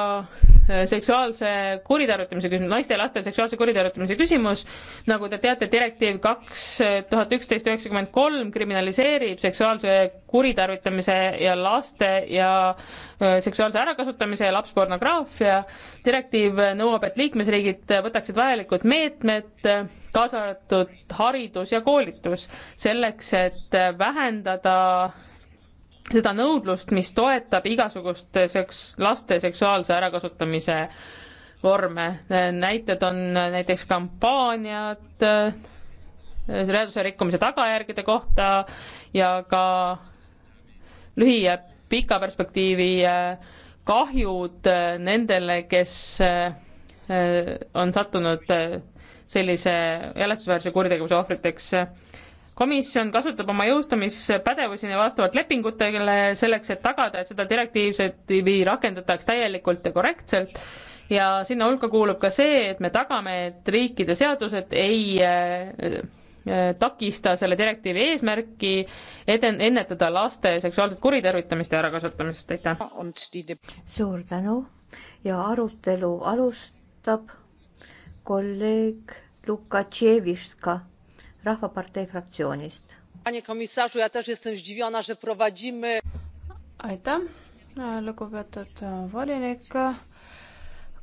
äh, seksuaalse kuritarvitamise küsimus, naiste ja laste seksuaalse kuritarvitamise küsimus. nagu te teate, direktiiv kaks äh, tuhat üksteist üheksakümmend kolm kriminaliseerib seksuaalse kuritarvitamise ja laste ja äh, seksuaalse ärakasutamise ja lapspornograafia. direktiiv nõuab, et liikmesriigid võtaksid vajalikud meetmed, kaasa arvatud haridus ja koolitus, selleks et vähendada seda nõudlust, mis toetab igasugust seks-, laste seksuaalse ärakasutamise vorme. näited on näiteks kampaaniad seaduse äh, rikkumise tagajärgede kohta ja ka lühi- ja pika perspektiivi äh, kahjud äh, nendele, kes on sattunud sellise jälestusväärse kuritegevuse ohvriteks komisjon kasutab oma jõustamispädevusi vastavalt lepingutele selleks, et tagada, et seda direktiivsetiivi rakendataks täielikult ja korrektselt ja sinna hulka kuulub ka see, et me tagame, et riikide seadused ei äh, äh takista selle direktiivi eesmärki eden-, ennetada laste seksuaalset kuritarvitamist ja ärakasutamist, aitäh. suur tänu ja arutelu alustab kolleeg Lukatševška Rahvapartei fraktsioonist. aitäh, lugupeetud volinik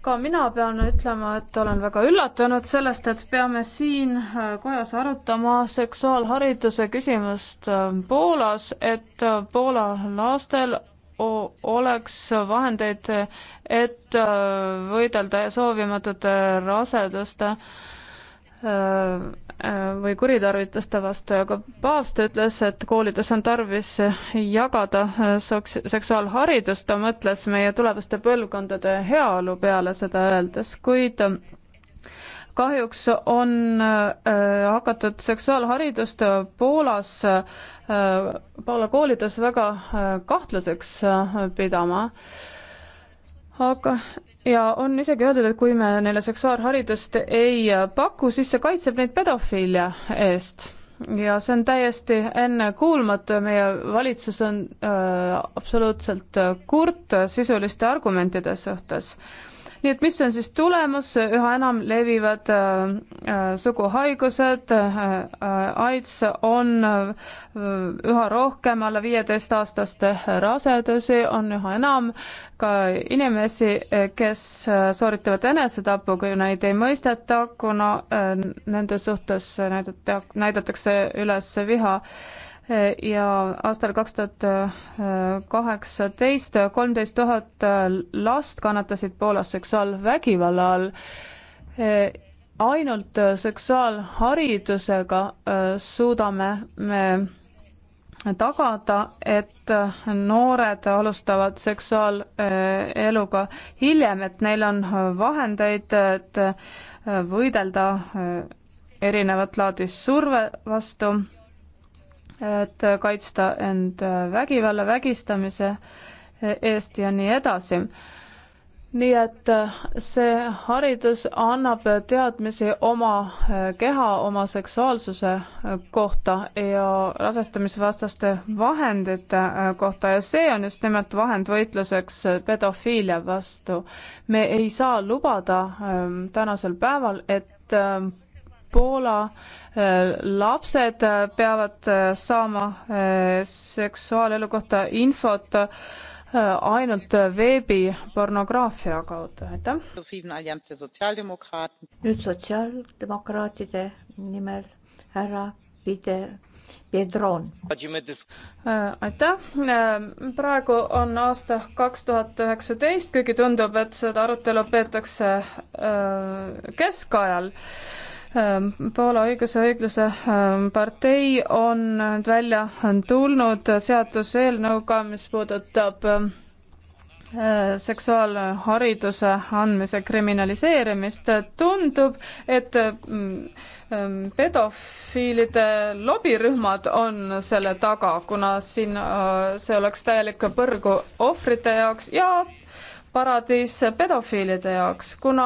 ka mina pean ütlema, et olen väga üllatunud sellest, et peame siin äh, kojas arutama seksuaalhariduse küsimust äh, Poolas, et äh, Poola lastel oleks vahendeid, et võidelda soovimatute raseduste või kuritarvitas ta vastu, aga paavst ütles, et koolides on tarvis jagada soks-, seksuaalharidust, ta mõtles meie tulevaste põlvkondade heaolu peale seda öeldes, kuid kahjuks on äh, hakatud seksuaalharidust Poolas äh,, Poola koolides väga äh, kahtlaseks äh, pidama äh,, aga ja on isegi öeldud, et kui me neile seksuaalharidust ei paku, siis see kaitseb neid pedofiilia eest. ja see on täiesti ennekuulmatu ja meie valitsus on äh, absoluutselt äh, kurt sisuliste argumentide suhtes äh, nii et mis on siis tulemus, üha enam levivad äh, äh suguhaigused äh, äh,, AIDS on äh, üha rohkem alla viieteistaastaste rasedusi, on üha enam ka inimesi, äh, kes sooritavad enesetapu, kui neid ei mõisteta, kuna äh, nende suhtes näidata, näidatakse üles viha äh, ja aastal kaks tuhat kaheksateist kolmteist tuhat last kannatasid Poolas seksuaalvägivalla all. ainult seksuaalharidusega äh, suudame me tagada, et noored alustavad seksuaaleluga äh, hiljem, et neil on vahendeid, et äh, võidelda erinevat laadi surve vastu et kaitsta end vägivalla, vägistamise eest ja nii edasi. nii et see haridus annab teadmisi oma keha, oma seksuaalsuse kohta ja rasestamisvastaste vahendite kohta ja see on just nimelt vahend võitluseks pedofiilia vastu. me ei saa lubada ehm, tänasel päeval, et ehm, Poola äh, lapsed äh, peavad äh, saama äh, seksuaalelu kohta infot ainult veebipornograafia kaudu, aitäh. nüüd sotsiaaldemokraatide nimel härra Pide Pedron. aitäh, praegu on aasta kaks tuhat üheksateist, kuigi tundub, et seda arutelu peetakse keskajal Ähm, Poola õiguse õigluse ähm, partei on välja tulnud seaduseelnõuga, mis puudutab ähm, äh, seksuaalhariduse andmise kriminaliseerimist. tundub, et mm, pedofiilide lobirühmad on selle taga, kuna siin äh, see oleks täielik põrgu ohvrite jaoks ja paradiis pedofiilide jaoks, kuna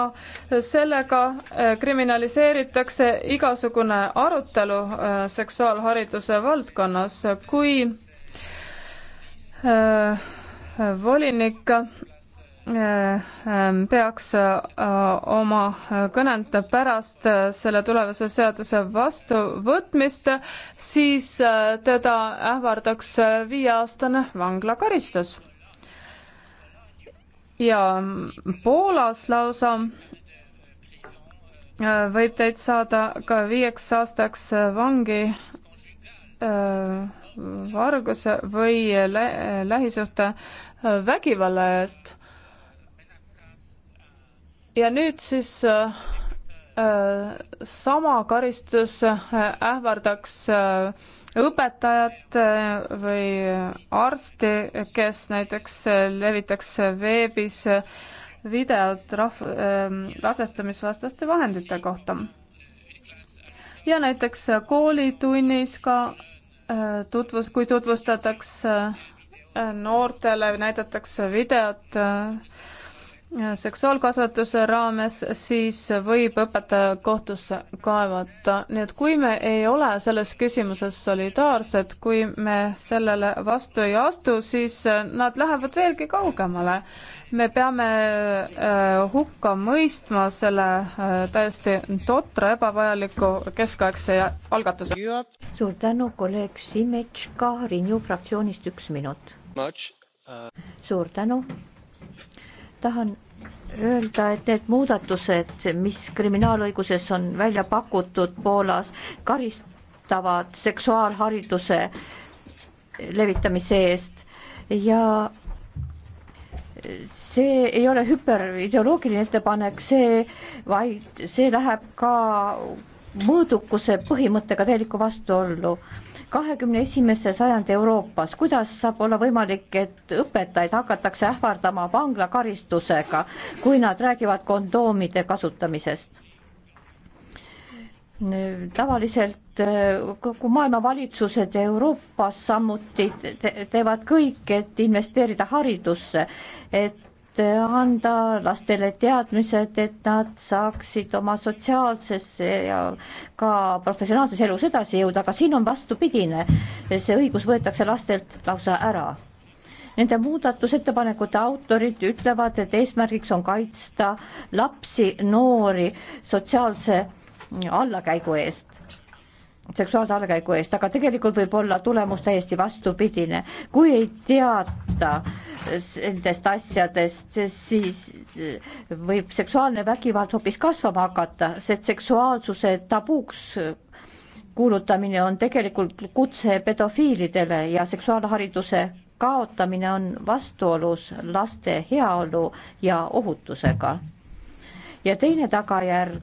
sellega äh, kriminaliseeritakse igasugune arutelu äh, seksuaalhariduse valdkonnas, kui äh, volinik äh, ähm, peaks oma kõnet pärast selle tulevase seaduse vastuvõtmist, siis teda ähvardaks viieaastane vanglakaristus ja Poolas lausa äh, võib teid saada ka viieks aastaks äh, vangi äh, varguse või lä lähisuhte äh, vägivalla eest. ja nüüd siis äh, sama karistus ähvardaks äh, õpetajat äh, või äh, arsti, kes näiteks äh, levitaks veebis videot rahv-, rasestamisvastaste ähm, vahendite kohta. ja näiteks koolitunnis ka tutvus, kui tutvustatakse noortele, näidatakse videot seksuaalkasvatuse raames, siis võib õpetaja kohtusse kaevata. nii et kui me ei ole selles küsimuses solidaarsed, kui me sellele vastu ei astu, siis äh, nad lähevad veelgi kaugemale. me peame äh, hukka mõistma selle äh, täiesti totra, ebavajaliku keskaegse algatuse. suur tänu, kolleeg Simetška, Renew fraktsioonist üks minut. Uh, suur tänu tahan öelda, et need muudatused, mis kriminaalõiguses on välja pakutud Poolas, karistavad seksuaalhariduse levitamise eest ja see ei ole hüperideoloogiline ettepanek, see vaid, see läheb ka mõõdukuse põhimõttega täielikku vastuollu kahekümne esimese sajandi Euroopas, kuidas saab olla võimalik, et õpetajaid hakatakse ähvardama vanglakaristusega, kui nad räägivad kondoomide kasutamisest? tavaliselt eh, kogu maailma valitsused ja Euroopas samuti te teevad kõik, et investeerida haridusse, et anda lastele teadmised, et nad saaksid oma sotsiaalsesse ja ka professionaalses elus edasi jõuda, aga siin on vastupidine, see õigus võetakse lastelt lausa ära. Nende muudatusettepanekute autorid ütlevad, et eesmärgiks on kaitsta lapsi, noori sotsiaalse allakäigu eest seksuaalse allakäigu eest, aga tegelikult võib olla tulemus täiesti vastupidine. kui ei teata nendest asjadest, siis võib seksuaalne vägivald hoopis kasvama hakata, sest seksuaalsuse tabuks kuulutamine on tegelikult kutse pedofiilidele ja seksuaalhariduse kaotamine on vastuolus laste heaolu ja ohutusega ja teine tagajärg,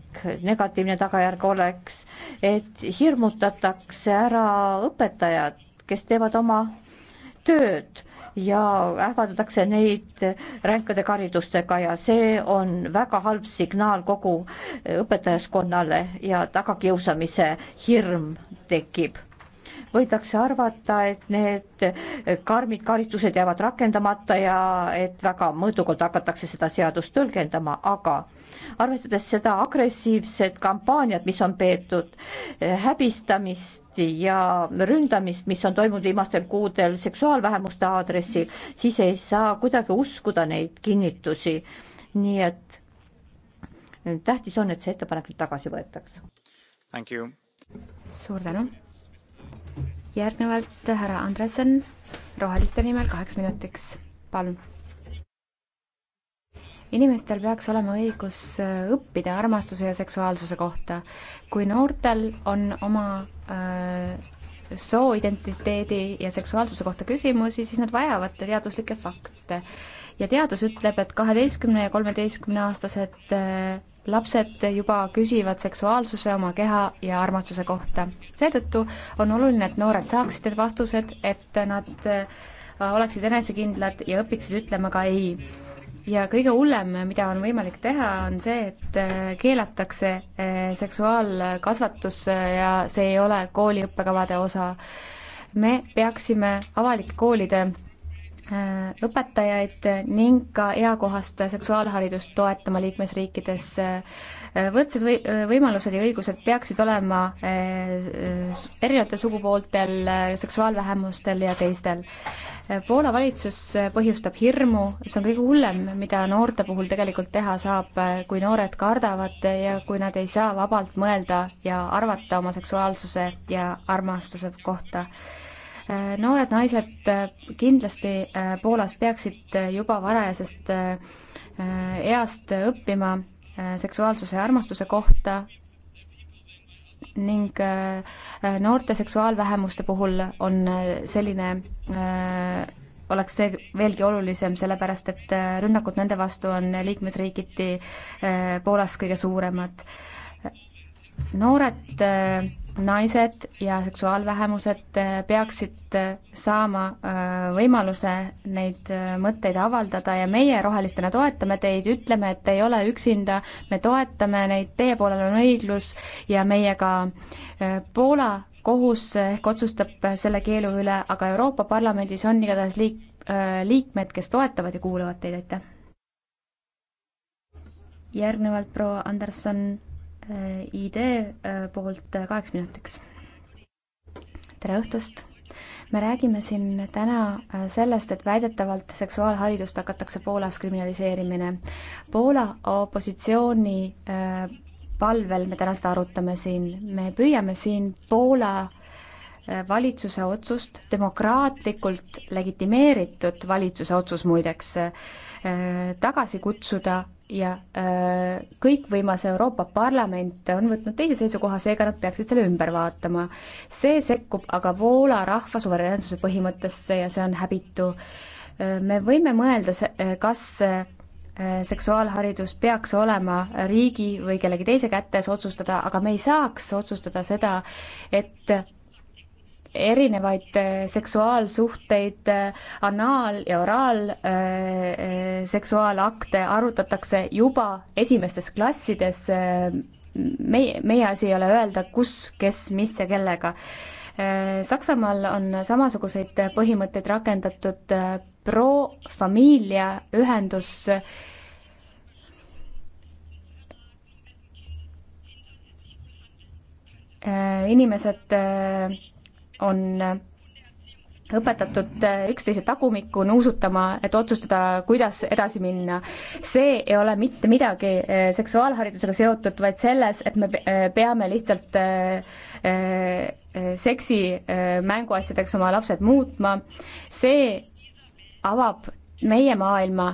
negatiivne tagajärg oleks, et hirmutatakse ära õpetajad, kes teevad oma tööd ja ähvardatakse neid ränkade karidustega ja see on väga halb signaal kogu õpetajaskonnale ja tagakiusamise hirm tekib. võidakse arvata, et need karmid karistused jäävad rakendamata ja et väga mõõdukalt hakatakse seda seadust tõlgendama, aga arvestades seda agressiivset kampaaniat, mis on peetud, eh, häbistamist ja ründamist, mis on toimunud viimastel kuudel seksuaalvähemuste aadressil, siis ei saa kuidagi uskuda neid kinnitusi. nii et eh, tähtis on, et see ettepanek nüüd tagasi võetaks. suur tänu. järgnevalt härra Andresen roheliste nimel kaheks minutiks, palun inimestel peaks olema õigus äh, õppida armastuse ja seksuaalsuse kohta. kui noortel on oma äh, sooidentiteedi ja seksuaalsuse kohta küsimusi, siis nad vajavad teaduslikke fakte. ja teadus ütleb, et kaheteistkümne ja kolmeteistkümne aastased äh, lapsed juba küsivad seksuaalsuse, oma keha ja armastuse kohta. seetõttu on oluline, et noored saaksid need vastused, et nad äh, oleksid enesekindlad ja õpiksid ütlema ka ei ja kõige hullem, mida on võimalik teha, on see, et äh, keelatakse äh, seksuaalkasvatus äh, ja see ei ole kooli õppekavade osa. me peaksime avalike koolide õpetajaid ning ka eakohast seksuaalharidust toetama liikmesriikides võrdsed või-, võimalused ja õigused peaksid olema eh, eh, erinevatel sugupooltel, eh, seksuaalvähemustel ja teistel. Poola valitsus põhjustab hirmu, see on kõige hullem, mida noorte puhul tegelikult teha saab, kui noored kardavad ja kui nad ei saa vabalt mõelda ja arvata oma seksuaalsuse ja armastuse kohta noored naised kindlasti Poolas peaksid juba varajasest east õppima Äh, seksuaalsuse ja armastuse kohta ning äh, noorte seksuaalvähemuste puhul on äh, selline, oleks see veelgi olulisem, sellepärast et rünnakud nende vastu on liikmesriigiti Poolas kõige suuremad. noored naised ja seksuaalvähemused äh, peaksid äh, saama äh, võimaluse neid mõtteid avaldada ja meie rohelistena toetame teid, ütleme, et te ei ole üksinda, me toetame neid, teie poolel on õiglus ja meiega Poola kohus ehk otsustab selle keelu üle, aga Euroopa Parlamendis on igatahes liik-, liikmed, kes toetavad ja kuulavad teid, aitäh! järgnevalt proua Anderson Äh, ID äh, poolt äh, kaheks minutiks. tere õhtust! me räägime siin täna sellest, et väidetavalt seksuaalharidust hakatakse Poolas kriminaliseerimine. Poola opositsiooni palvel me täna seda arutame siin, me püüame siin Poola valitsuse otsust, demokraatlikult legitimeeritud valitsuse otsus muideks, tagasi kutsuda ja äh, kõikvõimas Euroopa Parlament on võtnud teise seisukoha, seega nad peaksid selle ümber vaatama. see sekkub aga Poola rahva suveräänsuse põhimõttesse ja see on häbitu. Äh, me võime mõelda, äh, kas seksuaalharidus peaks olema riigi või kellegi teise kätes otsustada, aga me ei saaks otsustada seda, et erinevaid äh, seksuaalsuhteid, äh, anaal- ja oraalseksuaalakte äh, arutatakse juba esimestes klassides. meie, meie asi ei ole öelda, kus, kes, mis ja kellega. Saksamaal on samasuguseid põhimõtteid rakendatud pro familia ühendus inimesed on õpetatud üksteise tagumikku nuusutama, et otsustada, kuidas edasi minna. see ei ole mitte midagi eh, seksuaalharidusega seotud, vaid selles, et me eh, peame lihtsalt eh, seksi mänguasjadeks oma lapsed muutma. see avab meie maailma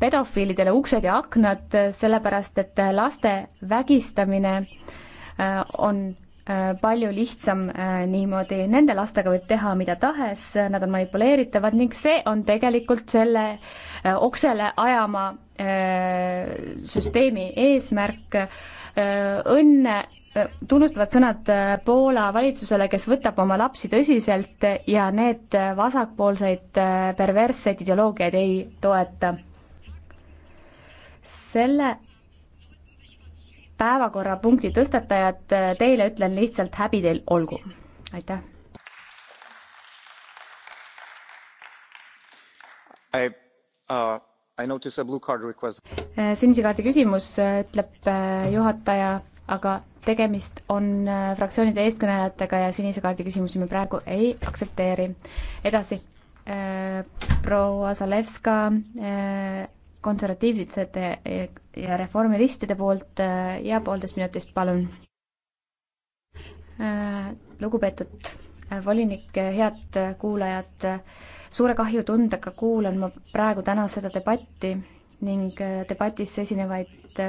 pedofiilidele uksed ja aknad, sellepärast et laste vägistamine on Äh, palju lihtsam äh, niimoodi, nende lastega võib teha mida tahes, äh, nad on manipuleeritavad ning see on tegelikult selle oksele ajama süsteemi eesmärk. õnne tunnustavad sõnad Poola valitsusele, kes võtab oma lapsi tõsiselt ja need vasakpoolseid perversseid ideoloogiaid ei toeta. selle päevakorrapunkti tõstatajad, äh, teile ütlen lihtsalt häbi teil olgu. aitäh. I uh, I notice a blue card request. Äh, sinise kaardi küsimus, äh, ütleb juhataja, aga tegemist on fraktsioonide eestkõnelejatega ja sinise kaardi küsimusi me praegu ei aktsepteeri. edasi, proua Zalewska konservatiivsete ja reformiristide poolt äh, ja poolteist minutist, palun. Äh, lugupeetud äh, volinik, head kuulajad, suure kahjutundega kuulan ma praegu täna seda debatti ning debatis esinevaid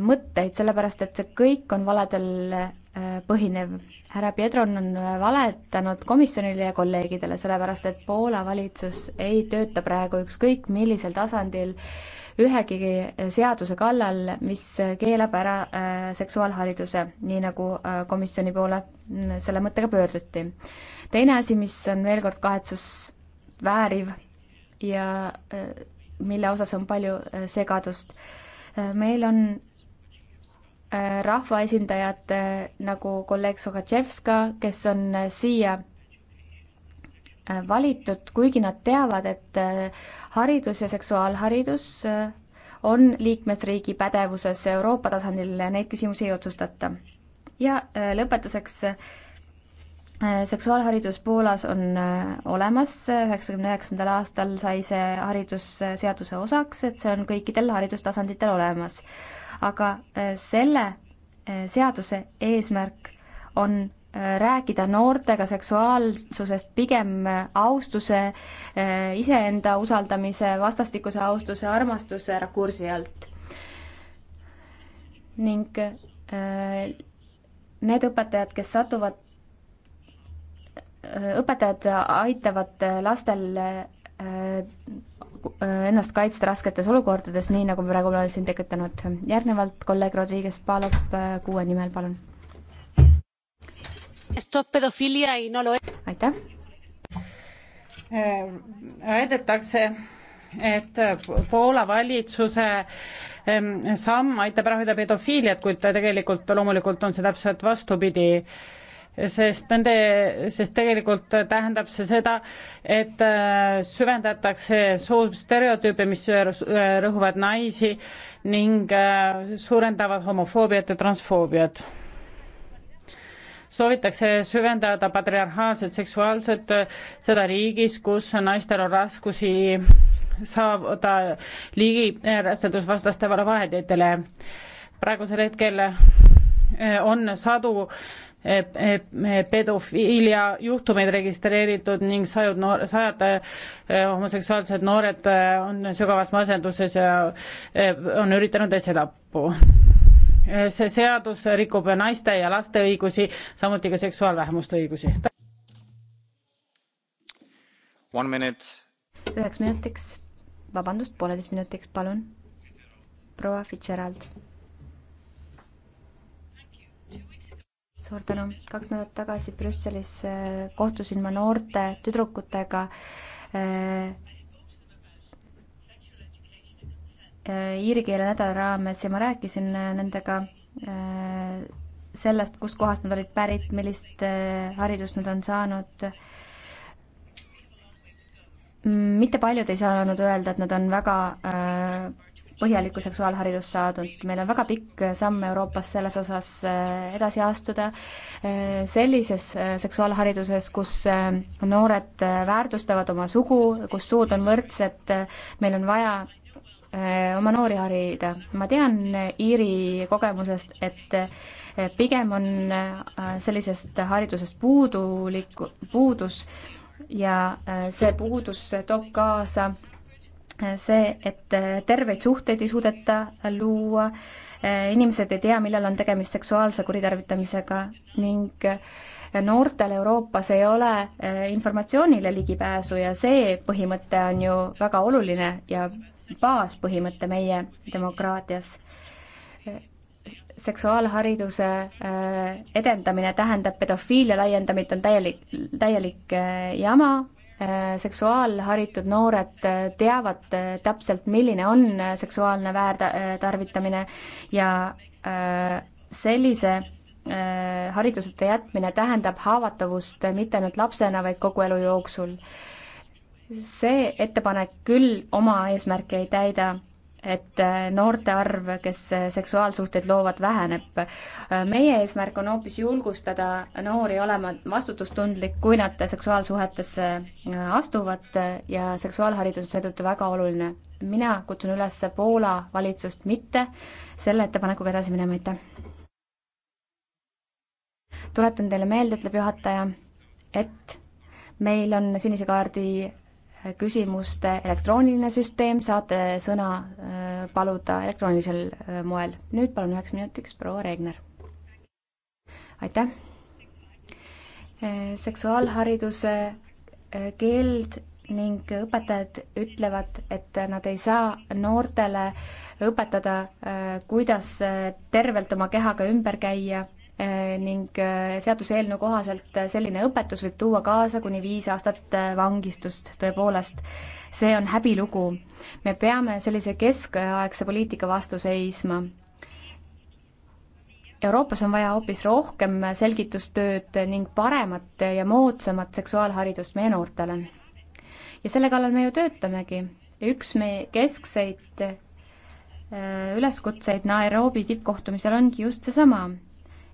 mõtteid, sellepärast et see kõik on valedel põhinev. härra Piedron on valetanud komisjonile ja kolleegidele, sellepärast et Poola valitsus ei tööta praegu ükskõik millisel tasandil ühegi seaduse kallal, mis keelab ära äh, seksuaalhariduse, nii nagu äh, komisjoni poole mm, selle mõttega pöörduti. teine asi, mis on veel kord kahetsusvääriv ja äh, mille osas on palju segadust, meil on rahvaesindajad äh, nagu kolleeg Sogatševska, kes on äh, siia äh, valitud, kuigi nad teavad, et haridus ja seksuaalharidus on liikmesriigi pädevuses Euroopa tasandil, neid küsimusi ei otsustata. ja lõpetuseks, seksuaalharidus Poolas on olemas, üheksakümne üheksandal aastal sai see haridusseaduse osaks, et see on kõikidel haridustasanditel olemas aga äh, selle äh, seaduse eesmärk on äh, rääkida noortega seksuaalsusest pigem austuse, iseenda usaldamise, vastastikuse austuse, armastuse rakursi alt. ning need õpetajad, kes satuvad, õpetajad aitavad lastel Äh, ennast kaitsta rasketes olukordades, nii nagu me praegu oleme siin tekitanud. järgnevalt kolleeg Rodriguez Palop äh, kuue nimel, palun. aitäh. Äh, väidetakse, et Poola valitsuse ähm, samm aitab rahuldada pedofiiliat, kuid tegelikult loomulikult on see täpselt vastupidi sest nende, sest tegelikult tähendab see seda, et äh, süvendatakse soostereotüüpe, mis äh, rõhuvad naisi ning äh, suurendavad homofoobiat ja transfoobiat. soovitakse süvendada patriarhaalset seksuaalset, seda riigis, kus naistel on raskusi saada ligi rasedusvastastele vahenditele. praegusel hetkel on sadu pedofiilia juhtumeid registreeritud ning sajud noor, sajad eh, homoseksuaalsed noored eh, on sügavas masenduses ja eh, on üritanud esetappu. see seadus rikub naiste ja laste õigusi, samuti ka seksuaalvähemuste õigusi. üheks minutiks, vabandust, pooleteist minutiks, palun. proua Fitzgerald suur tänu. kaks nädalat tagasi Brüsselis äh, kohtusin ma noorte tüdrukutega äh, äh, iiri keele nädala raames ja ma rääkisin nendega sellest, kustkohast nad olid pärit, millist haridust nad on saanud. mitte paljud ei saanud öelda, et nad on väga põhjalikku seksuaalharidust saadud, meil on väga pikk samm Euroopas selles osas eh, edasi astuda, eh, sellises eh, seksuaalhariduses, kus noored väärtustavad oma sugu, kus suud on võrdsed, meil on vaja oma noori harida. ma tean Iiri kogemusest, et pigem on sellisest haridusest puudulik, puudus ja see puudus toob kaasa see, et äh, terveid suhteid ei suudeta luua, äh, inimesed ei tea, millal on tegemist seksuaalse kuritarvitamisega ning äh, noortel Euroopas ei ole informatsioonile ligipääsu ja see põhimõte on ju väga oluline ja baaspõhimõte meie demokraatias. seksuaalhariduse edendamine tähendab pedofiilia laiendamist, on täielik, täielik jama Äh, seksuaalharitud noored äh, teavad äh, täpselt, milline on seksuaalne väärtarvitamine ja sellise hariduseta jätmine tähendab haavatavust mitte ainult lapsena, vaid kogu elu jooksul. see ettepanek küll oma eesmärki ei täida et äh, noorte arv, kes äh, seksuaalsuhteid loovad, väheneb. Äh, meie eesmärk on hoopis julgustada noori olema vastutustundlik, kui nad seksuaalsuhetesse astuvad ja seksuaalharidus on seetõttu väga oluline. mina kutsun üles Poola valitsust mitte selle ettepanekuga edasi minema, aitäh. tuletan teile meelde, ütleb juhataja, et meil on sinise kaardi küsimuste elektrooniline süsteem, saate sõna äh, paluda elektroonilisel äh, moel. nüüd palun üheks minutiks proua Regner. aitäh. Äh, seksuaalhariduse keeld ning õpetajad ütlevad, et nad ei saa noortele õpetada, kuidas tervelt oma kehaga ümber käia Eh, ning eh, seaduseelnõu kohaselt eh, selline õpetus võib tuua kaasa kuni viis aastat vangistust, tõepoolest. see on häbilugu. me peame sellise keskaegse poliitika vastu seisma. Euroopas on vaja hoopis rohkem selgitustööd ning paremat ja moodsamat seksuaalharidust meie noortele. ja selle kallal me ju töötamegi ja üks meie keskseid üleskutseid Nairobi tippkohtumisel ongi just seesama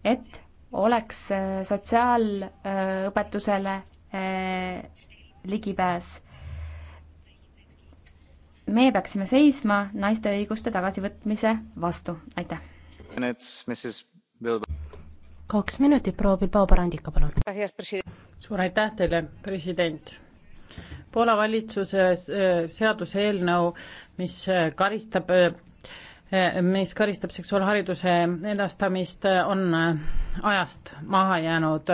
et oleks äh, sotsiaalõpetusele äh, ligipääs. meie peaksime seisma naiste õiguste tagasivõtmise vastu, aitäh. kaks minutit, proua Bilbao Barandika, palun. suur aitäh teile, president. Poola valitsuse äh, seaduseelnõu, mis karistab mis karistab seksuaalhariduse edastamist, on ajast maha jäänud.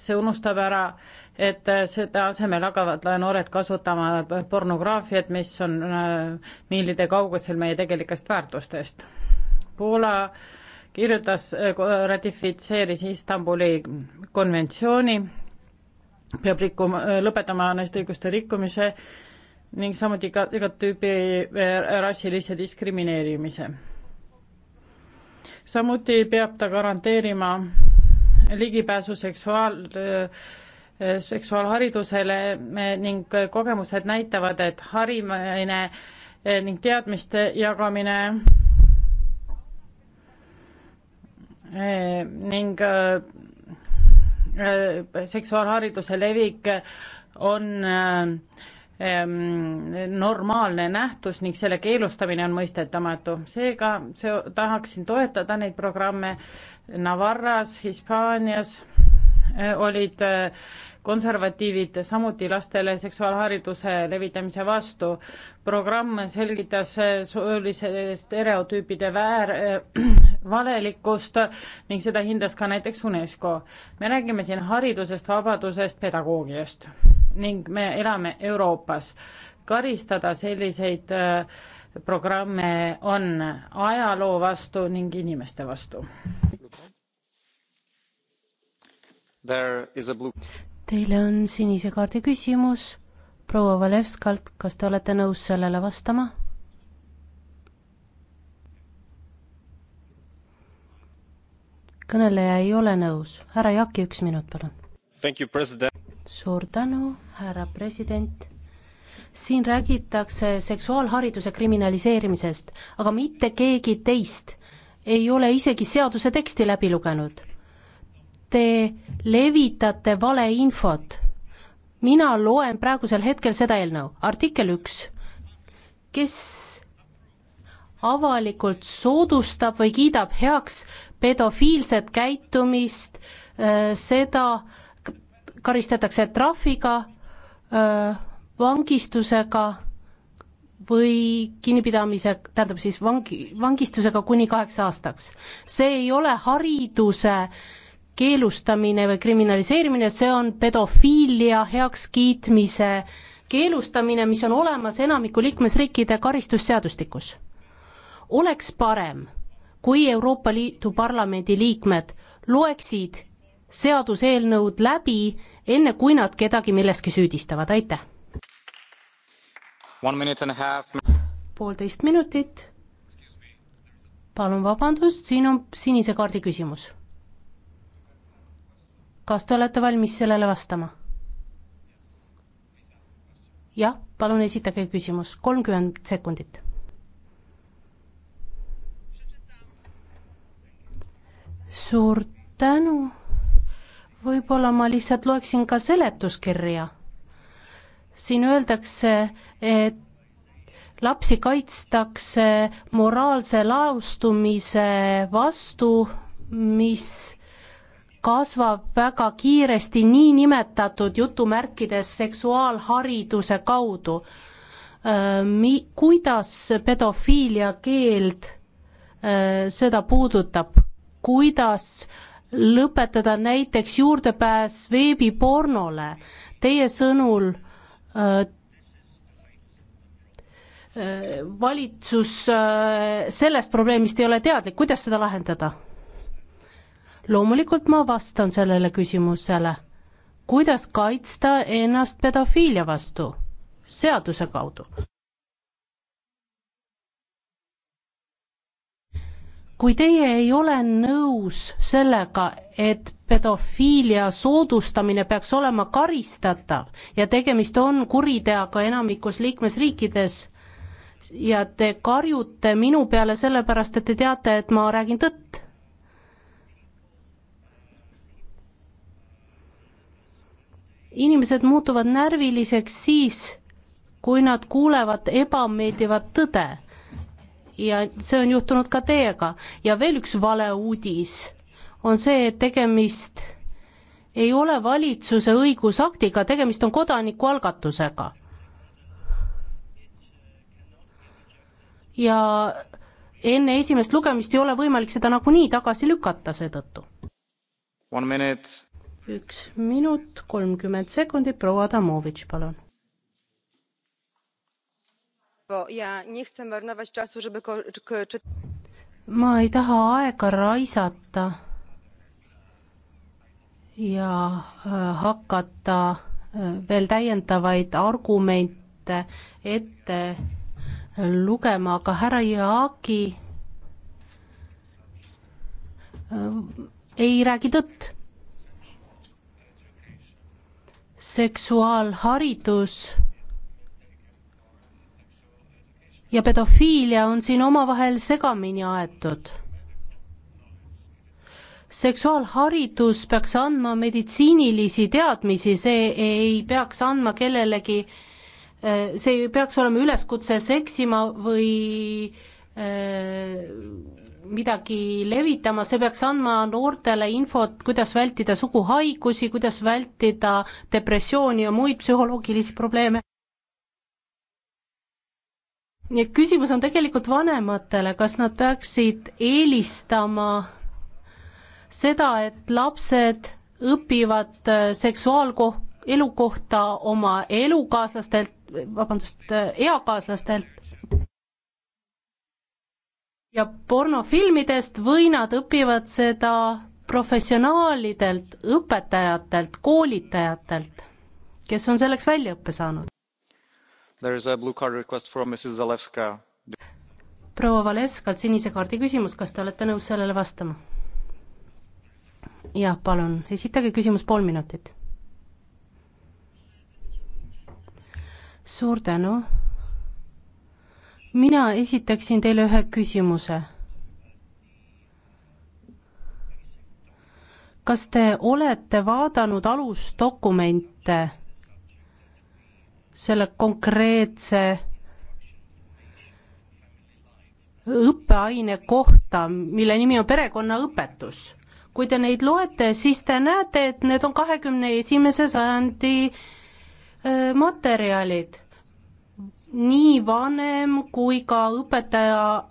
see unustab ära, et seda asemel hakkavad noored kasutama pornograafiat, mis on äh, miilide kaugusel meie tegelikest väärtustest. Poola kirjutas, ratifitseeris Istanbuli konventsiooni, peab rikkuma, lõpetama naiste õiguste rikkumise ning samuti ka igat tüüpi eh, rassilise diskrimineerimise. samuti peab ta garanteerima ligipääsu seksuaal, eh, seksuaalharidusele eh, ning kogemused näitavad, et harimine ning teadmiste jagamine ning seksuaalhariduse levik on äh, Ehm, normaalne nähtus ning selle keelustamine on mõistetamatu. seega see, tahaksin toetada neid programme Navarras, Hispaanias eh, olid eh, konservatiivid samuti lastele seksuaalhariduse levitamise vastu. programm selgitas eh, soolise stereotüüpide väär valelikkust ning seda hindas ka näiteks UNESCO. me räägime siin haridusest, vabadusest, pedagoogiast ning me elame Euroopas. karistada selliseid äh, programme on ajaloo vastu ning inimeste vastu. Teile on sinise kaardi küsimus proua Valevskalt, kas te olete nõus sellele vastama? kõneleja ei ole nõus, härra Jaki, üks minut, palun suur tänu, härra president. siin räägitakse seksuaalhariduse kriminaliseerimisest, aga mitte keegi teist ei ole isegi seaduse teksti läbi lugenud. Te levitate valeinfot. mina loen praegusel hetkel seda eelnõu, artikkel üks, kes avalikult soodustab või kiidab heaks pedofiilset käitumist, äh, seda äh, karistatakse trahviga, vangistusega või kinnipidamise, tähendab siis vangi, vangistusega kuni kaheks aastaks. see ei ole hariduse keelustamine või kriminaliseerimine, see on pedofiilia heakskiitmise keelustamine, mis on olemas enamiku liikmesriikide karistusseadustikus. oleks parem, kui Euroopa Liidu Parlamendi liikmed loeksid seaduseelnõud läbi enne kui nad kedagi milleski süüdistavad, aitäh! poolteist minutit. palun vabandust, siin on sinise kaardi küsimus. kas te olete valmis sellele vastama? jah, palun esitage küsimus, kolmkümmend sekundit. suur tänu võib-olla ma lihtsalt loeksin ka seletuskirja. siin öeldakse, et lapsi kaitstakse moraalse laostumise vastu, mis kasvab väga kiiresti niinimetatud jutumärkides seksuaalhariduse kaudu. Äh, mi-, kuidas pedofiilia keeld äh, seda puudutab, kuidas lõpetada näiteks juurdepääs veebipornole. Teie sõnul äh, äh, valitsus äh, sellest probleemist ei ole teadlik, kuidas seda lahendada? loomulikult ma vastan sellele küsimusele. kuidas kaitsta ennast pedofiilia vastu? seaduse kaudu. kui teie ei ole nõus sellega, et pedofiilia soodustamine peaks olema karistatav ja tegemist on kuriteaga enamikus liikmesriikides ja te karjute minu peale sellepärast, et te teate, et ma räägin tõtt inimesed muutuvad närviliseks siis, kui nad kuulevad ebameeldivat tõde ja see on juhtunud ka teiega. ja veel üks valeuudis on see, et tegemist ei ole valitsuse õigusaktiga, tegemist on kodanikualgatusega. ja enne esimest lugemist ei ole võimalik seda nagunii tagasi lükata seetõttu. üks minut kolmkümmend sekundit, proua Adamovitš, palun ma ei taha aega raisata ja e, hakata e, veel täiendavaid argumente ette lugema, aga härra Jaaki e, ei räägi tõtt. seksuaalharidus ja pedofiilia on siin omavahel segamini aetud. seksuaalharidus peaks andma meditsiinilisi teadmisi, see ei peaks andma kellelegi, see ei peaks olema üleskutse seksima või eh, midagi levitama, see peaks andma noortele infot, kuidas vältida suguhaigusi, kuidas vältida depressiooni ja muid psühholoogilisi probleeme nii et küsimus on tegelikult vanematele, kas nad peaksid eelistama seda, et lapsed õpivad äh, seksuaalkoht, elukohta oma elukaaslastelt, vabandust, äh, eakaaslastelt ja pornofilmidest või nad õpivad seda professionaalidelt, õpetajatelt, koolitajatelt, kes on selleks väljaõppe saanud proua Valevskalt sinise kaardi küsimus, kas te olete nõus sellele vastama? jah, palun, esitage küsimus pool minutit. suur tänu. mina esitaksin teile ühe küsimuse. kas te olete vaadanud alusdokumente selle konkreetse õppeaine kohta, mille nimi on perekonnaõpetus. kui te neid loete, siis te näete, et need on kahekümne esimese sajandi materjalid. nii vanem kui ka õpetaja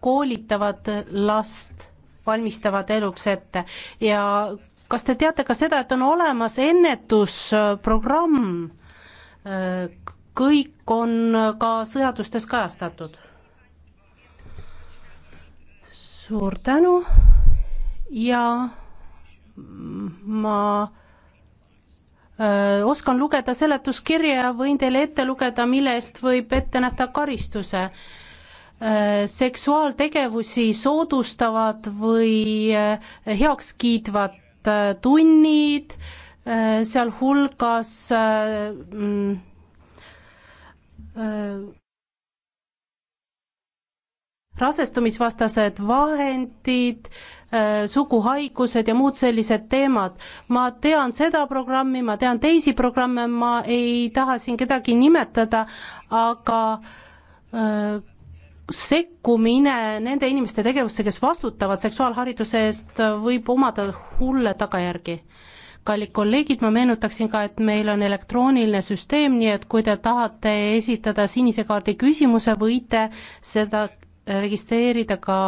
koolitavad last, valmistavad eluks ette ja kas te teate ka seda, et on olemas ennetusprogramm kõik on ka seadustes kajastatud. suur tänu ja ma äh, oskan lugeda seletuskirja ja võin teile ette lugeda, mille eest võib ette nähta karistuse. Äh, seksuaaltegevusi soodustavad või äh, heaks kiitvad tunnid, Äh, sealhulgas äh, mm, äh, rasestumisvastased vahendid, suguhaigused ja muud sellised teemad. ma tean seda programmi, ma tean teisi programme, ma ei taha siin kedagi nimetada, aga öö, sekkumine nende inimeste tegevusse, kes vastutavad seksuaalhariduse eest, võib omada hulle tagajärgi kallid kolleegid, ma meenutaksin ka, et meil on elektrooniline süsteem, nii et kui te tahate esitada sinise kaardi küsimuse, võite seda registreerida ka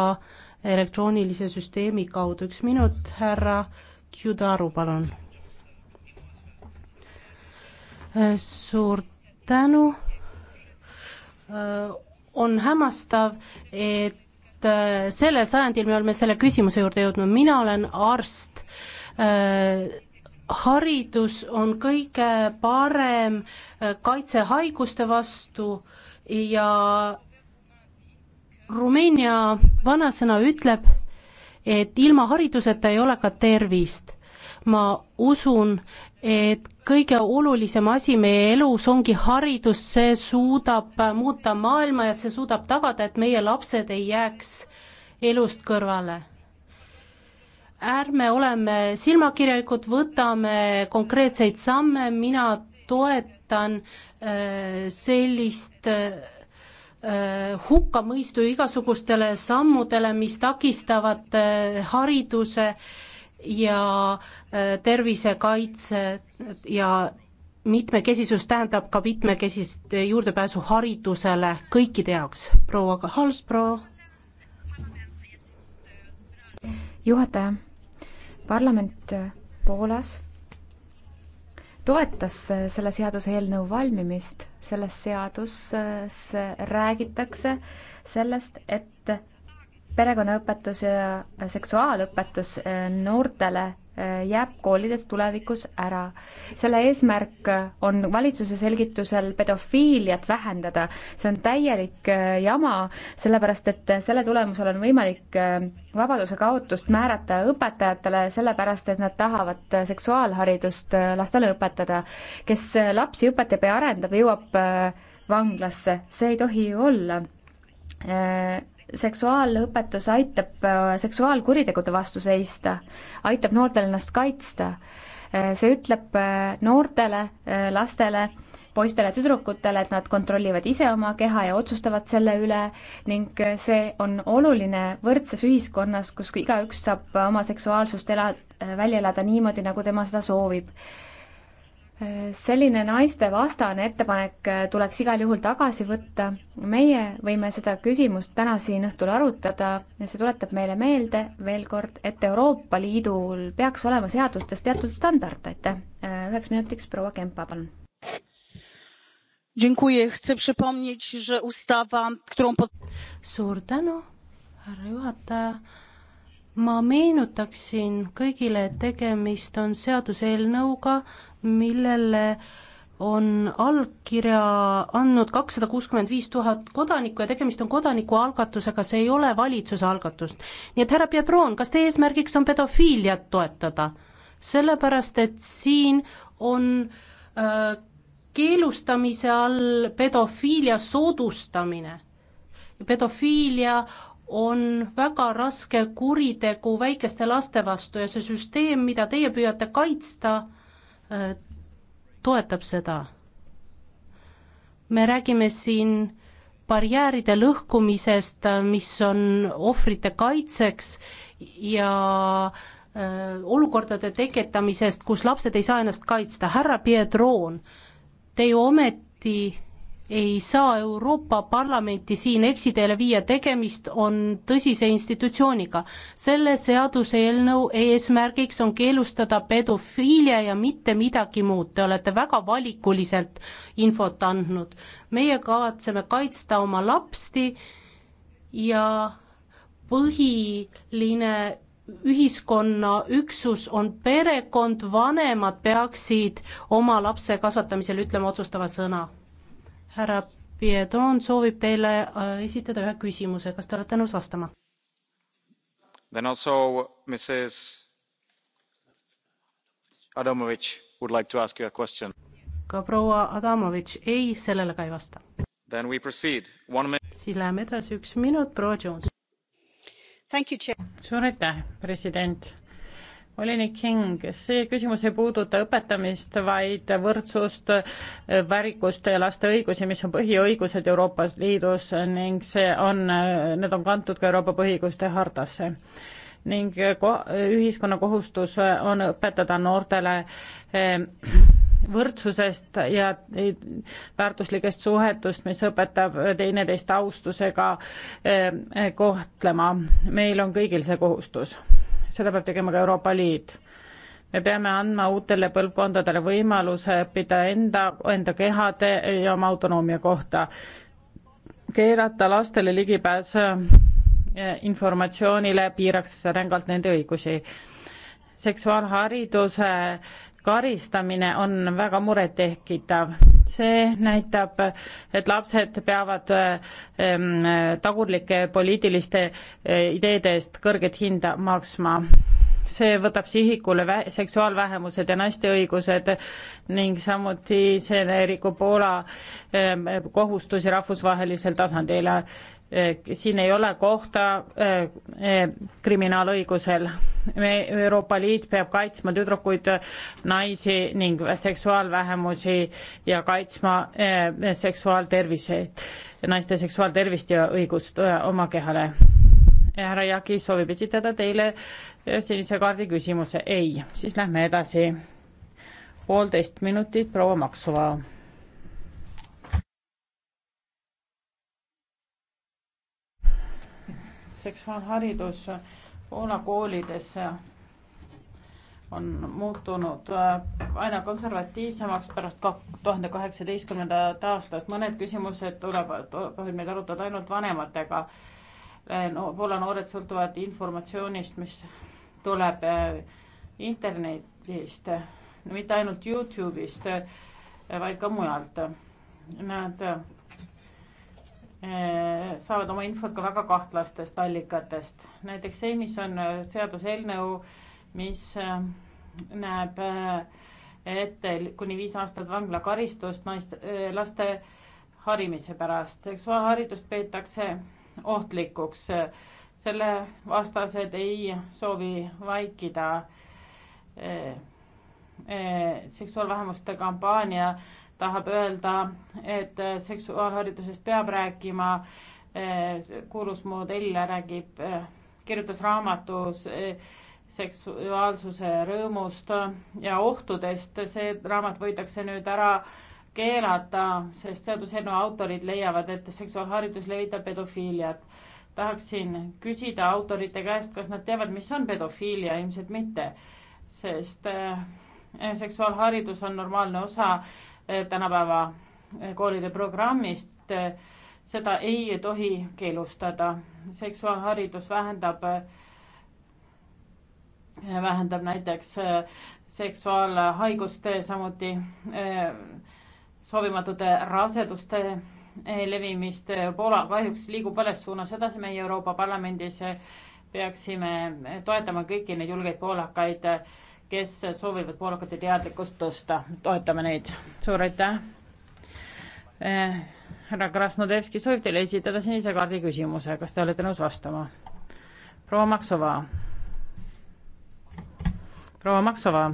elektroonilise süsteemi kaudu. üks minut, härra Kiudaru, palun. suur tänu. on hämmastav, et sellel sajandil me oleme selle küsimuse juurde jõudnud, mina olen arst haridus on kõige parem äh, kaitse haiguste vastu ja Rumeenia vanasõna ütleb, et ilma hariduseta ei ole ka tervist. ma usun, et kõige olulisem asi meie elus ongi haridus, see suudab muuta maailma ja see suudab tagada, et meie lapsed ei jääks elust kõrvale ärme oleme silmakirjalikud, võtame konkreetseid samme, mina toetan äh, sellist äh, hukkamõistu igasugustele sammudele, mis takistavad äh, hariduse ja tervisekaitse ja mitmekesisus tähendab ka mitmekesist juurdepääsu haridusele kõikide jaoks. proua Halsbro. juhataja parlament äh, Poolas toetas äh, selle seaduseelnõu valmimist, selles seaduses äh, räägitakse sellest, et perekonnaõpetus ja seksuaalõpetus äh, noortele äh, jääb koolides tulevikus ära. selle eesmärk on valitsuse selgitusel pedofiiliat vähendada. see on täielik äh, jama, sellepärast et selle tulemusel on võimalik vabaduse kaotust määrata õpetajatele, sellepärast et nad tahavad seksuaalharidust lastele õpetada. kes lapsi õpetab ja arendab, jõuab vanglasse, see ei tohi olla seksuaalõpetus aitab äh, seksuaalkuritegude vastu seista, aitab noortel ennast kaitsta. Äh, see ütleb äh, noortele, lastele, poistele, tüdrukutele, et nad kontrollivad ise oma keha ja otsustavad selle üle ning see on oluline võrdses ühiskonnas, kus igaüks saab oma seksuaalsust ela, välja elada niimoodi, nagu tema seda soovib selline naistevastane ettepanek tuleks igal juhul tagasi võtta. meie võime seda küsimust täna siin õhtul arutada ja see tuletab meile meelde veel kord, et Euroopa Liidul peaks olema seadustes teatud standard, aitäh. üheks minutiks proua Kempa, palun. suur tänu, härra juhataja ma meenutaksin kõigile, et tegemist on seaduseelnõuga, millele on allkirja andnud kakssada kuuskümmend viis tuhat kodanikku ja tegemist on kodanikualgatusega, see ei ole valitsuse algatus. nii et härra Pietron, kas teie eesmärgiks on pedofiiliat toetada? sellepärast, et siin on äh, keelustamise all pedofiilia soodustamine. pedofiilia on väga raske kuritegu väikeste laste vastu ja see süsteem, mida teie püüate kaitsta, äh, toetab seda. me räägime siin barjääride lõhkumisest, äh, mis on ohvrite kaitseks ja äh, olukordade tekitamisest, kus lapsed ei saa ennast kaitsta. härra Piedron, te ju ometi ei saa Euroopa Parlamenti siin eksiteele viia, tegemist on tõsise institutsiooniga. selle seaduseelnõu eesmärgiks on keelustada pedofiilia ja mitte midagi muud, te olete väga valikuliselt infot andnud. meie kavatseme kaitsta oma lapsi ja põhiline ühiskonna üksus on perekond, vanemad peaksid oma lapse kasvatamisel ütlema otsustava sõna härra Piedon soovib teile äh, esitada ühe küsimuse, kas te olete nõus vastama? Then also Mrs Adamovitš would like to ask you a question. ka proua Adamovitš, ei, sellele ka ei vasta. Then we proceed, one minute. siis läheme edasi, üks minut, proua Jones. suur aitäh, president volinik King, see küsimus ei puuduta õpetamist, vaid võrdsust, väärikust ja laste õigusi, mis on põhiõigused Euroopa Liidus ning see on, need on kantud ka Euroopa põhiõiguste hardasse ning ko-, ühiskonna kohustus on õpetada noortele eh, võrdsusest ja väärtuslikest suhetust, mis õpetab teineteist austusega eh, kohtlema. meil on kõigil see kohustus seda peab tegema ka Euroopa Liit. me peame andma uutele põlvkondadele võimaluse õppida enda, enda kehade ja oma autonoomia kohta. keerata lastele ligipääs eh, informatsioonile, piiraks rängalt nende õigusi seksuaalhariduse karistamine on väga murettekitav. see näitab, et lapsed peavad ehm, tagurlike poliitiliste eh, ideede eest kõrget hinda maksma see võtab sihikule vä-, seksuaalvähemused ja naiste õigused ning samuti see rikub Poola ehm, kohustusi rahvusvahelisel tasandil. Eh, siin ei ole kohta eh, eh, kriminaalõigusel. me, Euroopa Liit peab kaitsma tüdrukuid, naisi ning seksuaalvähemusi ja kaitsma seksuaaltervise, naiste seksuaaltervist ja õigust oma kehale. härra Jaki soovib esitada teile sinise kaardi küsimuse. ei, siis lähme edasi. poolteist minutit, proua Maksova seksuaalharidus Poola koolides on muutunud äh, aina konservatiivsemaks pärast kahe tuhande kaheksateistkümnendat aastat. mõned küsimused tulevad, tohib neid arutada ainult vanematega. Äh, no Poola noored sõltuvad informatsioonist, mis tuleb äh, internetist, mitte ainult Youtube'ist, vaid ka mujalt. Nad Eh, saavad oma infot ka väga kahtlastest allikatest. näiteks see, mis on eh, seaduseelnõu, mis eh, näeb ette kuni viis aastat vanglakaristust naiste, laste harimise pärast. seksuaalharidust peetakse ohtlikuks. selle vastased ei soovi vaikida seksuaalvähemuste kampaania tahab öelda, et äh, seksuaalharidusest peab rääkima, äh, kuulus modell räägib, äh, kirjutas raamatus seksuaalsuse rõõmust ja ohtudest, see raamat võidakse nüüd ära keelata, sest seaduseelnõu autorid leiavad, et seksuaalharidus levitab pedofiiliat. tahaksin küsida autorite käest, kas nad teavad, mis on pedofiilia, ilmselt mitte, sest seksuaalharidus on normaalne osa Eh, tänapäeva eh, koolide programmist, eh, seda ei tohi keelustada. seksuaalharidus vähendab, vähendab näiteks seksuaalhaiguste, samuti soovimatute raseduste levimist. Poola kahjuks liigub vales suunas edasi, meie Euroopa Parlamendis peaksime toetama kõiki neid julgeid poolakaid kes soovivad poolakate teadlikkust tõsta, toetame neid. suur aitäh eh,. härra Krasnodevski soovib teile esitada sinise kaardi küsimuse, kas te olete nõus vastama? proua Maksova. proua Maksova.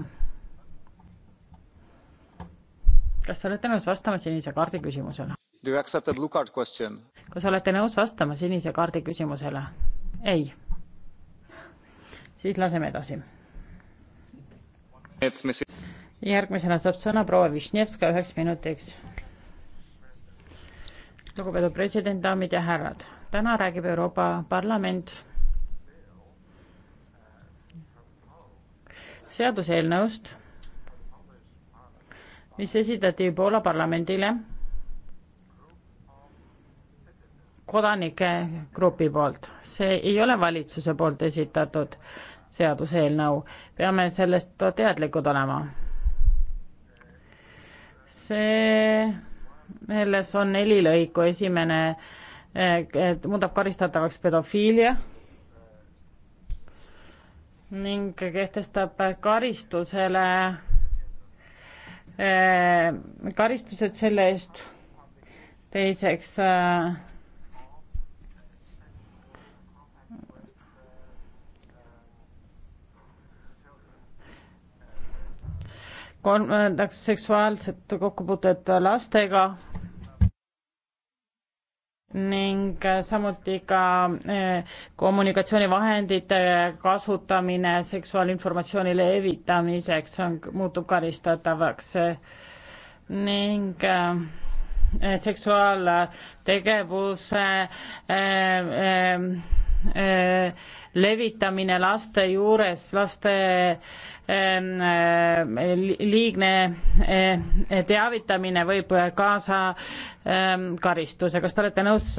kas te olete nõus vastama sinise kaardi küsimusele? Do you accept a blue card question? kas olete nõus vastama sinise kaardi küsimusele? ei. siis laseme edasi järgmisena saab sõna proua Višnevska üheks minutiks. lugupeetud president, daamid ja härrad, täna räägib Euroopa Parlament seaduseelnõust, mis esitati Poola parlamendile kodanike grupi poolt, see ei ole valitsuse poolt esitatud seaduseelnõu. peame sellest teadlikud olema. see, selles on neli lõiku, esimene muudab karistatavaks pedofiilia ning kehtestab karistusele, eh, karistused selle eest. teiseks eh, kolmandaks seksuaalset kokkupuutet lastega ning samuti ka eh, kommunikatsioonivahendite kasutamine seksuaalinformatsiooni levitamiseks on, muutub karistatavaks ning eh, seksuaaltegevuse äh, äh, Äh, levitamine laste juures, laste ähm, äh, liigne äh, teavitamine võib kaasa ähm, karistuse. kas te olete nõus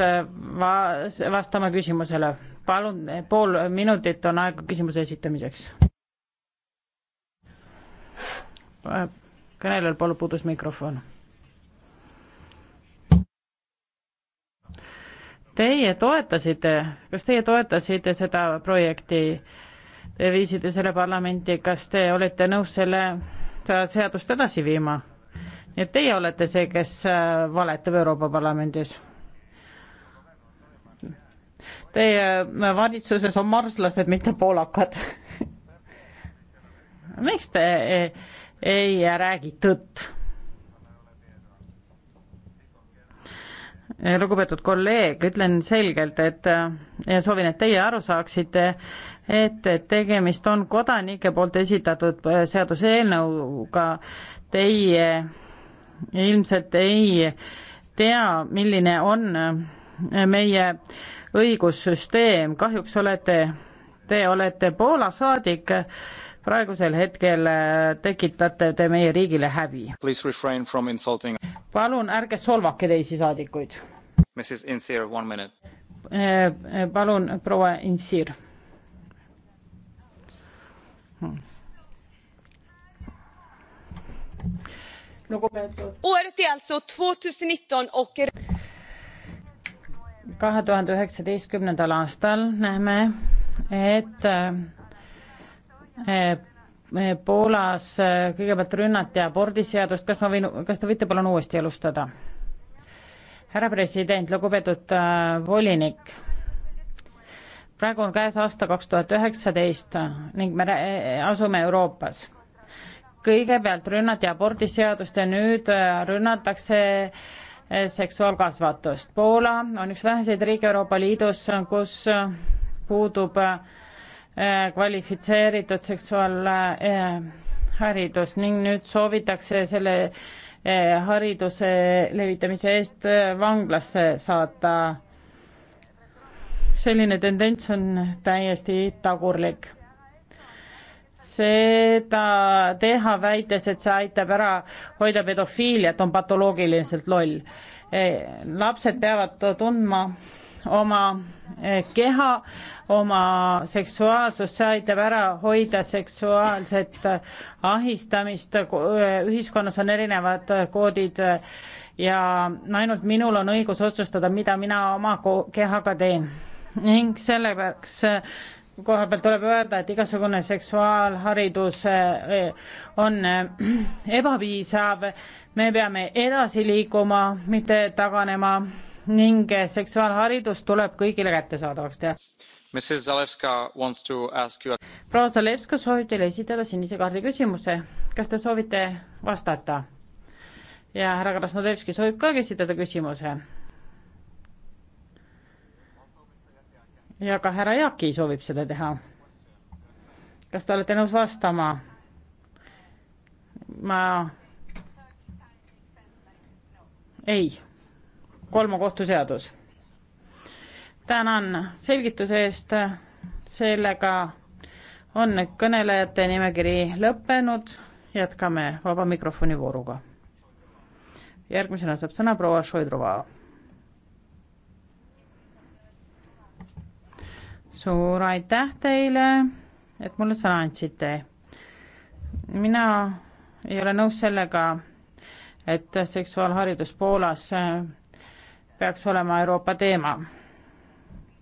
vastama küsimusele? palun, pool minutit on aega küsimuse esitamiseks. kõnelejal palub puudus mikrofon Teie toetasite, kas teie toetasite seda projekti? Te viisite selle parlamenti, kas te olete nõus selle seadust edasi viima? nii et teie olete see, kes äh, valetab Euroopa Parlamendis Teie äh, valitsuses on marslased, mitte poolakad miks te ei, äh, ei räägi tõtt? Eh, lugupeetud kolleeg, ütlen selgelt, et eh, soovin, et teie aru saaksite, et tegemist on kodanike poolt esitatud eh, seaduseelnõuga. Teie ilmselt ei tea, milline on meie õigussüsteem, kahjuks olete, te olete Poola saadik praegusel hetkel äh, tekitate te meie riigile häbi. palun ärge solvake teisi saadikuid. Äh, äh, palun, proua Insir. lugupeetud er- kahe tuhande üheksateistkümnendal aastal näeme, et Eh, eh, Poolas eh, kõigepealt rünnati abordiseadust, kas ma võin, kas te võite palun uuesti alustada? härra president, lugupeetud äh, volinik, praegu on käes aasta kaks tuhat üheksateist ning me asume Euroopas kõigepealt rünnati abordiseadust ja nüüd äh, rünnatakse äh, seksuaalkasvatust. Poola on üks väheseid riike Euroopa Liidus, kus puudub Äh, kvalifitseeritud seksuaalharidus ning nüüd soovitakse selle äh, hariduse levitamise eest äh, vanglasse saata. selline tendents on täiesti tagurlik. seda teha väites, et see aitab ära hoida pedofiiliat, on patoloogiliselt loll. lapsed peavad tundma oma eh, keha, oma seksuaalsust, see aitab ära hoida seksuaalset eh, ahistamist, eh, ühiskonnas on erinevad koodid ja ainult minul on õigus otsustada, mida mina oma kehaga teen. ning sellepärast koha pealt tuleb öelda, et igasugune seksuaalharidus on ebapiisav, me peame edasi liikuma, mitte taganema ning seksuaalharidus tuleb kõigile kättesaadavaks teha. proua Zalewska soovib teile esitada sinise kaardi küsimuse, kas te soovite vastata? ja härra Krasnodevski soovib ka esitada küsimuse. ja ka härra Jaaki soovib seda teha. kas te olete nõus vastama? ma ei kolmu kohtuseadus. tänan selgituse eest, sellega on kõnelejate nimekiri lõppenud, jätkame vaba mikrofoni vooruga. järgmisena saab sõna proua Šoidrova. suur aitäh teile, et mulle sõna andsite. mina ei ole nõus sellega, et seksuaalharidus Poolas peaks olema Euroopa teema.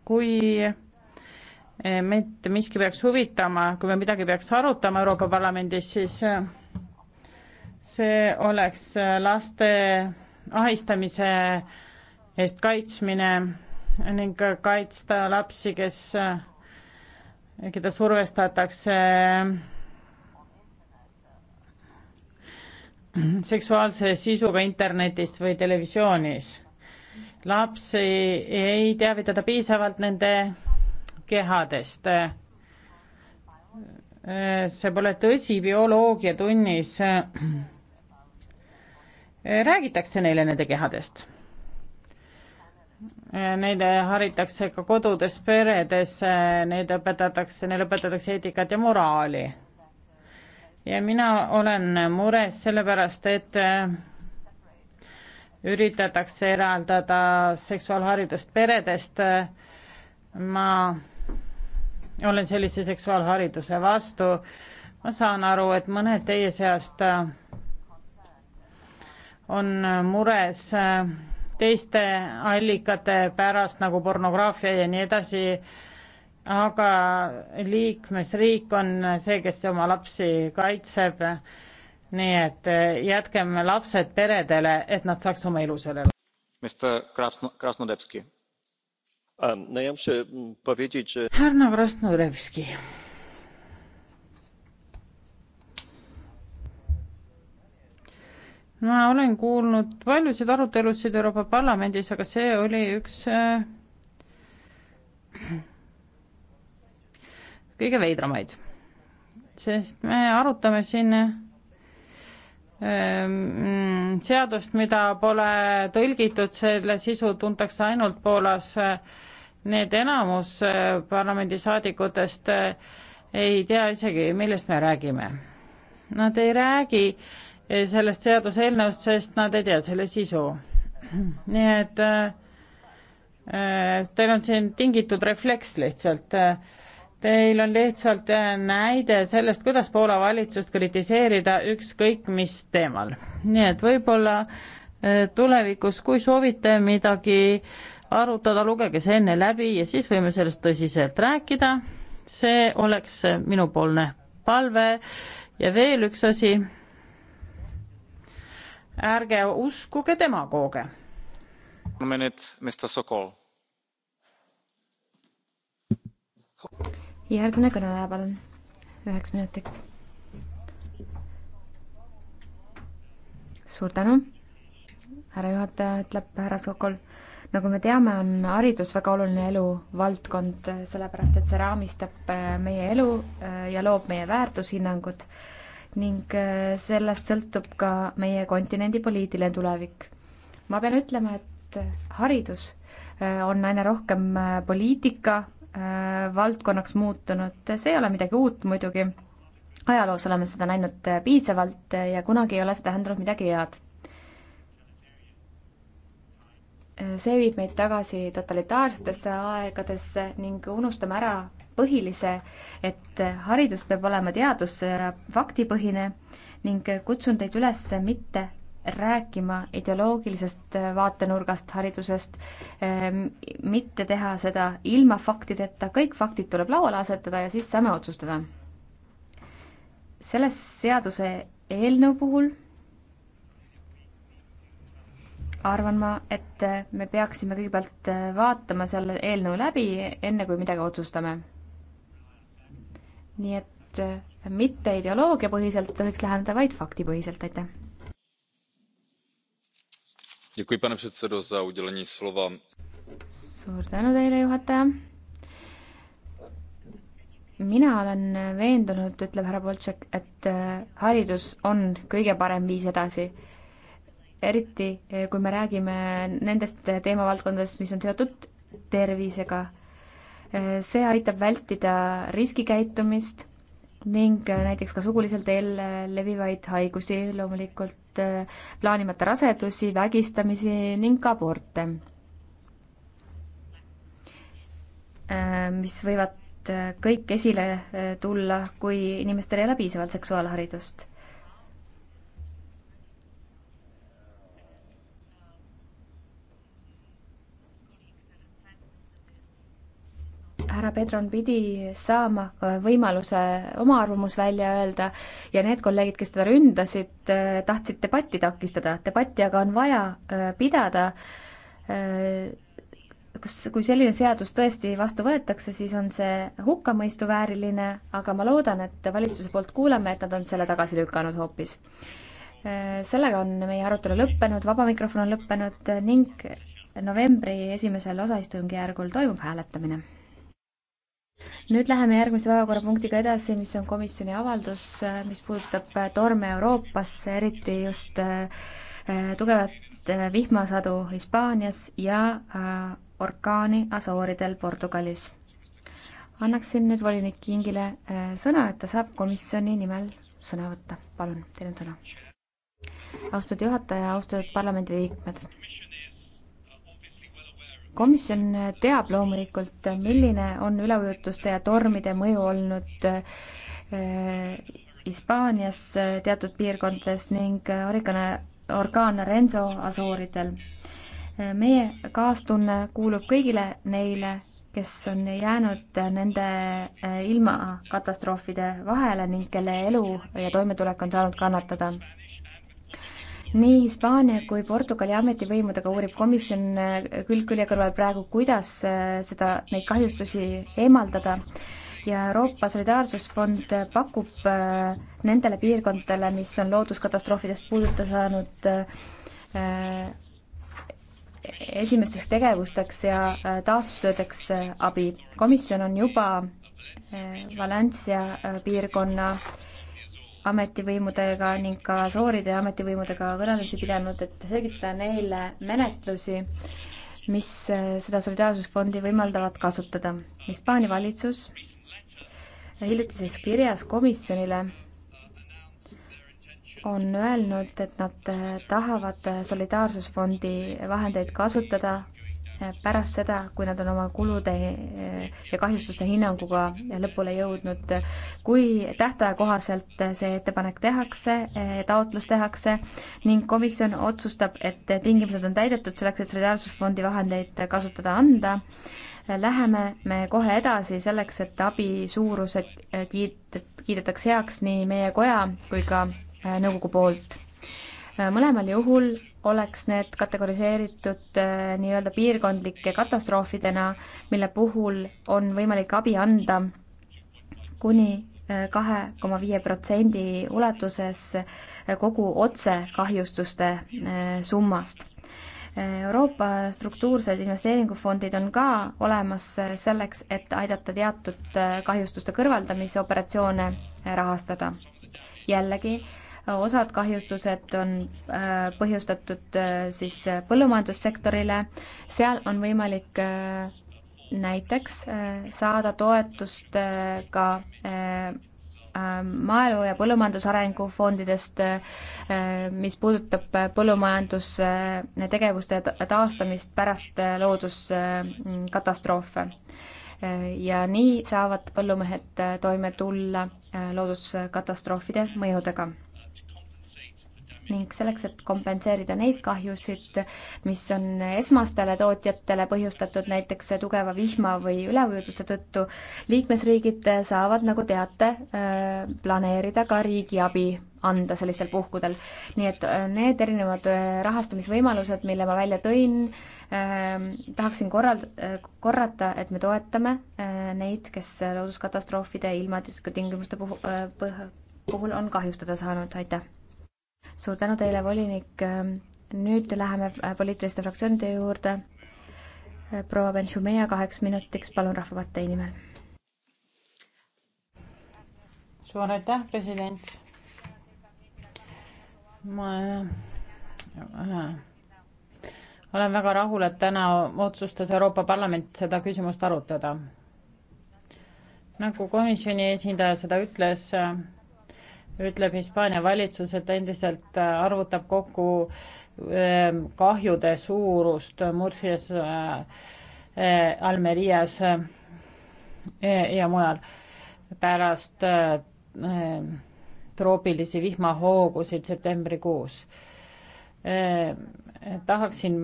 kui eh, meid miski peaks huvitama, kui me midagi peaks arutama Euroopa Parlamendis, siis eh, see oleks eh, laste ahistamise eest kaitsmine ning kaitsta lapsi, kes, keda survestatakse seksuaalse sisuga internetis või televisioonis lapsi ei teavitada piisavalt nende kehadest. see pole tõsi, bioloogiatunnis räägitakse neile nende kehadest. Neile haritakse ka kodudes, peredes, neid õpetatakse, neile õpetatakse eetikat ja moraali. ja mina olen mures sellepärast, et üritatakse eraldada seksuaalharidust peredest. ma olen sellise seksuaalhariduse vastu. ma saan aru, et mõned teie seast on mures teiste allikate pärast nagu pornograafia ja nii edasi, aga liikmesriik on see, kes oma lapsi kaitseb nii et eh, jätkem lapsed peredele, et nad saaks oma elu seal elada. Um, mm, härra Krasnodebski. ma olen kuulnud paljusid arutelusid Euroopa Parlamendis, aga see oli üks eh, kõige veidramaid, sest me arutame siin Ehm, mm, seadust, mida pole tõlgitud, selle sisu tuntakse ainult Poolas. Need enamus eh, parlamendisaadikutest eh, ei tea isegi, millest me räägime. Nad ei räägi eh, sellest seaduseelnõust, sest nad ei tea selle sisu. nii et teil on siin tingitud refleks lihtsalt äh, Teil on lihtsalt äh, näide sellest, kuidas Poola valitsust kritiseerida ükskõik mis teemal. nii et võib-olla äh, tulevikus, kui soovite midagi arutada, lugege see enne läbi ja siis võime sellest tõsiselt rääkida. see oleks äh, minupoolne palve ja veel üks asi. ärge uskuge demagooge. minut, Mr Sokol järgmine kõneleja, palun, üheks minutiks. suur tänu, härra juhataja, ütleb härra Sokol. nagu me teame, on haridus väga oluline eluvaldkond, sellepärast et see raamistab äh, meie elu äh, ja loob meie väärtushinnangud ning äh, sellest sõltub ka meie kontinendi poliitiline tulevik. ma pean ütlema, et haridus on aina rohkem poliitika Äh, valdkonnaks muutunud, see ei ole midagi uut muidugi, ajaloos oleme seda näinud piisavalt ja kunagi ei ole see tähendanud midagi head. Äh, see viib meid tagasi totalitaarsetesse aegadesse ning unustame ära põhilise, et haridus peab olema teadus- ja faktipõhine ning kutsun teid üles mitte rääkima ideoloogilisest vaatenurgast haridusest, ehm, mitte teha seda ilma faktideta, kõik faktid tuleb lauale asetada ja siis saame otsustada. selles seaduse eelnõu puhul arvan ma, et me peaksime kõigepealt vaatama selle eelnõu läbi, enne kui midagi otsustame. nii et mitte ideoloogiapõhiselt tohiks läheneda, vaid faktipõhiselt, aitäh! pane předsedající suur tänu teile juhataja! mina olen veendunud, ütleb härra Boltšak, et äh, haridus on kõige parem viis edasi. eriti äh, kui me räägime nendest äh, teemavaldkondadest, mis on seotud tervisega. see aitab vältida riskikäitumist ning äh, näiteks ka sugulisel teel äh, levivaid haigusi, loomulikult äh, plaanimata rasedusi, vägistamisi ning ka aborte, mis võivad kõik esile tulla, kui inimestel ei ole piisavalt seksuaalharidust härra Pedron pidi saama äh, võimaluse oma arvamus välja öelda ja need kolleegid, kes teda ründasid, äh, tahtsid debatti takistada. debatti aga on vaja äh, pidada. kus, kui selline seadus tõesti vastu võetakse, siis on see hukkamõistu vääriline, aga ma loodan, et valitsuse poolt kuuleme, et nad on selle tagasi lükanud hoopis. sellega on meie arutelu lõppenud, vaba mikrofon on lõppenud ning novembri esimesel osaistungjärgul toimub hääletamine nüüd läheme järgmise päevakorrapunktiga edasi, mis on komisjoni avaldus, äh, mis puudutab äh, torme Euroopasse, eriti just äh, tugevat vihmasadu Hispaanias ja orkaani Asooridel Portugalis. annaksin nüüd volinik Kingile sõna, et ta saab komisjoni nimel sõna võtta. palun, teil on sõna. austatud juhataja, austatud parlamendiliikmed komisjon teab loomulikult, milline on üleujutuste ja tormide mõju olnud eh, Hispaanias eh, teatud piirkondades ning eh, orikane, orkaan Renzo Asuuridel. meie kaastunne kuulub kõigile neile, kes on jäänud nende ilmakatastroofide vahele ning kelle elu ja toimetulek on saanud kannatada nii Hispaania kui Portugali ametivõimudega uurib komisjon äh, külg külje kõrval praegu, kuidas äh, seda, neid kahjustusi eemaldada ja Euroopa Solidaarsusfond äh, pakub nendele piirkondadele, mis on looduskatastroofidest puuduta saanud esimesteks tegevusteks ja taastustöödeks abi. komisjon on juba Valencia piirkonna äh, ametivõimudega ning ka Sooride ametivõimudega kõnelusi pidanud, et selgitada neile menetlusi, mis äh, seda solidaarsusfondi võimaldavad kasutada. Hispaania valitsus hiljutises kirjas komisjonile on öelnud, et nad äh, tahavad äh, solidaarsusfondi vahendeid kasutada pärast seda, kui nad on oma kulude eh, ja kahjustuste hinnanguga lõpule jõudnud. kui tähtaja kohaselt see ettepanek tehakse, eh, taotlus tehakse ning komisjon otsustab, et tingimused on täidetud selleks, et solidaarsusfondi vahendeid kasutada anda, läheme me kohe edasi selleks, et abi suuruse eh, kiidet-, kiidetaks heaks nii meie koja kui ka nõukogu poolt mõlemal juhul oleks need kategoriseeritud äh, nii-öelda piirkondlike katastroofidena, mille puhul on võimalik abi anda kuni äh, kahe koma viie protsendi ulatuses äh, kogu otsekahjustuste summast. Euroopa struktuursed investeeringufondid on ka olemas selleks, et aidata teatud kahjustuste kõrvaldamise operatsioone rahastada. jällegi äh, osad kahjustused on äh, põhjustatud äh, siis äh, põllumajandussektorile, seal on võimalik näiteks saada toetust ka maaelu ja põllumajandusarengu fondidest, mis puudutab põllumajandustegevuste taastamist pärast looduskatastroofe. ja nii saavad põllumehed toime tulla looduskatastroofide mõjudega ning selleks, et kompenseerida neid kahjusid, mis on esmastele tootjatele põhjustatud näiteks tugeva vihma või üleujutuste tõttu, liikmesriigid saavad, nagu teate, äh, planeerida ka riigiabi anda sellistel puhkudel. nii et äh, need erinevad äh, rahastamisvõimalused, mille ma välja tõin eh,, tahaksin korral- eh,, korrata, et me toetame eh, neid, kes looduskatastroofide ilmatingimuste puhul, puhul on kahjustada saanud, aitäh! suur tänu teile, volinik. Ähm, nüüd läheme äh, poliitiliste fraktsioonide juurde. Äh, proua Benjumea kaheks minutiks, palun Rahvapartei nimel. suur aitäh, president. ma äh, olen väga rahul, et täna otsustas Euroopa Parlament seda küsimust arutada. nagu komisjoni esindaja seda ütles ütleb Hispaania valitsus, et endiselt äh, arvutab kokku ähm, kahjude suurust Murcias, äh, äh, Almerias ja mujal pärast troopilisi vihmahoogusid septembrikuus. tahaksin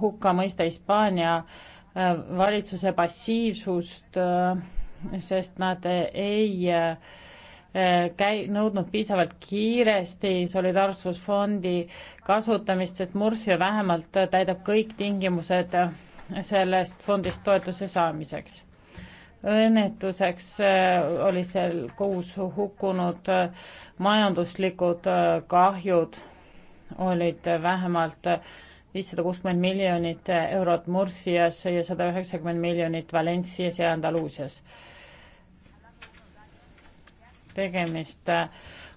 hukka mõista Hispaania valitsuse passiivsust, sest nad ei äh, Äh, käi-, nõudnud piisavalt kiiresti solidaarsusfondi kasutamist, sest Mursi vähemalt täidab kõik tingimused sellest fondist toetuse saamiseks. õnnetuseks äh, oli seal kuus hukkunud, äh, majanduslikud kahjud olid vähemalt viissada kuuskümmend miljonit eurot Mursias ja sada üheksakümmend miljonit Valencias ja Andaluusias tegemist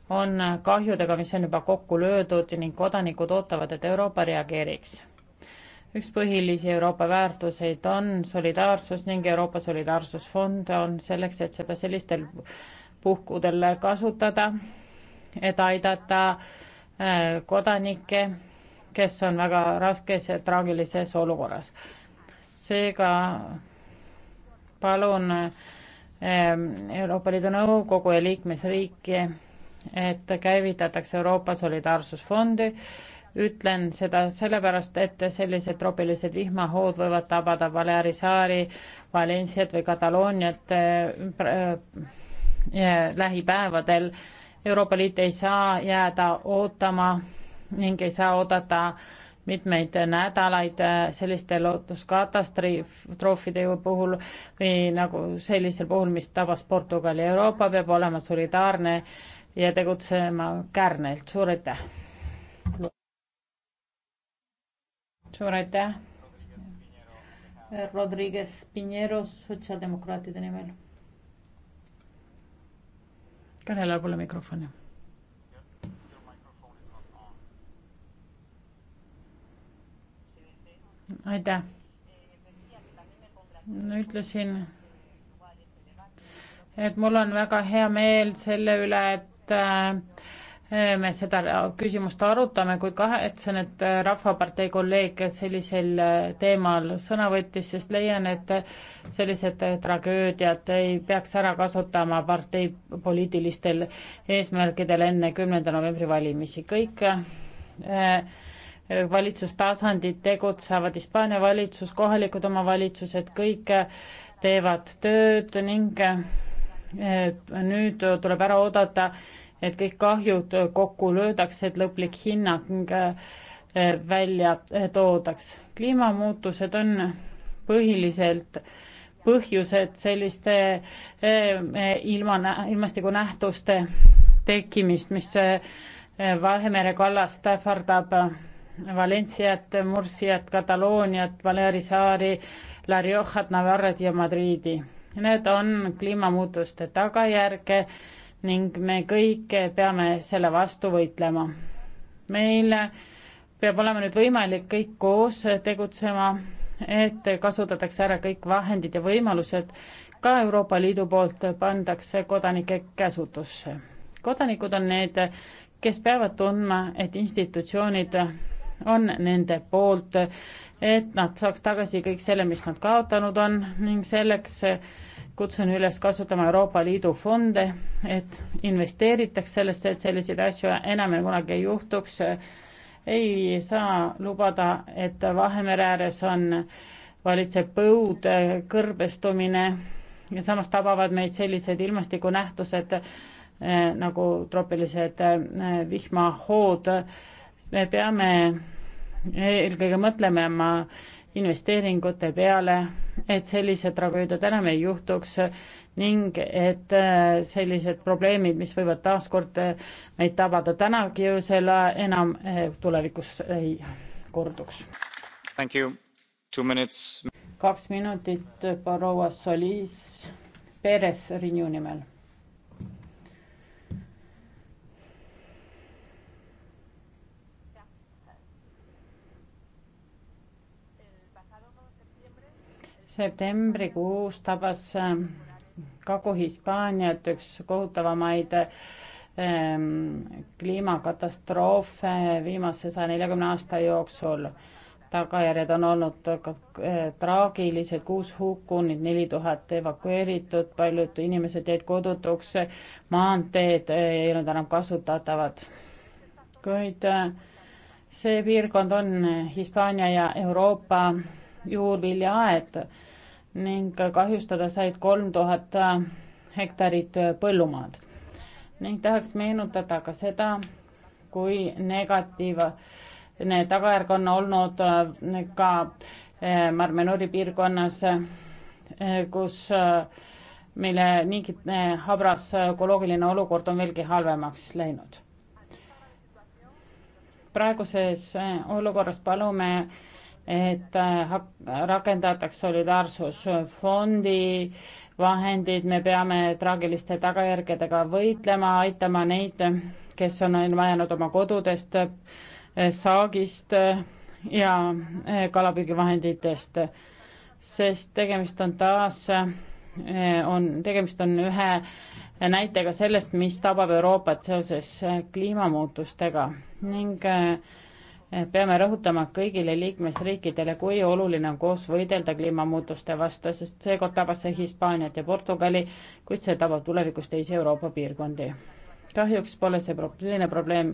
on kahjudega, mis on juba kokku löödud ning kodanikud ootavad, et Euroopa reageeriks. üks põhilisi Euroopa väärtuseid on solidaarsus ning Euroopa Solidaarsusfond on selleks, et seda sellistel puhkudel kasutada, et aidata äh, kodanikke, kes on väga raskes ja traagilises olukorras. seega palun äh, Ehm, Euroopa Liidu Nõukogu ja liikmesriiki, et käivitatakse Euroopa Solidaarsusfondi. ütlen seda sellepärast, et sellised troopilised vihmahood võivad tabada Baleari saari, Valensiat või Katalooniat eh, eh, lähipäevadel. Euroopa Liit ei saa jääda ootama ning ei saa oodata äh, mitmeid nädalaid äh, selliste looduskatastroofide puhul või nagu sellisel puhul, mis tabas Portugali. Euroopa peab olema solidaarne ja tegutsema kärnelt, suur aitäh! suur aitäh! Rodriguez Pinheiro sotsiaaldemokraatide nimel. kõnelejal pole mikrofoni aitäh. ütlesin, et mul on väga hea meel selle üle, et äh, me seda küsimust arutame, kuid kahetsen, et äh, Rahvapartei kolleeg sellisel äh, teemal sõna võttis, sest leian, et sellised tragöödiad ei peaks ära kasutama partei poliitilistel eesmärkidel enne kümnenda novembri valimisi. kõik äh, valitsustasandid tegutsevad, Hispaania valitsus, kohalikud omavalitsused, kõik äh, teevad tööd ning äh, nüüd tuleb ära oodata, et kõik kahjud kokku löödakse, et lõplik hinnang äh, välja toodaks. kliimamuutused on põhiliselt põhjused selliste ilma, ilmastikunähtuste tekkimist, mis Vahemere kallast ähvardab Valenciat, Murciat, Katalooniat, Baleari saari, La Riojat, Navarrat ja Madriidi. Need on kliimamuutuste tagajärge ning me kõik peame selle vastu võitlema. meil peab olema nüüd võimalik kõik koos tegutsema, et kasutatakse ära kõik vahendid ja võimalused, ka Euroopa Liidu poolt pandakse kodanike käsutusse. kodanikud on need, kes peavad tundma, et institutsioonid on nende poolt, et nad saaks tagasi kõik selle, mis nad kaotanud on ning selleks kutsun üles kasutama Euroopa Liidu fonde, et investeeritaks sellesse, et selliseid asju enam ja kunagi ei juhtuks. ei saa lubada, et Vahemere ääres on, valitseb põud, kõrbestumine ja samas tabavad meid sellised ilmastikunähtused eh, nagu troopilised eh, vihmahood me peame eelkõige mõtlema investeeringute peale, et sellised tragöödiad enam ei juhtuks ning et äh, sellised probleemid, mis võivad taaskord äh, meid tabada täna kiusel, enam äh, tulevikus ei korduks. kaks minutit, proua Solis Perez Renew nimel septembrikuus tabas äh, Kagu-Hispaaniat üks kohutavamaid ähm, kliimakatastroofe viimase saja neljakümne aasta jooksul. tagajärjed on olnud äh, traagilised, kuus hukkunut, neli tuhat evakueeritud, paljud inimesed jäid kodutuks, maanteed ei olnud enam kasutatavad. kuid äh, see piirkond on Hispaania ja Euroopa juurviljaaed ning kahjustada said kolm tuhat äh, hektarit äh, põllumaad. ning tahaks meenutada ka seda, kui negatiivne äh, tagajärg on olnud ka Marmenori piirkonnas, kus, mille niigi habras ökoloogiline olukord on veelgi halvemaks läinud. praeguses olukorras palume et äh, rakendataks solidaarsusfondi vahendid, me peame traagiliste tagajärgedega võitlema, aitama neid, kes on ilma jäänud oma kodudest, äh, saagist äh, ja kalapüügivahenditest, sest tegemist on taas, on, tegemist on ühe näitega sellest, mis tabab Euroopat seoses kliimamuutustega ning äh, peame rõhutama kõigile liikmesriikidele, kui oluline on koos võidelda kliimamuutuste vastu, sest seekord tabas see Hispaaniat ja Portugali, kuid see tabab tulevikus teisi Euroopa piirkondi. kahjuks pole see pro-, selline probleem,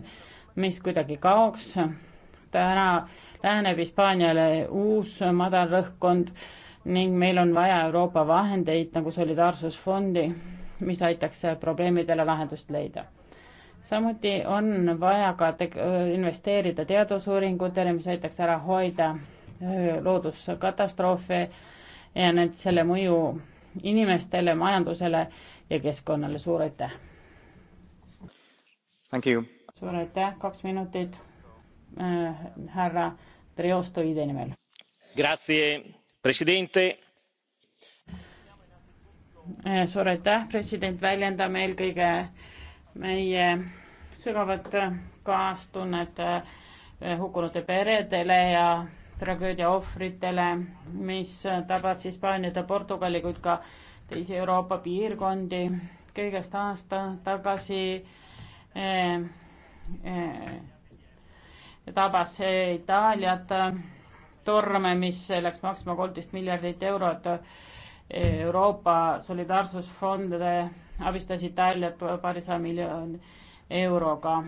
mis kuidagi kaoks, täna läheneb Hispaaniale uus madalrõhkkond ning meil on vaja Euroopa vahendeid nagu Solidaarsusfondi, mis aitaks probleemidele lahendust leida samuti on vaja ka te investeerida teadusuuringutele, mis aitaks ära hoida looduskatastroofe ja need, selle mõju inimestele, majandusele ja keskkonnale, suur aitäh! suur aitäh, kaks minutit äh, härra Triostoide nimel. suur aitäh, president, väljendame eelkõige äh, meie sügavat kaastunnet eh, hukkunute peredele ja tragöödia ohvritele, mis tabas Hispaaniat ja Portugali, kuid ka teisi Euroopa piirkondi. kõigest aasta tagasi eh, eh, tabas Itaaliat torm, mis läks maksma kolmteist miljardit eurot eh, Euroopa solidaarsusfondade abistas Itaaliat paarisaja miljoni euroga.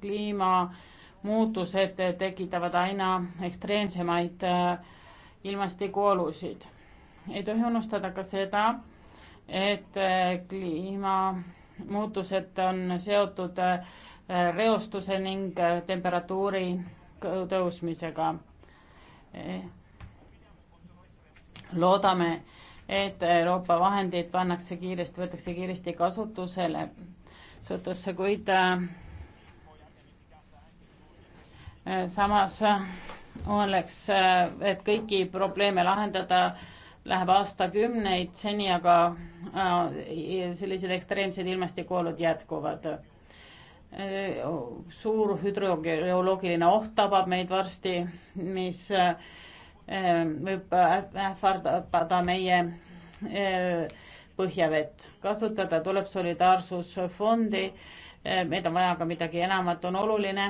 kliimamuutused tekitavad aina ekstreemsemaid äh, ilmastikuolusid. ei tohi unustada ka seda, et äh, kliimamuutused on seotud äh, reostuse ning temperatuuri tõusmisega. loodame et Euroopa vahendeid pannakse kiiresti, võetakse kiiresti kasutusele, suhtusse, kuid äh, äh, samas äh, oleks, et kõiki probleeme lahendada, läheb aastakümneid, seni aga sellised ekstreemsed ilmastikuolud jätkuvad. suur hüdrogeoloogiline oht tabab meid varsti, mis Ehm, võib ähvardada äh, meie äh, põhjavett. kasutada tuleb solidaarsusfondi, ehm, meil on vaja ka midagi enamat, on oluline,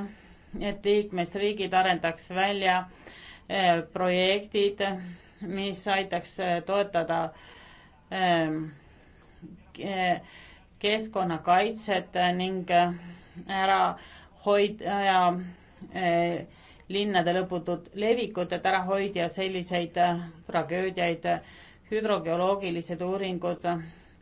et liikmesriigid arendaks välja äh, projektid, mis aitaks toetada ehm, keskkonnakaitset ning ära hoida ja linnade lõputut levikut, et ära hoida selliseid äh, tragöödiaid. Äh, hüdrogeoloogilised uuringud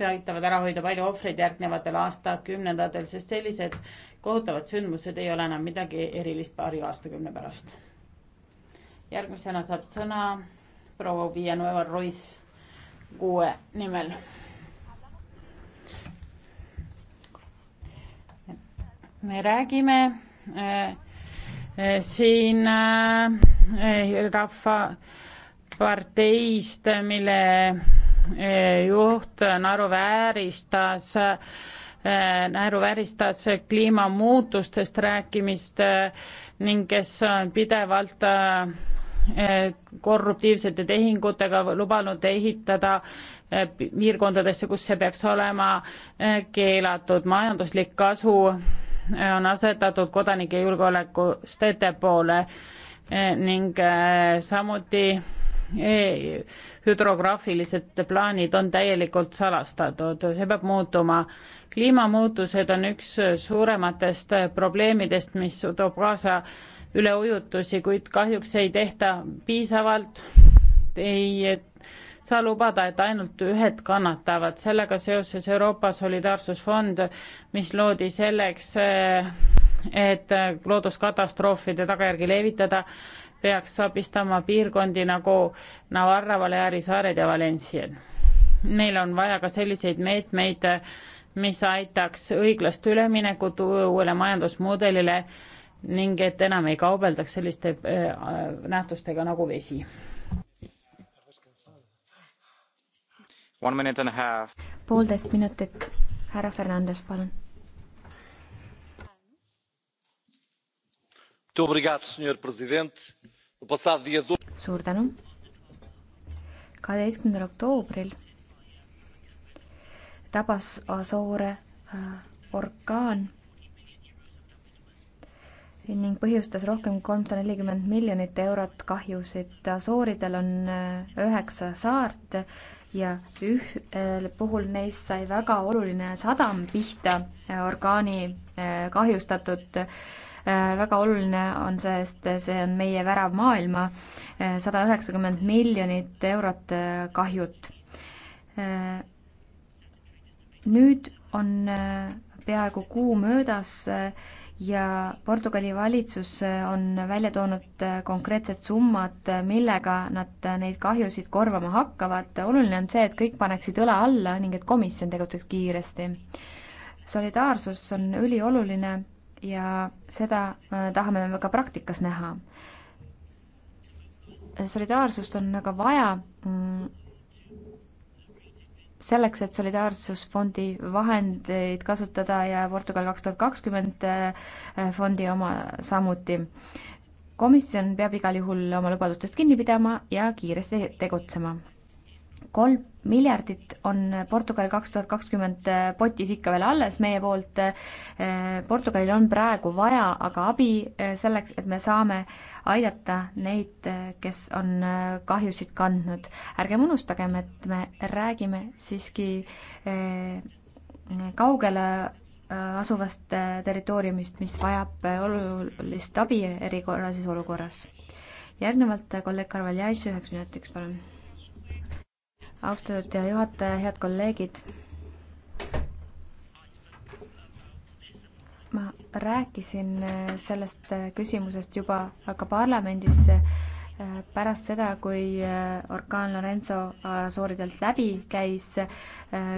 aitavad äh, ära hoida palju ohvreid järgnevatel aastakümnendatel, sest sellised kohutavad sündmused ei ole enam midagi erilist paari aastakümne pärast. järgmisena saab sõna proua Villanueva Ruiz kuue nimel me räägime äh, Eh, siin eh, rahvaparteist, mille eh, juht naeruvääristas naeruvääristas kliimamuutustest rääkimist ning kes on pidevalt korruptiivsete tehingutega lubanud ehitada piirkondadesse, kus see peaks olema keelatud. majanduslik kasu on asetatud kodanike julgeolekust ettepoole eh, ning eh, samuti eh, hüdrograafilised plaanid on täielikult salastatud, see peab muutuma. kliimamuutused on üks suurematest probleemidest, mis toob kaasa üleujutusi, kuid kahjuks ei tehta piisavalt, ei saa lubada, et ainult ühed kannatavad. sellega seoses Euroopa Solidaarsusfond, mis loodi selleks, et looduskatastroofide tagajärgi levitada, peaks abistama piirkondi nagu Navarra, Baleari saared ja Valencia. meil on vaja ka selliseid meetmeid, mis aitaks õiglast üleminekut uuele majandusmudelile ning et enam ei kaubeldaks selliste äh, nähtustega nagu vesi poolteist minutit, härra Fernandes, palun. suur tänu. kaheteistkümnendal oktoobril tabas Asoore äh, orkaan ning põhjustas rohkem kui kolmsada nelikümmend miljonit eurot kahjusid. Asooridel on äh, üheksa saart ja ühel puhul neist sai väga oluline sadam pihta äh, orgaani äh, kahjustatud. Äh, väga oluline on see, sest see on meie värav maailma, sada üheksakümmend miljonit eurot kahjut. nüüd on peaaegu kuu möödas äh, ja Portugali valitsus on välja toonud konkreetsed summad, millega nad neid kahjusid korvama hakkavad. oluline on see, et kõik paneksid õla alla ning et komisjon tegutseks kiiresti. solidaarsus on ülioluline ja seda äh, tahame me ka praktikas näha. solidaarsust on aga vaja mm, selleks, et Solidaarsusfondi vahendeid kasutada ja Portugal kaks tuhat kakskümmend äh, fondi oma samuti. komisjon peab igal juhul oma lubadustest kinni pidama ja kiiresti tegutsema. kolm miljardit on Portugal kaks tuhat kakskümmend äh, potis ikka veel alles meie poolt. Äh, Portugalil on praegu vaja aga abi selleks, et me saame äh, aidata neid, kes on äh, kahjusid kandnud. ärgem unustagem, et me räägime siiski äh, kaugele äh, asuvast territooriumist, mis vajab olulist abi erikorralises olukorras. järgnevalt kolleeg Karvel Jäis üheks minutiks, palun. austatud juhataja, head kolleegid ma rääkisin äh, sellest äh, küsimusest juba ka parlamendis äh, pärast seda, kui orkaan Lorenzo Asooridelt läbi käis.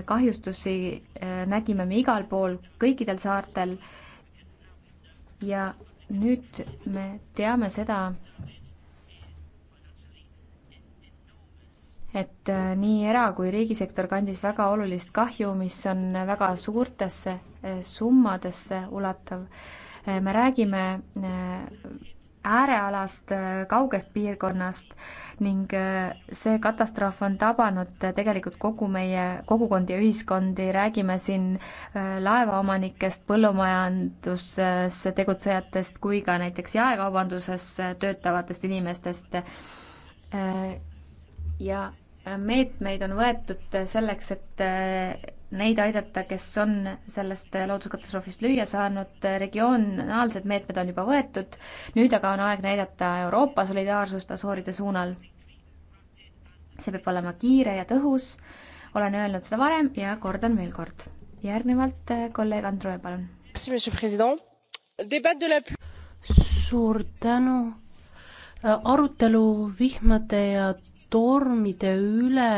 kahjustusi nägime me igal pool, kõikidel saartel. ja nüüd me teame seda, et nii era- kui riigisektor kandis väga olulist kahju, mis on väga suurtesse summadesse ulatav. me räägime eh, äärealast, eh, kaugest piirkonnast ning eh, see katastroof on tabanud tegelikult kogu meie kogukondi ja ühiskondi, räägime siin laevaomanikest, põllumajanduses tegutsejatest kui ka näiteks jaekaubanduses töötavatest inimestest. ja meetmeid on võetud selleks, et neid aidata, kes on sellest looduskatastroofist lüüa saanud, regionaalsed meetmed on juba võetud, nüüd aga on aeg näidata Euroopa solidaarsust Asooride suunal. see peab olema kiire ja tõhus, olen öelnud seda varem ja kordan veel kord. järgnevalt eh, kolleeg Androe, palun. suur tänu. Äh, arutelu vihmade ja tormide üle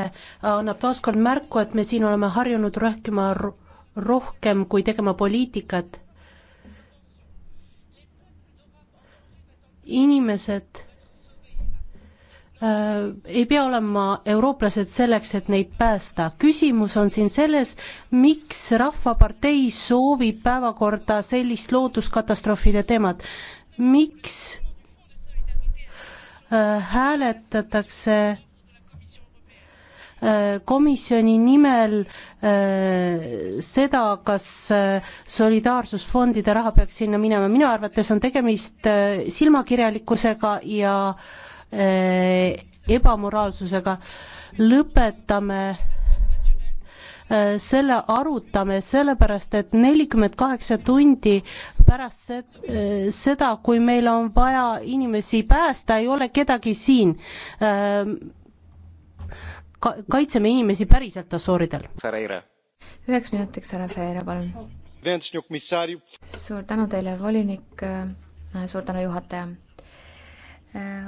annab taaskord märku, et me siin oleme harjunud rääkima rohkem kui tegema poliitikat. inimesed äh, ei pea olema eurooplased selleks, et neid päästa. küsimus on siin selles, miks Rahvapartei soovib päevakorda sellist looduskatastroofide teemat. miks Äh, hääletatakse äh, komisjoni nimel äh, seda, kas solidaarsusfondide raha peaks sinna minema, minu arvates on tegemist silmakirjalikkusega ja ebamoraalsusega. lõpetame Äh, selle arutame, sellepärast et nelikümmend kaheksa tundi pärast äh, seda, kui meil on vaja inimesi päästa, ei ole kedagi siin. Äh, ka-, kaitseme inimesi päriselt Asooridel. üheks minutiks, härra Ferreira, palun. suur tänu teile, volinik, suur tänu, juhataja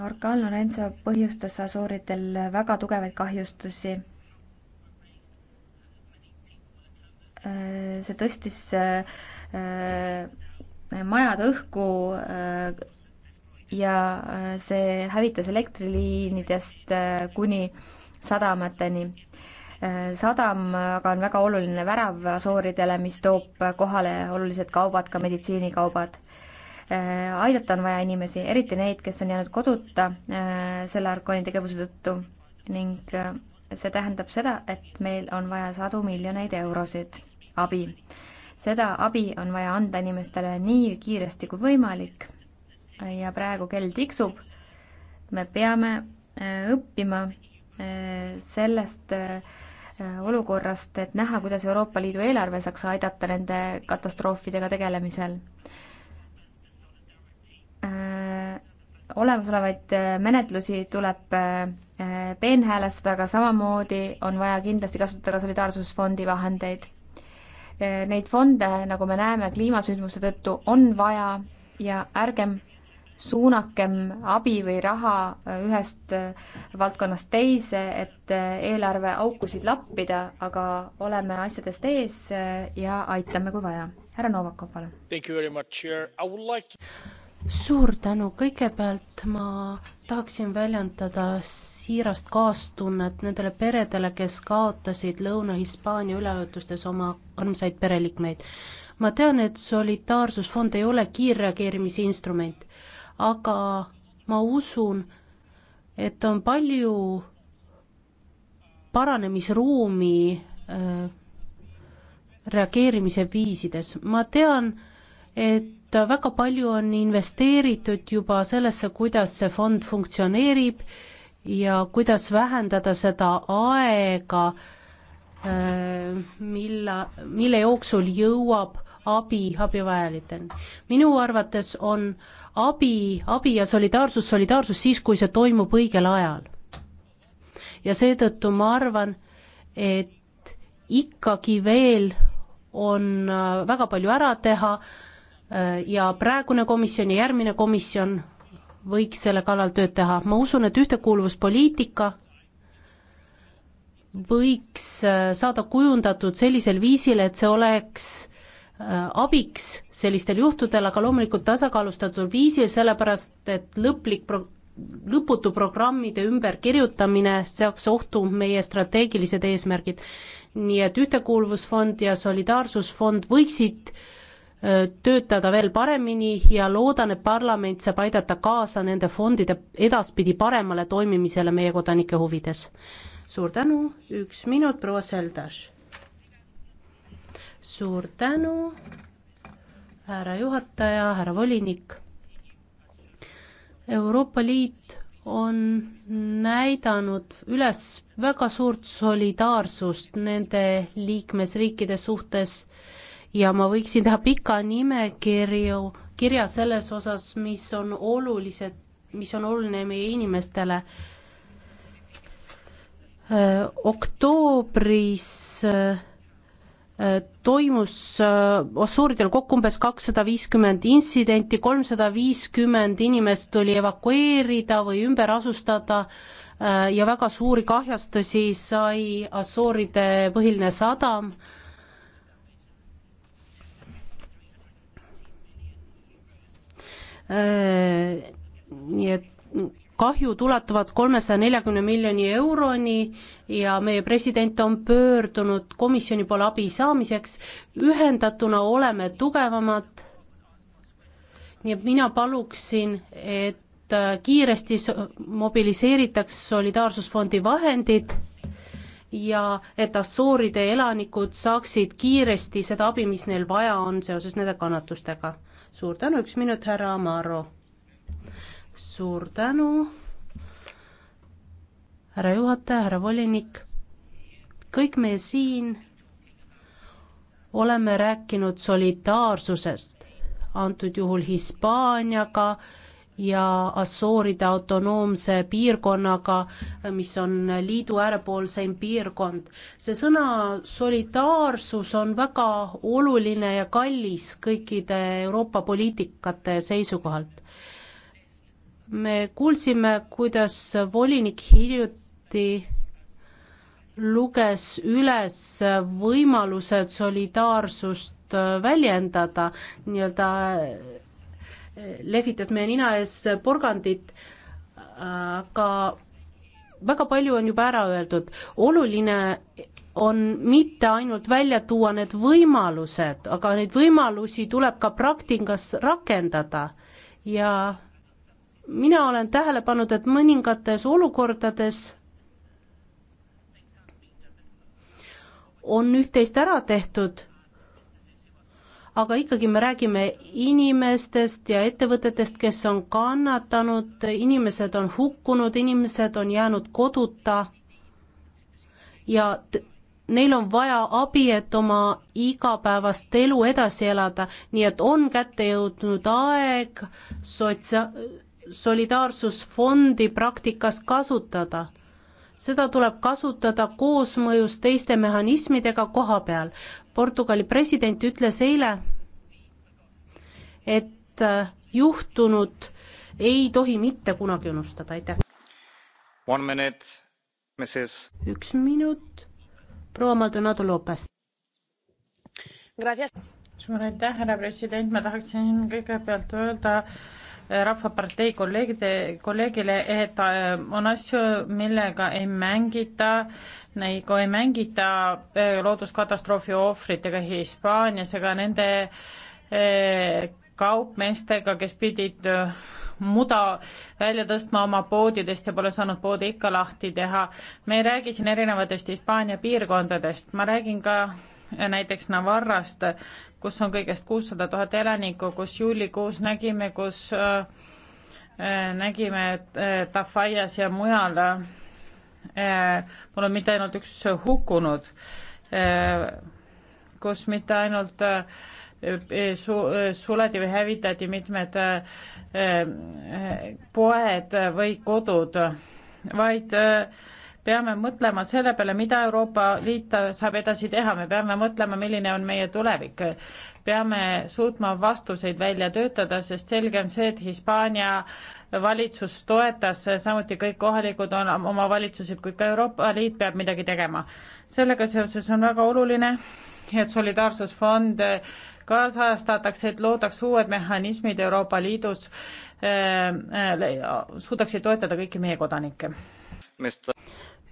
orkaan Lorenzo põhjustas Asooridel väga tugevaid kahjustusi Äh, see tõstis äh, majad õhku äh, ja see hävitas elektriliinidest kuni sadamateni. sadam aga on väga oluline värav Asooridele, mis toob kohale olulised kaubad, ka meditsiinikaubad aidata on vaja inimesi, eriti neid, kes on jäänud koduta selle Arkooni tegevuse tõttu ning see tähendab seda, et meil on vaja sadu miljoneid eurosid abi. seda abi on vaja anda inimestele nii kiiresti kui võimalik ja praegu kell tiksub. me peame äh, õppima äh, sellest äh, olukorrast, et näha, kuidas Euroopa Liidu eelarve saaks aidata nende katastroofidega tegelemisel olemasolevaid menetlusi tuleb peenhäälestada, aga samamoodi on vaja kindlasti kasutada ka solidaarsusfondi vahendeid. Neid fonde, nagu me näeme kliimasündmuse tõttu, on vaja ja ärgem suunakem abi või raha äh, ühest äh, valdkonnast teise, et äh, eelarveaukusid lappida, aga oleme asjadest ees ja aitame, kui vaja. härra Novakov, palun. Like to... suur tänu, kõigepealt ma tahaksin väljendada siirast kaastunnet nendele peredele, kes kaotasid Lõuna-Hispaania üleujutustes oma armsaid pereliikmeid. ma tean, et solidaarsusfond ei ole kiirreageerimise instrument, aga ma usun, et on palju paranemisruumi äh, reageerimise viisides, ma tean, et et väga palju on investeeritud juba sellesse, kuidas see fond funktsioneerib ja kuidas vähendada seda aega, äh, milla, mille jooksul jõuab abi abivajajateni. minu arvates on abi, abi ja solidaarsus, solidaarsus siis, kui see toimub õigel ajal. ja seetõttu ma arvan, et ikkagi veel on äh, väga palju ära teha äh, Äh, ja praegune komisjon ja järgmine komisjon võiks selle kallal tööd teha, ma usun, et ühtekuuluvuspoliitika võiks äh, saada kujundatud sellisel viisil, et see oleks äh, abiks sellistel juhtudel, aga loomulikult tasakaalustatud viisil, sellepärast et lõplik pro-, lõputu programmide ümberkirjutamine seaks ohtu meie strateegilised eesmärgid. nii et Ühtekuuluvusfond ja Solidaarsusfond võiksid äh, töötada veel paremini ja loodan, et parlament saab aidata kaasa nende fondide edaspidi paremale toimimisele meie kodanike huvides. suur tänu, üks minut, proua Seldas. suur tänu, härra juhataja, härra volinik. Euroopa Liit on näidanud üles väga suurt solidaarsust nende liikmesriikide suhtes, ja ma võiksin teha pika nimekirju, kirja selles osas, mis on olulised, mis on oluline meie inimestele. Äh, oktoobris äh, toimus Ossuuridel äh, kokku umbes kakssada viiskümmend intsidenti, kolmsada viiskümmend inimest tuli evakueerida või ümber asustada ja väga suuri kahjustusi sai Assuuride põhiline sadam Äh, nii et kahjud ulatuvad kolmesaja neljakümne miljoni euroni ja meie president on pöördunud komisjoni poole abi saamiseks, ühendatuna oleme tugevamad, nii et mina paluksin, et äh, kiiresti mobiliseeritaks Solidaarsusfondi vahendid ja et Assuuride elanikud saaksid kiiresti seda abi, mis neil vaja on seoses nende kannatustega suur tänu, üks minut, härra Amaro. suur tänu, härra juhataja, härra volinik. kõik me siin oleme rääkinud solidaarsusest, antud juhul Hispaaniaga ja Assooride autonoomse piirkonnaga, mis on liidu äärepoolseim piirkond. see sõna solidaarsus on väga oluline ja kallis kõikide Euroopa poliitikate seisukohalt. me kuulsime, kuidas volinik hiljuti luges üles võimalused solidaarsust väljendada nii-öelda lehvitas meie nina ees porgandit, aga väga palju on juba ära öeldud, oluline on mitte ainult välja tuua need võimalused, aga neid võimalusi tuleb ka praktikas rakendada ja mina olen tähele pannud, et mõningates olukordades on üht-teist ära tehtud aga ikkagi me räägime inimestest ja ettevõtetest, kes on kannatanud, inimesed on hukkunud, inimesed on jäänud koduta ja neil on vaja abi, et oma igapäevast elu edasi elada, nii et on kätte jõudnud aeg sotsia-, solidaarsusfondi praktikas kasutada. seda tuleb kasutada koosmõjus teiste mehhanismidega koha peal. Portugali president ütles eile, et äh, juhtunut ei tohi mitte kunagi unustada, aitäh. One minute, Mrs. üks minut, proua Maldonado Lopez. suur aitäh, härra president, ma tahaksin kõigepealt öelda, Rahvapartei kolleegide, kolleegile, et äh, on asju, millega ei mängita, nagu ei mängita äh, looduskatastroofi ohvritega Hispaanias ega nende äh, kaupmeestega, kes pidid muda välja tõstma oma poodidest ja pole saanud poodi ikka lahti teha. me ei räägi siin erinevatest Hispaania piirkondadest, ma räägin ka näiteks Navarrast, kus on kõigest kuussada tuhat elanikku, kus juulikuus nägime, kus äh, nägime, et äh, Tafaias ja mujal äh, pole mitte ainult üks hukkunud, kus mitte ainult su-, suleti või hävitati mitmed poed või kodud, vaid äh, peame mõtlema selle peale, mida Euroopa Liit saab edasi teha, me peame mõtlema, milline on meie tulevik. peame suutma vastuseid välja töötada, sest selge on see, et Hispaania valitsus toetas, samuti kõik kohalikud on omavalitsused, kuid ka Euroopa Liit peab midagi tegema. sellega seoses on väga oluline, et solidaarsusfond kaasajastatakse, et loodaks uued mehhanismid Euroopa Liidus äh,, äh, suudaksid toetada kõiki meie kodanikke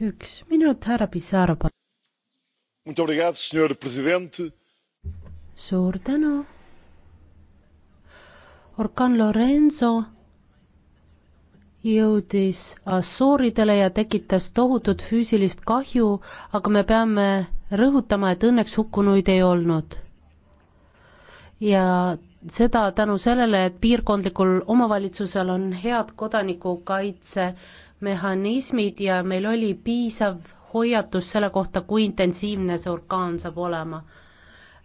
üks minut, härra Pissarro, palun. suur tänu. orkan Lorenzo jõudis Assuuridele ja tekitas tohutut füüsilist kahju, aga me peame rõhutama, et õnneks hukkunuid ei olnud. ja seda tänu sellele, et piirkondlikul omavalitsusel on head kodanikukaitse mehhanismid ja meil oli piisav hoiatus selle kohta, kui intensiivne see orkaan saab olema.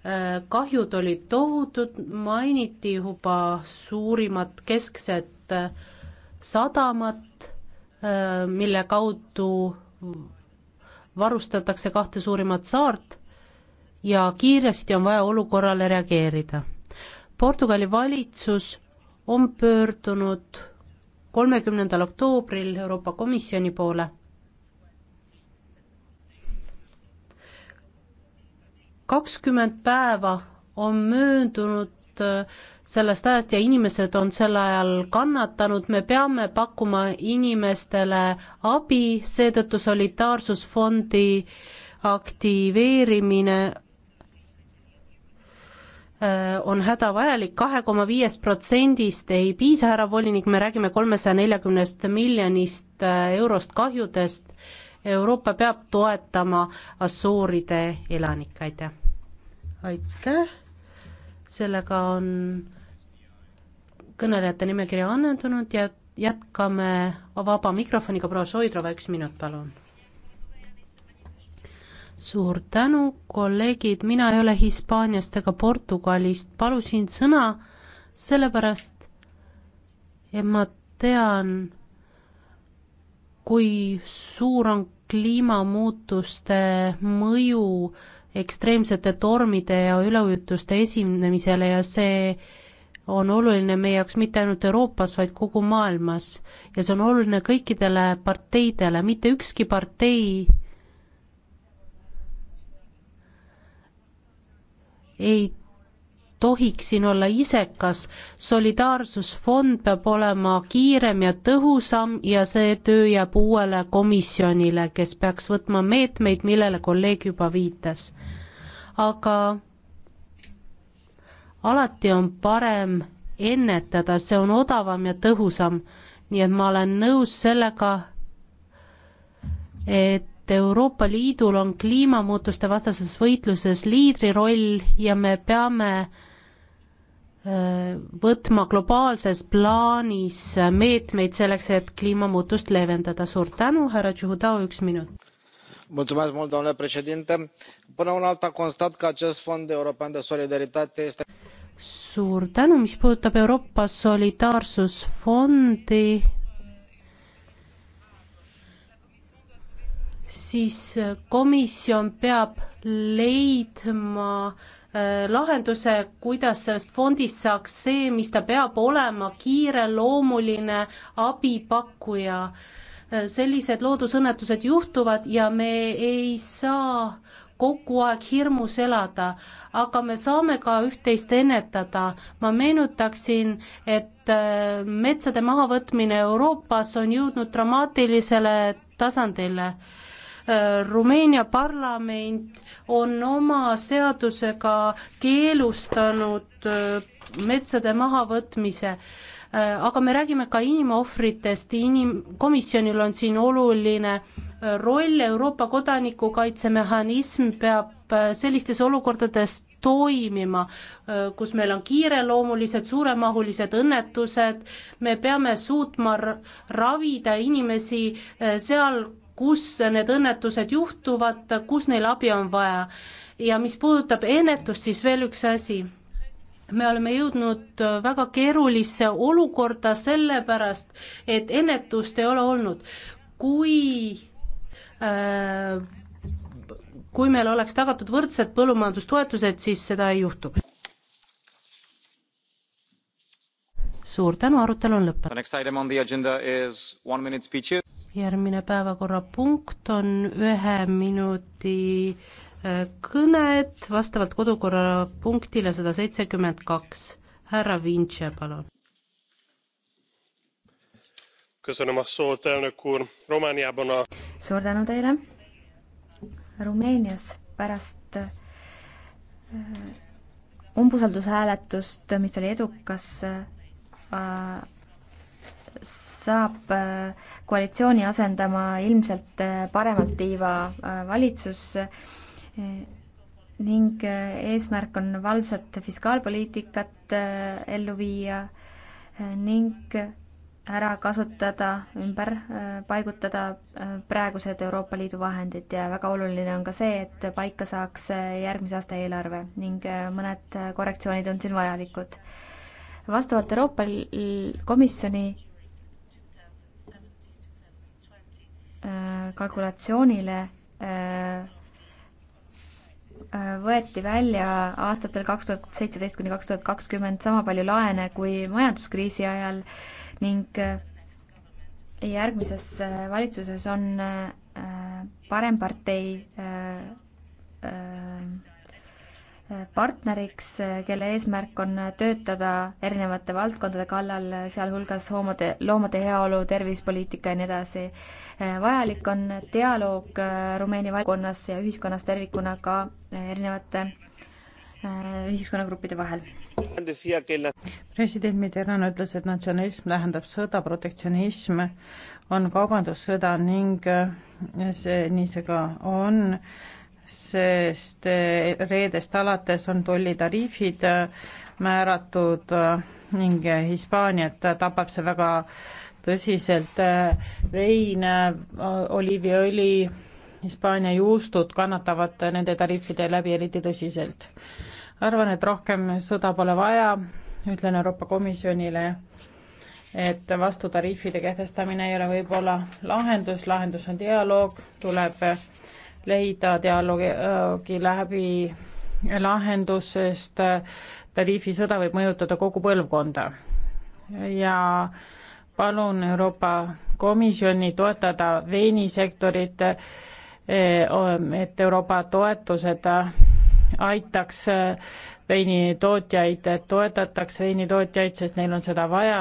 Äh, kahjud olid tohutud, mainiti juba suurimat keskset äh, sadamat, äh, mille kaudu varustatakse kahte suurimat saart ja kiiresti on vaja olukorrale reageerida. Portugali valitsus on pöördunud kolmekümnendal oktoobril Euroopa Komisjoni poole. kakskümmend päeva on möödunud äh, sellest ajast ja inimesed on sel ajal kannatanud, me peame pakkuma inimestele abi, seetõttu solidaarsusfondi aktiveerimine Äh, on hädavajalik, kahe koma viiest protsendist ei piisa, härra volinik, me räägime kolmesaja neljakümnest miljonist äh, eurost kahjudest, Euroopa peab toetama Assuuride elanikke, aitäh! aitäh, sellega on kõnelejate nimekiri ammendunud ja jätkame vaba mikrofoniga, proua Šoidrova, üks minut, palun suur tänu, kolleegid, mina ei ole Hispaaniast ega Portugalist, palusin sõna sellepärast, et ma tean, kui suur on kliimamuutuste mõju ekstreemsete tormide ja üleujutuste esinemisele ja see on oluline meie jaoks mitte ainult Euroopas, vaid kogu maailmas. ja see on oluline kõikidele parteidele, mitte ükski partei ei tohiks siin olla isekas, solidaarsusfond peab olema kiirem ja tõhusam ja see töö jääb uuele komisjonile, kes peaks võtma meetmeid, millele kolleeg juba viitas. aga alati on parem ennetada, see on odavam ja tõhusam, nii et ma olen nõus sellega, et et Euroopa Liidul on kliimamuutuste vastases võitluses liidriroll ja me peame äh, võtma globaalses plaanis meetmeid selleks, et kliimamuutust leevendada. suur tänu, härra Tšuhhutau, üks minut. domnule președinte până una alta constat că acest fond european de solidaritate este. suur tänu, mis puudutab Euroopa Solidaarsusfondi siis äh, komisjon peab leidma äh, lahenduse, kuidas sellest fondist saaks see, mis ta peab olema, kiireloomuline abipakkuja. Äh, sellised loodusõnnetused juhtuvad ja me ei saa kogu aeg hirmus elada, aga me saame ka üht-teist ennetada. ma meenutaksin, et metsade mahavõtmine Euroopas on jõudnud dramaatilisele tasandile Äh, Rumeenia parlament on oma seadusega keelustanud äh, metsade mahavõtmise, äh, aga me räägime ka inimohvritest, inim-, komisjonil on siin oluline roll, Euroopa kodanikukaitsemehhanism peab sellistes olukordades toimima, kus meil on kiireloomulised, suuremahulised õnnetused, me peame suutma ravida inimesi seal, kus need õnnetused juhtuvad, kus neil abi on vaja. ja mis puudutab ennetust, siis veel üks asi. me oleme jõudnud väga keerulisse olukorda sellepärast, et ennetust ei ole olnud. kui äh, kui meil oleks tagatud võrdsed põllumajandustoetused, siis seda ei juhtuks. suur tänu, arutelu on lõppenud järgmine päevakorrapunkt on ühe minuti äh, kõned vastavalt kodukorra punktile sada seitsekümmend kaks. härra Vintše, palun. suur tänu teile. Rumeenias pärast äh, umbusaldushääletust, mis oli edukas, äh, saab äh, koalitsiooni asendama ilmselt äh, paremalt tiiva äh, valitsus ning eesmärk on valvsat fiskaalpoliitikat ellu viia ning ära kasutada, ümber paigutada praegused Euroopa Liidu vahendid ja väga oluline on ka see, et paika saaks järgmise aasta eelarve ning mõned korrektsioonid on siin vajalikud. vastavalt Euroopa Komisjoni Äh, kalkulatsioonile äh, äh, võeti välja aastatel kaks tuhat seitseteist kuni kaks tuhat kakskümmend sama palju laene kui majanduskriisi ajal ning järgmises valitsuses on parempartei partneriks, kelle eesmärk on töötada erinevate valdkondade kallal, sealhulgas hoomade, loomade heaolu, tervisepoliitika ja nii edasi. vajalik on dialoog äh, Rumeenia valdkonnas ja ühiskonnas tervikuna ka äh, erinevate äh, ühiskonnagruppide vahel. president Mitterrand ütles, et natsionalism tähendab sõda, protektsionism on kaubandussõda ning see nii see ka on sest eh, reedest alates on tollitariifid eh, määratud eh, ning Hispaaniat tapab see väga tõsiselt. vein, oliiviõli, Hispaania juustud kannatavad nende tariifide läbi eriti tõsiselt. arvan, et rohkem sõda pole vaja, ütlen Euroopa Komisjonile, et vastutariifide kehtestamine ei ole võib-olla lahendus, lahendus on dialoog, tuleb leida dialoogi äh, läbi lahendus, sest tariifisõda võib mõjutada kogu põlvkonda. ja palun Euroopa Komisjoni toetada veinisektorit, äh, et Euroopa toetused aitaks veinitootjaid, et toetataks veinitootjaid, sest neil on seda vaja,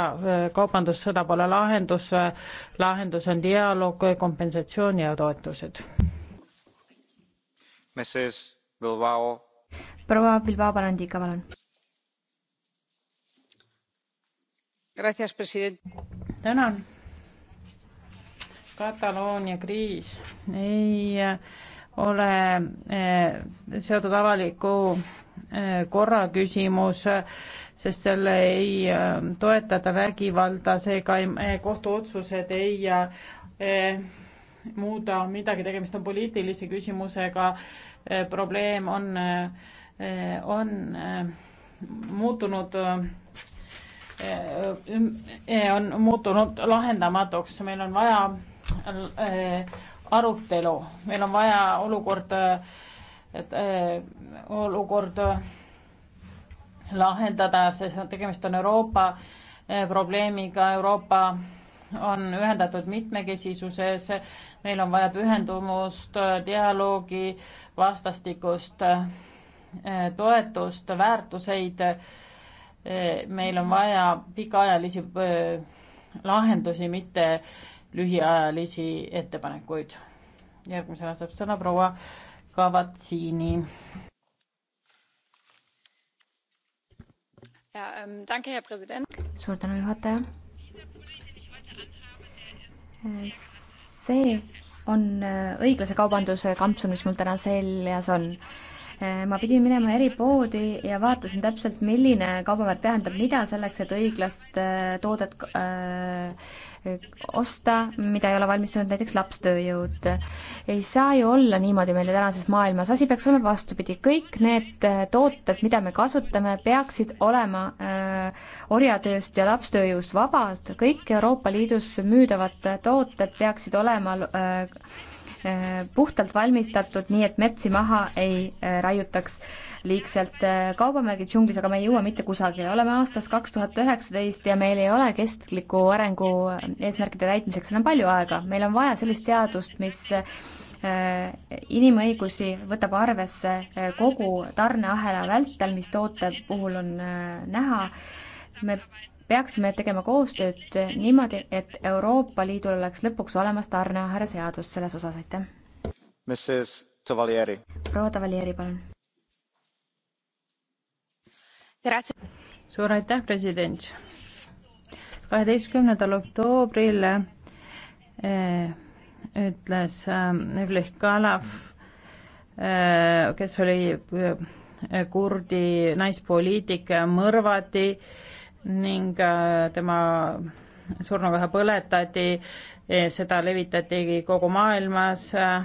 kaubandussõda pole lahendus, lahendus on dialoog, kompensatsioon ja toetused proua bilbao barandica palun! tänan! kataloonia kriis ei äh, ole äh, seotud avaliku äh, korra küsimus, sest selle ei toetata vägivalda, seega kohtuotsused ei muuda midagi, tegemist on poliitilise küsimusega, eh, probleem on, eh, on eh, muutunud on muutunud lahendamatuks, meil on vaja arutelu, meil on vaja olukorda, et olukorda lahendada, sest tegemist on Euroopa probleemiga, Euroopa on ühendatud mitmekesisuses meil on vaja pühendumust, dialoogi, vastastikust eh, toetust, väärtuseid. Eh, meil on vaja pikaajalisi eh, lahendusi, mitte lühiajalisi ettepanekuid. järgmisena saab sõna proua Kavatsiini. Ähm, suur tänu, juhataja. Äh, see on äh, õiglase kaubanduse kampsun, mis mul täna seljas on. Äh, ma pidin minema eripoodi ja vaatasin täpselt, milline kaubamäär tähendab mida selleks, et õiglast äh, toodet äh, osta, mida ei ole valmistunud näiteks lapstööjõud. ei saa ju olla niimoodi meil tänases maailmas, asi peaks olema vastupidi, kõik need äh, tooted, mida me kasutame, peaksid olema äh, orjatööst ja lapstööjõust vabad, kõik Euroopa Liidus müüdavad tooted peaksid olema äh, äh puhtalt valmistatud, nii et metsi maha ei äh, raiutaks liigselt äh, kaubamärgid džunglis, aga me ei jõua mitte kusagile. oleme aastas kaks tuhat üheksateist ja meil ei ole kestliku arengu äh, eesmärkide täitmiseks enam palju aega. meil on vaja sellist seadust, mis äh, inimõigusi võtab arvesse kogu tarneahela vältel, mis toote puhul on näha. me peaksime tegema koostööd niimoodi, et Euroopa Liidul oleks lõpuks olemas tarneahela seadus selles osas, aitäh. proua Tavalieri, palun suur aitäh, president. kaheteistkümnendal oktoobril eh, ütles Evlih Kalav eh,, kes oli eh, kurdi naispoliitik, mõrvati ning eh, tema surnukeha põletati, eh, seda levitati kogu maailmas eh,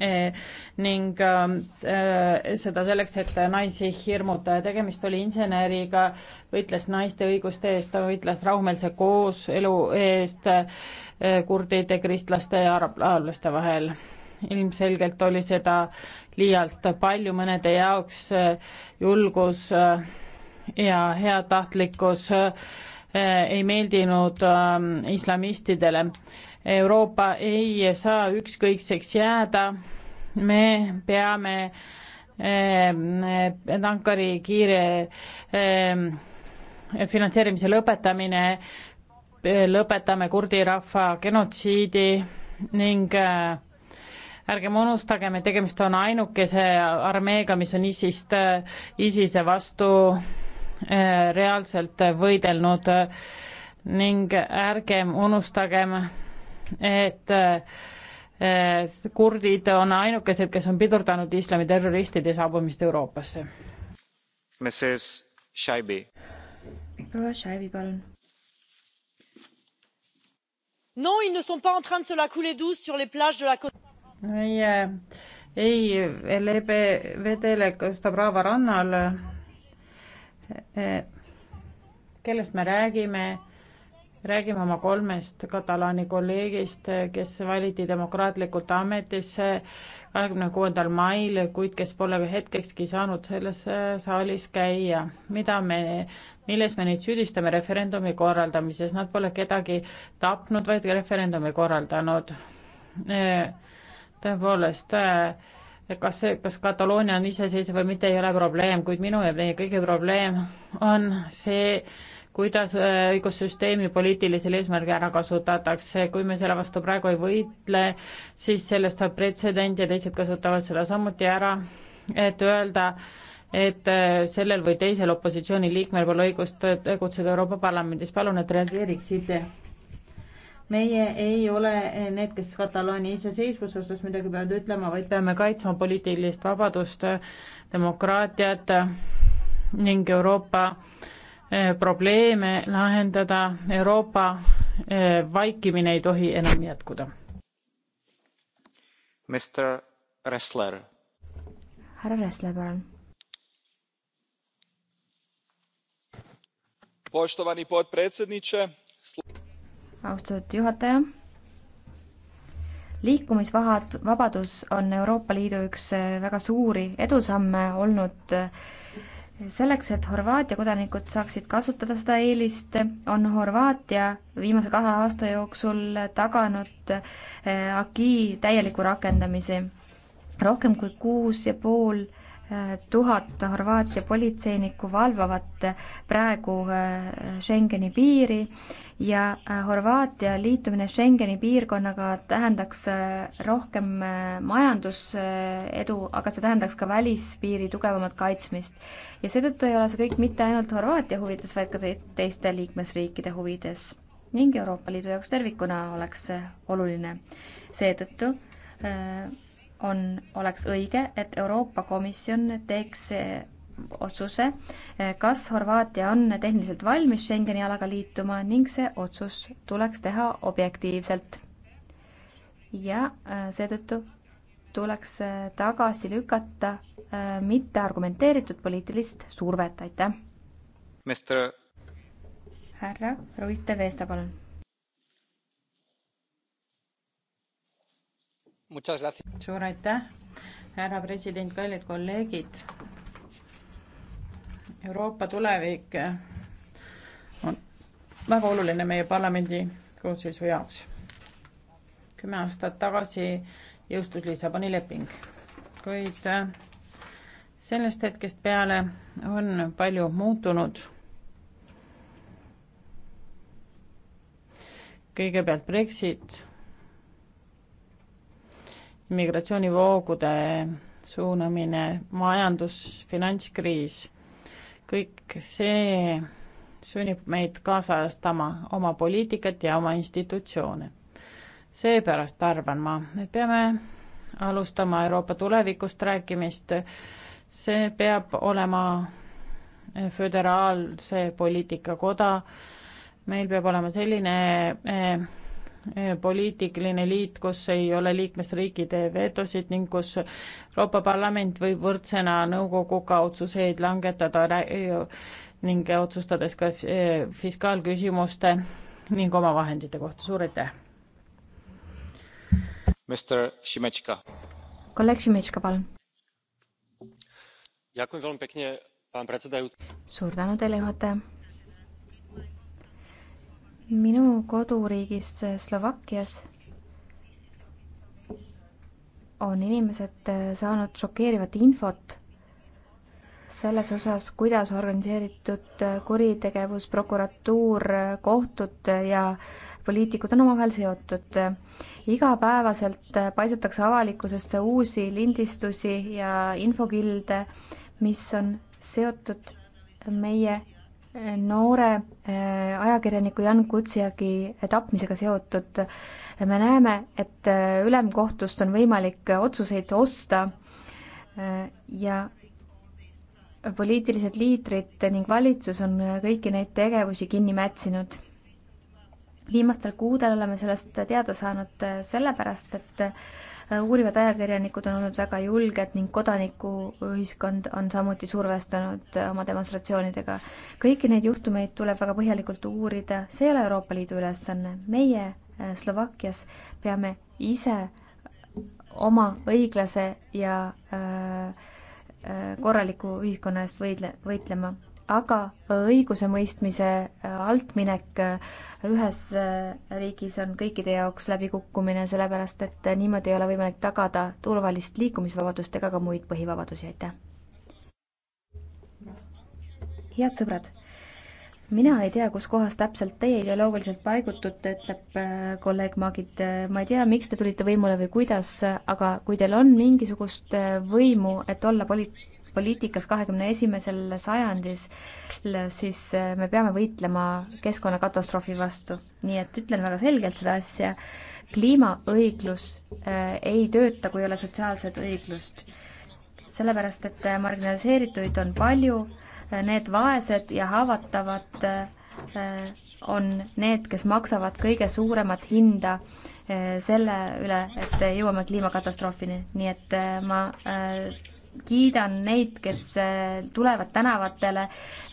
E, ning ähm, äh, seda selleks, et naisi hirmutada. tegemist oli inseneriga, võitles naiste õiguste eest, ta võitles rahumeelse kooselu eest äh, kurdide, kristlaste ja araablaste vahel. ilmselgelt oli seda liialt palju mõnede jaoks äh, julgus ja heatahtlikkus ei meeldinud ähm, islamistidele Euroopa ei saa ükskõikseks jääda, me peame tankari ehm, kiire ehm, finantseerimise lõpetamine, lõpetame kurdi rahva genotsiidi ning äh, ärgem unustagem, et tegemist on ainukese armeega, mis on ISIS-t, äh, ISISe vastu äh, reaalselt võidelnud ning ärgem unustagem, et kurdid on ainukesed, kes on pidurdanud islami terroristide saabumist Euroopasse. proua Šaibi, palun. Non, ils ne sont pas en train de se la couler douce sur les plages de la côte. ei, ei lebe vedele Costa Brava rannal. Eh, kellest me räägime? räägime oma kolmest katalaani kolleegist, kes valiti demokraatlikult ametisse kahekümne kuuendal mail, kuid kes pole hetkekski saanud selles saalis käia. mida me, milles me neid süüdistame referendumi korraldamises, nad pole kedagi tapnud, vaid referendumi korraldanud. tõepoolest, kas see, kas Kataloonia on iseseisev või mitte, ei ole probleem, kuid minu ja meie kõigi probleem on see, kuidas äh, õigussüsteemi poliitilisel eesmärgil ära kasutatakse, kui me selle vastu praegu ei võitle, siis sellest saab pretsedent ja teised kasutavad seda samuti ära, et öelda, et äh, sellel või teisel opositsiooniliikmel pole õigust tegutseda Euroopa Parlamendis, palun, et reageeriksite. meie ei ole need, kes Kataloonia iseseisvuse osas midagi peavad ütlema, vaid peame kaitsma poliitilist vabadust, demokraatiat ning Euroopa äh, Eh, probleeme lahendada. Euroopa eh, vaikimine ei tohi enam jätkuda. Mr Ressler. härra Ressler, palun. austatud juhataja liikumisvabadus on Euroopa Liidu üks eh, väga suuri edusamme olnud selleks, et Horvaatia kodanikud saaksid kasutada seda eelist, on Horvaatia viimase kahe aasta jooksul taganud eh, AKI täieliku rakendamise. rohkem kui kuus ja pool tuhat Horvaatia politseinikku valvavad praegu äh, Schengeni piiri ja äh, Horvaatia liitumine Schengeni piirkonnaga tähendaks äh, rohkem majandusedu, aga see tähendaks ka välispiiri tugevamat kaitsmist. ja seetõttu ei ole see kõik mitte ainult Horvaatia huvides, vaid ka teiste liikmesriikide huvides ning Euroopa Liidu jaoks tervikuna oleks see oluline. seetõttu on, oleks õige, et Euroopa Komisjon teeks eh, otsuse, eh, kas Horvaatia on tehniliselt valmis Schengeni alaga liituma ning see otsus tuleks teha objektiivselt. ja eh, seetõttu tuleks tagasi lükata mitteargumenteeritud poliitilist survet, aitäh. härra Ruiz de Vesta, palun suur aitäh, härra president, kallid kolleegid. Euroopa tulevik on väga oluline meie parlamendi koosseisu jaoks. kümme aastat tagasi jõustus Lissaboni leping, kuid sellest hetkest peale on palju muutunud. kõigepealt Brexit migratsioonivoogude suunamine, majandus, finantskriis, kõik see sunnib meid kaasajastama oma poliitikat ja oma institutsioone. seepärast arvan ma, et peame alustama Euroopa tulevikust rääkimist, see peab olema föderaalse poliitika koda, meil peab olema selline eh, poliitiline liit, kus ei ole liikmesriikide vetosid ning kus Euroopa Parlament võib võrdsena nõukoguga otsuseid langetada ning otsustades ka fiskaalküsimuste ning omavahendite kohta, suur aitäh! kolleeg Šimetška, palun! suur tänu teile, juhataja! minu koduriigis Slovakkias on inimesed äh, saanud šokeerivat infot selles osas, kuidas organiseeritud äh, kuritegevus, prokuratuur, äh, kohtud ja poliitikud on omavahel seotud. igapäevaselt paisatakse avalikkusesse uusi lindistusi ja infokilde, mis on seotud meie noore äh, ajakirjaniku Jan Kutsiagi tapmisega seotud. me näeme, et äh, ülemkohtust on võimalik otsuseid osta äh, ja poliitilised liidrid ning valitsus on kõiki neid tegevusi kinni mätsinud. viimastel kuudel oleme sellest teada saanud sellepärast, et Äh, uurivad ajakirjanikud on olnud väga julged ning kodanikuühiskond on samuti survestanud äh, oma demonstratsioonidega. kõiki neid juhtumeid tuleb väga põhjalikult uurida, see ei ole Euroopa Liidu ülesanne. meie äh, Slovakkias peame ise oma õiglase ja korraliku ühiskonna eest võidle, võitlema aga õigusemõistmise altminek ühes riigis on kõikide jaoks läbikukkumine, sellepärast et niimoodi ei ole võimalik tagada turvalist liikumisvabadust ega ka muid põhivabadusi, aitäh. head sõbrad, mina ei tea, kus kohas täpselt teie ideoloogiliselt paigutute, ütleb äh, kolleeg Magid, ma ei tea, miks te tulite võimule või kuidas, aga kui teil on mingisugust äh, võimu, et olla poli-, poliitikas kahekümne esimesel sajandis, siis me peame võitlema keskkonnakatastroofi vastu. nii et ütlen väga selgelt seda asja, kliimaõiglus eh, ei tööta, kui ei ole sotsiaalset õiglust. sellepärast, et marginaliseerituid on palju, eh, need vaesed ja haavatavad eh, on need, kes maksavad kõige suuremat hinda selle üle, et jõuame kliimakatastroofini, nii et ma kiidan neid, kes äh, tulevad tänavatele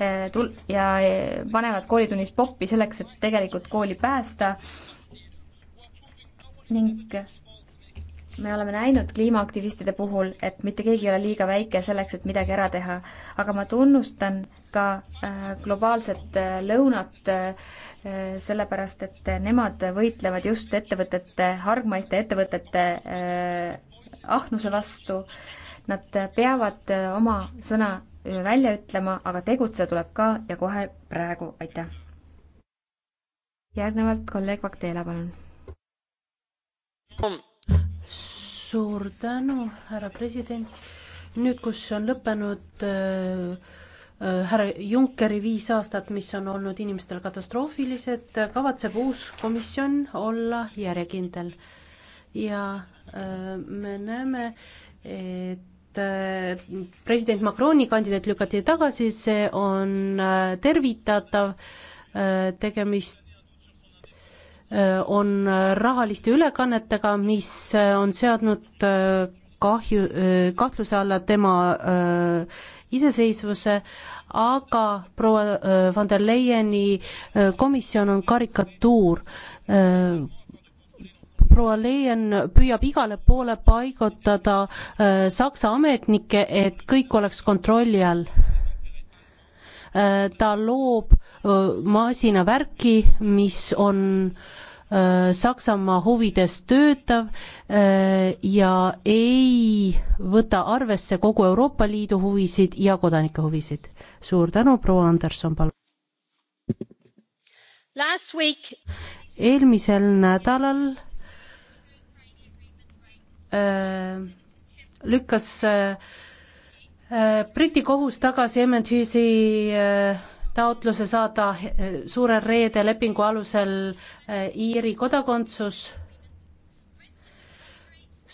äh, tul-, ja äh, panevad koolitunnis poppi selleks, et tegelikult kooli päästa ning me oleme näinud kliimaaktivistide puhul, et mitte keegi ei ole liiga väike selleks, et midagi ära teha, aga ma tunnustan ka globaalset lõunat, sellepärast et nemad võitlevad just ettevõtete, hargmaiste ettevõtete ahnuse vastu äh, Nad peavad äh, oma sõna äh, välja ütlema, aga tegutseda tuleb ka ja kohe praegu, aitäh. järgnevalt kolleeg Vakteela, palun. suur tänu, härra president. nüüd, kus on lõppenud äh, äh härra Junckeri viis aastat, mis on olnud inimestel katastroofilised, kavatseb uus komisjon olla järjekindel. ja äh, me näeme, et Äh, president Macroni kandidaat lükati tagasi, see on äh, tervitatav, äh, tegemist on rahaliste ülekannetega, mis on seadnud kahju, kahtluse alla tema iseseisvuse, aga proua von der Leyeni komisjon on karikatuur proua Leyen püüab igale poole paigutada äh, Saksa ametnikke, et kõik oleks kontrolli all äh,. ta loob äh, masinavärki, mis on äh, Saksamaa huvides töötav äh, ja ei võta arvesse kogu Euroopa Liidu huvisid ja kodanike huvisid. suur tänu, proua Anderson, palun. Last week eelmisel nädalal Äh, lükkas äh, äh, Briti kohus tagasi MTÜ-si taotluse saada suurel reede lepingu alusel Iiri kodakondsus.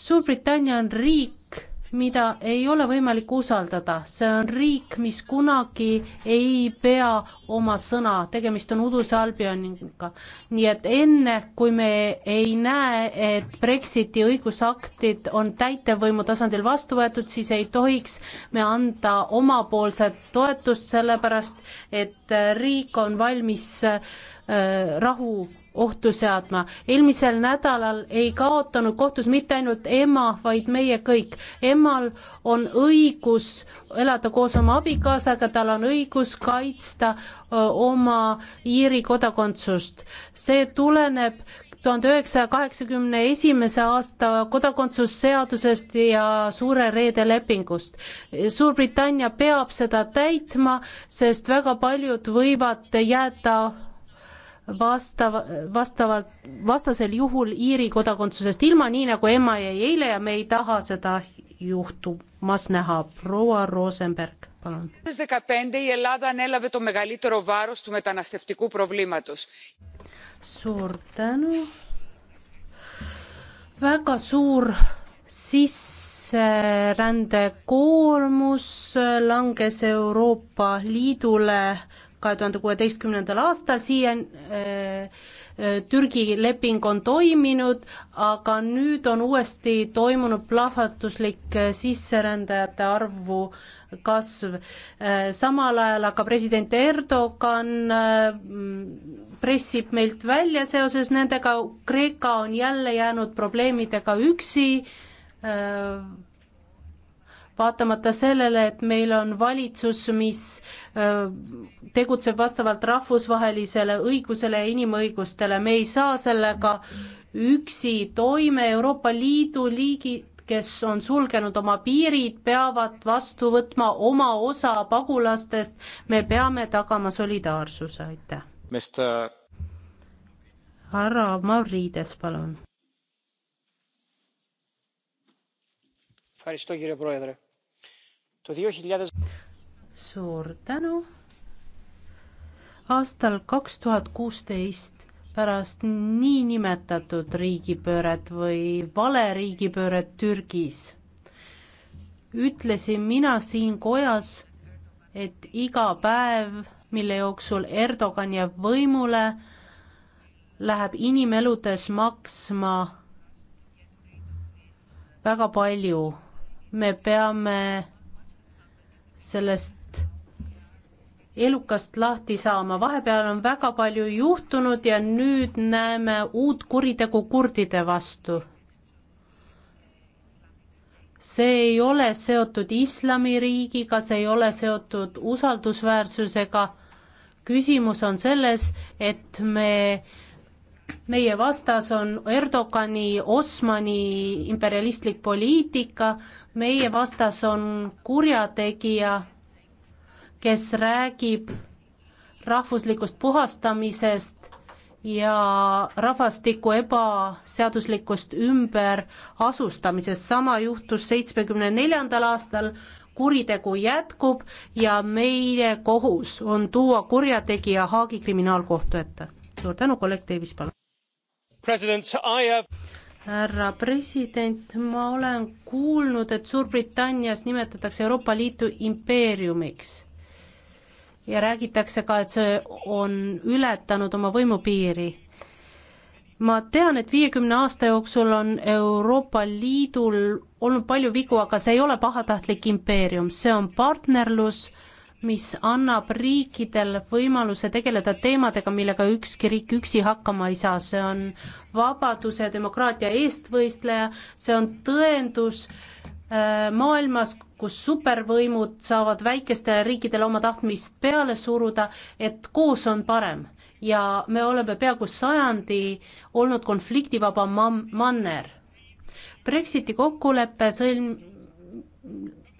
Suurbritannia on riik, mida ei ole võimalik usaldada, see on riik, mis kunagi ei pea oma sõna, tegemist on uduse albioniga. nii et enne, kui me ei näe, et Brexiti õigusaktid on täitevvõimu tasandil vastu võetud, siis ei tohiks me anda omapoolset toetust, sellepärast et riik on valmis äh, rahu ohtu seadma. eelmisel nädalal ei kaotanud kohtus mitte ainult ema, vaid meie kõik. emal on õigus elada koos oma abikaasaga, tal on õigus kaitsta oma Iiri kodakondsust. see tuleneb tuhande üheksasaja kaheksakümne esimese aasta kodakondsusseadusest ja Suure Reede lepingust. Suurbritannia peab seda täitma, sest väga paljud võivad jääda vastav, vastavalt, vastasel juhul Iiri kodakondsusest ilma, nii nagu ema jäi eile ja me ei taha seda juhtumas näha. proua Rosenberg, palun. suur tänu. väga suur sisserändekoormus langes Euroopa Liidule kahe tuhande kuueteistkümnendal aastal, siia äh, äh, Türgi leping on toiminud, aga nüüd on uuesti toimunud plahvatuslik äh, sisserändajate arvu kasv. samal ajal aga president Erdogan pressib meilt välja seoses nendega, Kreeka on jälle jäänud probleemidega üksi vaatamata sellele, et meil on valitsus, mis tegutseb vastavalt rahvusvahelisele õigusele ja inimõigustele, me ei saa sellega üksi toime, Euroopa Liidu liigi, kes on sulgenud oma piirid, peavad vastu võtma oma osa pagulastest, me peame tagama solidaarsuse, aitäh. härra Maurides, palun suur tänu. aastal kaks tuhat kuusteist pärast niinimetatud riigipööret või valeriigipööret Türgis ütlesin mina siin kojas, et iga päev, mille jooksul Erdogan jääb võimule, läheb inimeludes maksma väga palju. me peame sellest elukast lahti saama, vahepeal on väga palju juhtunud ja nüüd näeme uut kuritegu kurdide vastu. see ei ole seotud islamiriigiga, see ei ole seotud usaldusväärsusega, küsimus on selles, et me äh, meie vastas on Erdogani, Osmani imperialistlik poliitika, meie vastas on kurjategija, kes räägib rahvuslikust puhastamisest ja rahvastiku ebaseaduslikust ümberasustamisest. sama juhtus seitsmekümne neljandal aastal, kuritegu jätkub ja meie kohus on tuua kurjategija Haagi kriminaalkohtu ette. suur tänu, kolleeg Teevis, palun. Have... härra president, ma olen kuulnud, et Suurbritannias nimetatakse Euroopa Liitu impeeriumiks ja räägitakse ka, et see on ületanud oma võimupiiri. ma tean, et viiekümne aasta jooksul on Euroopa Liidul olnud palju vigu, aga see ei ole pahatahtlik impeerium, see on partnerlus mis annab riikidel võimaluse tegeleda teemadega, millega ükski riik üksi hakkama ei saa, see on vabaduse ja demokraatia eestvõistleja, see on tõendus äh, maailmas, kus supervõimud saavad väikestele riikidele oma tahtmist peale suruda, et koos on parem ja me oleme peaaegu sajandi olnud konfliktivaba manner. Brexiti kokkulepe sõlm-,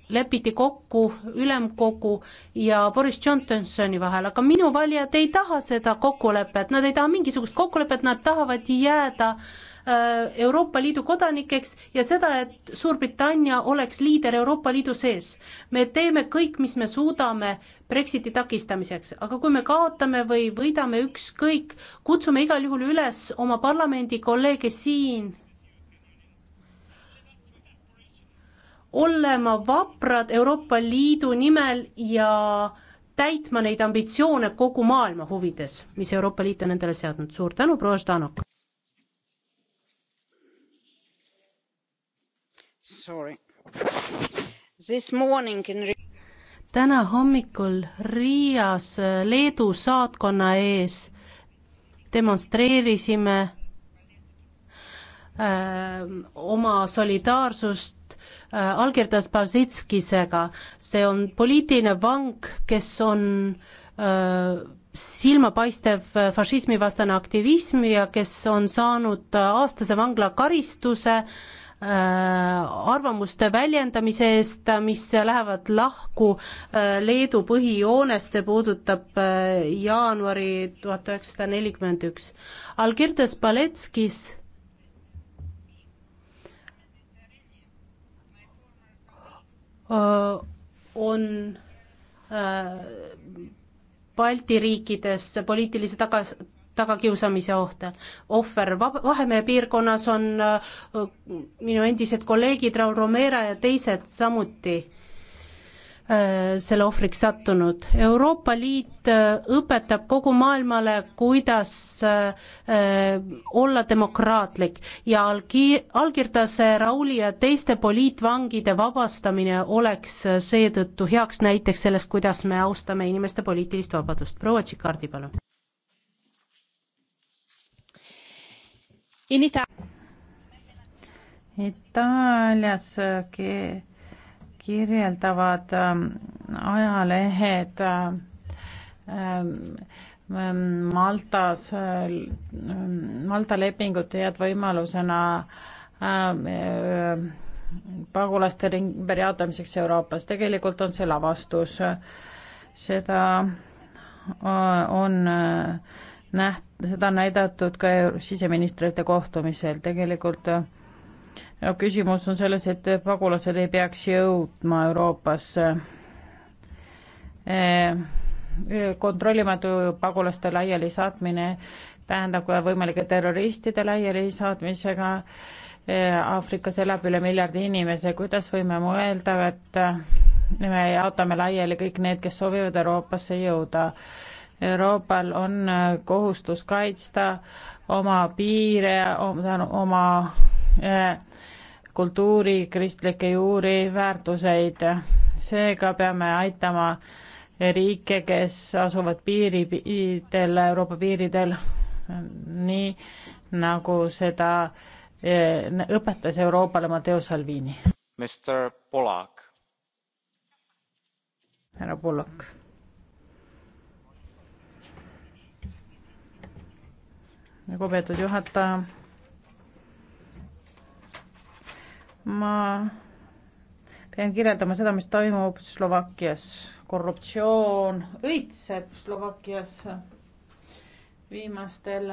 lepiti kokku ülemkogu ja Boris Johnsoni vahel, aga minu valijad ei taha seda kokkulepet, nad ei taha mingisugust kokkulepet, nad tahavad jääda äh, Euroopa Liidu kodanikeks ja seda, et Suurbritannia oleks liider Euroopa Liidu sees. me teeme kõik, mis me suudame Brexiti takistamiseks, aga kui me kaotame või võidame ükskõik, kutsume igal juhul üles oma parlamendi kolleege siin olema vaprad Euroopa Liidu nimel ja täitma neid ambitsioone kogu maailma huvides, mis Euroopa Liit on endale seadnud. suur tänu, proua Ždanok. In... täna hommikul Riias Leedu saatkonna ees demonstreerisime öö, ähm, oma solidaarsust Äh, allkirjas Balzitskisega, see on poliitiline vang, kes on äh, silmapaistev äh, fašismivastane aktivism ja kes on saanud äh, aastase vanglakaristuse äh, arvamuste väljendamise eest, mis lähevad lahku äh, Leedu põhijoonest, see puudutab jaanuari tuhat üheksasada nelikümmend üks. Algirdes Paletskis on Balti riikides poliitilise tagas-, tagakiusamise ohter, ohver. Vahemehe piirkonnas on minu endised kolleegid Raul Romera ja teised samuti Äh, selle ohvriks sattunud. Euroopa Liit äh, õpetab kogu maailmale, kuidas äh, olla demokraatlik ja algi-, allkirjase Rauli ja teiste poliitvangide vabastamine oleks seetõttu heaks näiteks sellest, kuidas me austame inimeste poliitilist vabadust. proua Tšikardi, palun. Itaalias okay kirjeldavad ähm, ajalehed ähm, ähm, Maltas, äh, Malta lepingut head võimalusena äh, pagulaste ümberjaotamiseks Euroopas, tegelikult on see lavastus. seda äh, on näht-, seda on näidatud ka siseministrite kohtumisel, tegelikult no küsimus on selles, et pagulased ei peaks jõudma Euroopasse. kontrollimatu pagulaste laialisaatmine tähendab ka võimalike terroristide laialisaatmisega. Aafrikas elab üle miljardi inimese, kuidas võime mõelda, et me jaotame laiali kõik need, kes soovivad Euroopasse jõuda. Euroopal on kohustus kaitsta oma piire, oma Äh, kultuuri, kristlikke juuri, väärtuseid. seega peame aitama riike, kes asuvad piiridel, Euroopa piiridel, nii nagu seda äh, õpetas Euroopale Matteo Salvini. härra Pollak. lugupeetud juhataja ma pean kirjeldama seda, mis toimub Slovakkias. korruptsioon õitseb Slovakkias. viimastel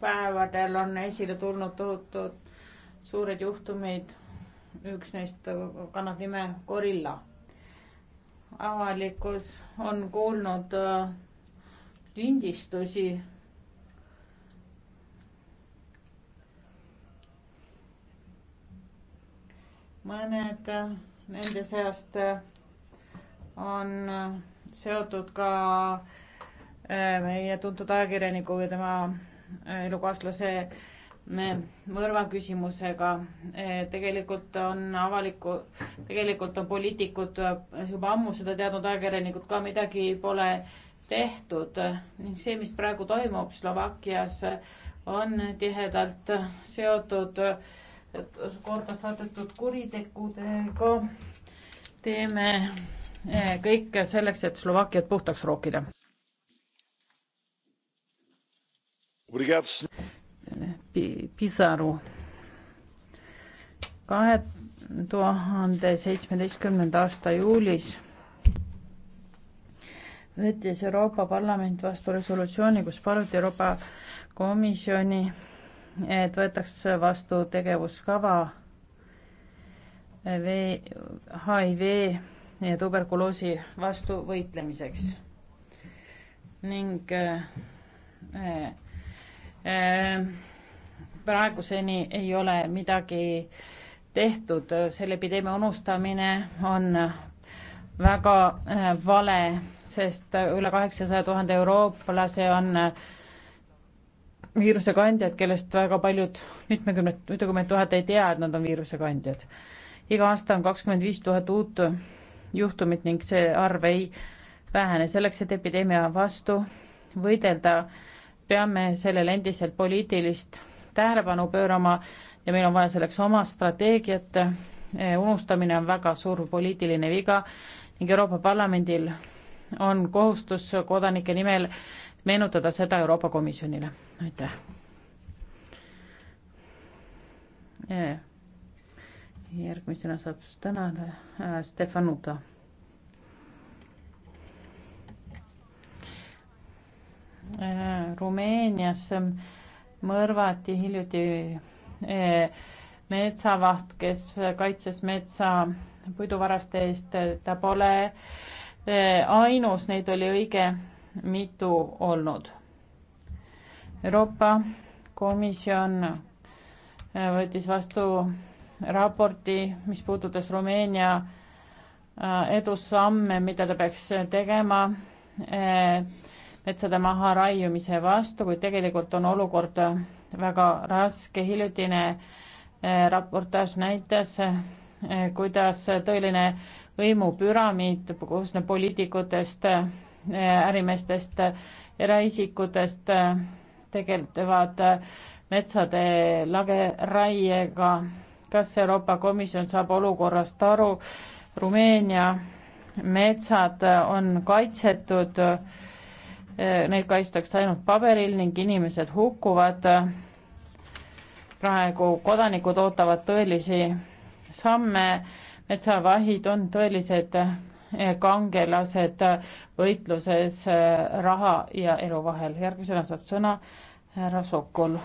päevadel on esile tulnud tohutud suured juhtumid. üks neist kannab nime Gorilla. avalikkus on kuulnud äh, lindistusi mõned nende seast on seotud ka äh, meie tuntud ajakirjaniku ja tema äh, elukaaslase mõrva küsimusega. Äh, tegelikult on avaliku, tegelikult on poliitikud juba ammu seda teadnud, ajakirjanikud ka midagi pole tehtud. see, mis praegu toimub Slovakkias, on tihedalt seotud äh, korda saadetud kuritegudega teeme eh, kõik selleks, et Slovakkiat puhtaks rookida. Pisaru. kahe tuhande seitsmeteistkümnenda aasta juulis võttis Euroopa Parlament vastu resolutsiooni, kus paluti Euroopa Komisjoni et võetaks vastu tegevuskava HIV ja tuberkuloosi vastu võitlemiseks ning äh, äh, äh, praeguseni ei ole midagi tehtud, selle epideemia unustamine on väga äh, vale, sest üle kaheksasaja tuhande eurooplase on äh, viirusekandjad, kellest väga paljud, mitmekümned, mitukümmend tuhat ei tea, et nad on viirusekandjad. iga aasta on kakskümmend viis tuhat uut juhtumit ning see arv ei vähene. selleks, et epideemia vastu võidelda, peame sellele endiselt poliitilist tähelepanu pöörama ja meil on vaja selleks oma strateegiat. Eh, unustamine on väga suur poliitiline viga ning Euroopa Parlamendil on kohustus kodanike nimel meenutada seda Euroopa Komisjonile, aitäh. järgmisena saab tänane äh, Stefan Uda. Äh, Rumeenias ähm, mõrvati hiljuti äh, metsavaht, kes kaitses metsa puiduvaraste eest, ta pole äh, ainus, neid oli õige mitu olnud. Euroopa Komisjon äh, võttis vastu raporti, mis puudutas Rumeenia äh, edusamme, mida ta peaks tegema äh, metsade maharaiumise vastu, kuid tegelikult on olukord väga raske. hiljutine raportaaž näitas, kuidas tõeline võimupüramiid koosneb poliitikutest ärimeestest, eraisikutest tegelevad metsade lageraiega. kas Euroopa Komisjon saab olukorrast aru? Rumeenia metsad on kaitsetud, neid kaitstakse ainult paberil ning inimesed hukkuvad. praegu kodanikud ootavad tõelisi samme, metsavahid on tõelised kangelased võitluses äh, raha ja elu vahel. järgmisena saab sõna härra Sokol.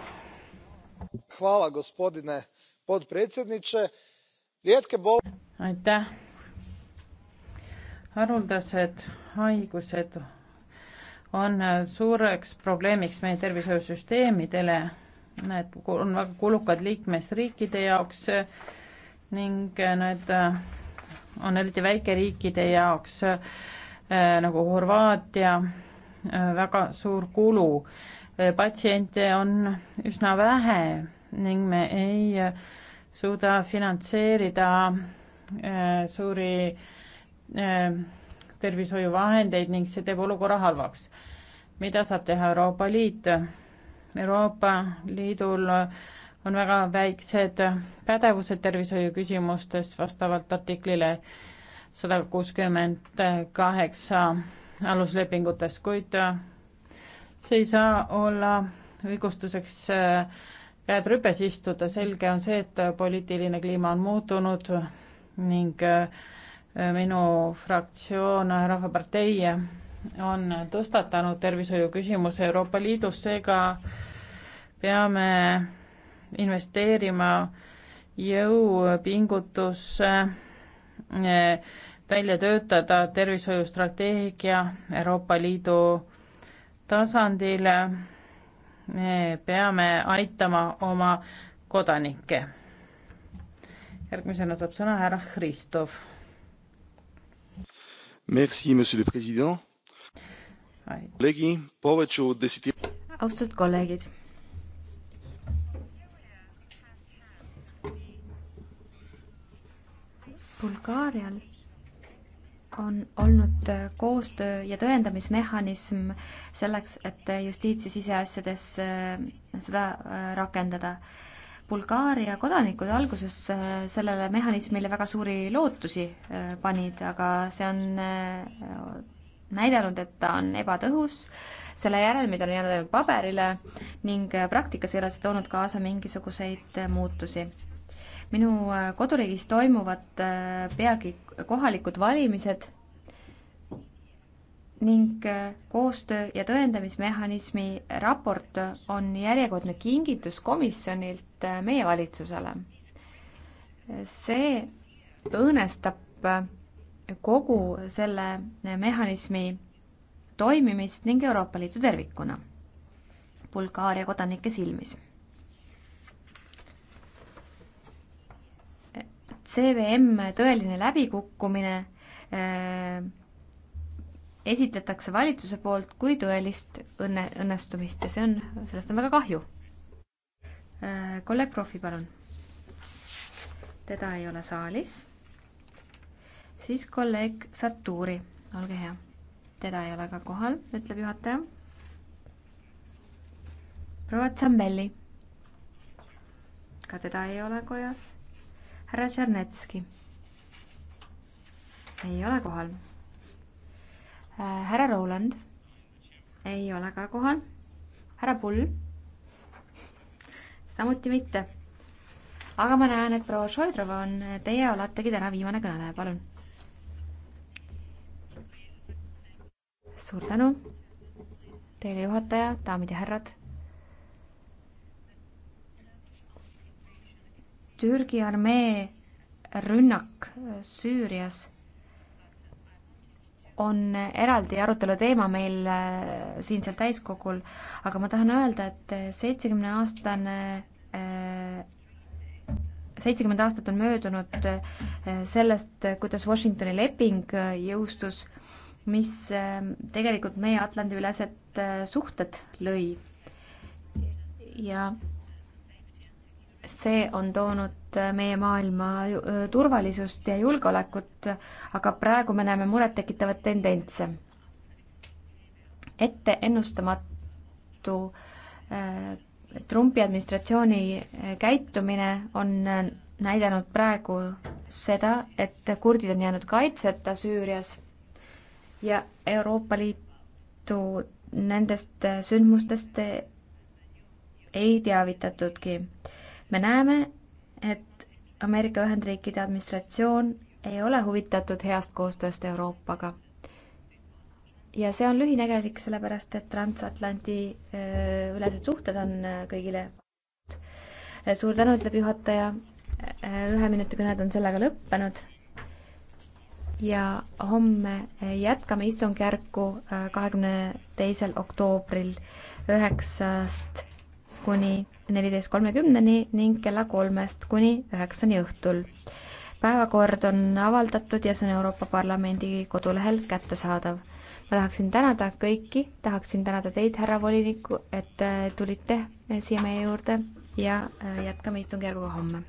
aitäh. haruldased haigused on suureks probleemiks meie tervishoiusüsteemidele. Need on väga kulukad liikmesriikide jaoks ning need on eriti väikeriikide jaoks äh, nagu Horvaatia äh, väga suur kulu. Äh, patsiente on üsna vähe ning me ei suuda finantseerida suuri tervishoiuvahendeid ning see teeb olukorra halvaks. mida saab teha Euroopa Liit? Euroopa Liidul on väga väiksed pädevused tervishoiu küsimustes vastavalt artiklile sada kuuskümmend kaheksa aluslepingutes, kuid äh, see ei saa olla õigustuseks äh, käed rüpes istuda, selge on see, et äh, poliitiline kliima on muutunud ning minu fraktsioon, Rahvapartei, on tõstatanud tervishoiu küsimuse Euroopa Liidus, seega peame investeerima jõupingutusse eh, välja töötada tervishoiustrateegia Euroopa Liidu tasandil. me peame aitama oma kodanikke. järgmisena saab sõna härra Hristov. Merci, monsieur le president. kolleegi, austatud kolleegid Bulgaarial on olnud koostöö ja tõendamismehhanism selleks, et justiits- ja siseasjades äh, seda äh, rakendada. Bulgaaria kodanikud alguses äh, sellele mehhanismile väga suuri lootusi panid, aga see on näidanud, et ta on ebatõhus, selle järelmid on jäänud ainult paberile ning praktikas ei ole see toonud kaasa mingisuguseid muutusi minu äh, koduriigis toimuvad äh, peagi kohalikud valimised ning äh, koostöö ja tõendamismehhanismi raport on järjekordne kingitus komisjonilt meie valitsusele. see õõnestab kogu selle mehhanismi toimimist ning Euroopa Liitu tervikuna Bulgaaria kodanike silmis CVM tõeline läbikukkumine äh, esitletakse valitsuse poolt kui tõelist õnne, õnnestumist ja see on, sellest on väga kahju. Äh, kolleeg Profi, palun. teda ei ole saalis. siis kolleeg Saturi, olge hea. teda ei ole ka kohal, ütleb juhataja. proua Tsambelli. ka teda ei ole kojas härra Tšernetski ei ole kohal. Äh, härra Roland ei ole ka kohal. härra Pull samuti mitte. aga ma näen, et proua Šoidrova on, teie oletegi täna viimane kõneleja, palun. suur tänu teile, juhataja, daamid ja härrad Türgi armee rünnak Süürias on eraldi arutelu teema meil äh, siinsel täiskogul, aga ma tahan öelda, et äh, seitsekümne aastane, äh, seitsekümmend aastat on möödunud sellest, kuidas Washingtoni leping jõustus, mis tegelikult meie Atlandi-ülesed suhted lõi. ja see on toonud äh, meie maailma äh, turvalisust ja julgeolekut, aga praegu me näeme murettekitavat tendentse. ette ennustamatu äh, Trumpi administratsiooni käitumine on näidanud praegu seda, et kurdid on jäänud kaitseta Süürias ja Euroopa Liitu nendest sündmustest ei teavitatudki me näeme, et Ameerika Ühendriikide administratsioon ei ole huvitatud heast koostööst Euroopaga. ja see on lühinägelik, sellepärast et transatlanti äh, ülesed suhted on äh, kõigile. Äh, suur tänu, ütleb juhataja. ühe minuti kõned on sellega lõppenud. ja homme jätkame istungjärku kahekümne teisel oktoobril üheksast kuni neliteist kolmekümneni ning kella kolmest kuni üheksani õhtul. päevakord on avaldatud ja see on Euroopa Parlamendi kodulehel kättesaadav. ma tahaksin tänada kõiki, tahaksin tänada teid, härra volinik, et äh, tulite äh, siia meie juurde ja äh, jätkame istungjärguga homme